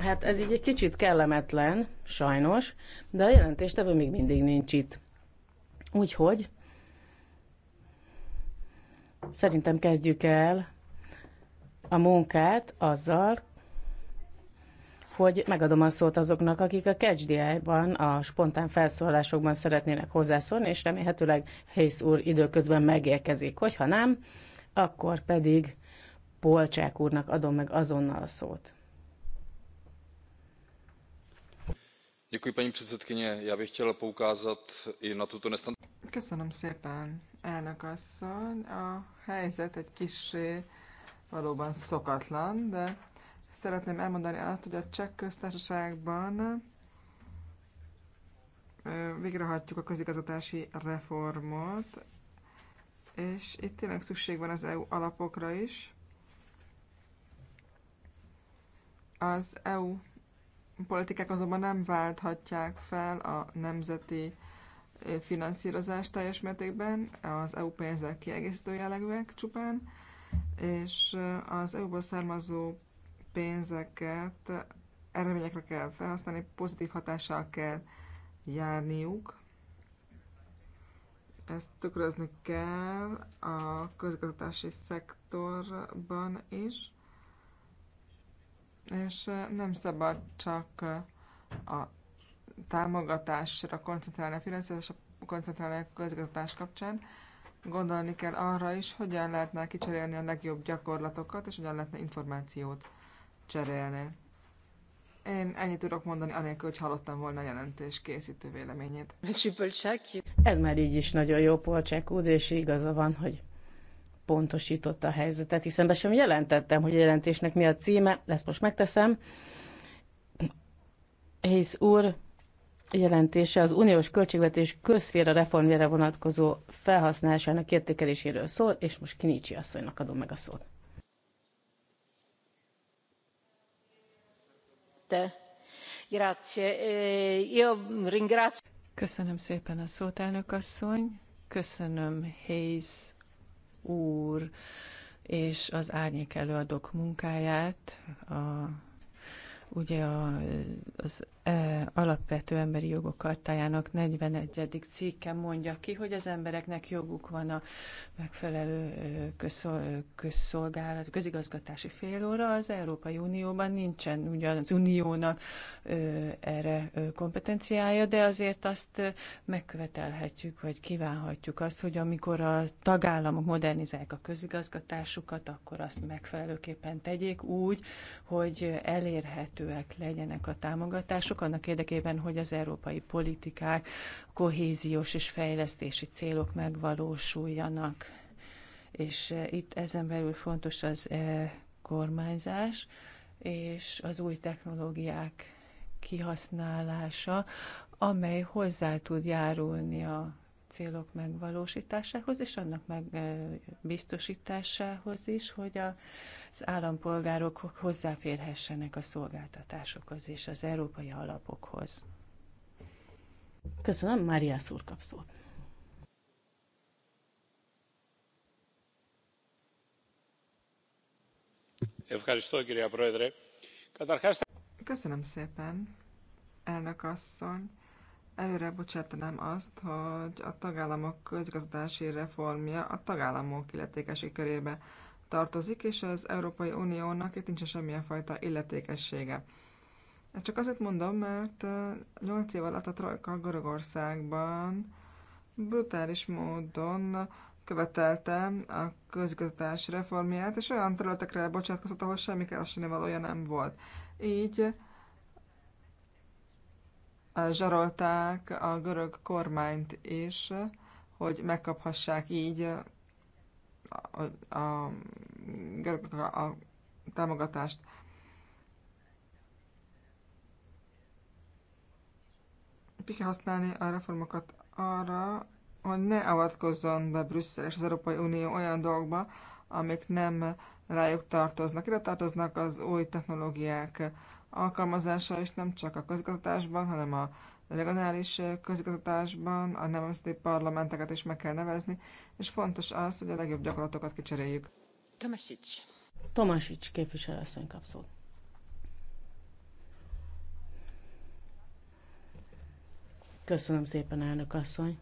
Hát ez így egy kicsit kellemetlen, sajnos, de a jelentéstevő még mindig nincs itt. Úgyhogy szerintem kezdjük el a munkát azzal, hogy megadom a szót azoknak, akik a KCDI-ban, a spontán felszólalásokban szeretnének hozzászólni, és remélhetőleg Hész úr időközben megérkezik. Hogyha nem, akkor pedig Polcsák úrnak adom meg azonnal a szót. paní předsedkyně já bych chtěl poukázat i na tuto Köszönöm szépen, elnök asszony. A helyzet egy kissé valóban szokatlan, de szeretném elmondani azt, hogy a cseh köztársaságban végrehajtjuk a közigazgatási reformot, és itt tényleg szükség van az EU alapokra is, Az EU politikák azonban nem válthatják fel a nemzeti finanszírozást teljes mértékben, az EU pénzek kiegészítő jellegűek csupán, és az EU-ból származó pénzeket eredményekre kell felhasználni, pozitív hatással kell járniuk. Ezt tükrözni kell a közgazdasági szektorban is és nem szabad csak a támogatásra koncentrálni, a finanszírozásra koncentrálni a közigazgatás kapcsán, gondolni kell arra is, hogyan lehetne kicserélni a legjobb gyakorlatokat, és hogyan lehetne információt cserélni. Én ennyit tudok mondani, anélkül, hogy hallottam volna a jelentés készítő véleményét. Ez már így is nagyon jó, Polcsák úr, és igaza van, hogy pontosította a helyzetet, hiszen be sem jelentettem, hogy a jelentésnek mi a címe, ezt most megteszem. Hész úr jelentése az uniós költségvetés közféra reformjára vonatkozó felhasználásának értékeléséről szól, és most Kinicsi asszonynak adom meg a szót. Te. Eh, Köszönöm szépen a szót, elnök asszony. Köszönöm Hayes úr és az árnyék előadók munkáját, a, ugye a, az alapvető emberi jogok kartájának 41. cikke mondja ki, hogy az embereknek joguk van a megfelelő közszolgálat, közigazgatási félóra. Az Európai Unióban nincsen ugyan az uniónak erre kompetenciája, de azért azt megkövetelhetjük, vagy kívánhatjuk azt, hogy amikor a tagállamok modernizálják a közigazgatásukat, akkor azt megfelelőképpen tegyék úgy, hogy elérhetőek legyenek a támogatások, csak annak érdekében, hogy az európai politikák kohéziós és fejlesztési célok megvalósuljanak. És eh, itt ezen belül fontos az e, kormányzás és az új technológiák kihasználása, amely hozzá tud járulni a célok megvalósításához, és annak megbiztosításához is, hogy az állampolgárok hozzáférhessenek a szolgáltatásokhoz és az európai alapokhoz. Köszönöm, Mária Szúr kap Köszönöm szépen, elnök asszony előre bocsátanám azt, hogy a tagállamok közgazdasági reformja a tagállamok illetékesi körébe tartozik, és az Európai Uniónak itt nincs semmilyen fajta illetékessége. Ezt csak azért mondom, mert 8 év alatt a Trojka Görögországban brutális módon követelte a közigazgatás reformját, és olyan területekre bocsátkozott, ahol semmi keresni valója nem volt. Így zsarolták a görög kormányt is, hogy megkaphassák így a, a, a, a támogatást. Ki kell használni a reformokat arra, hogy ne avatkozzon be Brüsszel és az Európai Unió olyan dolgokba, amik nem rájuk tartoznak. Ide tartoznak az új technológiák, alkalmazása, is nem csak a közigazgatásban, hanem a regionális közigazgatásban a nemzeti parlamenteket is meg kell nevezni, és fontos az, hogy a legjobb gyakorlatokat kicseréljük. Tomasics. Tomasics képviselő asszony szót. Köszönöm szépen, elnök asszony.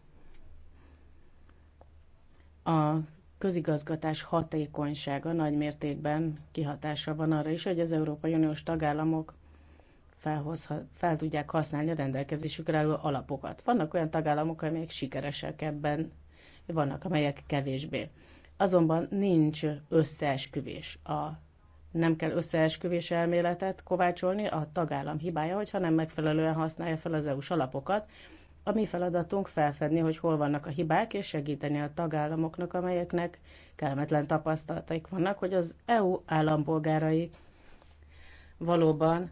A közigazgatás hatékonysága nagy mértékben kihatása van arra is, hogy az Európai Uniós tagállamok felhozhat, fel tudják használni a rendelkezésükre álló alapokat. Vannak olyan tagállamok, amelyek sikeresek ebben, vannak amelyek kevésbé. Azonban nincs összeesküvés. A, nem kell összeesküvés elméletet kovácsolni, a tagállam hibája, hogyha nem megfelelően használja fel az EU-s alapokat. A mi feladatunk felfedni, hogy hol vannak a hibák, és segíteni a tagállamoknak, amelyeknek kellemetlen tapasztalataik vannak, hogy az EU állampolgárai valóban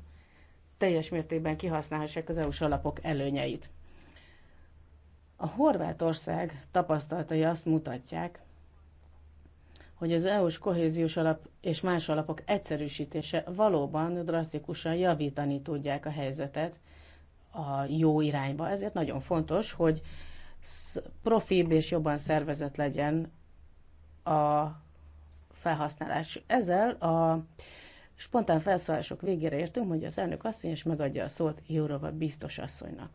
teljes mértékben kihasználhassák az EU-s alapok előnyeit. A Horvátország tapasztalatai azt mutatják, hogy az EU-s kohéziós alap és más alapok egyszerűsítése valóban drasztikusan javítani tudják a helyzetet a jó irányba. Ezért nagyon fontos, hogy profibb és jobban szervezett legyen a felhasználás. Ezzel a Spontán felszólások végére értünk, hogy az elnök asszony és megadja a szót Jórova biztos asszonynak.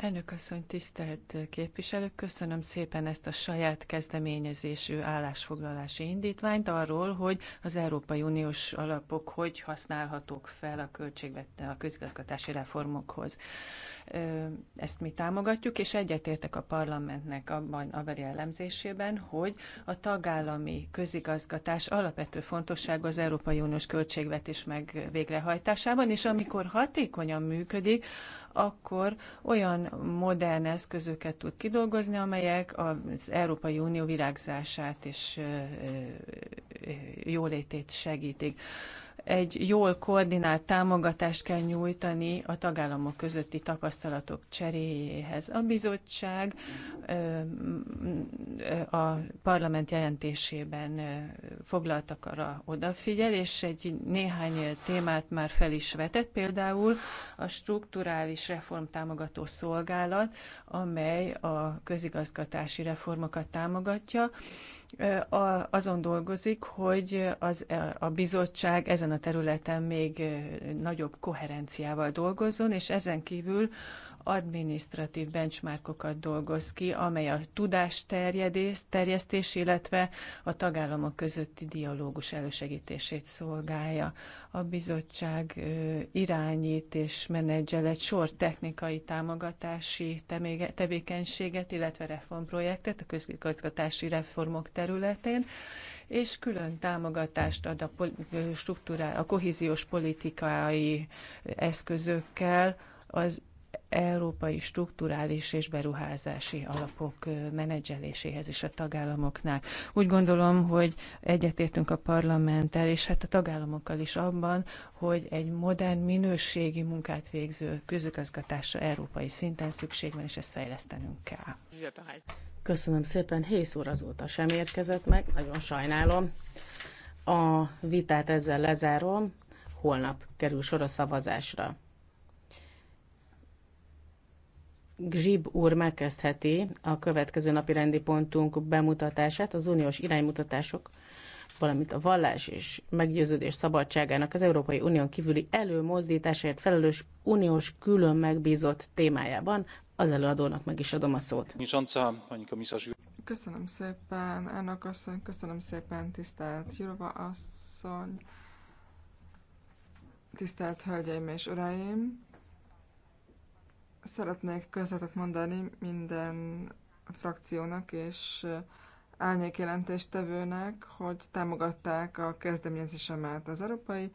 Elnök asszony, tisztelt képviselők, köszönöm szépen ezt a saját kezdeményezésű állásfoglalási indítványt arról, hogy az Európai Uniós alapok hogy használhatók fel a költségvette a közigazgatási reformokhoz. Ezt mi támogatjuk, és egyetértek a parlamentnek abban a elemzésében, hogy a tagállami közigazgatás alapvető fontosság az Európai Uniós költségvetés meg végrehajtásában, és amikor hatékonyan működik, akkor olyan modern eszközöket tud kidolgozni, amelyek az Európai Unió virágzását és jólétét segítik egy jól koordinált támogatást kell nyújtani a tagállamok közötti tapasztalatok cseréjéhez. A bizottság a parlament jelentésében foglaltakra odafigyel, és egy néhány témát már fel is vetett, például a strukturális reformtámogató szolgálat, amely a közigazgatási reformokat támogatja, azon dolgozik, hogy az, a bizottság ezen a területen még nagyobb koherenciával dolgozzon, és ezen kívül administratív benchmarkokat dolgoz ki, amely a tudás terjedés, terjesztés, illetve a tagállamok közötti dialógus elősegítését szolgálja. A bizottság irányít és menedzsel egy sor technikai támogatási tevékenységet, illetve reformprojektet a közigazgatási reformok területén, és külön támogatást ad a, struktúrá, a kohéziós politikai eszközökkel az európai strukturális és beruházási alapok menedzseléséhez is a tagállamoknál. Úgy gondolom, hogy egyetértünk a parlamenttel, és hát a tagállamokkal is abban, hogy egy modern, minőségi munkát végző közigazgatásra európai szinten szükség van, és ezt fejlesztenünk kell. Köszönöm szépen, 7 óra azóta sem érkezett meg, nagyon sajnálom. A vitát ezzel lezárom, holnap kerül sor a szavazásra. Gzsib úr megkezdheti a következő napi rendi pontunk bemutatását, az uniós iránymutatások, valamint a vallás és meggyőződés szabadságának az Európai Unión kívüli előmozdításáért felelős uniós külön megbízott témájában. Az előadónak meg is adom a szót. Köszönöm szépen, elnök asszony, köszönöm szépen, tisztelt Jurova asszony, tisztelt hölgyeim és uraim. Szeretnék köszönetet mondani minden frakciónak és árnyékjelentéstevőnek, hogy támogatták a kezdeményezésemet az Európai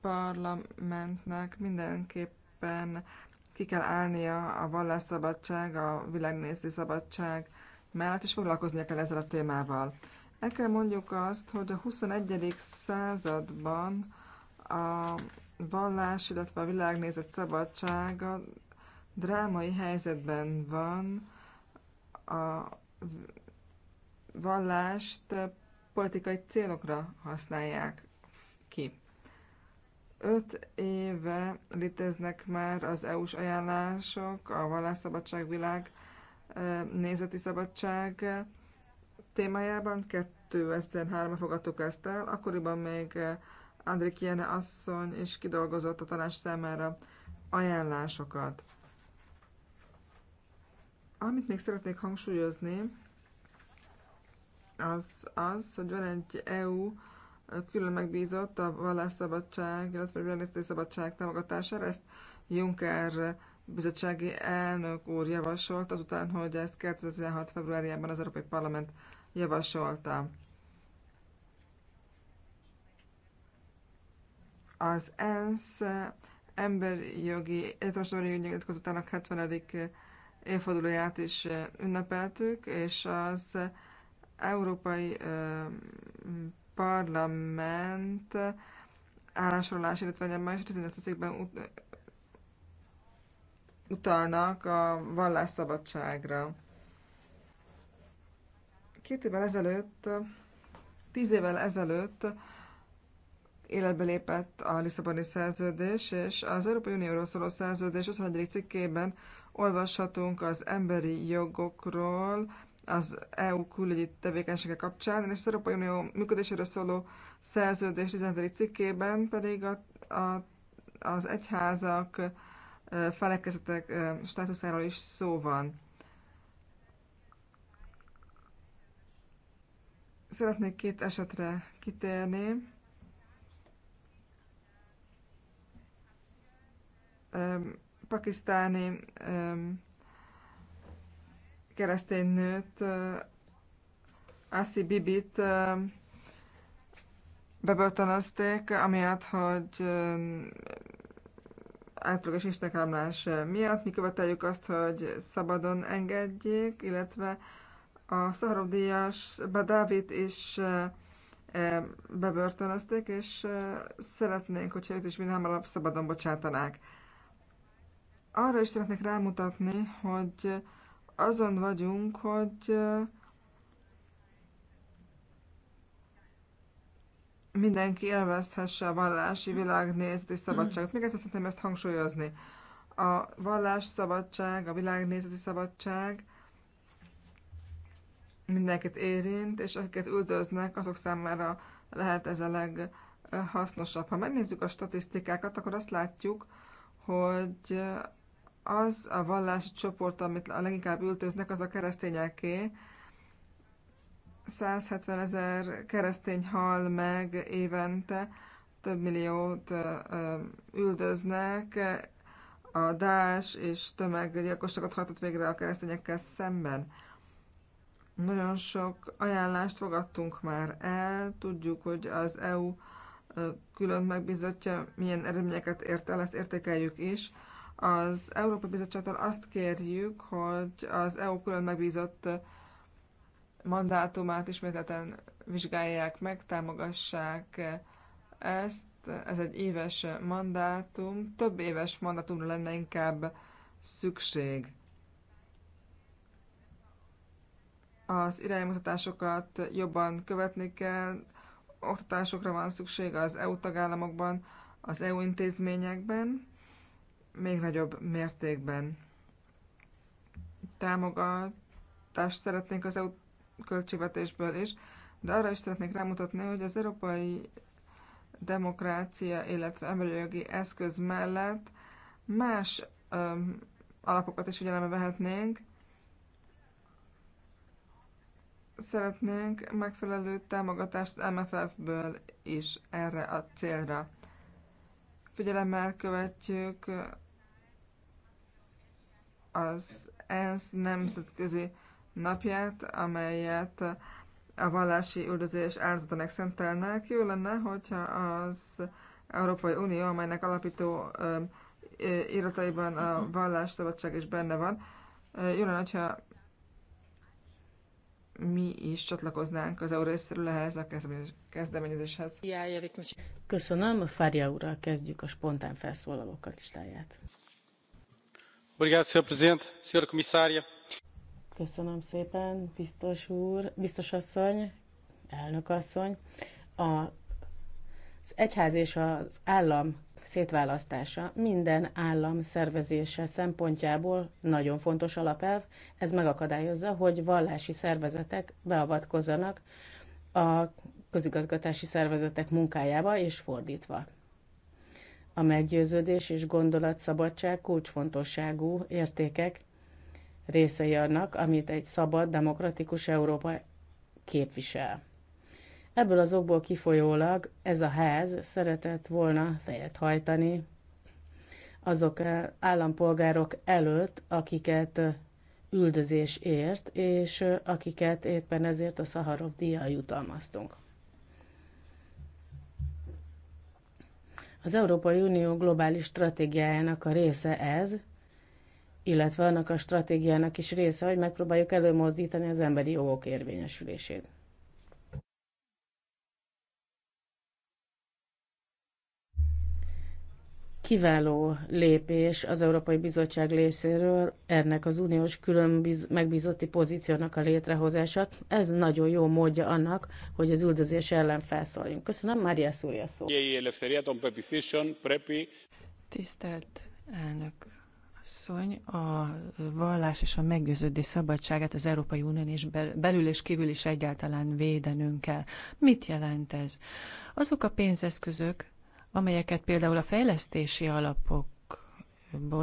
Parlamentnek mindenképpen ki kell állnia a vallásszabadság, a világnézeti szabadság mellett, és foglalkoznia kell ezzel a témával. El kell mondjuk azt, hogy a 21. században a vallás, illetve a világnézet szabadsága drámai helyzetben van. A vallást politikai célokra használják ki. Öt éve léteznek már az EU-s ajánlások, a vallásszabadság világ nézeti szabadság témájában 2003-ban fogadtuk ezt el, akkoriban még Andrikiene asszony is kidolgozott a tanács számára ajánlásokat. Amit még szeretnék hangsúlyozni, az az, hogy van egy EU külön megbízott a vallásszabadság, illetve a világnézeti szabadság támogatására. Ezt Juncker bizottsági elnök úr javasolt, azután, hogy ezt 2016. februárjában az Európai Parlament javasolta. Az ENSZ emberi jogi, elektromos emberi jogi nyilatkozatának 70. évfordulóját is ünnepeltük, és az Európai Parlament állásolás, illetve a másik 15. székben utalnak a vallásszabadságra. Két évvel ezelőtt, tíz évvel ezelőtt életbe lépett a Lisszaboni szerződés, és az Európai Unióról szóló szerződés 21. cikkében olvashatunk az emberi jogokról, az EU külügyi tevékenysége kapcsán, és az Európai Unió működéséről szóló szerződés 17. cikkében pedig a, a, az egyházak, felekezetek státuszáról is szó van. Szeretnék két esetre kitérni. pakisztáni keresztény nőt, Asi Bibit bebörtönözték, amiatt, hogy átlagos istenkámlás. miatt. Mi követeljük azt, hogy szabadon engedjék, illetve a szaharodíjas Badávit is bebörtönözték, és szeretnénk, hogyha őt is minél hamarabb szabadon bocsátanák arra is szeretnék rámutatni, hogy azon vagyunk, hogy mindenki élvezhesse a vallási világnézeti szabadságot. Még egyszer szeretném ezt hangsúlyozni. A vallás szabadság, a világnézeti szabadság mindenkit érint, és akiket üldöznek, azok számára lehet ez a leghasznosabb. Ha megnézzük a statisztikákat, akkor azt látjuk, hogy az a vallási csoport, amit a leginkább ültöznek, az a keresztényeké. 170 ezer keresztény hal meg évente, több milliót üldöznek, a Dás és tömeggyilkosságot hajtott végre a keresztényekkel szemben. Nagyon sok ajánlást fogadtunk már el, tudjuk, hogy az EU külön megbizotja, milyen eredményeket ért el, ezt értékeljük is. Az Európai Bizottságtól azt kérjük, hogy az EU külön megbízott mandátumát ismételten vizsgálják meg, támogassák ezt. Ez egy éves mandátum, több éves mandátumra lenne inkább szükség. Az iránymutatásokat jobban követni kell, oktatásokra van szükség az EU tagállamokban, az EU intézményekben, még nagyobb mértékben támogatást szeretnénk az EU költségvetésből is, de arra is szeretnék rámutatni, hogy az európai demokrácia, illetve emberi jogi eszköz mellett más öm, alapokat is figyelembe vehetnénk. Szeretnénk megfelelő támogatást az MFF-ből is erre a célra. Figyelemmel követjük az ENSZ nemzetközi napját, amelyet a vallási üldözés áldozatának szentelnek. Jó lenne, hogyha az Európai Unió, amelynek alapító irataiban a mhm. vallásszabadság is benne van, jó lenne, hogyha mi is csatlakoznánk az EU részéről ehhez a kezdeményezéshez. Köszönöm, Fária úrral kezdjük a spontán felszólalókat listáját. Köszönöm szépen, biztos úr, biztos asszony, elnök asszony. A, az egyház és az állam szétválasztása minden állam szervezése szempontjából nagyon fontos alapelv. Ez megakadályozza, hogy vallási szervezetek beavatkozzanak a közigazgatási szervezetek munkájába és fordítva. A meggyőződés és gondolatszabadság kulcsfontosságú értékek részei annak, amit egy szabad, demokratikus Európa képvisel. Ebből az okból kifolyólag ez a ház szeretett volna fejet hajtani azok állampolgárok előtt, akiket üldözés ért, és akiket éppen ezért a Szaharov díjjal jutalmaztunk. Az Európai Unió globális stratégiájának a része ez, illetve annak a stratégiának is része, hogy megpróbáljuk előmozdítani az emberi jogok érvényesülését. kiváló lépés az Európai Bizottság részéről ennek az uniós külön megbízotti pozíciónak a létrehozása. Ez nagyon jó módja annak, hogy az üldözés ellen felszóljunk. Köszönöm, Mária Szúria szó. Tisztelt elnök asszony, a vallás és a meggyőződés szabadságát az Európai Unión és belül és kívül is egyáltalán védenünk kell. Mit jelent ez? Azok a pénzeszközök, amelyeket például a fejlesztési alapok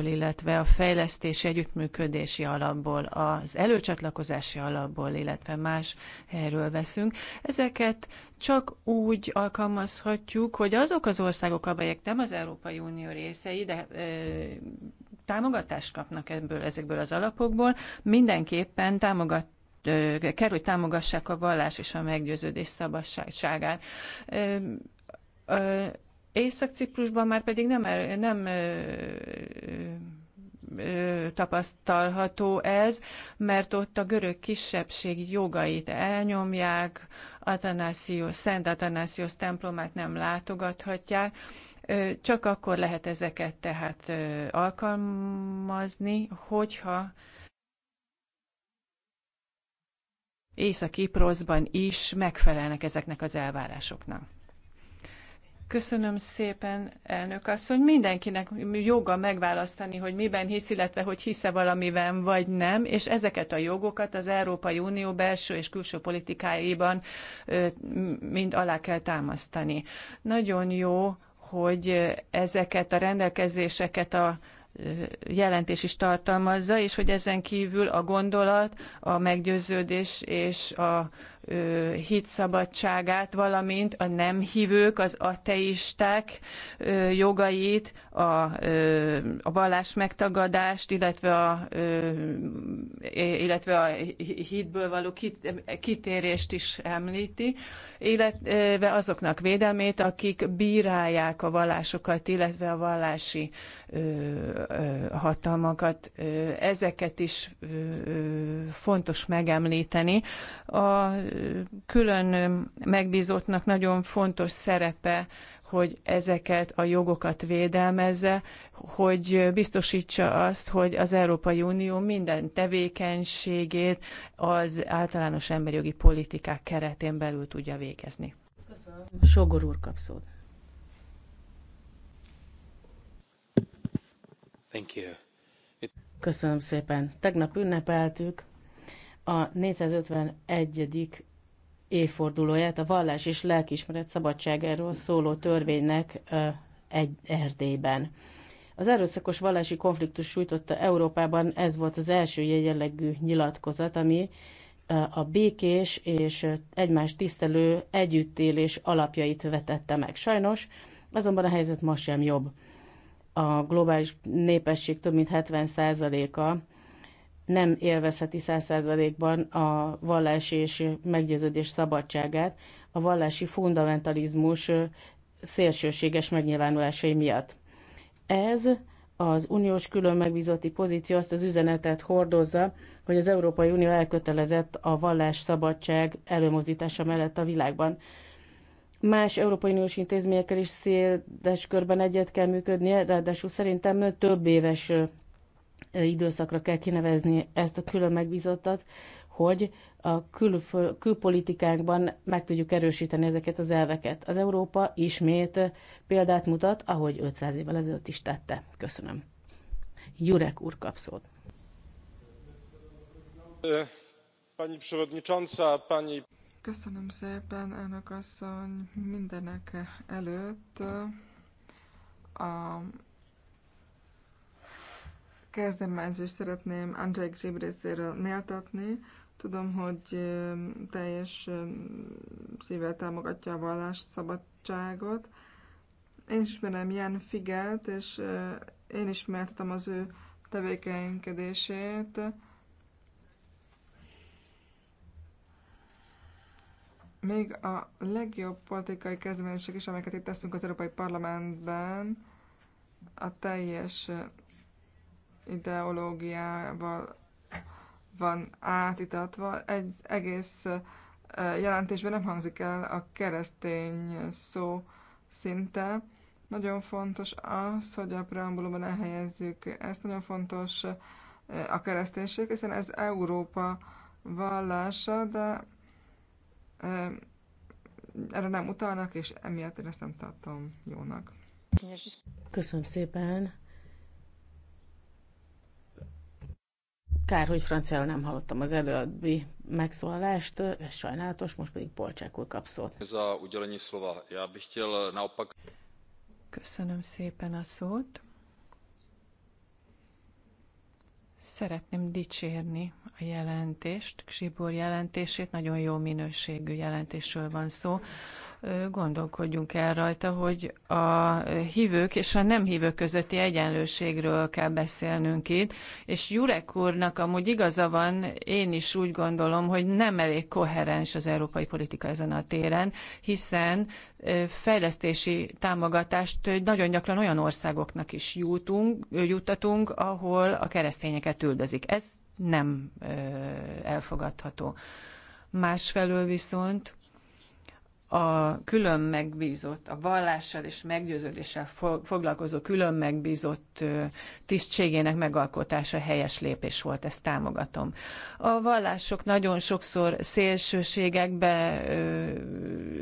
illetve a fejlesztési együttműködési alapból, az előcsatlakozási alapból, illetve más helyről veszünk. Ezeket csak úgy alkalmazhatjuk, hogy azok az országok, amelyek nem az Európai Unió részei, de ö, támogatást kapnak ebből, ezekből az alapokból, mindenképpen támogat kell, hogy támogassák a vallás és a meggyőződés szabadságát. Észak-Ciprusban már pedig nem, nem tapasztalható ez, mert ott a görög kisebbség jogait elnyomják, Atanasios, Szent Atanasios templomát nem látogathatják, csak akkor lehet ezeket tehát alkalmazni, hogyha Észak-Iproszban is megfelelnek ezeknek az elvárásoknak. Köszönöm szépen, elnök asszony. Mindenkinek joga megválasztani, hogy miben hisz, illetve hogy hisze valamiben vagy nem, és ezeket a jogokat az Európai Unió belső és külső politikáiban mind alá kell támasztani. Nagyon jó, hogy ezeket a rendelkezéseket a jelentés is tartalmazza, és hogy ezen kívül a gondolat, a meggyőződés és a hitszabadságát, valamint a nem hívők, az ateisták jogait, a, a vallás megtagadást, illetve a, illetve a hitből való kitérést is említi, illetve azoknak védelmét, akik bírálják a vallásokat, illetve a vallási hatalmakat. Ezeket is fontos megemlíteni. A külön megbízottnak nagyon fontos szerepe, hogy ezeket a jogokat védelmezze, hogy biztosítsa azt, hogy az Európai Unió minden tevékenységét az általános emberi jogi politikák keretén belül tudja végezni. Köszönöm. Sogor úr kap szót. Köszönöm szépen. Tegnap ünnepeltük a 451. évfordulóját a vallás és lelkismeret szabadságáról szóló törvénynek egy Erdélyben. Az erőszakos vallási konfliktus sújtotta Európában, ez volt az első jellegű nyilatkozat, ami a békés és egymás tisztelő együttélés alapjait vetette meg. Sajnos azonban a helyzet ma sem jobb a globális népesség több mint 70%-a nem élvezheti 100%-ban a vallási és meggyőződés szabadságát a vallási fundamentalizmus szélsőséges megnyilvánulásai miatt. Ez az uniós külön megbízotti pozíció azt az üzenetet hordozza, hogy az Európai Unió elkötelezett a vallás szabadság előmozdítása mellett a világban más Európai Uniós intézményekkel is széles körben egyet kell működnie, ráadásul szerintem több éves időszakra kell kinevezni ezt a külön megbízottat, hogy a kül, külpolitikánkban meg tudjuk erősíteni ezeket az elveket. Az Európa ismét példát mutat, ahogy 500 évvel ezelőtt is tette. Köszönöm. Jurek úr kap szót. Pani przewodnicząca, pani Köszönöm szépen, elnök asszony, mindenek előtt a kezdeményezés szeretném Andrzej Grzyb részéről méltatni. Tudom, hogy teljes szívvel támogatja a vallás szabadságot. Én ismerem Jan Figelt, és én ismertem az ő tevékenykedését. még a legjobb politikai kezdeményezések is, amelyeket itt teszünk az Európai Parlamentben, a teljes ideológiával van átitatva. Egy egész jelentésben nem hangzik el a keresztény szó szinte. Nagyon fontos az, hogy a preambulumban elhelyezzük ezt. Nagyon fontos a kereszténység, hiszen ez Európa vallása, de erre nem utalnak, és emiatt én ezt nem tartom jónak. Köszönöm szépen. Kár, hogy franciául nem hallottam az előadói megszólalást, ez sajnálatos, most pedig Polcsák úr kap szót. Ez a ugyalennyi szóval. Já bych chtěl naopak... Köszönöm szépen a szót. Szeretném dicsérni a jelentést, Ksibor jelentését, nagyon jó minőségű jelentésről van szó, gondolkodjunk el rajta, hogy a hívők és a nem hívők közötti egyenlőségről kell beszélnünk itt, és Jurek úrnak amúgy igaza van, én is úgy gondolom, hogy nem elég koherens az európai politika ezen a téren, hiszen fejlesztési támogatást nagyon gyakran olyan országoknak is jutunk, juttatunk, ahol a keresztényeket üldözik. Ez nem elfogadható. Másfelől viszont a külön megbízott, a vallással és meggyőződéssel foglalkozó külön megbízott tisztségének megalkotása helyes lépés volt, ezt támogatom. A vallások nagyon sokszor szélsőségekbe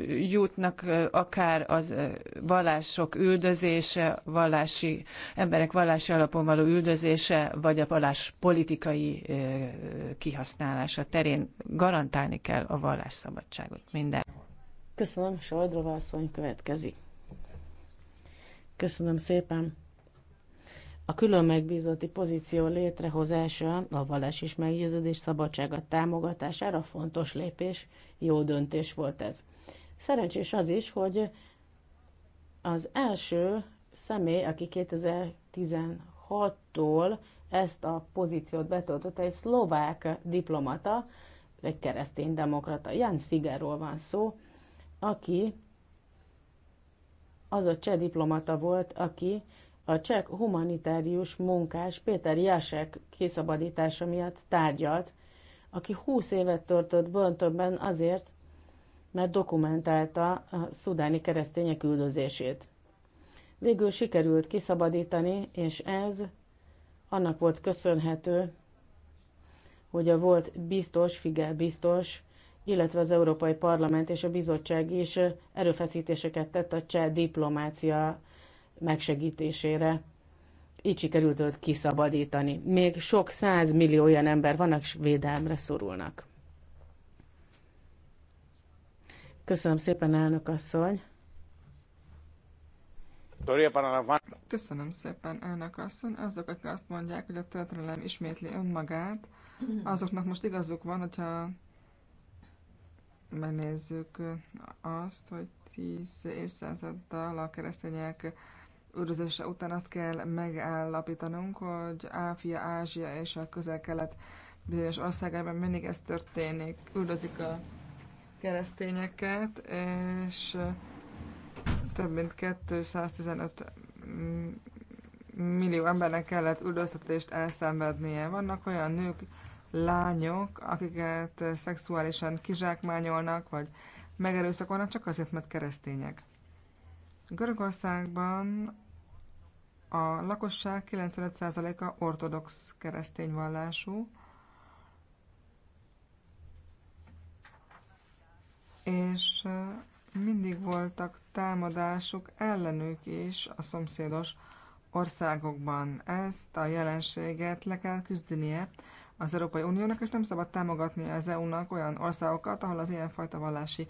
jutnak, akár az vallások üldözése, vallási, emberek vallási alapon való üldözése, vagy a vallás politikai kihasználása terén garantálni kell a vallásszabadságot minden. Köszönöm, Sajdrova asszony következik. Köszönöm szépen. A külön megbízati pozíció létrehozása a vallás és meggyőződés szabadsága támogatására fontos lépés, jó döntés volt ez. Szerencsés az is, hogy az első személy, aki 2016-tól ezt a pozíciót betöltött, egy szlovák diplomata, egy kereszténydemokrata, Jan Figerról van szó, aki az a cseh diplomata volt, aki a cseh humanitárius munkás Péter Jasek kiszabadítása miatt tárgyalt, aki 20 évet tartott börtönben azért, mert dokumentálta a szudáni keresztények üldözését. Végül sikerült kiszabadítani, és ez annak volt köszönhető, hogy a volt biztos, figyel biztos illetve az Európai Parlament és a Bizottság is erőfeszítéseket tett a cseh diplomácia megsegítésére. Így sikerült őt kiszabadítani. Még sok millió olyan ember van, akik védelmre szorulnak. Köszönöm szépen, elnök asszony! Köszönöm szépen, elnök asszony. Azok, akik azt mondják, hogy a történelem ismétli önmagát, azoknak most igazuk van, hogyha megnézzük azt, hogy 10 évszázaddal a keresztények üldözése után azt kell megállapítanunk, hogy Áfia, Ázsia és a közel-kelet bizonyos országában mindig ez történik, üldözik a keresztényeket, és több mint 215 millió embernek kellett üldöztetést elszenvednie. Vannak olyan nők, lányok, akiket szexuálisan kizsákmányolnak, vagy megerőszakolnak, csak azért, mert keresztények. Görögországban a lakosság 95%-a ortodox keresztény vallású, és mindig voltak támadások ellenük is a szomszédos országokban. Ezt a jelenséget le kell küzdenie az Európai Uniónak, és nem szabad támogatni az EU-nak olyan országokat, ahol az ilyenfajta vallási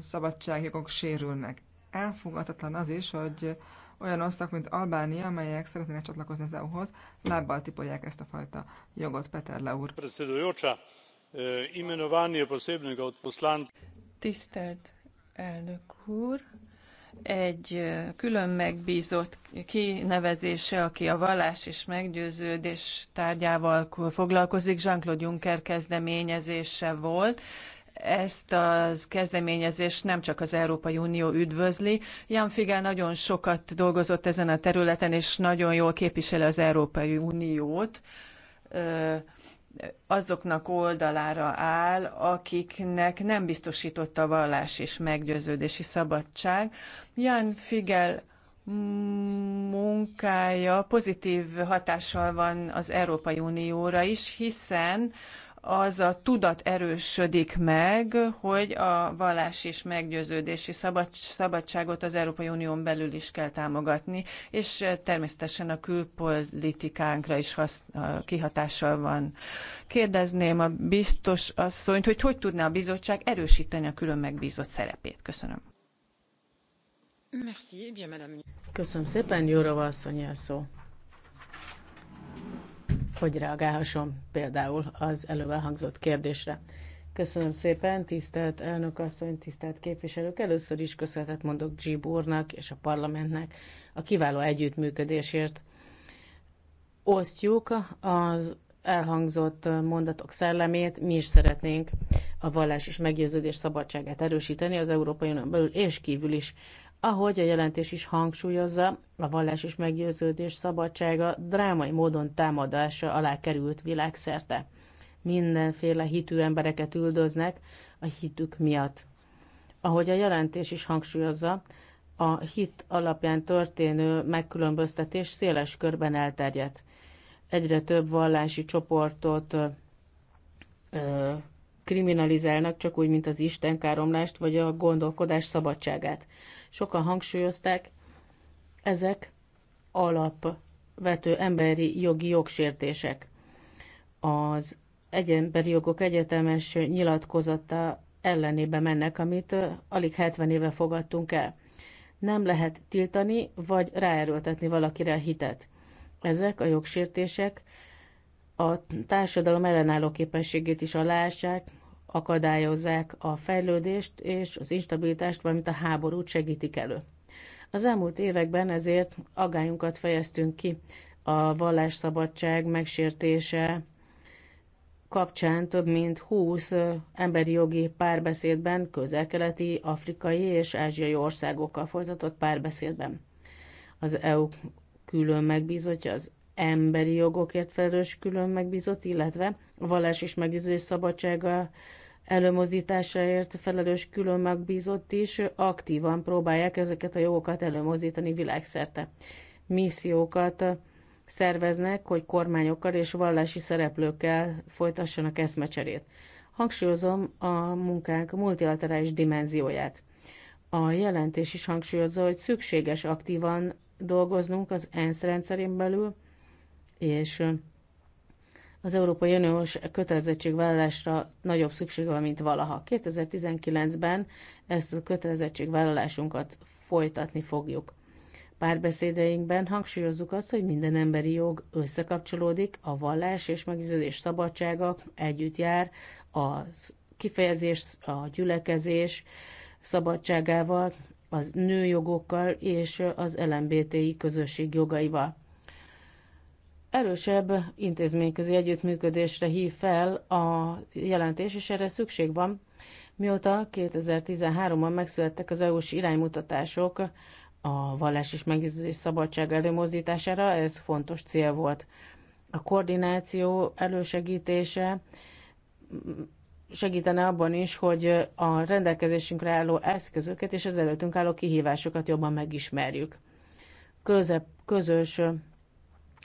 szabadságjogok sérülnek. Elfogadhatatlan az is, hogy olyan országok, mint Albánia, amelyek szeretnének csatlakozni az EU-hoz, lábbal tipolják ezt a fajta jogot, le úr. Tisztelt elnök úr! egy külön megbízott kinevezése, aki a vallás és meggyőződés tárgyával foglalkozik, Jean-Claude Juncker kezdeményezése volt. Ezt a kezdeményezést nem csak az Európai Unió üdvözli. Jan Figel nagyon sokat dolgozott ezen a területen, és nagyon jól képviseli az Európai Uniót azoknak oldalára áll, akiknek nem biztosított a vallás és meggyőződési szabadság. Jan Figel munkája pozitív hatással van az Európai Unióra is, hiszen az a tudat erősödik meg, hogy a vallás és meggyőződési szabadságot az Európai Unión belül is kell támogatni, és természetesen a külpolitikánkra is hasz, kihatással van. Kérdezném a biztos asszonyt, hogy hogy tudná a bizottság erősíteni a külön megbízott szerepét. Köszönöm. Merci, eh Köszönöm szépen, jóra asszony szó hogy reagálhasson például az előbb elhangzott kérdésre. Köszönöm szépen, tisztelt elnök asszony, tisztelt képviselők. Először is köszönetet mondok Gib és a parlamentnek a kiváló együttműködésért. Osztjuk az elhangzott mondatok szellemét, mi is szeretnénk a vallás és meggyőződés szabadságát erősíteni az Európai Unión belül és kívül is. Ahogy a jelentés is hangsúlyozza, a vallás és meggyőződés szabadsága drámai módon támadása alá került világszerte. Mindenféle hitű embereket üldöznek a hitük miatt. Ahogy a jelentés is hangsúlyozza, a hit alapján történő megkülönböztetés széles körben elterjedt. Egyre több vallási csoportot ö, kriminalizálnak, csak úgy, mint az istenkáromlást vagy a gondolkodás szabadságát sokan hangsúlyozták, ezek alapvető emberi jogi jogsértések. Az Egyemberi Jogok Egyetemes nyilatkozata ellenébe mennek, amit alig 70 éve fogadtunk el. Nem lehet tiltani vagy ráerőltetni valakire a hitet. Ezek a jogsértések a társadalom ellenálló képességét is alássák, akadályozzák a fejlődést és az instabilitást, valamint a háborút segítik elő. Az elmúlt években ezért agályunkat fejeztünk ki a vallásszabadság megsértése kapcsán több mint 20 emberi jogi párbeszédben, közelkeleti, afrikai és ázsiai országokkal folytatott párbeszédben. Az EU külön megbízott, az emberi jogokért felelős külön megbízott, illetve a vallás és meggyőzés szabadsága előmozdításáért felelős külön megbízott is aktívan próbálják ezeket a jogokat előmozdítani világszerte. Missziókat szerveznek, hogy kormányokkal és vallási szereplőkkel folytassanak eszmecserét. Hangsúlyozom a munkánk multilaterális dimenzióját. A jelentés is hangsúlyozza, hogy szükséges aktívan dolgoznunk az ENSZ rendszerén belül, és az Európai Uniós kötelezettségvállalásra nagyobb szükség van, mint valaha. 2019-ben ezt a kötelezettségvállalásunkat folytatni fogjuk. Párbeszédeinkben hangsúlyozzuk azt, hogy minden emberi jog összekapcsolódik, a vallás és meggyőződés szabadsága együtt jár, a kifejezés, a gyülekezés szabadságával, az nőjogokkal és az LMBTI közösség jogaival erősebb intézményközi együttműködésre hív fel a jelentés, és erre szükség van, mióta 2013-ban megszülettek az EU-s iránymutatások a vallás és meggyőződés szabadság előmozdítására, ez fontos cél volt. A koordináció elősegítése segítene abban is, hogy a rendelkezésünkre álló eszközöket és az előttünk álló kihívásokat jobban megismerjük. Közep, közös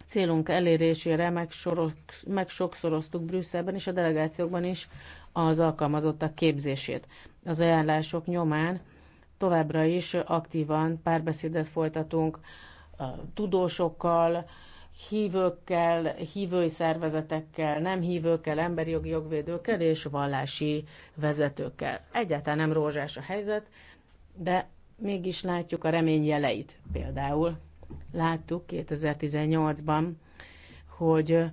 Célunk elérésére megsorok, megsokszoroztuk Brüsszelben és a delegációkban is az alkalmazottak képzését. Az ajánlások nyomán továbbra is aktívan párbeszédet folytatunk tudósokkal, hívőkkel, hívői szervezetekkel, nem hívőkkel, emberi jogi jogvédőkkel és vallási vezetőkkel. Egyáltalán nem rózsás a helyzet, de mégis látjuk a remény jeleit. Például láttuk 2018-ban, hogy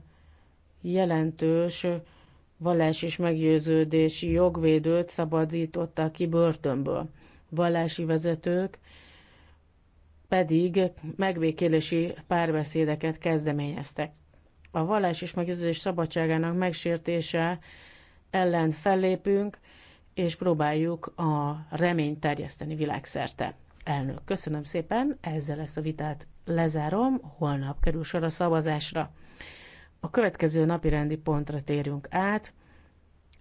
jelentős vallás és meggyőződési jogvédőt szabadítottak ki börtönből. Vallási vezetők pedig megbékélési párbeszédeket kezdeményeztek. A vallás és meggyőződés szabadságának megsértése ellen fellépünk, és próbáljuk a reményt terjeszteni világszerte. Elnök, köszönöm szépen, ezzel ezt a vitát lezárom, holnap kerül sor a szavazásra. A következő napi rendi pontra térjünk át.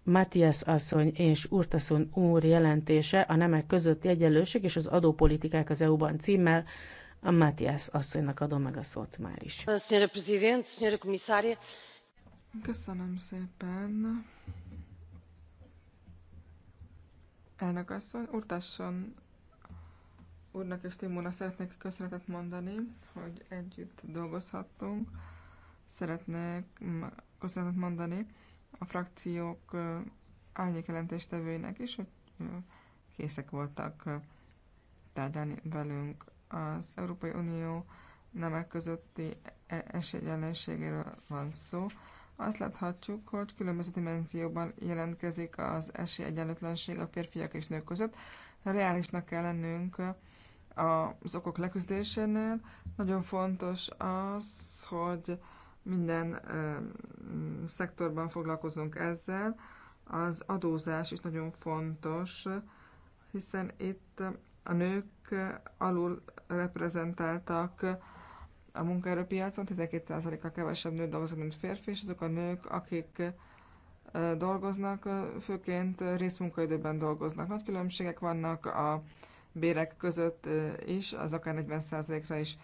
Matthias asszony és Urtasun úr jelentése a nemek közötti egyenlőség és az adópolitikák az EU-ban címmel. A Matthias asszonynak adom meg a szót már is. Köszönöm szépen. Elnök asszony, Urtasun úrnak és Timónak szeretnék köszönetet mondani, hogy együtt dolgozhattunk. Szeretnék köszönetet mondani a frakciók jelentéstevőinek is, hogy készek voltak tárgyalni velünk az Európai Unió nemek közötti e-, esélyegyenlőségéről van szó. Azt láthatjuk, hogy különböző dimenzióban jelentkezik az esélyegyenlőtlenség a férfiak és nők között. Reálisnak kell lennünk az okok leküzdésénél. Nagyon fontos az, hogy minden mm, szektorban foglalkozunk ezzel. Az adózás is nagyon fontos, hiszen itt a nők alul reprezentáltak a munkaerőpiacon, 12%-a kevesebb nő dolgozik, mint férfi, és azok a nők, akik dolgoznak, főként részmunkaidőben dolgoznak. Nagy különbségek vannak a bérek között is, az akár 40%-ra is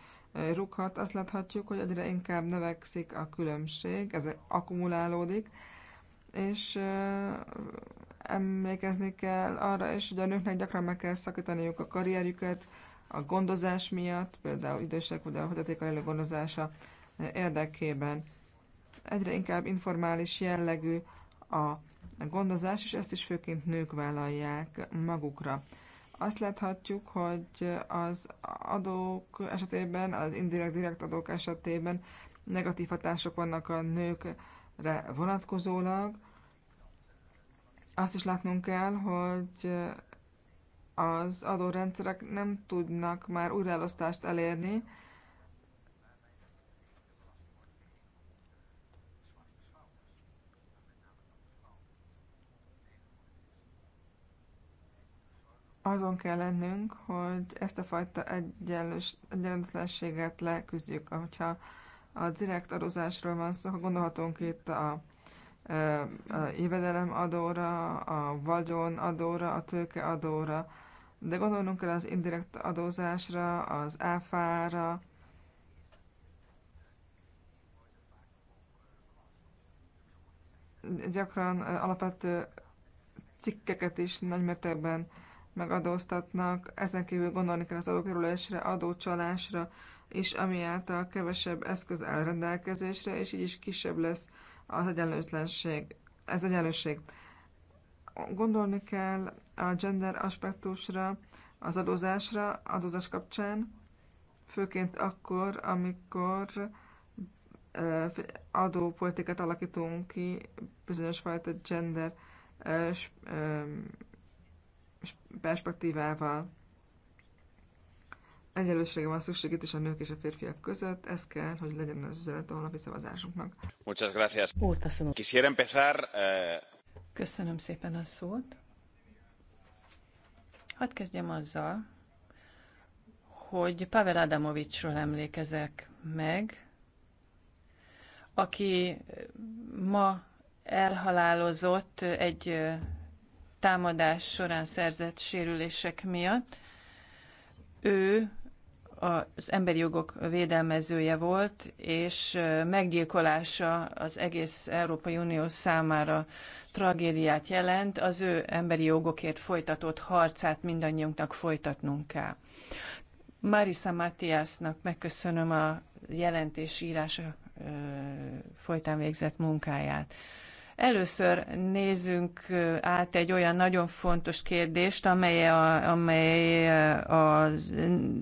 rúghat. Azt láthatjuk, hogy egyre inkább növekszik a különbség, ez akkumulálódik, és emlékezni kell arra is, hogy a nőknek gyakran meg kell szakítaniuk a karrierjüket, a gondozás miatt, például idősek vagy a fogyatékkal élő gondozása érdekében. Egyre inkább informális jellegű a gondozás, és ezt is főként nők vállalják magukra. Azt láthatjuk, hogy az adók esetében, az indirekt-direkt adók esetében negatív hatások vannak a nőkre vonatkozólag. Azt is látnunk kell, hogy az adórendszerek nem tudnak már újraelosztást elérni, azon kell lennünk, hogy ezt a fajta egyenlős, egyenlőtlenséget leküzdjük. Hogyha a direkt adózásról van szó, ha gondolhatunk itt a, a, a adóra, a vagyonadóra, a tőkeadóra, de gondolnunk kell az indirekt adózásra, az áfára, gyakran alapvető cikkeket is nagymértékben megadóztatnak, ezen kívül gondolni kell az adókerülésre, adócsalásra, és ami által kevesebb eszköz áll rendelkezésre, és így is kisebb lesz az egyenlőtlenség. Ez egyenlőség. Gondolni kell a gender aspektusra, az adózásra, adózás kapcsán, főként akkor, amikor adópolitikát alakítunk ki bizonyos fajta gender perspektívával. Egyenlőségre van szükség itt is a nők és a férfiak között, ez kell, hogy legyen az üzenet a holnapi szavazásunknak. Muchas gracias. Quisiera empezar... Eh, köszönöm szépen a szót. Hadd kezdjem azzal, hogy Pavel Adamovicsról emlékezek meg, aki ma elhalálozott egy eh, támadás során szerzett sérülések miatt. Ő az emberi jogok védelmezője volt, és meggyilkolása az egész Európai Unió számára tragédiát jelent. Az ő emberi jogokért folytatott harcát mindannyiunknak folytatnunk kell. Marisa Matiasnak megköszönöm a jelentés írása folytán végzett munkáját. Először nézzünk át egy olyan nagyon fontos kérdést, amely, a, amely az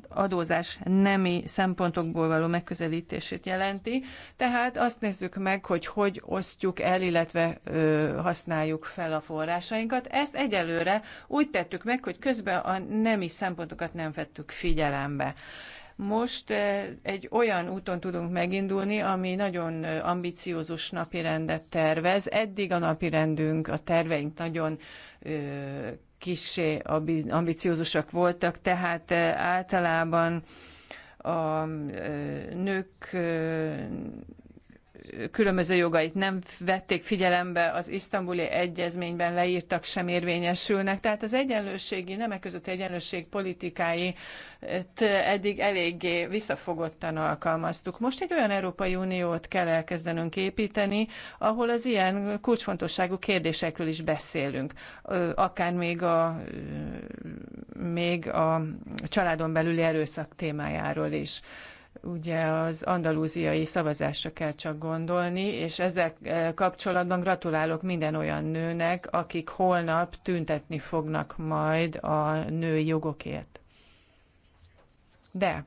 adózás nemi szempontokból való megközelítését jelenti. Tehát azt nézzük meg, hogy hogy osztjuk el, illetve ö, használjuk fel a forrásainkat. Ezt egyelőre úgy tettük meg, hogy közben a nemi szempontokat nem vettük figyelembe. Most eh, egy olyan úton tudunk megindulni, ami nagyon eh, ambiciózus napirendet tervez. Eddig a napirendünk, a terveink nagyon eh, kisé ambiciózusak voltak, tehát általában a nők különböző jogait nem vették figyelembe, az isztambuli egyezményben leírtak sem érvényesülnek. Tehát az egyenlőségi, nemek közötti egyenlőség politikái eh, eddig eléggé visszafogottan alkalmaztuk. Most egy olyan Európai Uniót kell elkezdenünk építeni, ahol az ilyen kulcsfontosságú kérdésekről is beszélünk. Eh, akár még a, eh, még a családon belüli erőszak témájáról is ugye az andalúziai szavazásra kell csak gondolni, és ezzel e, kapcsolatban gratulálok minden olyan nőnek, akik holnap tüntetni fognak majd a női jogokért. De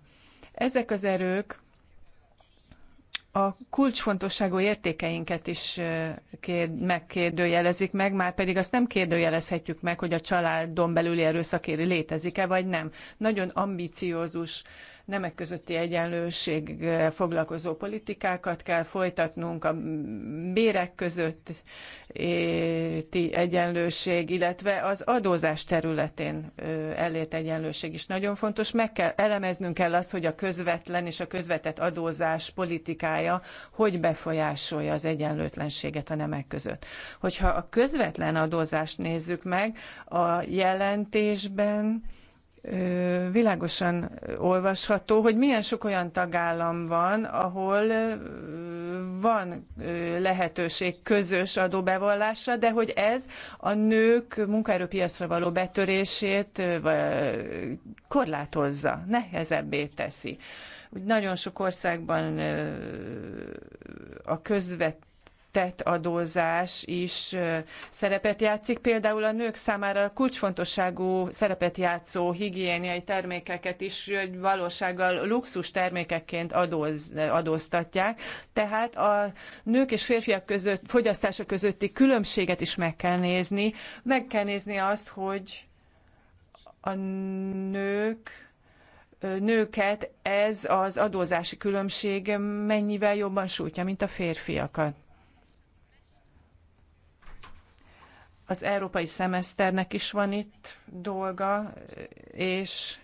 ezek az erők a kulcsfontosságú értékeinket is e, kér, megkérdőjelezik meg, már pedig azt nem kérdőjelezhetjük meg, hogy a családon belüli erőszakéri létezik-e, vagy nem. Nagyon ambiciózus uh, nemek közötti egyenlőséggel foglalkozó politikákat kell folytatnunk, a bérek közötti egyenlőség, illetve az adózás területén elért egyenlőség is nagyon fontos. Meg kell elemeznünk kell azt, hogy a közvetlen és a közvetett adózás politikája hogy befolyásolja az egyenlőtlenséget a nemek között. Hogyha a közvetlen adózást nézzük meg, a jelentésben világosan olvasható, hogy milyen sok olyan tagállam van, ahol van lehetőség közös adóbevallásra, de hogy ez a nők munkaerőpiacra való betörését korlátozza, nehezebbé teszi. Úgy nagyon sok országban a közvet tett adózás is szerepet játszik. Például a nők számára kulcsfontosságú szerepet játszó higiéniai termékeket is valósággal luxus termékekként adóz, adóztatják. Tehát a nők és férfiak között, fogyasztása közötti különbséget is meg kell nézni. Meg kell nézni azt, hogy a nők nőket ez az adózási különbség mennyivel jobban sújtja, mint a férfiakat. Az európai szemeszternek is van itt dolga, és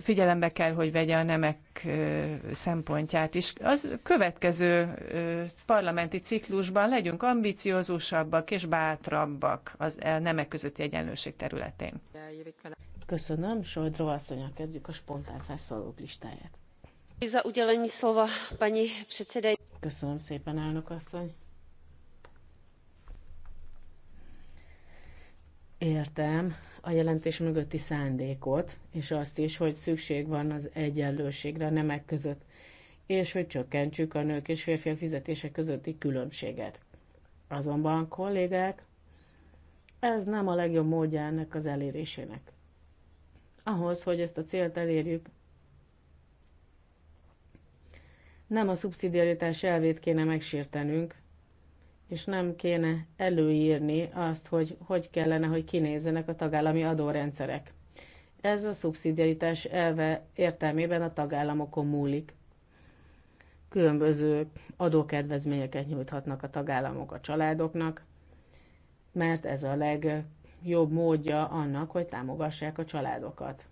figyelembe kell, hogy vegye a nemek szempontját is. Az következő parlamenti ciklusban legyünk ambiciózusabbak és bátrabbak az e, nemek közötti egyenlőség területén. Köszönöm, Sojdró asszonya, kezdjük a spontán felszólók listáját. Köszönöm szépen, elnök asszony. értem a jelentés mögötti szándékot, és azt is, hogy szükség van az egyenlőségre a nemek között, és hogy csökkentsük a nők és férfiak fizetése közötti különbséget. Azonban, kollégák, ez nem a legjobb módja ennek az elérésének. Ahhoz, hogy ezt a célt elérjük, nem a szubszidiaritás elvét kéne megsértenünk, és nem kéne előírni azt, hogy hogy kellene, hogy kinézzenek a tagállami adórendszerek. Ez a szubszidiaritás elve értelmében a tagállamokon múlik. Különböző adókedvezményeket nyújthatnak a tagállamok a családoknak, mert ez a legjobb módja annak, hogy támogassák a családokat.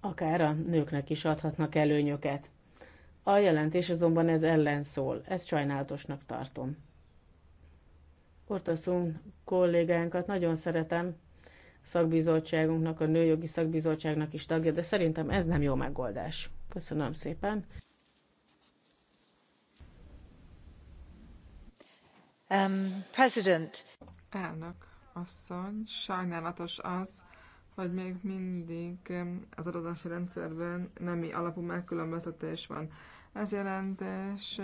Akár a nőknek is adhatnak előnyöket. A jelentés azonban ez ellen szól, ezt sajnálatosnak tartom. Kortaszun kollégánkat nagyon szeretem, szakbizottságunknak, a nőjogi szakbizottságnak is tagja, de szerintem ez nem jó megoldás. Köszönöm szépen. Um, President. Elnök asszony, sajnálatos az, hogy még mindig um, az adózási rendszerben nemi alapú megkülönböztetés van. Ez jelentés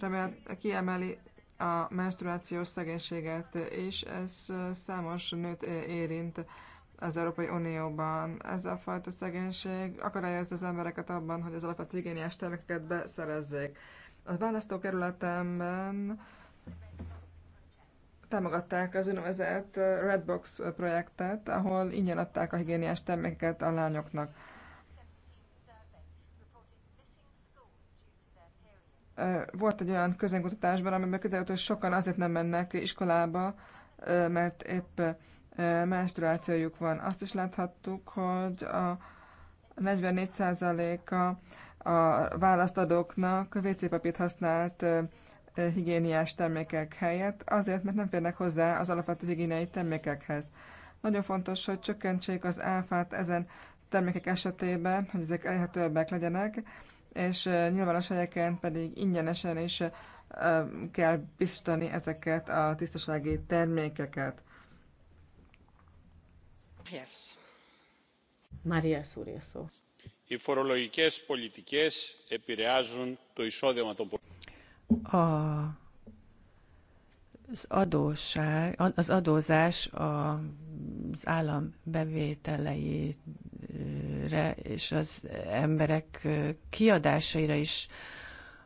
remélt, kiemeli a menstruációs szegénységet, és ez számos nőt érint az Európai Unióban. Ez a fajta szegénység akadályozza az embereket abban, hogy az alapvető higiéniás termékeket beszerezzék. A választókerületemben támogatták az úgynevezett Redbox projektet, ahol ingyen adták a higiéniás termékeket a lányoknak volt egy olyan közönkutatásban, amiben kiderült, hogy sokan azért nem mennek iskolába, mert épp menstruációjuk van. Azt is láthattuk, hogy a 44%-a a választadóknak WC-papírt használt higiéniás termékek helyett, azért, mert nem férnek hozzá az alapvető higiéniai termékekhez. Nagyon fontos, hogy csökkentsék az áfát ezen termékek esetében, hogy ezek elérhetőbbek legyenek, és nyilván a helyeken pedig ingyenesen is kell biztosítani ezeket a tisztasági termékeket. Yes. Maria Szúria szó. Οι φορολογικές πολιτικές επηρεάζουν το εισόδημα των πολιτών. Az, adóság, az adózás az állam bevételeit és az emberek kiadásaira is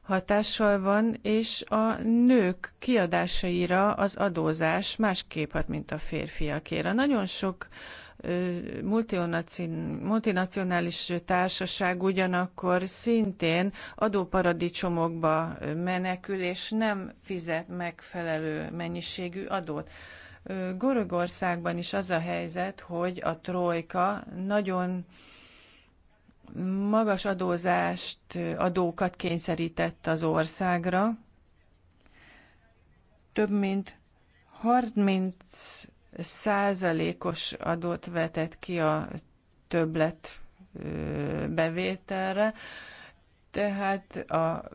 hatással van, és a nők kiadásaira az adózás másképp hat, mint a férfiakéra. Nagyon sok multinacionális társaság ugyanakkor szintén adóparadicsomokba menekül, és nem fizet megfelelő mennyiségű adót. Görögországban is az a helyzet, hogy a trojka nagyon magas adózást, adókat kényszerített az országra. Több mint 30 százalékos adót vetett ki a többlet bevételre, tehát a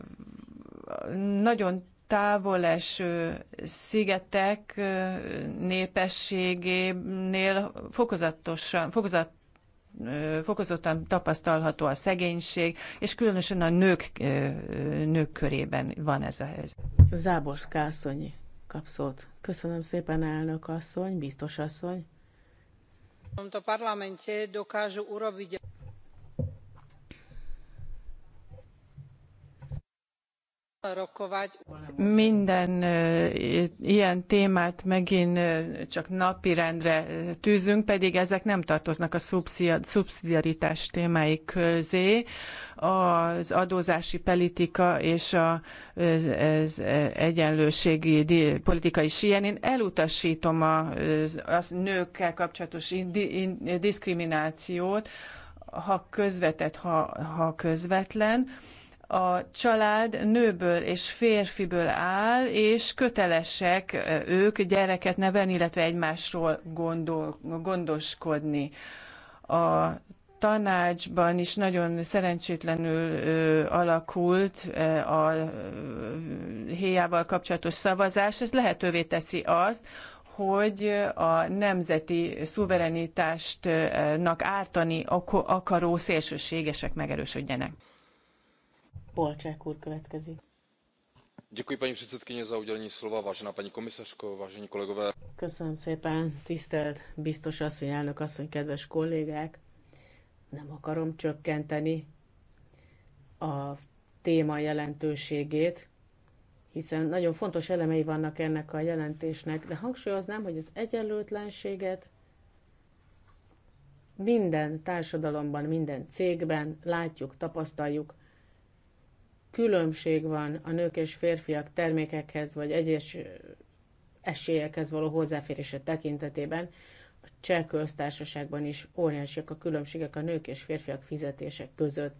nagyon távoleső szigetek népességénél fokozatosan, fokozat, fokozottan tapasztalható a szegénység, és különösen a nők, nők körében van ez a helyzet. Záborszka Kászonyi kap szót. Köszönöm szépen, elnök asszony, biztos asszony. Minden ilyen témát megint csak napirendre tűzünk, pedig ezek nem tartoznak a szubszidiaritás témái közé. Az adózási politika és az, az e, egyenlőségi politikai is Én elutasítom a, a nőkkel kapcsolatos diszkriminációt, ha közvetett, ha, ha közvetlen a család nőből és férfiből áll, és kötelesek ők gyereket nevelni, illetve egymásról gondol, gondoskodni. A tanácsban is nagyon szerencsétlenül ö, alakult ö, a héjával kapcsolatos szavazás. Ez lehetővé teszi azt, hogy a nemzeti szuverenitástnak ártani akaró szélsőségesek megerősödjenek paní předsedající vážená paní komisařko vážení kolegové köszönöm szépen tisztelt biztos asszony elnök asszony kedves kollégák nem akarom csökkenteni a téma jelentőségét hiszen nagyon fontos elemei vannak ennek a jelentésnek de hangsúlyoznám hogy az egyenlőtlenséget minden társadalomban minden cégben látjuk tapasztaljuk különbség van a nők és férfiak termékekhez vagy egyes esélyekhez való hozzáférése tekintetében, a cseh köztársaságban is óriásiak a különbségek a nők és férfiak fizetések között.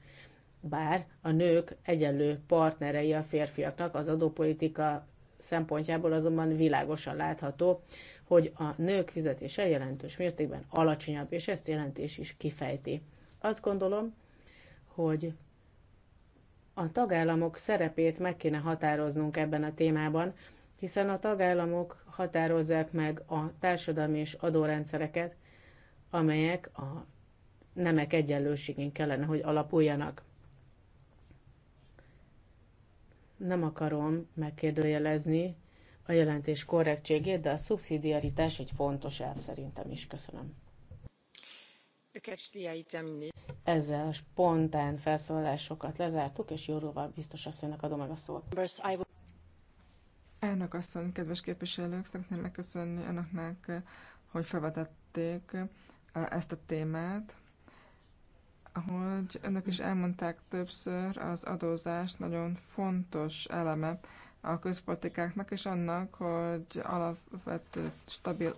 Bár a nők egyenlő partnerei a férfiaknak az adópolitika szempontjából azonban világosan látható, hogy a nők fizetése jelentős mértékben alacsonyabb, és ezt jelentés is kifejti. Azt gondolom, hogy a tagállamok szerepét meg kéne határoznunk ebben a témában, hiszen a tagállamok határozzák meg a társadalmi és adórendszereket, amelyek a nemek egyenlőségén kellene, hogy alapuljanak. Nem akarom megkérdőjelezni a jelentés korrektségét, de a szubszidiaritás egy fontos elv szerintem is. Köszönöm. Ezzel a spontán felszólalásokat lezártuk, és Jóróval biztos asszonynak adom meg a szót. Elnök asszony, kedves képviselők, szeretném megköszönni önöknek, hogy felvetették e, ezt a témát. Ahogy önök is elmondták többször, az adózás nagyon fontos eleme a közpolitikáknak és annak, hogy alapvető stabil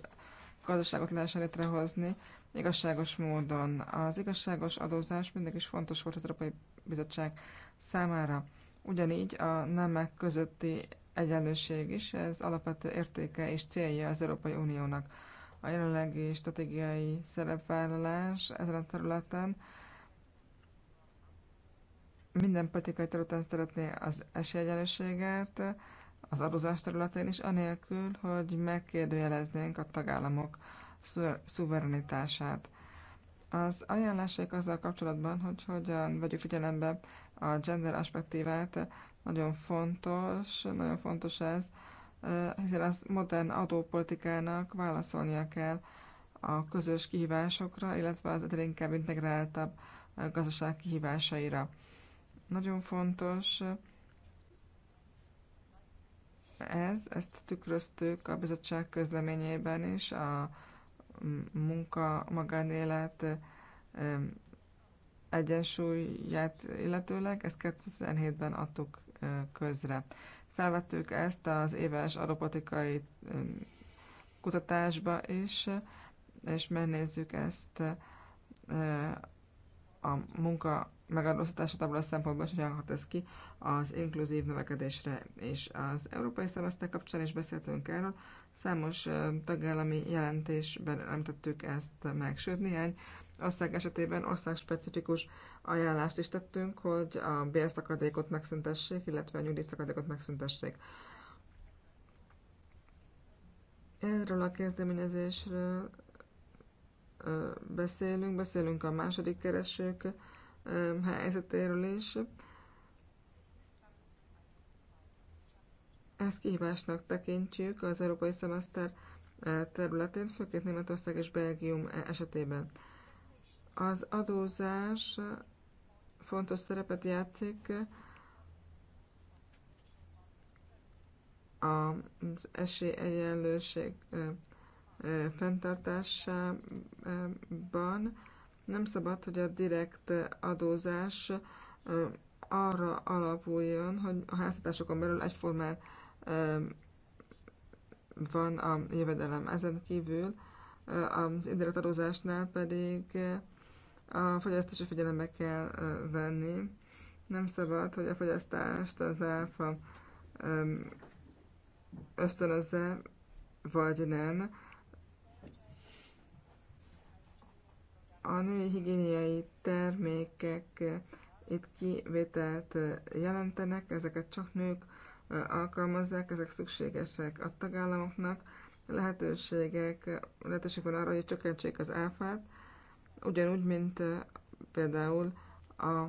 gazdaságot lehessen létrehozni igazságos módon. Az igazságos adózás mindig is fontos volt az Európai Bizottság számára. Ugyanígy a nemek közötti egyenlőség is, ez alapvető értéke és célja az Európai Uniónak. A jelenlegi stratégiai szerepvállalás ezen a területen minden politikai területen szeretné az esélyegyenlőséget, az adózás területén is, anélkül, hogy megkérdőjeleznénk a tagállamok szuverenitását. Az ajánlásaik azzal kapcsolatban, hogy hogyan vegyük figyelembe a gender aspektívát, nagyon fontos, nagyon fontos ez, hiszen az modern adópolitikának válaszolnia kell a közös kihívásokra, illetve az egyre inkább integráltabb gazdaság kihívásaira. Nagyon fontos ez, ezt tükröztük a bizottság közleményében is, a munka, magánélet egyensúlyát illetőleg, ezt 2007-ben adtuk közre. Felvettük ezt az éves aropatikai kutatásba is, és megnézzük ezt a munka megadóztatása abból a szempontból, hogy hogyan hat ez ki az inkluzív növekedésre. És az európai szemeszter kapcsán is beszéltünk erről, számos tagállami jelentésben említettük ezt meg, sőt néhány ország esetében országspecifikus ajánlást is tettünk, hogy a bérszakadékot megszüntessék, illetve a nyugdíjszakadékot megszüntessék. Erről a kezdeményezésről beszélünk, beszélünk a második keresők helyzetéről is. Ezt kihívásnak tekintjük az európai szemeszter e, területén, főként Németország és Belgium e, esetében. Az adózás fontos szerepet játszik az esélyegyenlőség e, fenntartásában, nem szabad, hogy a direkt adózás arra alapuljon, hogy a háztartásokon belül egyformán van a jövedelem. Ezen kívül az indirekt adózásnál pedig a fogyasztási figyelembe kell venni. Nem szabad, hogy a fogyasztást az áfa ösztönözze, vagy nem. A női higiéniai termékek eh, itt kivételt eh, jelentenek, ezeket csak nők eh, alkalmazzák, ezek szükségesek a tagállamoknak, lehetőségek, lehetőség van arra, hogy csökkentsék az áfát, ugyanúgy, mint például a,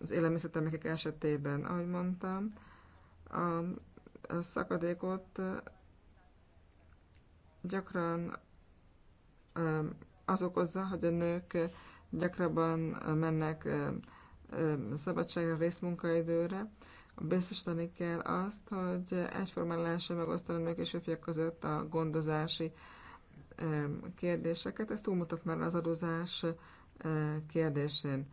az élelmiszertermékek esetében, ahogy mondtam, a, a szakadékot gyakran az okozza, hogy a nők gyakrabban mennek szabadságra, részmunkaidőre. Biztosítani kell azt, hogy egyformán lehessen megosztani nők és férfiak között a gondozási kérdéseket. Ez túlmutat már az adózás kérdésén.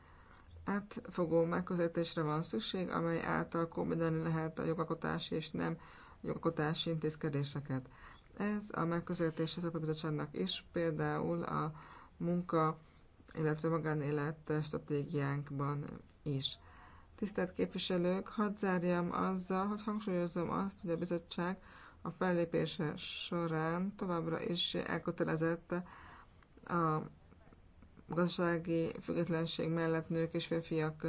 Átfogó megközelítésre van szükség, amely által kombinálni lehet a jogalkotási és nem jogalkotási intézkedéseket. Ez a megközelítés az Európai Bizottságnak is, például a munka, illetve magánélet stratégiánkban is. Tisztelt képviselők, hadd zárjam azzal, hogy hangsúlyozom azt, hogy a bizottság a fellépése során továbbra is elkötelezett a gazdasági függetlenség mellett nők és férfiak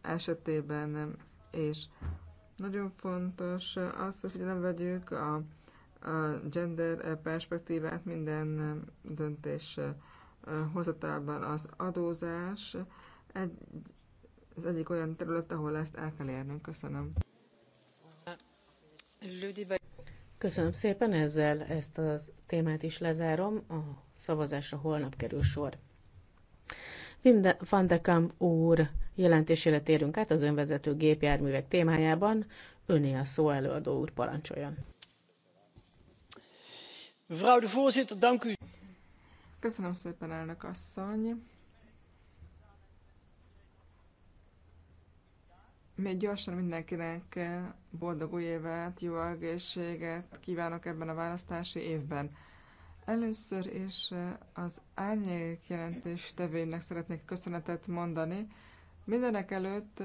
esetében, és nagyon fontos az, hogy nem vegyük a a gender perspektívát minden um, döntés uh, hozatában az adózás egy, az egyik olyan terület, ahol ezt el kell érnünk. Köszönöm. Köszönöm szépen, ezzel ezt a témát is lezárom. A szavazásra holnap kerül sor. Wim de van de Kamp úr jelentésére térünk át az önvezető gépjárművek témájában. Öné a szó előadó úr, parancsoljon. Mevrouw de voorzitter, dank u. Köszönöm szépen, elnök asszony. Még gyorsan mindenkinek boldog új évet, jó egészséget kívánok ebben a választási évben. Először is az árnyék jelentés tevőimnek szeretnék köszönetet mondani. Mindenek előtt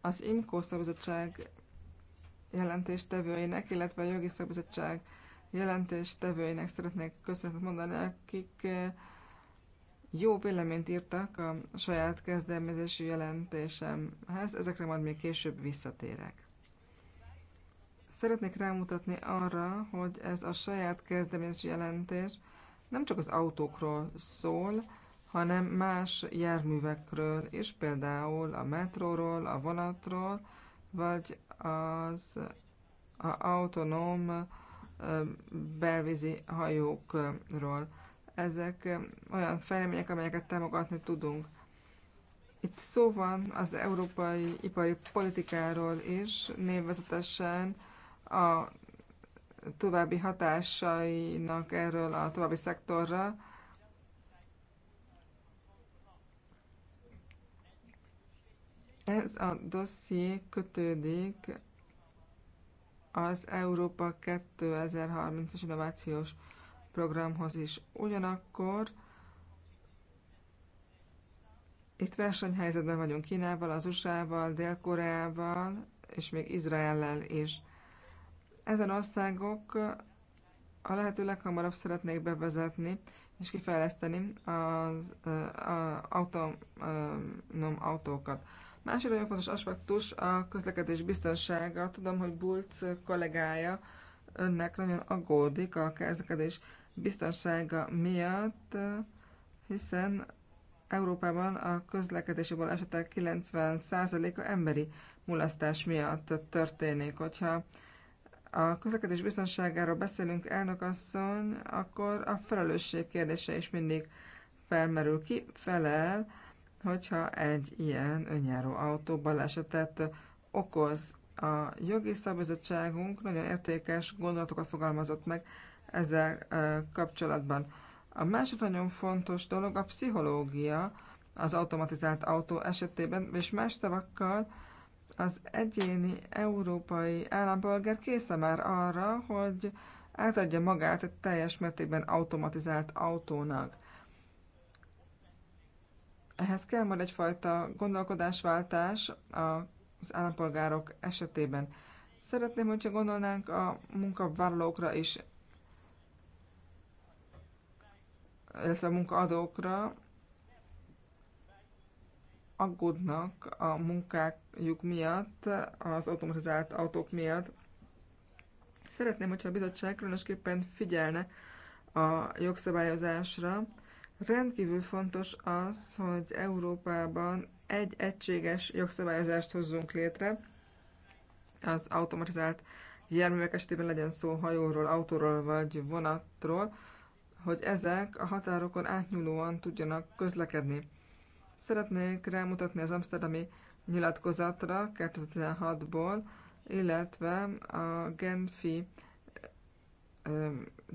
az IMCO szabizottság jelentéstevőinek, illetve a jogi szabizottság jelentéstevőinek szeretnék köszönetet mondani, akik eh, jó véleményt írtak a saját kezdeményezési jelentésemhez, ezekre majd még később visszatérek. Szeretnék rámutatni arra, hogy ez a saját kezdeményezési jelentés nem csak az autókról szól, hanem más járművekről is, például a metróról, a vonatról, vagy az a autonóm belvízi hajókról. Ezek olyan fejlemények, amelyeket támogatni tudunk. Itt szó van az európai ipari politikáról is, névezetesen a további hatásainak erről a további szektorra. Ez a dosszié kötődik az Európa 2030-as innovációs programhoz is. Ugyanakkor itt versenyhelyzetben vagyunk Kínával, az USA-val, Dél-Koreával és még Izraellel is. Ezen országok a lehető leghamarabb szeretnék bevezetni és kifejleszteni az autonóm autókat. Másik nagyon fontos aspektus a közlekedés biztonsága. Tudom, hogy Bulc kollégája önnek nagyon aggódik a közlekedés biztonsága miatt, hiszen Európában a közlekedési balesetek 90%-a emberi mulasztás miatt történik. Hogyha a közlekedés biztonságáról beszélünk, elnök asszony, akkor a felelősség kérdése is mindig felmerül. Ki felel hogyha egy ilyen önjáró autó balesetet okoz. A jogi szabizottságunk nagyon értékes gondolatokat fogalmazott meg ezzel kapcsolatban. A másik nagyon fontos dolog a pszichológia az automatizált autó esetében, és más szavakkal az egyéni európai állampolgár készen már arra, hogy átadja magát egy teljes mértékben automatizált autónak. Ehhez kell majd egyfajta gondolkodásváltás az állampolgárok esetében. Szeretném, hogyha gondolnánk a munkavállalókra is, illetve a munkaadókra, aggódnak a munkájuk miatt, az automatizált autók miatt. Szeretném, hogyha a bizottság különösképpen figyelne a jogszabályozásra, Rendkívül fontos az, hogy Európában egy egységes jogszabályozást hozzunk létre, az automatizált járművek esetében legyen szó hajóról, autóról vagy vonatról, hogy ezek a határokon átnyúlóan tudjanak közlekedni. Szeretnék rámutatni az amsterdami nyilatkozatra 2016-ból, illetve a Genfi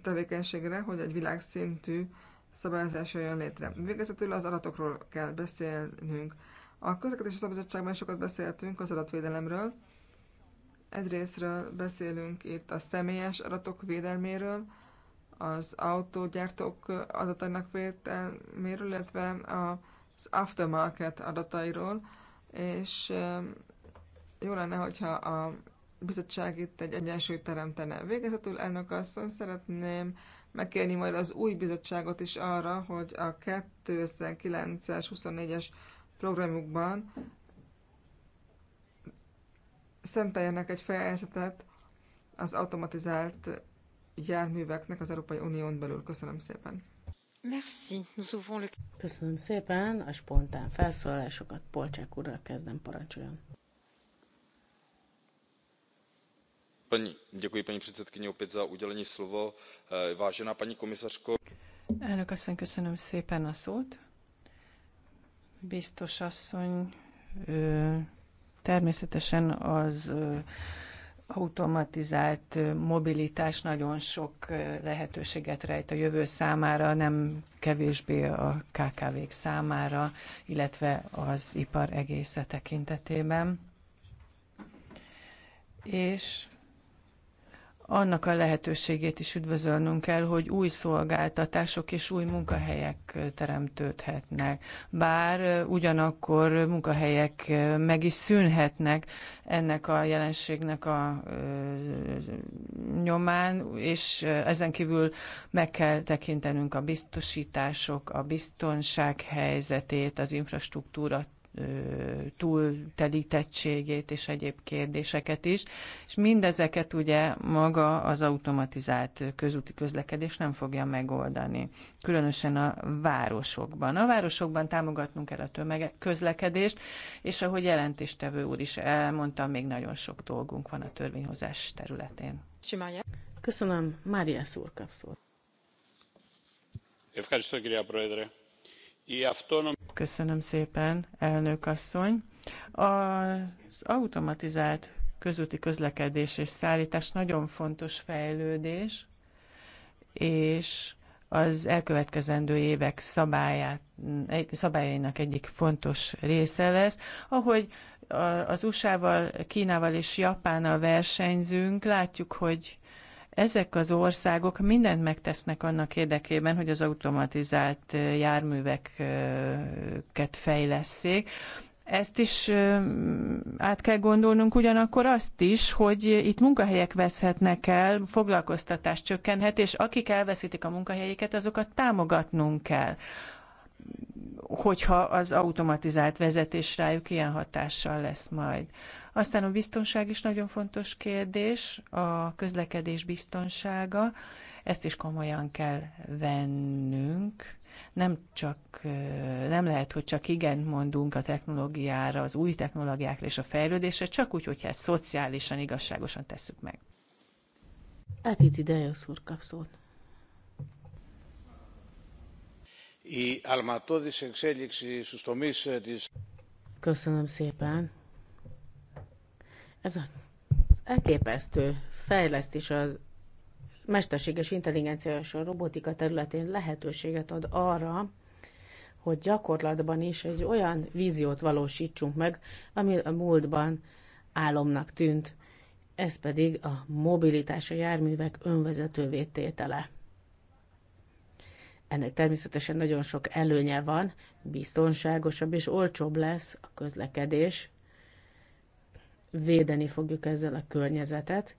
tevékenységre, hogy egy világszintű szabályozása jön létre. Végezetül az adatokról kell beszélnünk. A közlekedési szabadságban sokat beszéltünk az adatvédelemről. Egyrésztről beszélünk itt a személyes adatok védelméről, az autógyártók adatainak védelméről, illetve az aftermarket adatairól, és eh, jó lenne, hogyha a bizottság itt egy egyensúlyt teremtene. Végezetül elnök asszony szeretném megkérni majd az új bizottságot is arra, hogy a 2009-es, 24-es programjukban szenteljenek egy fejezetet az automatizált járműveknek az Európai Unión belül. Köszönöm szépen. Merci. Köszönöm szépen. A spontán felszólalásokat Polcsák úrral kezdem parancsoljon. paní předsedající eh, vážená paní komisařko elnök asszony köszönöm szépen a szót. biztos asszony természetesen az automatizált mobilitás nagyon sok lehetőséget rejt a jövő számára, nem kevésbé a KKV-k számára, illetve az ipar egésze tekintetében. És annak a lehetőségét is üdvözölnünk kell, hogy új szolgáltatások és új munkahelyek teremtődhetnek. Bár ugyanakkor munkahelyek meg is szűnhetnek ennek a jelenségnek a nyomán, és ezen kívül meg kell tekintenünk a biztosítások, a biztonság helyzetét, az infrastruktúra túltelítettségét és egyéb kérdéseket is, és mindezeket ugye maga az automatizált közúti közlekedés nem fogja megoldani, különösen a városokban. A városokban támogatnunk kell a tömegközlekedést, és ahogy jelentéstevő úr is elmondta, még nagyon sok dolgunk van a törvényhozás területén. Köszönöm, Mária Szúr I. Köszönöm, Köszönöm szépen, elnök asszony. Az automatizált közúti közlekedés és szállítás nagyon fontos fejlődés, és az elkövetkezendő évek szabályát, szabályainak egyik fontos része lesz. Ahogy az USA-val, Kínával és Japánnal versenyzünk, látjuk, hogy ezek az országok mindent megtesznek annak érdekében, hogy az automatizált járműveket fejlesszék. Ezt is át kell gondolnunk ugyanakkor azt is, hogy itt munkahelyek veszhetnek el, foglalkoztatás csökkenhet, és akik elveszítik a munkahelyeket, azokat támogatnunk kell hogyha az automatizált vezetés rájuk ilyen hatással lesz majd. Aztán a biztonság is nagyon fontos kérdés, a közlekedés biztonsága, ezt is komolyan kell vennünk. Nem csak, nem lehet, hogy csak igen mondunk a technológiára, az új technológiákra és a fejlődésre, csak úgy, hogyha ezt szociálisan, igazságosan tesszük meg. Epiti ideje úr kap szót. Köszönöm szépen. Ez a elképesztő fejlesztés az mesterséges intelligencia és a robotika területén lehetőséget ad arra, hogy gyakorlatban is egy olyan víziót valósítsunk meg, ami a múltban álomnak tűnt, ez pedig a mobilitás a járművek önvezető vététele. Ennek természetesen nagyon sok előnye van, biztonságosabb és olcsóbb lesz a közlekedés, védeni fogjuk ezzel a környezetet,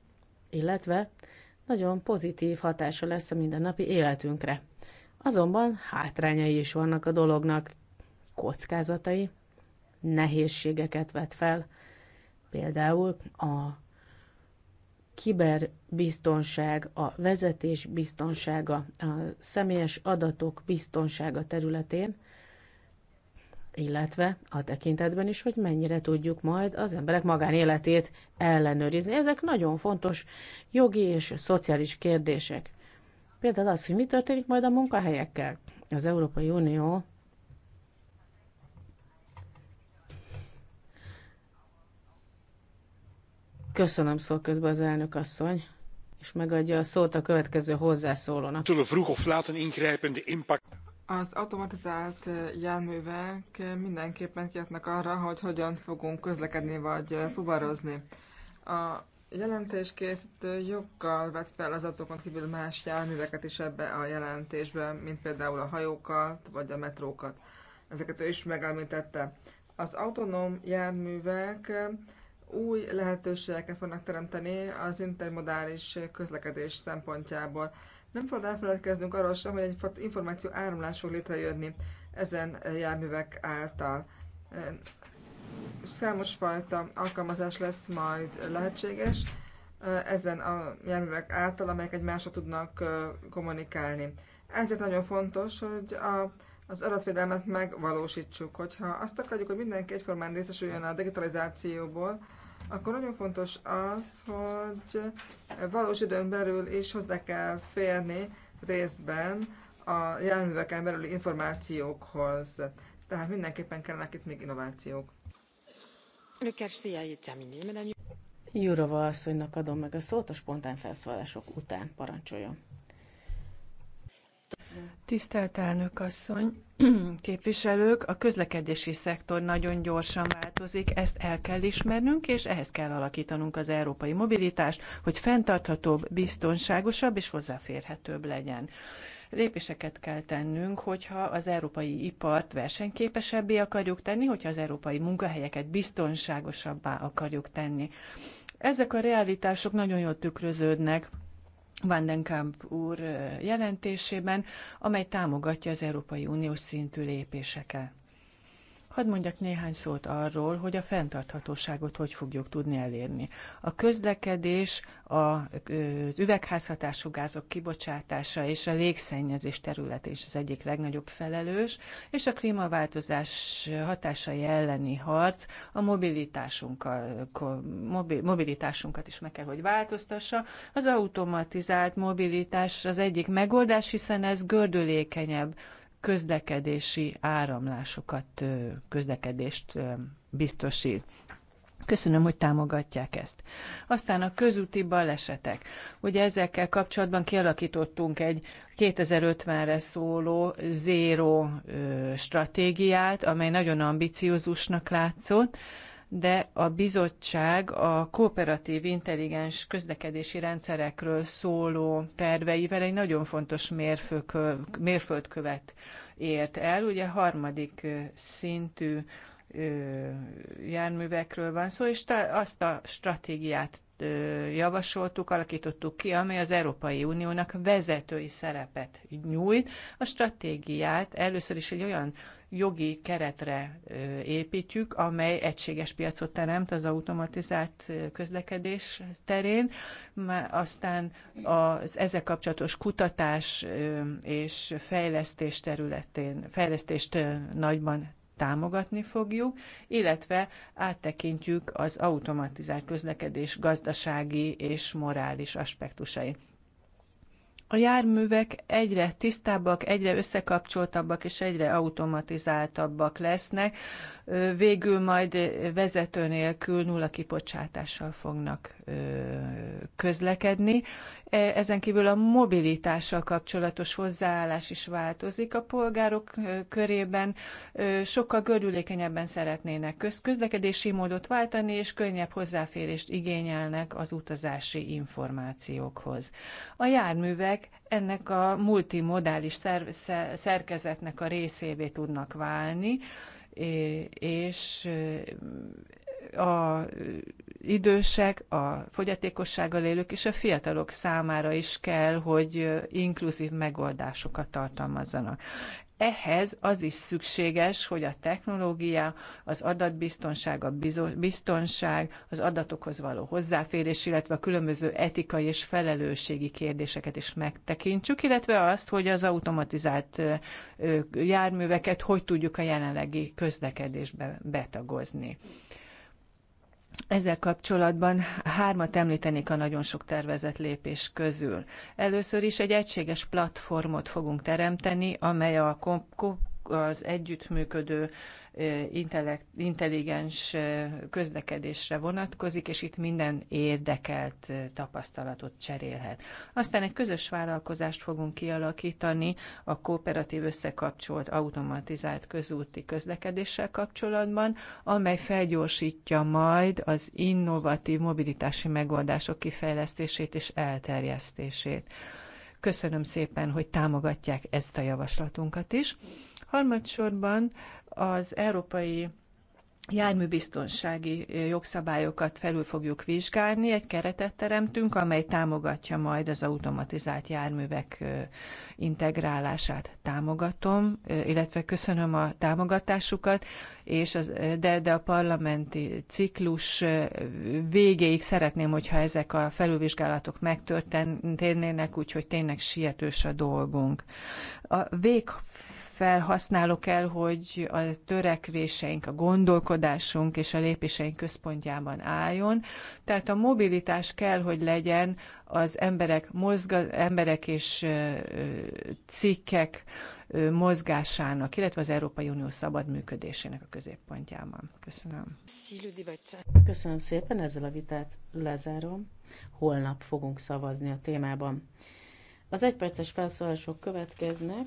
illetve nagyon pozitív hatása lesz a mindennapi életünkre. Azonban hátrányai is vannak a dolognak, kockázatai, nehézségeket vet fel, például a kiberbiztonság, a vezetés biztonsága, a személyes adatok biztonsága területén, illetve a tekintetben is, hogy mennyire tudjuk majd az emberek magánéletét ellenőrizni. Ezek nagyon fontos jogi és szociális kérdések. Például az, hogy mi történik majd a munkahelyekkel. Az Európai Unió Köszönöm szó közben az elnök asszony, és megadja a szót a következő hozzászólónak. Az automatizált járművek mindenképpen kiadnak arra, hogy hogyan fogunk közlekedni vagy fuvarozni. A jelentéskészítő joggal vett fel az autókon kívül más járműveket is ebbe a jelentésbe, mint például a hajókat vagy a metrókat. Ezeket ő is megelmítette. Az autonóm járművek új lehetőségeket fognak teremteni az intermodális közlekedés szempontjából. Nem szabad elfeledkeznünk arról sem, hogy egy információ áramlás fog létrejönni ezen járművek által. Számos fajta alkalmazás lesz majd lehetséges eh, ezen a járművek által, amelyek egymásra tudnak eh, kommunikálni. Ezért nagyon fontos, hogy a, az adatvédelmet megvalósítsuk. Hogyha azt akarjuk, hogy mindenki egyformán részesüljön a digitalizációból, akkor nagyon fontos az, hogy valós időn belül is hozzá kell férni részben a járműveken belüli információkhoz. Tehát mindenképpen kellenek itt még innovációk. Jurova asszonynak adom meg a szót a spontán felszólások után. Parancsoljon. Tisztelt elnök asszony, képviselők, a közlekedési szektor nagyon gyorsan változik, ezt el kell ismernünk, és ehhez kell alakítanunk az európai mobilitást, hogy fenntarthatóbb, biztonságosabb és hozzáférhetőbb legyen lépéseket kell tennünk, hogyha az európai ipart versenyképesebbé akarjuk tenni, hogyha az európai munkahelyeket biztonságosabbá akarjuk tenni. Ezek a realitások nagyon jól tükröződnek Vandenkamp úr jelentésében, amely támogatja az Európai Uniós szintű lépéseket. Hadd mondjak néhány szót arról, hogy a fenntarthatóságot hogy fogjuk tudni elérni. A közlekedés, a üvegházhatású gázok kibocsátása és a légszennyezés terület is az egyik legnagyobb felelős, és a klímaváltozás hatásai elleni harc a mobilitásunkkal, mobilitásunkat is meg kell, hogy változtassa. Az automatizált mobilitás az egyik megoldás, hiszen ez gördülékenyebb közlekedési áramlásokat, közlekedést biztosít. Köszönöm, hogy támogatják ezt. Aztán a közúti balesetek. Ugye ezekkel kapcsolatban kialakítottunk egy 2050-re szóló zéro stratégiát, amely nagyon ambiciózusnak látszott, de a bizottság a kooperatív intelligens közlekedési rendszerekről szóló terveivel egy nagyon fontos mérföldkövet ért el. Ugye harmadik szintű járművekről van szó, és azt a stratégiát javasoltuk, alakítottuk ki, amely az Európai Uniónak vezetői szerepet nyújt. A stratégiát először is egy olyan jogi keretre építjük, amely egységes piacot teremt az automatizált közlekedés terén. Aztán az ezzel kapcsolatos kutatás és fejlesztés területén, fejlesztést nagyban támogatni fogjuk, illetve áttekintjük az automatizált közlekedés gazdasági és morális aspektusait. A járművek egyre tisztábbak, egyre összekapcsoltabbak és egyre automatizáltabbak lesznek. Végül majd vezető nélkül nulla kibocsátással fognak közlekedni, E, ezen kívül a mobilitással kapcsolatos hozzáállás is változik a polgárok e, körében. E, sokkal gördülékenyebben szeretnének köz közlekedési módot váltani, és könnyebb hozzáférést igényelnek az utazási információkhoz. A járművek ennek a multimodális szer- szer- szerkezetnek a részévé tudnak válni, és a idősek, a fogyatékossággal élők és a fiatalok számára is kell, hogy inkluzív megoldásokat tartalmazzanak. Ehhez az is szükséges, hogy a technológia, az adatbiztonság, a biztonság, az adatokhoz való hozzáférés, illetve a különböző etikai és felelősségi kérdéseket is megtekintsük, illetve azt, hogy az automatizált járműveket hogy tudjuk a jelenlegi közlekedésbe betagozni. Ezzel kapcsolatban hármat említenék a nagyon sok tervezett lépés közül. Először is egy egységes platformot fogunk teremteni, amely a az együttműködő intelligens közlekedésre vonatkozik, és itt minden érdekelt tapasztalatot cserélhet. Aztán egy közös vállalkozást fogunk kialakítani a kooperatív összekapcsolt automatizált közúti közlekedéssel kapcsolatban, amely felgyorsítja majd az innovatív mobilitási megoldások kifejlesztését és elterjesztését. Köszönöm szépen, hogy támogatják ezt a javaslatunkat is. Harmadsorban az európai járműbiztonsági jogszabályokat felül fogjuk vizsgálni, egy keretet teremtünk, amely támogatja majd az automatizált járművek integrálását. Támogatom, illetve köszönöm a támogatásukat, és az, de, de a parlamenti ciklus végéig szeretném, hogyha ezek a felülvizsgálatok megtörténnének, úgyhogy tényleg sietős a dolgunk. A vég felhasználó el, hogy a törekvéseink, a gondolkodásunk és a lépéseink központjában álljon. Tehát a mobilitás kell, hogy legyen az emberek, mozga, emberek és cikkek mozgásának, illetve az Európai Unió szabad működésének a középpontjában. Köszönöm. Köszönöm szépen, ezzel a vitát lezárom. Holnap fogunk szavazni a témában. Az egyperces felszólások következnek.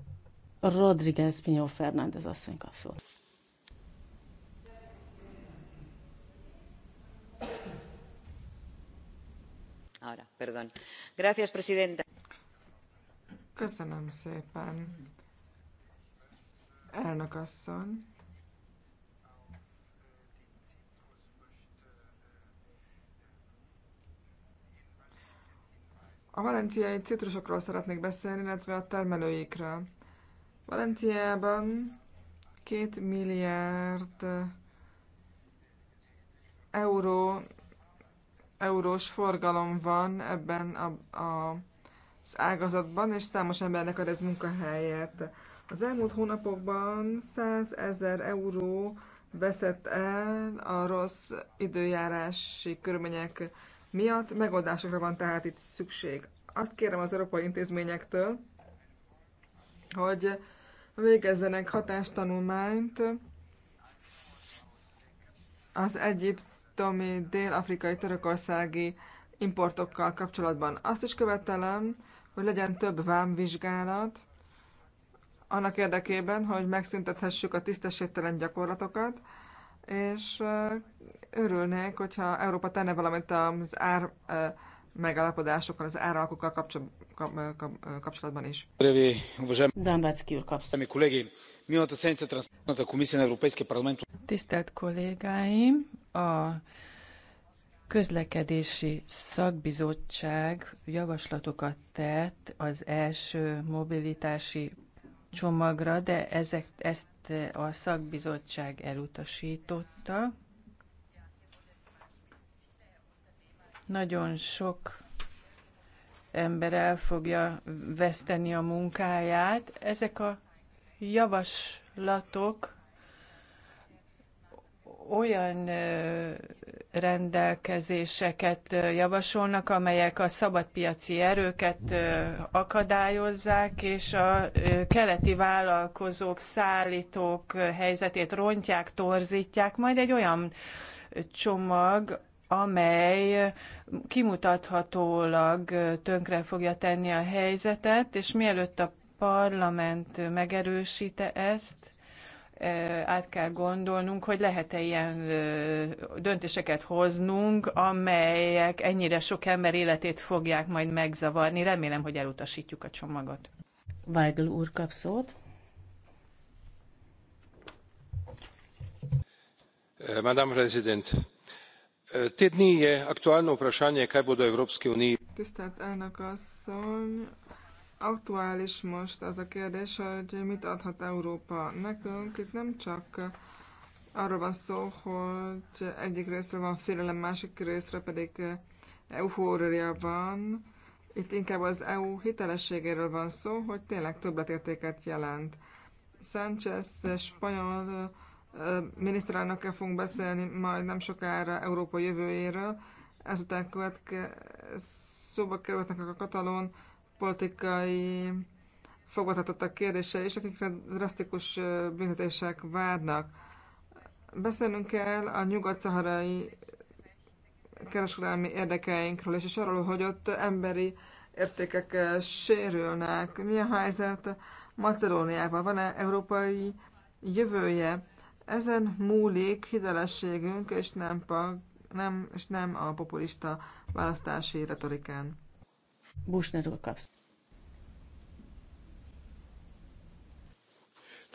Rodriguez Pinyó Fernández asszony kap szót. Köszönöm szépen, elnök asszony. A valenciai citrusokról szeretnék beszélni, illetve a termelőikről. Valenciában két milliárd euró, eurós forgalom van ebben a, a, az ágazatban, és számos embernek ad ez munkahelyet. Az elmúlt hónapokban 100 ezer euró veszett el a rossz időjárási körülmények miatt. Megoldásokra van tehát itt szükség. Azt kérem az európai intézményektől, hogy végezzenek hatástanulmányt az egyiptomi dél-afrikai törökországi importokkal kapcsolatban. Azt is követelem, hogy legyen több vámvizsgálat, annak érdekében, hogy megszüntethessük a tisztességtelen gyakorlatokat, és örülnék, hogyha Európa tenne valamit az ár megállapodásokkal az áralkokkal kapcsolatban is. Zambácki úr kapsz. Tisztelt kollégáim, a közlekedési szakbizottság javaslatokat tett az első mobilitási csomagra, de ezek, ezt a szakbizottság elutasította. nagyon sok ember el fogja veszteni a munkáját. Ezek a javaslatok olyan rendelkezéseket javasolnak, amelyek a szabadpiaci erőket akadályozzák, és a keleti vállalkozók, szállítók helyzetét rontják, torzítják, majd egy olyan csomag, amely kimutathatólag tönkre fogja tenni a helyzetet, és mielőtt a parlament megerősíte ezt, eh, át kell gondolnunk, hogy lehet-e ilyen eh, döntéseket hoznunk, amelyek ennyire sok ember életét fogják majd megzavarni. Remélem, hogy elutasítjuk a csomagot. Weigl úr kap szót. Eh, Madame President, Tisztelt elnök asszony! Aktuális most az a kérdés, hogy mit adhat Európa nekünk. Itt nem csak arról van szó, hogy egyik részről van félelem, másik részről pedig eufória van. Itt inkább az EU hitelességéről van szó, hogy tényleg többletértéket jelent. Sánchez spanyol miniszterelnökkel fogunk beszélni majd nem sokára Európa jövőjéről. Ezután követke, szóba kerülhetnek a katalón politikai fogvatartottak kérdése és akikre drasztikus büntetések várnak. Beszélnünk kell a nyugat-szaharai kereskedelmi érdekeinkről, és, és arról, hogy ott emberi értékek sérülnek. Mi a helyzet Macedóniával? Van-e európai jövője? Ezen múlik hitelességünk, és nem, nem, és nem a populista választási retorikán. Bushner kapsz.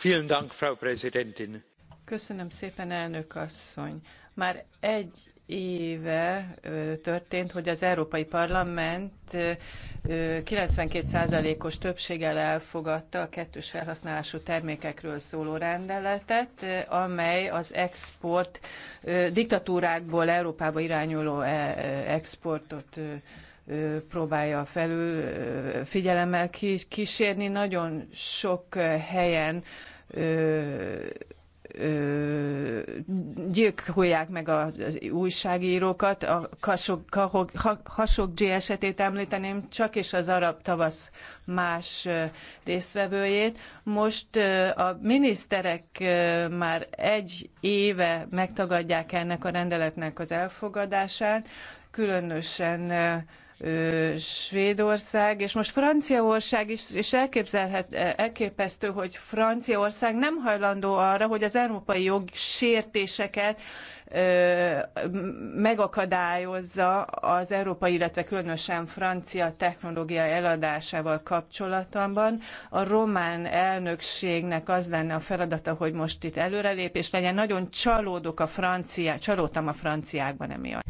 Vielen Dank, Frau Präsidentin. Köszönöm szépen, elnök asszony. Már egy éve történt, hogy az Európai Parlament 92%-os többséggel elfogadta a kettős felhasználású termékekről szóló rendeletet, amely az export diktatúrákból Európába irányuló exportot próbálja felül figyelemmel kísérni. Nagyon sok helyen gyilkolják meg az újságírókat. A Khashoggi esetét említeném csak, és az arab tavasz más részvevőjét. Most a miniszterek már egy éve megtagadják ennek a rendeletnek az elfogadását, különösen Svédország, és most Franciaország is, és elképzelhet, e, elképesztő, hogy Franciaország nem hajlandó arra, hogy az európai jog sértéseket megakadályozza az európai, illetve különösen francia technológia eladásával kapcsolatban. A román elnökségnek az lenne a feladata, hogy most itt előrelépés legyen. Nagyon csalódok a francia, csalódtam a franciákban emiatt.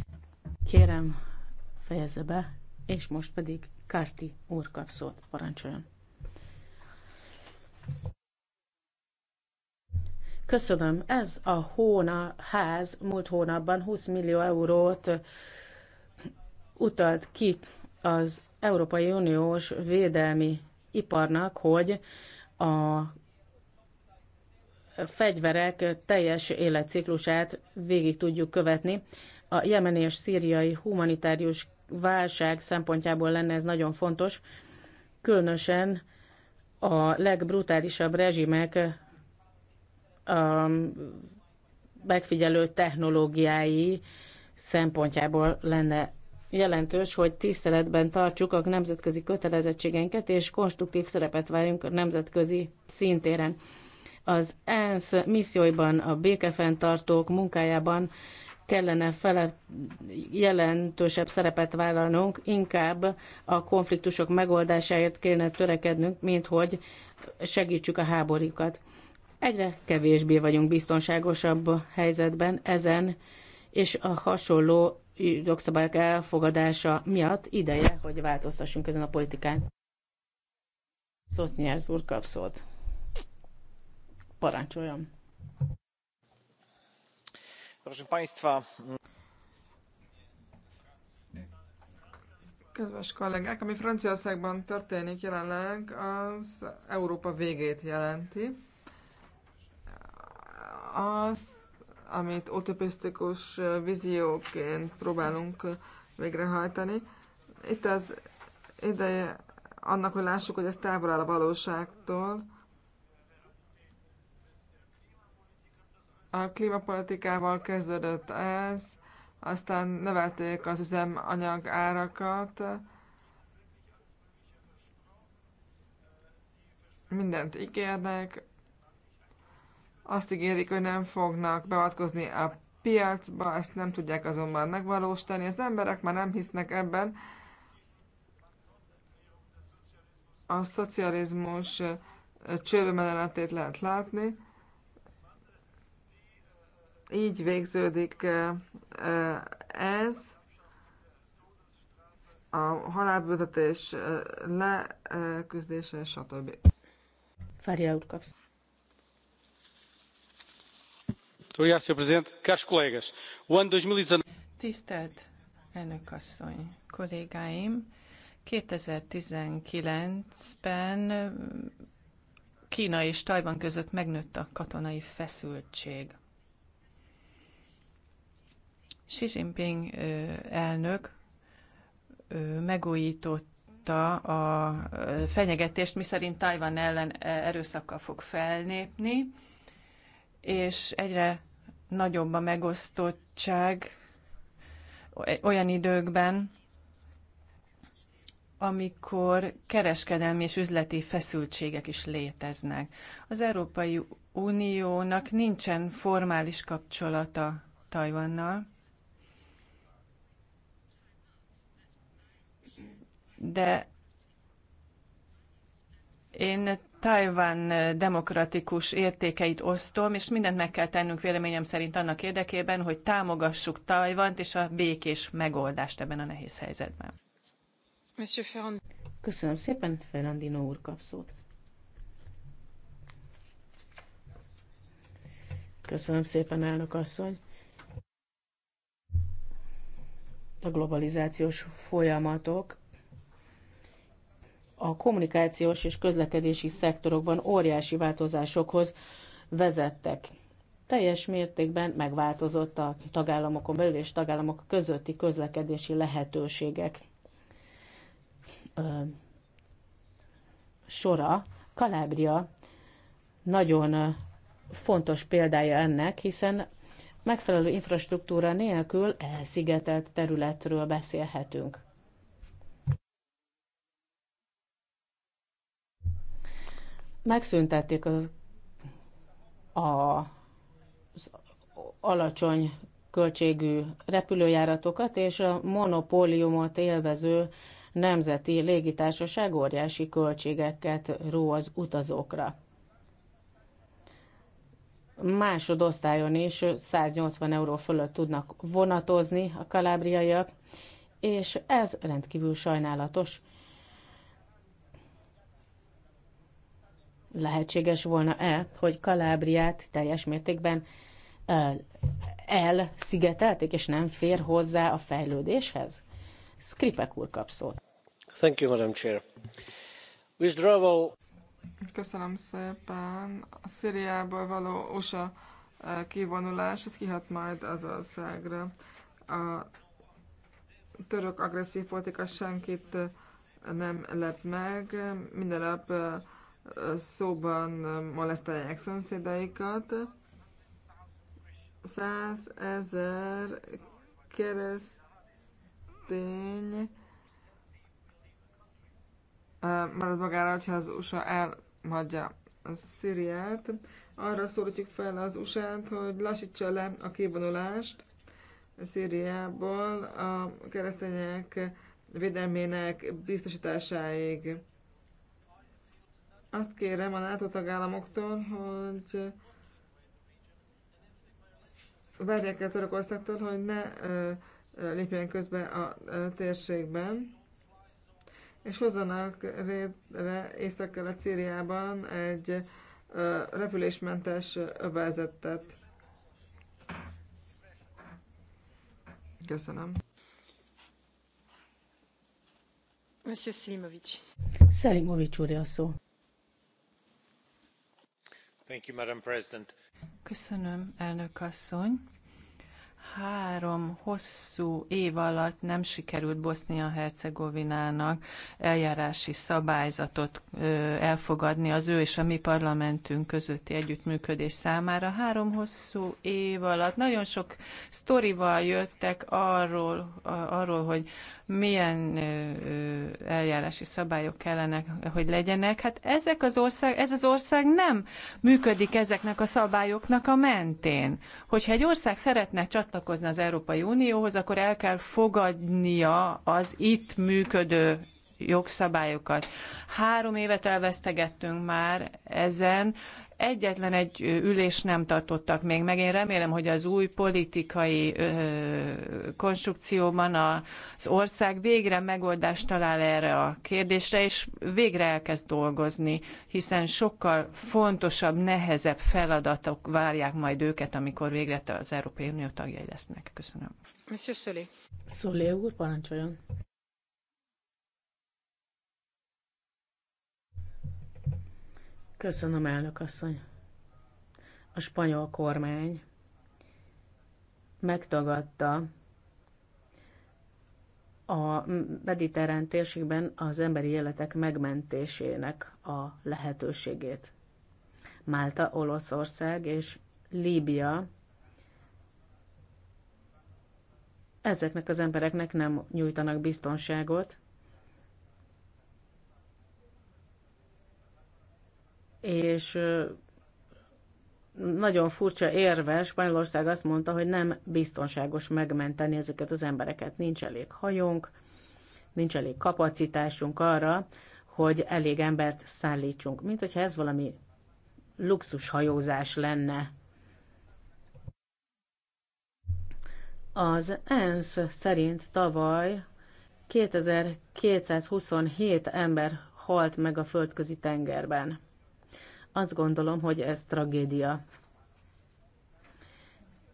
Kérem, fejezze be, és most pedig Kárti úr kap szót. Parancsoljon! Köszönöm. Ez a hóna ház múlt hónapban 20 millió eurót utalt ki az Európai Uniós védelmi iparnak, hogy a fegyverek teljes életciklusát végig tudjuk követni. A jemeni és szíriai humanitárius válság szempontjából lenne ez nagyon fontos, különösen a legbrutálisabb rezsimek a megfigyelő technológiái szempontjából lenne jelentős, hogy tiszteletben tartsuk a nemzetközi kötelezettségeinket, és konstruktív szerepet váljunk a nemzetközi szintéren. Az ENSZ misszióiban, a békefenntartók munkájában kellene fele jelentősebb szerepet vállalnunk, inkább a konfliktusok megoldásáért kéne törekednünk, mint hogy segítsük a háborikat. Egyre kevésbé vagyunk biztonságosabb helyzetben ezen és a hasonló jogszabályok elfogadása miatt ideje, hogy változtassunk ezen a politikán. Szosznyerz úr kapszót. Parancsoljon! Proszę Państwa. Kedves kollégák, ami Franciaországban történik jelenleg, az Európa végét jelenti. Az, amit utopisztikus vízióként próbálunk végrehajtani, itt az ideje annak, hogy lássuk, hogy ez távol áll a valóságtól, A klímapolitikával kezdődött ez, aztán növelték az üzemanyag árakat, mindent ígérnek, azt ígérik, hogy nem fognak beavatkozni a piacba, ezt nem tudják azonban megvalósítani. Az emberek már nem hisznek ebben. A szocializmus csőbe menetét lehet látni így végződik ez. A halálbüntetés leküzdése, stb. Fária úr kapsz. E Tisztelt elnök asszony, kollégáim! 2019-ben Kína és Tajvan között megnőtt a katonai feszültség. Xi Jinping elnök megújította a fenyegetést, miszerint Tajvan ellen erőszakkal fog felnépni, és egyre nagyobb a megosztottság olyan időkben, amikor kereskedelmi és üzleti feszültségek is léteznek. Az Európai Uniónak nincsen formális kapcsolata Tajvannal, de én Tajvan demokratikus értékeit osztom, és mindent meg kell tennünk véleményem szerint annak érdekében, hogy támogassuk Tajvant és a békés megoldást ebben a nehéz helyzetben. Köszönöm szépen, Ferrandino úr kap szót. Köszönöm szépen, elnök asszony. A globalizációs folyamatok a kommunikációs és közlekedési szektorokban óriási változásokhoz vezettek. Teljes mértékben megváltozott a tagállamokon belül és tagállamok közötti közlekedési lehetőségek sora. Kalábria nagyon fontos példája ennek, hiszen megfelelő infrastruktúra nélkül elszigetelt területről beszélhetünk. megszüntették az, a, az alacsony költségű repülőjáratokat, és a monopóliumot élvező nemzeti légitársaság óriási költségeket ró az utazókra. Másodosztályon is 180 euró fölött tudnak vonatozni a kalábriaiak, és ez rendkívül sajnálatos, lehetséges volna-e, hogy Kalábriát teljes mértékben elszigetelték, és nem fér hozzá a fejlődéshez? Skripek úr kap szót. Thank you, Madam Chair. Withdrawal... Köszönöm szépen. A Szíriából való USA kivonulás, ez kihat majd az országra. A török agresszív politika senkit nem lep meg. Minden nap szóban molesztálják szomszédaikat. Százezer keresztény marad magára, hogyha az USA elhagyja a Szíriát. Arra szólítjuk fel az USA-t, hogy lassítsa le a kivonulást Szíriából a keresztények védelmének biztosításáig. Azt kérem a NATO tagállamoktól, hogy várják el Törökországtól, hogy ne lépjen közbe a térségben, és hozzanak létre észak-kelet Szíriában egy repülésmentes övezetet. Köszönöm. Monsieur Selimovic. Selimovic úr a szó. Köszönöm, elnök asszony három hosszú év alatt nem sikerült Bosznia-Hercegovinának eljárási szabályzatot elfogadni az ő és a mi parlamentünk közötti együttműködés számára. Három hosszú év alatt nagyon sok sztorival jöttek arról, arról hogy milyen eljárási szabályok kellene, hogy legyenek. Hát ezek az ország, ez az ország nem működik ezeknek a szabályoknak a mentén. Hogyha egy ország szeretne csatlakozni, csatlakozna az Európai Unióhoz, akkor el kell fogadnia az itt működő jogszabályokat. Három évet elvesztegettünk már ezen, Egyetlen egy ülés nem tartottak még meg. Én remélem, hogy az új politikai ö, konstrukcióban az ország végre megoldást talál erre a kérdésre, és végre elkezd dolgozni, hiszen sokkal fontosabb, nehezebb feladatok várják majd őket, amikor végre az Európai Unió tagjai lesznek. Köszönöm. Monsieur Szolé. Szolé úr, parancsoljon. Köszönöm, elnök asszony. A spanyol kormány megtagadta a mediterrán térségben az emberi életek megmentésének a lehetőségét. Málta, Olaszország és Líbia ezeknek az embereknek nem nyújtanak biztonságot, és nagyon furcsa érve, Spanyolország azt mondta, hogy nem biztonságos megmenteni ezeket az embereket. Nincs elég hajónk, nincs elég kapacitásunk arra, hogy elég embert szállítsunk. Mint hogyha ez valami luxus hajózás lenne. Az ENSZ szerint tavaly 2227 ember halt meg a földközi tengerben. Azt gondolom, hogy ez tragédia.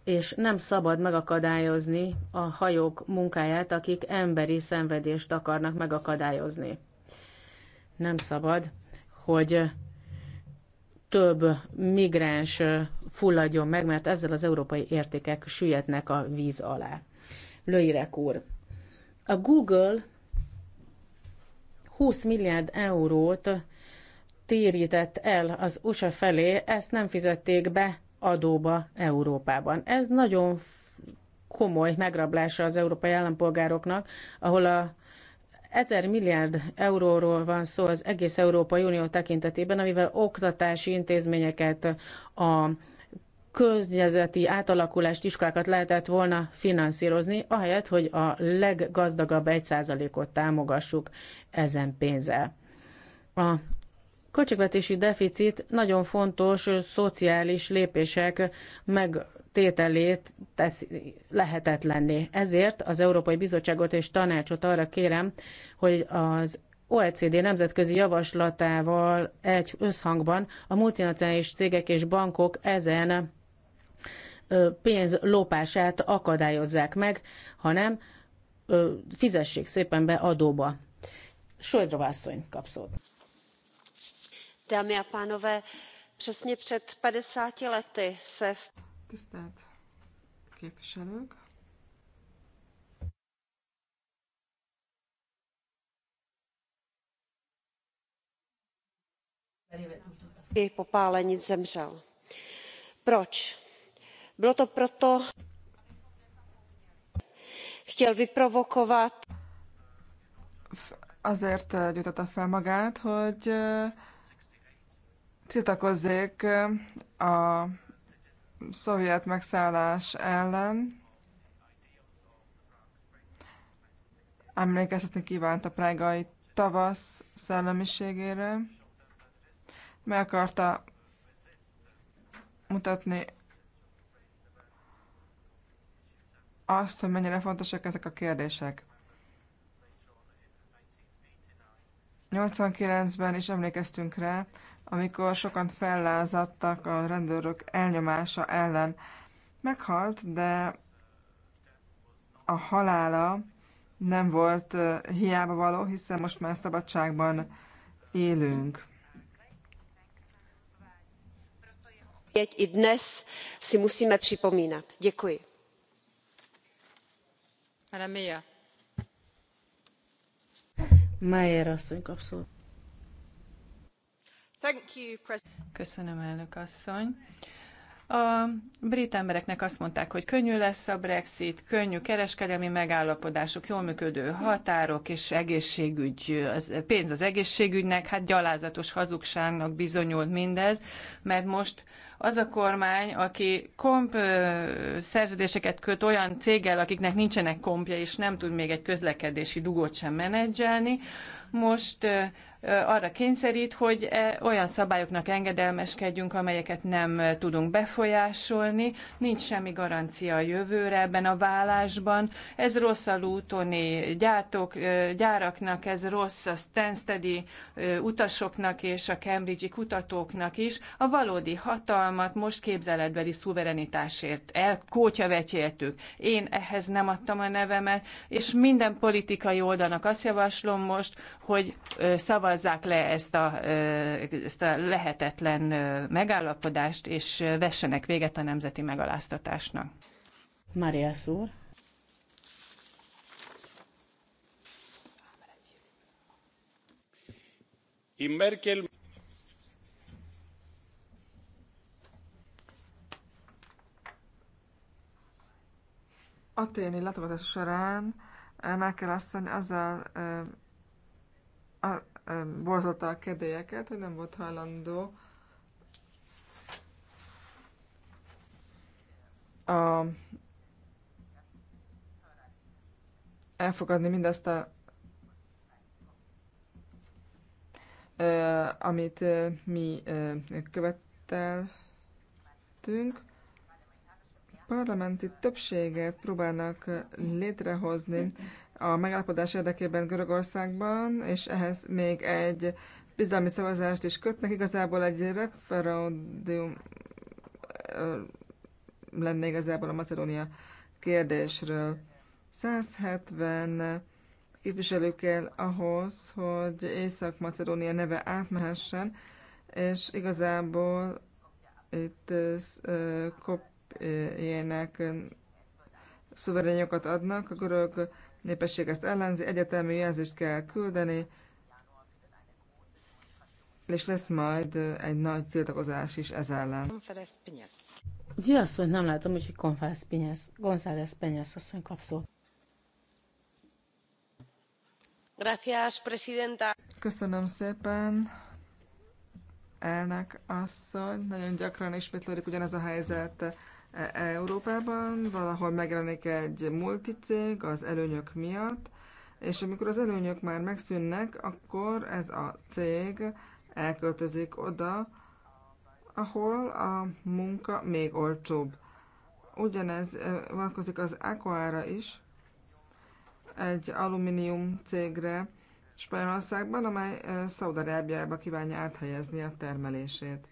És nem szabad megakadályozni a hajók munkáját, akik emberi szenvedést akarnak megakadályozni. Nem szabad, hogy több migráns fulladjon meg, mert ezzel az európai értékek süllyednek a víz alá. Löirek úr. A Google 20 milliárd eurót térített el az USA felé, ezt nem fizették be adóba Európában. Ez nagyon komoly megrablása az európai állampolgároknak, ahol a 1000 milliárd euróról van szó az egész Európai Unió tekintetében, amivel oktatási intézményeket, a környezeti átalakulást, iskákat lehetett volna finanszírozni, ahelyett, hogy a leggazdagabb 1%-ot támogassuk ezen pénzzel. A költségvetési deficit nagyon fontos szociális lépések tételét teszi lehetetlenné. Ezért az Európai Bizottságot és Tanácsot arra kérem, hogy az OECD nemzetközi javaslatával egy összhangban a multinacionális cégek és bankok ezen pénzlopását akadályozzák meg, hanem fizessék szépen be adóba. Sojdrovászony kapszót dámy a pánové, přesně před padesáti lety se... v képviselők! i zemřel. proč? bylo to proto chtěl vyprovokovat azért gyújtotta eh, fel magát hogy eh, tiltakozzék a szovjet megszállás ellen. Emlékeztetni kívánt a prágai tavasz szellemiségére. Meg akarta mutatni azt, hogy mennyire fontosak ezek a kérdések. 89-ben is emlékeztünk rá, amikor sokan fellázadtak a rendőrök elnyomása ellen. Meghalt, de a halála nem volt hiába való, hiszen most már szabadságban élünk. Egy i dnes si musíme připomínat. Děkuji. Mária. Meyer. Meyer asszony kapszol. Köszönöm, elnök asszony. A brit embereknek azt mondták, hogy könnyű lesz a Brexit, könnyű kereskedelmi megállapodások, jól működő határok és egészségügy, az, pénz az egészségügynek, hát gyalázatos hazugságnak bizonyult mindez, mert most az a kormány, aki komp szerződéseket köt olyan céggel, akiknek nincsenek kompja, és nem tud még egy közlekedési dugót sem menedzselni, most arra kényszerít, hogy e olyan szabályoknak engedelmeskedjünk, amelyeket nem tudunk befolyásolni, nincs semmi garancia a jövőre ebben a vállásban. Ez rossz a lútoni gyártók, gyáraknak, ez rossz a Stanstedi utasoknak és a Cambridge-i kutatóknak is. A valódi hatalmat most képzeletbeli szuverenitásért elkótyavetyéltük. Én ehhez nem adtam a nevemet, és minden politikai oldalnak azt javaslom most, hogy szavaz szavazzák le ezt a, ezt a lehetetlen megállapodást, és vessenek véget a nemzeti megaláztatásnak. Maria úr. Merkel aténi látogatás során Merkel asszony azzal borzolta a kedélyeket, hogy nem volt hajlandó a, elfogadni mindazt a amit mi követeltünk. Parlamenti többséget próbálnak létrehozni a megállapodás érdekében Görögországban, és ehhez még egy bizalmi szavazást is kötnek. Igazából egy referendum lenne igazából a Macedónia kérdésről. 170 képviselő kell ahhoz, hogy Észak-Macedónia neve átmehessen, és igazából itt kopjének szuverén adnak. A görög népesség ezt ellenzi, egyetemű jelzést kell küldeni, és lesz majd egy nagy tiltakozás is ez ellen. Viasz, hogy nem látom, hogy Konfász Pinyesz, González Pinyesz asszony kap szót. Gracias, presidenta. Köszönöm szépen, elnök asszony. Nagyon gyakran ismétlődik ugyanez a helyzet Európában, valahol megjelenik egy multicég az előnyök miatt, és amikor az előnyök már megszűnnek, akkor ez a cég elköltözik oda, ahol a munka még olcsóbb. Ugyanez vonatkozik az Aquara is, egy alumínium cégre Spanyolországban, amely Szaudarábiába kívánja áthelyezni a termelését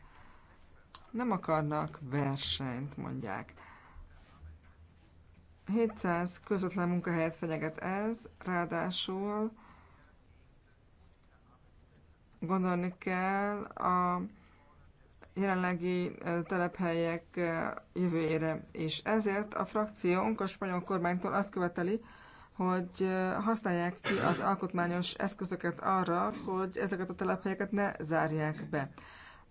nem akarnak versenyt, mondják. 700 közvetlen munkahelyet fenyeget ez, ráadásul gondolni kell a jelenlegi telephelyek jövőjére és Ezért a frakciónk a spanyol kormánytól azt követeli, hogy használják ki az alkotmányos eszközöket arra, hogy ezeket a telephelyeket ne zárják be.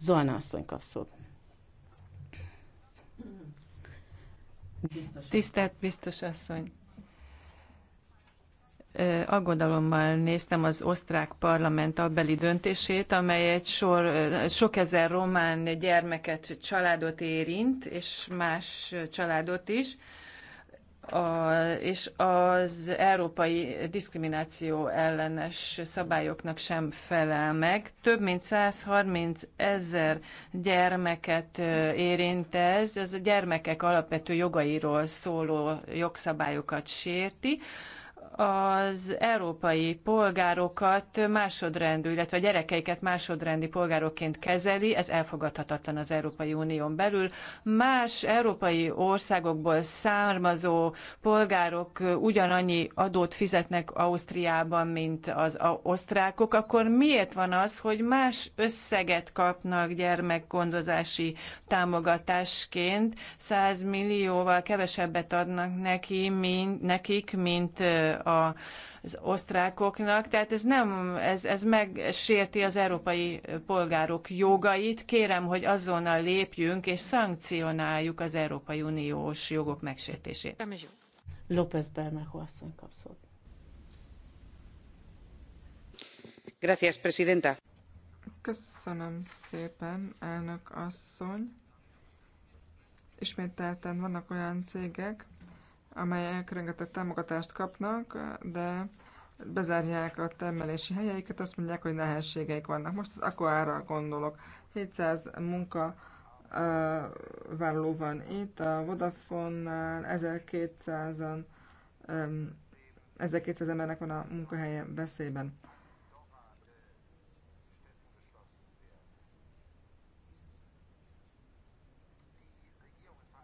Zoana. asszony kap szót. Biztos. Tisztelt biztos asszony! aggodalommal néztem az osztrák parlament abbeli döntését, amely egy sor, sok ezer román gyermeket, családot érint, és más családot is a, és az európai diszkrimináció ellenes szabályoknak sem felel meg. Több mint 130 ezer gyermeket érint ez, ez a gyermekek alapvető jogairól szóló jogszabályokat sérti az európai polgárokat másodrendű, illetve a gyerekeiket másodrendi polgárokként kezeli, ez elfogadhatatlan az Európai Unión belül. Más európai országokból származó polgárok ugyanannyi adót fizetnek Ausztriában, mint az osztrákok, akkor miért van az, hogy más összeget kapnak gyermekgondozási támogatásként, 100 millióval kevesebbet adnak neki, mint, nekik, mint az osztrákoknak, tehát ez nem, ez, ez megsérti az európai polgárok jogait. Kérem, hogy azonnal lépjünk és szankcionáljuk az Európai Uniós jogok megsértését. López Bermejo asszony kapszott. Gracias, presidenta. Köszönöm szépen, elnök asszony. Ismételten vannak olyan cégek, amelyek rengeteg támogatást kapnak, de bezárják a termelési helyeiket, azt mondják, hogy nehézségeik vannak. Most az Aquára gondolok. 700 munka vállaló van itt, a Vodafone-nál 1200-an 1200 embernek van a munkahelye veszélyben.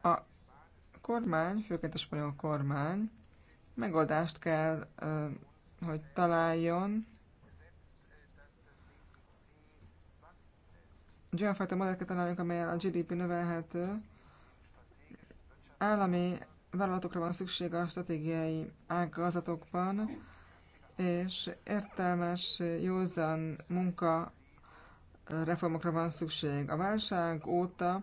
A kormány, főként a spanyol kormány megoldást kell, hogy találjon egy olyan fajta modellt kell találjunk, amelyen a GDP növelhető. Állami vállalatokra van szüksége a stratégiai ágazatokban, és értelmes, józan munka reformokra van szükség. A válság óta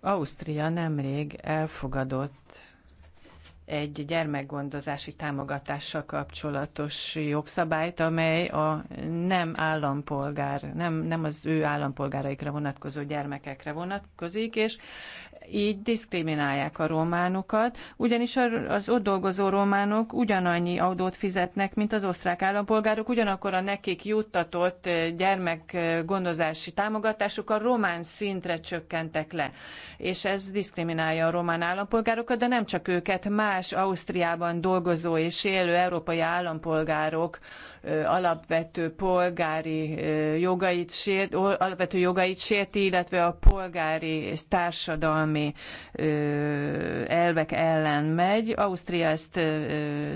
Ausztria nemrég elfogadott egy gyermekgondozási támogatással kapcsolatos jogszabályt, amely a nem állampolgár, nem, nem az ő állampolgáraikra vonatkozó gyermekekre vonatkozik, és így diszkriminálják a románokat, ugyanis az ott dolgozó románok ugyanannyi adót fizetnek, mint az osztrák állampolgárok, ugyanakkor a nekik juttatott eh, gyermekgondozási eh, támogatásuk a román szintre csökkentek le. És ez diszkriminálja a román állampolgárokat, de nem csak őket, más Ausztriában dolgozó és élő európai állampolgárok alapvető polgári jogait sért, alapvető jogait sérti, illetve a polgári és társadalmi elvek ellen megy. Ausztria ezt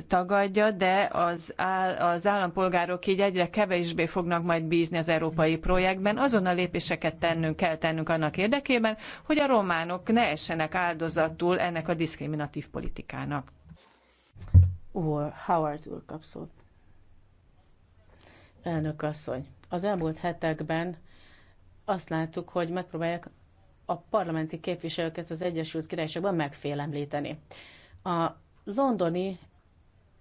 tagadja, de az, áll, az állampolgárok így egyre kevésbé fognak majd bízni az európai projektben. a lépéseket tennünk kell tennünk annak érdekében, hogy a románok ne essenek áldozatul ennek a diszkriminatív politikának. Úr, Howard úr kapszott elnök asszony. Az elmúlt hetekben azt láttuk, hogy megpróbálják a parlamenti képviselőket az Egyesült Királyságban megfélemlíteni. A londoni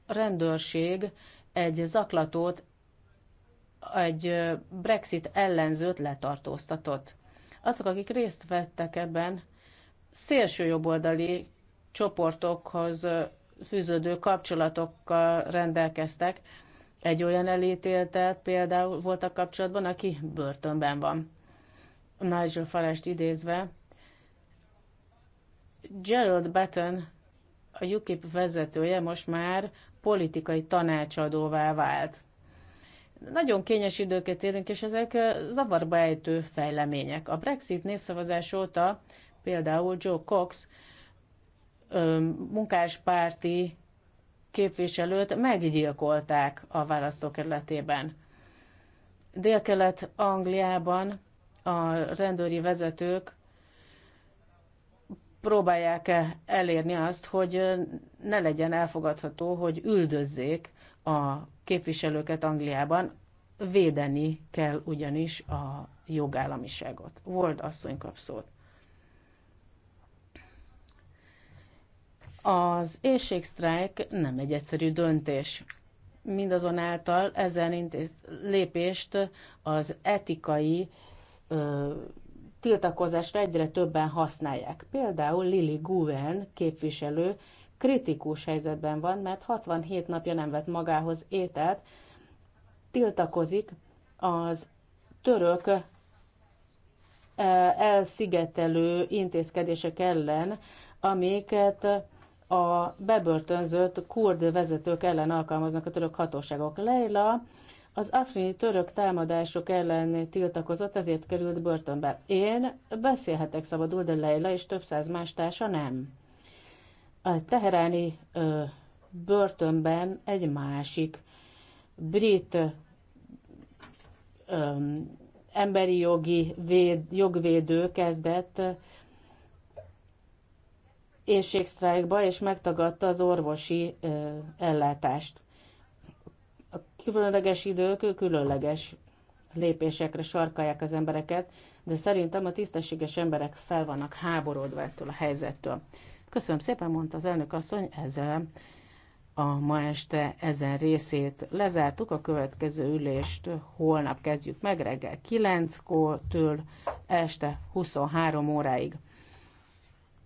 rendőrség egy zaklatót, egy Brexit ellenzőt letartóztatott. Azok, akik részt vettek ebben, szélső jobboldali csoportokhoz fűződő kapcsolatokkal rendelkeztek, egy olyan elítéltet például voltak kapcsolatban, aki börtönben van. Nigel Farest idézve, Gerald Batten, a UKIP vezetője most már politikai tanácsadóvá vált. Nagyon kényes időket élünk, és ezek zavarba ejtő fejlemények. A Brexit népszavazás óta például Joe Cox munkáspárti képviselőt meggyilkolták a választókerületében. Délkelet-Angliában a rendőri vezetők próbálják -e elérni azt, hogy ne legyen elfogadható, hogy üldözzék a képviselőket Angliában, védeni kell ugyanis a jogállamiságot. Volt asszony kapszót. Az éjségsztrájk nem egy egyszerű döntés. Mindazonáltal ezen intéz lépést az etikai ö, tiltakozásra egyre többen használják. Például Lili Guven képviselő kritikus helyzetben van, mert 67 napja nem vett magához ételt, tiltakozik az török elszigetelő intézkedések ellen, amiket a bebörtönzött kurd vezetők ellen alkalmaznak a török hatóságok. Leila az afrini török támadások ellen tiltakozott, ezért került börtönbe. Én beszélhetek szabadul, de Leila és több száz más társa nem. A teheráni ö, börtönben egy másik brit ö, emberi jogi véd, jogvédő kezdett éjségsztrájkba, és megtagadta az orvosi ellátást. A különleges idők különleges lépésekre sarkalják az embereket, de szerintem a tisztességes emberek fel vannak háborodva ettől a helyzettől. Köszönöm szépen, mondta az elnök asszony, ezzel a ma este ezen részét lezártuk, a következő ülést holnap kezdjük meg reggel 9-től este 23 óráig.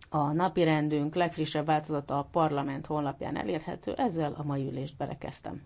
A napi rendünk legfrissebb változata a parlament honlapján elérhető, ezzel a mai ülést berekeztem.